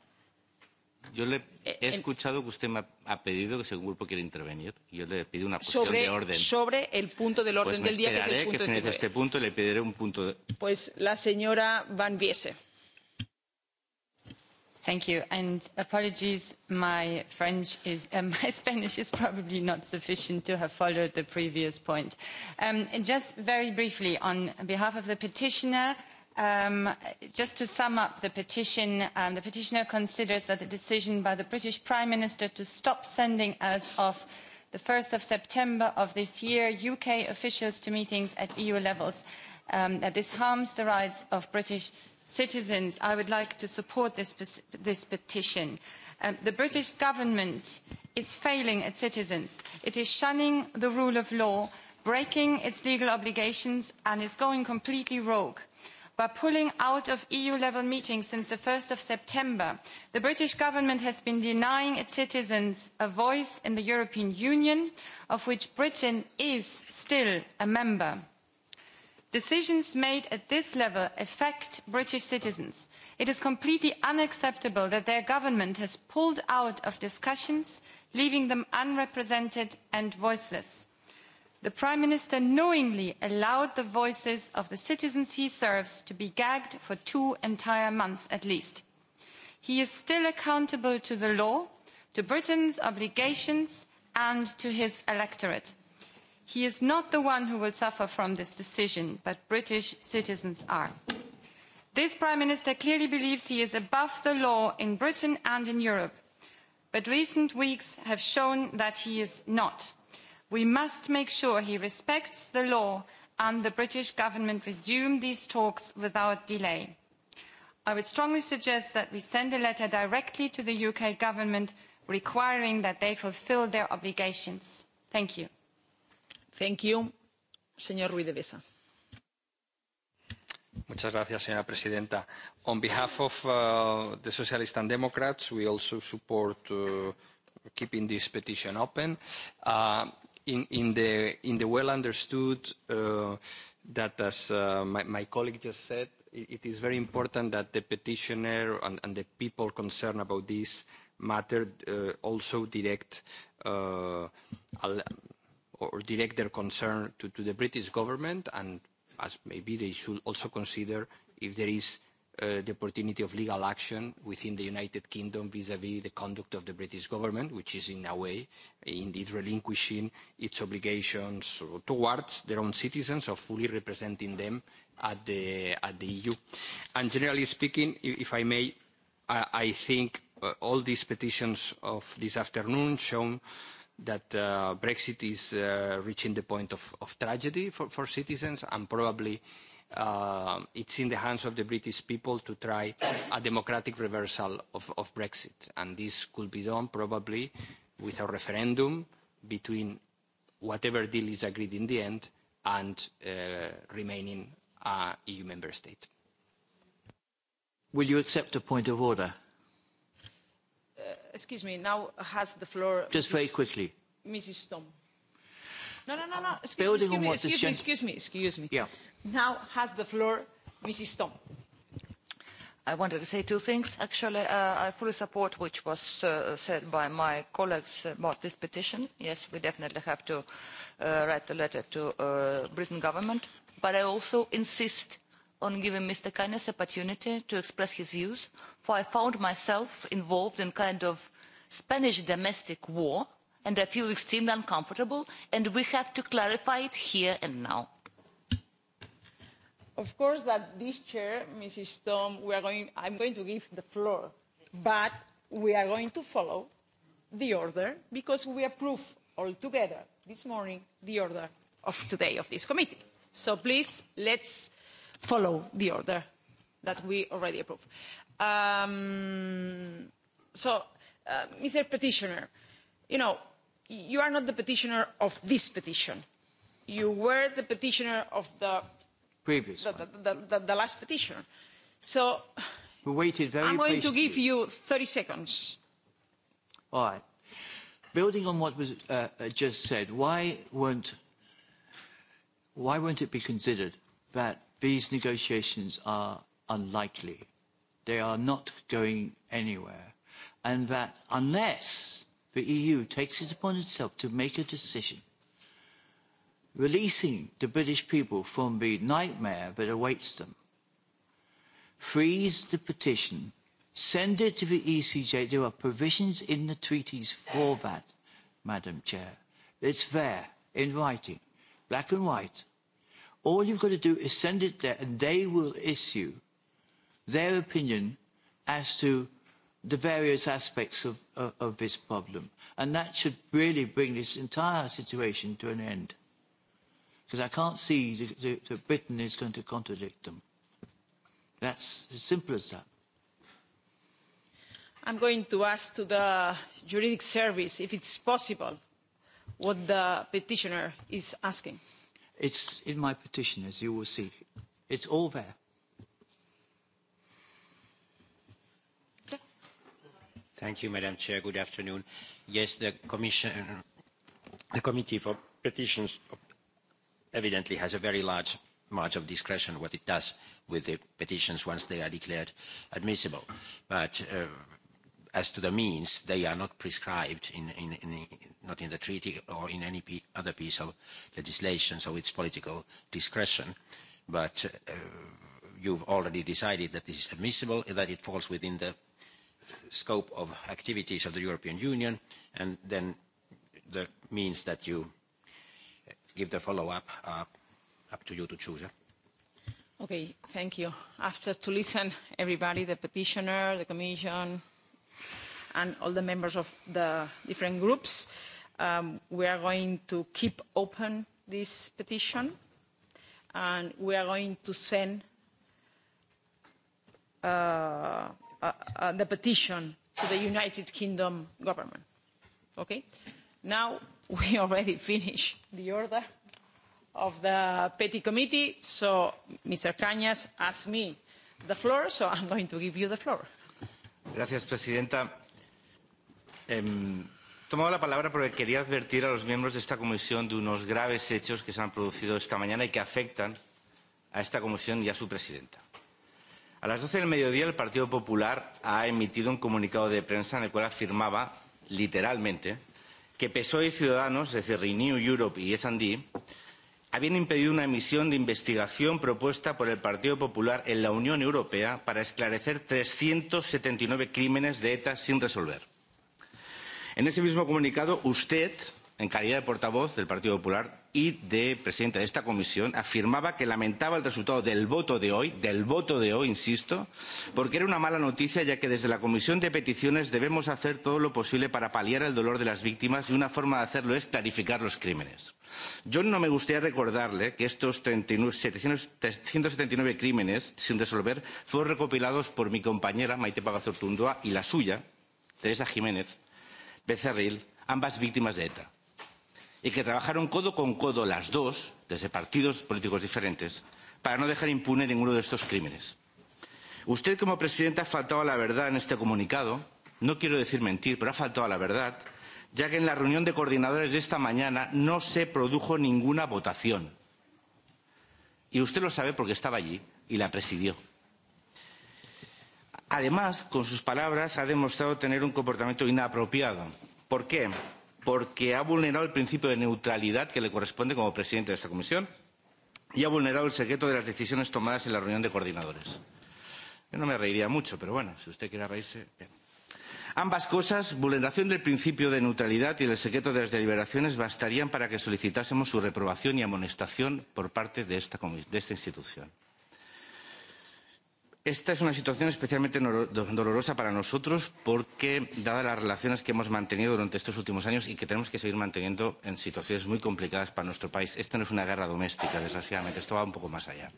Yo le he eh, escuchado que usted me ha pedido que si grupo quiere intervenir. Yo le pido una posición sobre, de orden. Sobre el punto del orden pues del día, que es el punto que finalice este punto y le pediré un punto de... Pues la señora Van Viese. Thank you, and apologies, my French is, uh, my Spanish is probably not sufficient to have followed the previous point. Um, just very briefly, on behalf of the petitioner, Um, just to sum up the petition, um, the petitioner considers that the decision by the British Prime Minister to stop sending as of the 1st of September of this year UK officials to meetings at EU levels, um, that this harms the rights of British citizens. I would like to support this, this petition. Um, the British government is failing its citizens. It is shunning the rule of law, breaking its legal obligations and is going completely rogue By pulling out of EU-level meetings since the 1st of September, the British government has been denying its citizens a voice in the European Union, of which Britain is still a member. Decisions made at this level affect British citizens. It is completely unacceptable that their government has pulled out of discussions, leaving them unrepresented and voiceless the prime minister knowingly allowed the voices of the citizens he serves to be gagged for two entire months at least. he is still accountable to the law to britain's obligations and to his electorate. he is not the one who will suffer from this decision but british citizens are. this prime minister clearly believes he is above the law in britain and in europe but recent weeks have shown that he is not. We must make sure he respects the law and the British government resume these talks without delay. I would strongly suggest that we send a letter directly to the UK government requiring that they fulfil their obligations. Thank you. Thank you. Señor Ruiz de Besa. Muchas gracias, señora presidenta. On behalf of uh, the Socialists and Democrats, we also support uh, keeping this petition open. Uh, in, in, the, in the well understood uh, that, as uh, my, my colleague just said, it, it is very important that the petitioner and, and the people concerned about this matter uh, also direct uh, or direct their concern to, to the British government and as maybe they should also consider if there is Uh, the opportunity of legal action within the United Kingdom vis-à-vis the conduct of the British government, which is in a way indeed relinquishing its obligations towards their own citizens of fully representing them at the, EU. And generally speaking, if I may, I, think uh, all these petitions of this afternoon shown that uh, Brexit is reaching the point of, tragedy for, citizens and probably uh, it's in the hands of the British people to try a democratic reversal of, of Brexit. And this could be done probably with a referendum between whatever deal is agreed in the end and uh, remaining a EU member state. Will you accept a point of order? Uh, excuse me, now has the floor... Just Mrs. very quickly. Mrs. Stone. No, no, no, no. Excuse building me, excuse, on me, excuse me, excuse me, excuse me. Yeah. Now has the floor Mrs. Tom. I wanted to say two things. Actually, uh, I fully support which was uh, said by my colleagues about this petition. Yes, we definitely have to uh, write a letter to uh, Britain government. But I also insist on giving Mr. Kainas opportunity to express his views, for I found myself involved in kind of Spanish domestic war and I feel extremely uncomfortable, and we have to clarify it here and now. Of course, that this chair, Mrs. Tom, we are going, I'm going to give the floor, but we are going to follow the order because we approve all together this morning the order of today of this committee. So please, let's follow the order that we already approved. Um, so, uh, Mr. Petitioner, you know, you are not the petitioner of this petition. You were the petitioner of the previous, the, the, the, the, last petition. So we waited very. I'm going patiently. to give you 30 seconds. All right. Building on what was uh, uh just said, why won't why won't it be considered that these negotiations are unlikely? They are not going anywhere, and that unless the EU takes it upon itself to make a decision, releasing the British people from the nightmare that awaits them. Freeze the petition, send it to the ECJ. There are provisions in the treaties for that, Madam Chair. It's there in writing, black and white. All you've got to do is send it there and they will issue their opinion as to the various aspects of, of, of this problem. And that should really bring this entire situation to an end. Because I can't see that, that Britain is going to contradict them. That's as simple as that. I'm going to ask to the juridic service if it's possible what the petitioner is asking. It's in my petition, as you will see. It's all there. Thank you, Madam Chair. Good afternoon. Yes, the Commission, the Committee for Petitions evidently has a very large margin of discretion what it does with the petitions once they are declared admissible. But uh, as to the means, they are not prescribed in, not in the treaty or in any other piece of legislation, so it's political discretion. But uh, you've already decided that this is admissible, that it falls within the scope of activities of the European Union, and then the means that you give the follow-up uh, up to you to choose. Eh? Okay, thank you. After to listen everybody, the petitioner, the commission, and all the members of the different groups, um, we are going to keep open this petition and we are going to send uh, Uh, uh, the petition to the United Kingdom government. Okay? Now we already finished the order of the Petty Committee, so Mr. Cañas asked me the floor, so I'm going to give you the floor. Gracias, Presidenta. Eh, tomado la palabra porque quería advertir a los miembros de esta comisión de unos graves hechos que se han producido esta mañana y que afectan a esta comisión y a su presidenta. A las 12 del mediodía el Partido Popular ha emitido un comunicado de prensa en el cual afirmaba, literalmente, que PSOE y Ciudadanos, es decir, Renew Europe y S&D, habían impedido una emisión de investigación propuesta por el Partido Popular en la Unión Europea para esclarecer 379 crímenes de ETA sin resolver. En ese mismo comunicado, usted, en calidad de portavoz del Partido Popular y de presidente de esta comisión, afirmaba que lamentaba el resultado del voto de hoy, del voto de hoy, insisto, porque era una mala noticia, ya que desde la Comisión de Peticiones debemos hacer todo lo posible para paliar el dolor de las víctimas y una forma de hacerlo es clarificar los crímenes. Yo no me gustaría recordarle que estos 39, 779 crímenes sin resolver fueron recopilados por mi compañera Maite Pagazortundúa y la suya, Teresa Jiménez Becerril, ambas víctimas de ETA y que trabajaron codo con codo las dos, desde partidos políticos diferentes, para no dejar impune ninguno de estos crímenes. Usted como presidenta ha faltado a la verdad en este comunicado, no quiero decir mentir, pero ha faltado a la verdad, ya que en la reunión de coordinadores de esta mañana no se produjo ninguna votación. Y usted lo sabe porque estaba allí y la presidió. Además, con sus palabras ha demostrado tener un comportamiento inapropiado. ¿Por qué? porque ha vulnerado el principio de neutralidad que le corresponde como presidente de esta comisión y ha vulnerado el secreto de las decisiones tomadas en la reunión de coordinadores. Yo no me reiría mucho, pero bueno, si usted quiere reírse, bien. Ambas cosas, vulneración del principio de neutralidad y el secreto de las deliberaciones, bastarían para que solicitásemos su reprobación y amonestación por parte de esta, de esta institución. Esta es una situación especialmente dolorosa para nosotros porque, dadas las relaciones que hemos mantenido durante estos últimos años y que tenemos que seguir manteniendo en situaciones muy complicadas para nuestro país, esta no es una guerra doméstica, desgraciadamente, esto va un poco más allá.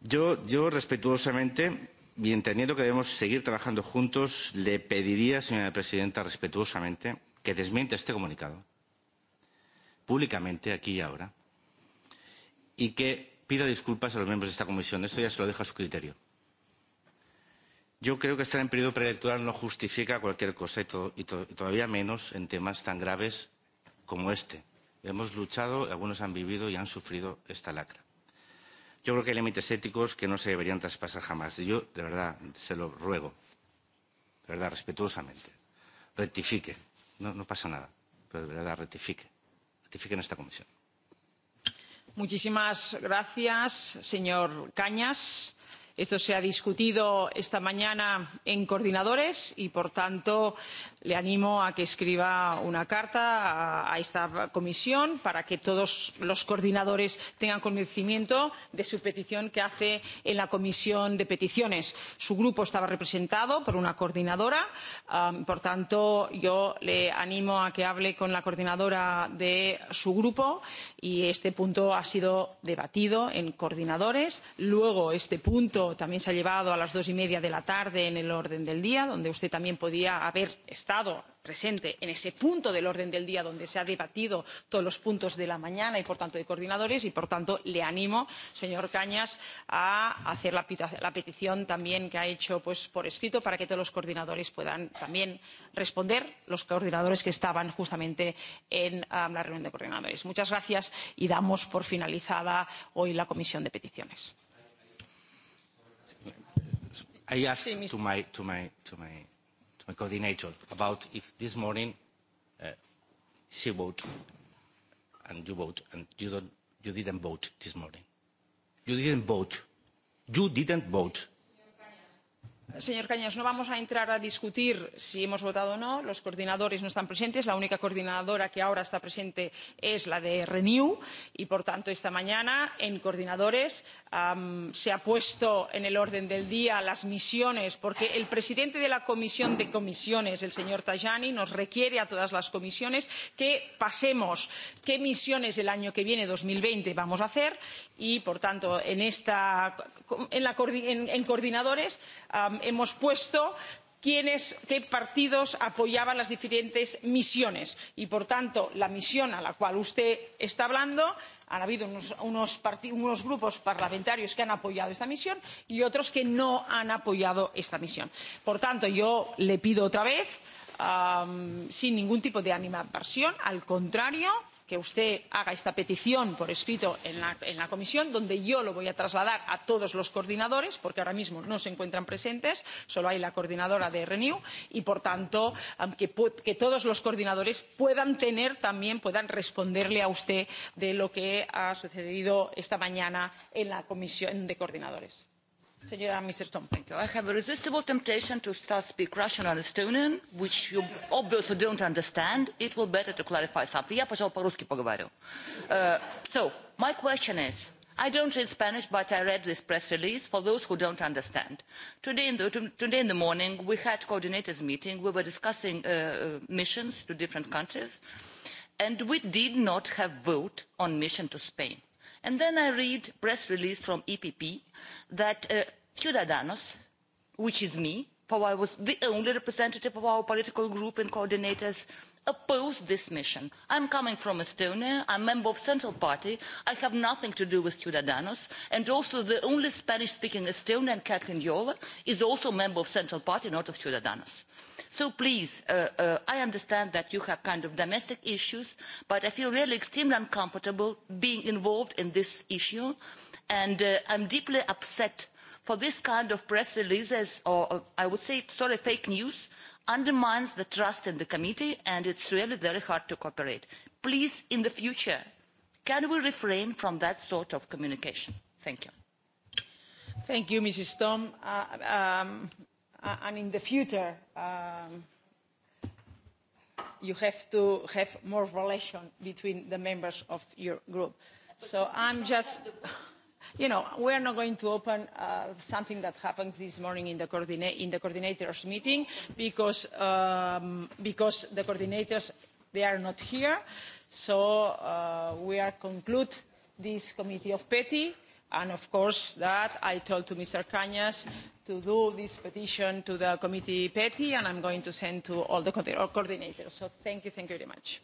Yo, yo respetuosamente y entendiendo que debemos seguir trabajando juntos, le pediría, señora presidenta, respetuosamente, que desmiente este comunicado públicamente aquí y ahora y que pida disculpas a los miembros de esta comisión. Esto ya se lo dejo a su criterio. Yo creo que estar en periodo preelectoral no justifica cualquier cosa y, to y, to y todavía menos en temas tan graves como este. Hemos luchado, algunos han vivido y han sufrido esta lacra. Yo creo que hay límites éticos que no se deberían traspasar jamás. Y yo, de verdad, se lo ruego, de verdad, respetuosamente, rectifique. No, no pasa nada, pero de verdad, rectifique. Rectifique en esta comisión. Muchísimas gracias, señor Cañas. Esto se ha discutido esta mañana en coordinadores y, por tanto, le animo a que escriba una carta a, a esta comisión para que todos los coordinadores tengan conocimiento de su petición que hace en la comisión de peticiones. Su grupo estaba representado por una coordinadora, um, por tanto yo le animo a que hable con la coordinadora de su grupo y este punto ha sido debatido en coordinadores. Luego este punto también se ha llevado a las dos y media de la tarde en el orden del día, donde usted también podía haber estado estado presente en ese punto del orden del día donde se han debatido todos los puntos de la mañana y por tanto de coordinadores y por tanto le animo señor cañas a hacer la, la petición también que ha hecho pues, por escrito para que todos los coordinadores puedan también responder los coordinadores que estaban justamente en um, la reunión de coordinadores. Muchas gracias y damos por finalizada hoy la comisión de peticiones. I asked to my, to my, to my my coordinator, about if this morning uh, she vote and you vote and you, don't, you didn't vote this morning. You didn't vote. You didn't vote. Señor Cañas, no vamos a entrar a discutir si hemos votado o no. Los coordinadores no están presentes. La única coordinadora que ahora está presente es la de Renew y, por tanto, esta mañana en coordinadores um, se ha puesto en el orden del día las misiones porque el presidente de la Comisión de Comisiones, el señor Tajani, nos requiere a todas las comisiones que pasemos qué misiones el año que viene, 2020, vamos a hacer y, por tanto, en, esta, en, la, en, en coordinadores. Um, hemos puesto quiénes qué partidos apoyaban las diferentes misiones y por tanto la misión de la cual usted está hablando han habido unos, unos, unos grupos parlamentarios que han apoyado esta misión y otros que no han apoyado esta misión. por tanto yo le pido otra vez um, sin ningún tipo de animadversión al contrario que que usted haga esta petición por escrito en la, en la comisión, donde yo lo voy a trasladar a todos los coordinadores, porque ahora mismo no se encuentran presentes, solo hay la coordinadora de Renew, y por tanto que, que todos los coordinadores puedan tener también, puedan responderle a usted de lo que ha sucedido esta mañana en la comisión de coordinadores. Señora uh, Mr. Tom, thank you. I have a resistible temptation to start speak Russian and Estonian, which you obviously don't understand. It will better to clarify something. Я, пожалуй, по-русски поговорю. Uh, so, my question is, I don't read Spanish, but I read this press release for those who don't understand. Today in the, to, today in the morning, we had coordinators meeting. We were discussing uh, uh missions to different countries, and we did not have vote on mission to Spain. And then I read press release from EPP that uh, Ciudadanos, which is me, for I was the only representative of our political group and coordinators, opposed this mission. I'm coming from Estonia, I'm a member of Central Party, I have nothing to do with Ciudadanos, and also the only Spanish-speaking Estonian, Kathleen Yola, is also a member of Central Party, not of Ciudadanos. So please, uh, uh, I understand that you have kind of domestic issues, but I feel really extremely uncomfortable being involved in this issue, and uh, I'm deeply upset for this kind of press releases or uh, I would say sorry fake news undermines the trust in the committee and it's really very hard to cooperate. Please in the future can we refrain from that sort of communication? Thank you. Thank you, Mrs. Tom. Uh, um, uh, and in the future, um, you have to have more relation between the members of your group. But so I'm just you know, we are not going to open uh, something that happens this morning in the, coordina in the coordinators' meeting because, um, because the coordinators, they are not here. So uh, we are conclude this committee of petty. And of course that I told to Mr. Cañas to do this petition to the committee petty and I'm going to send to all the coordinators. So thank you, thank you very much.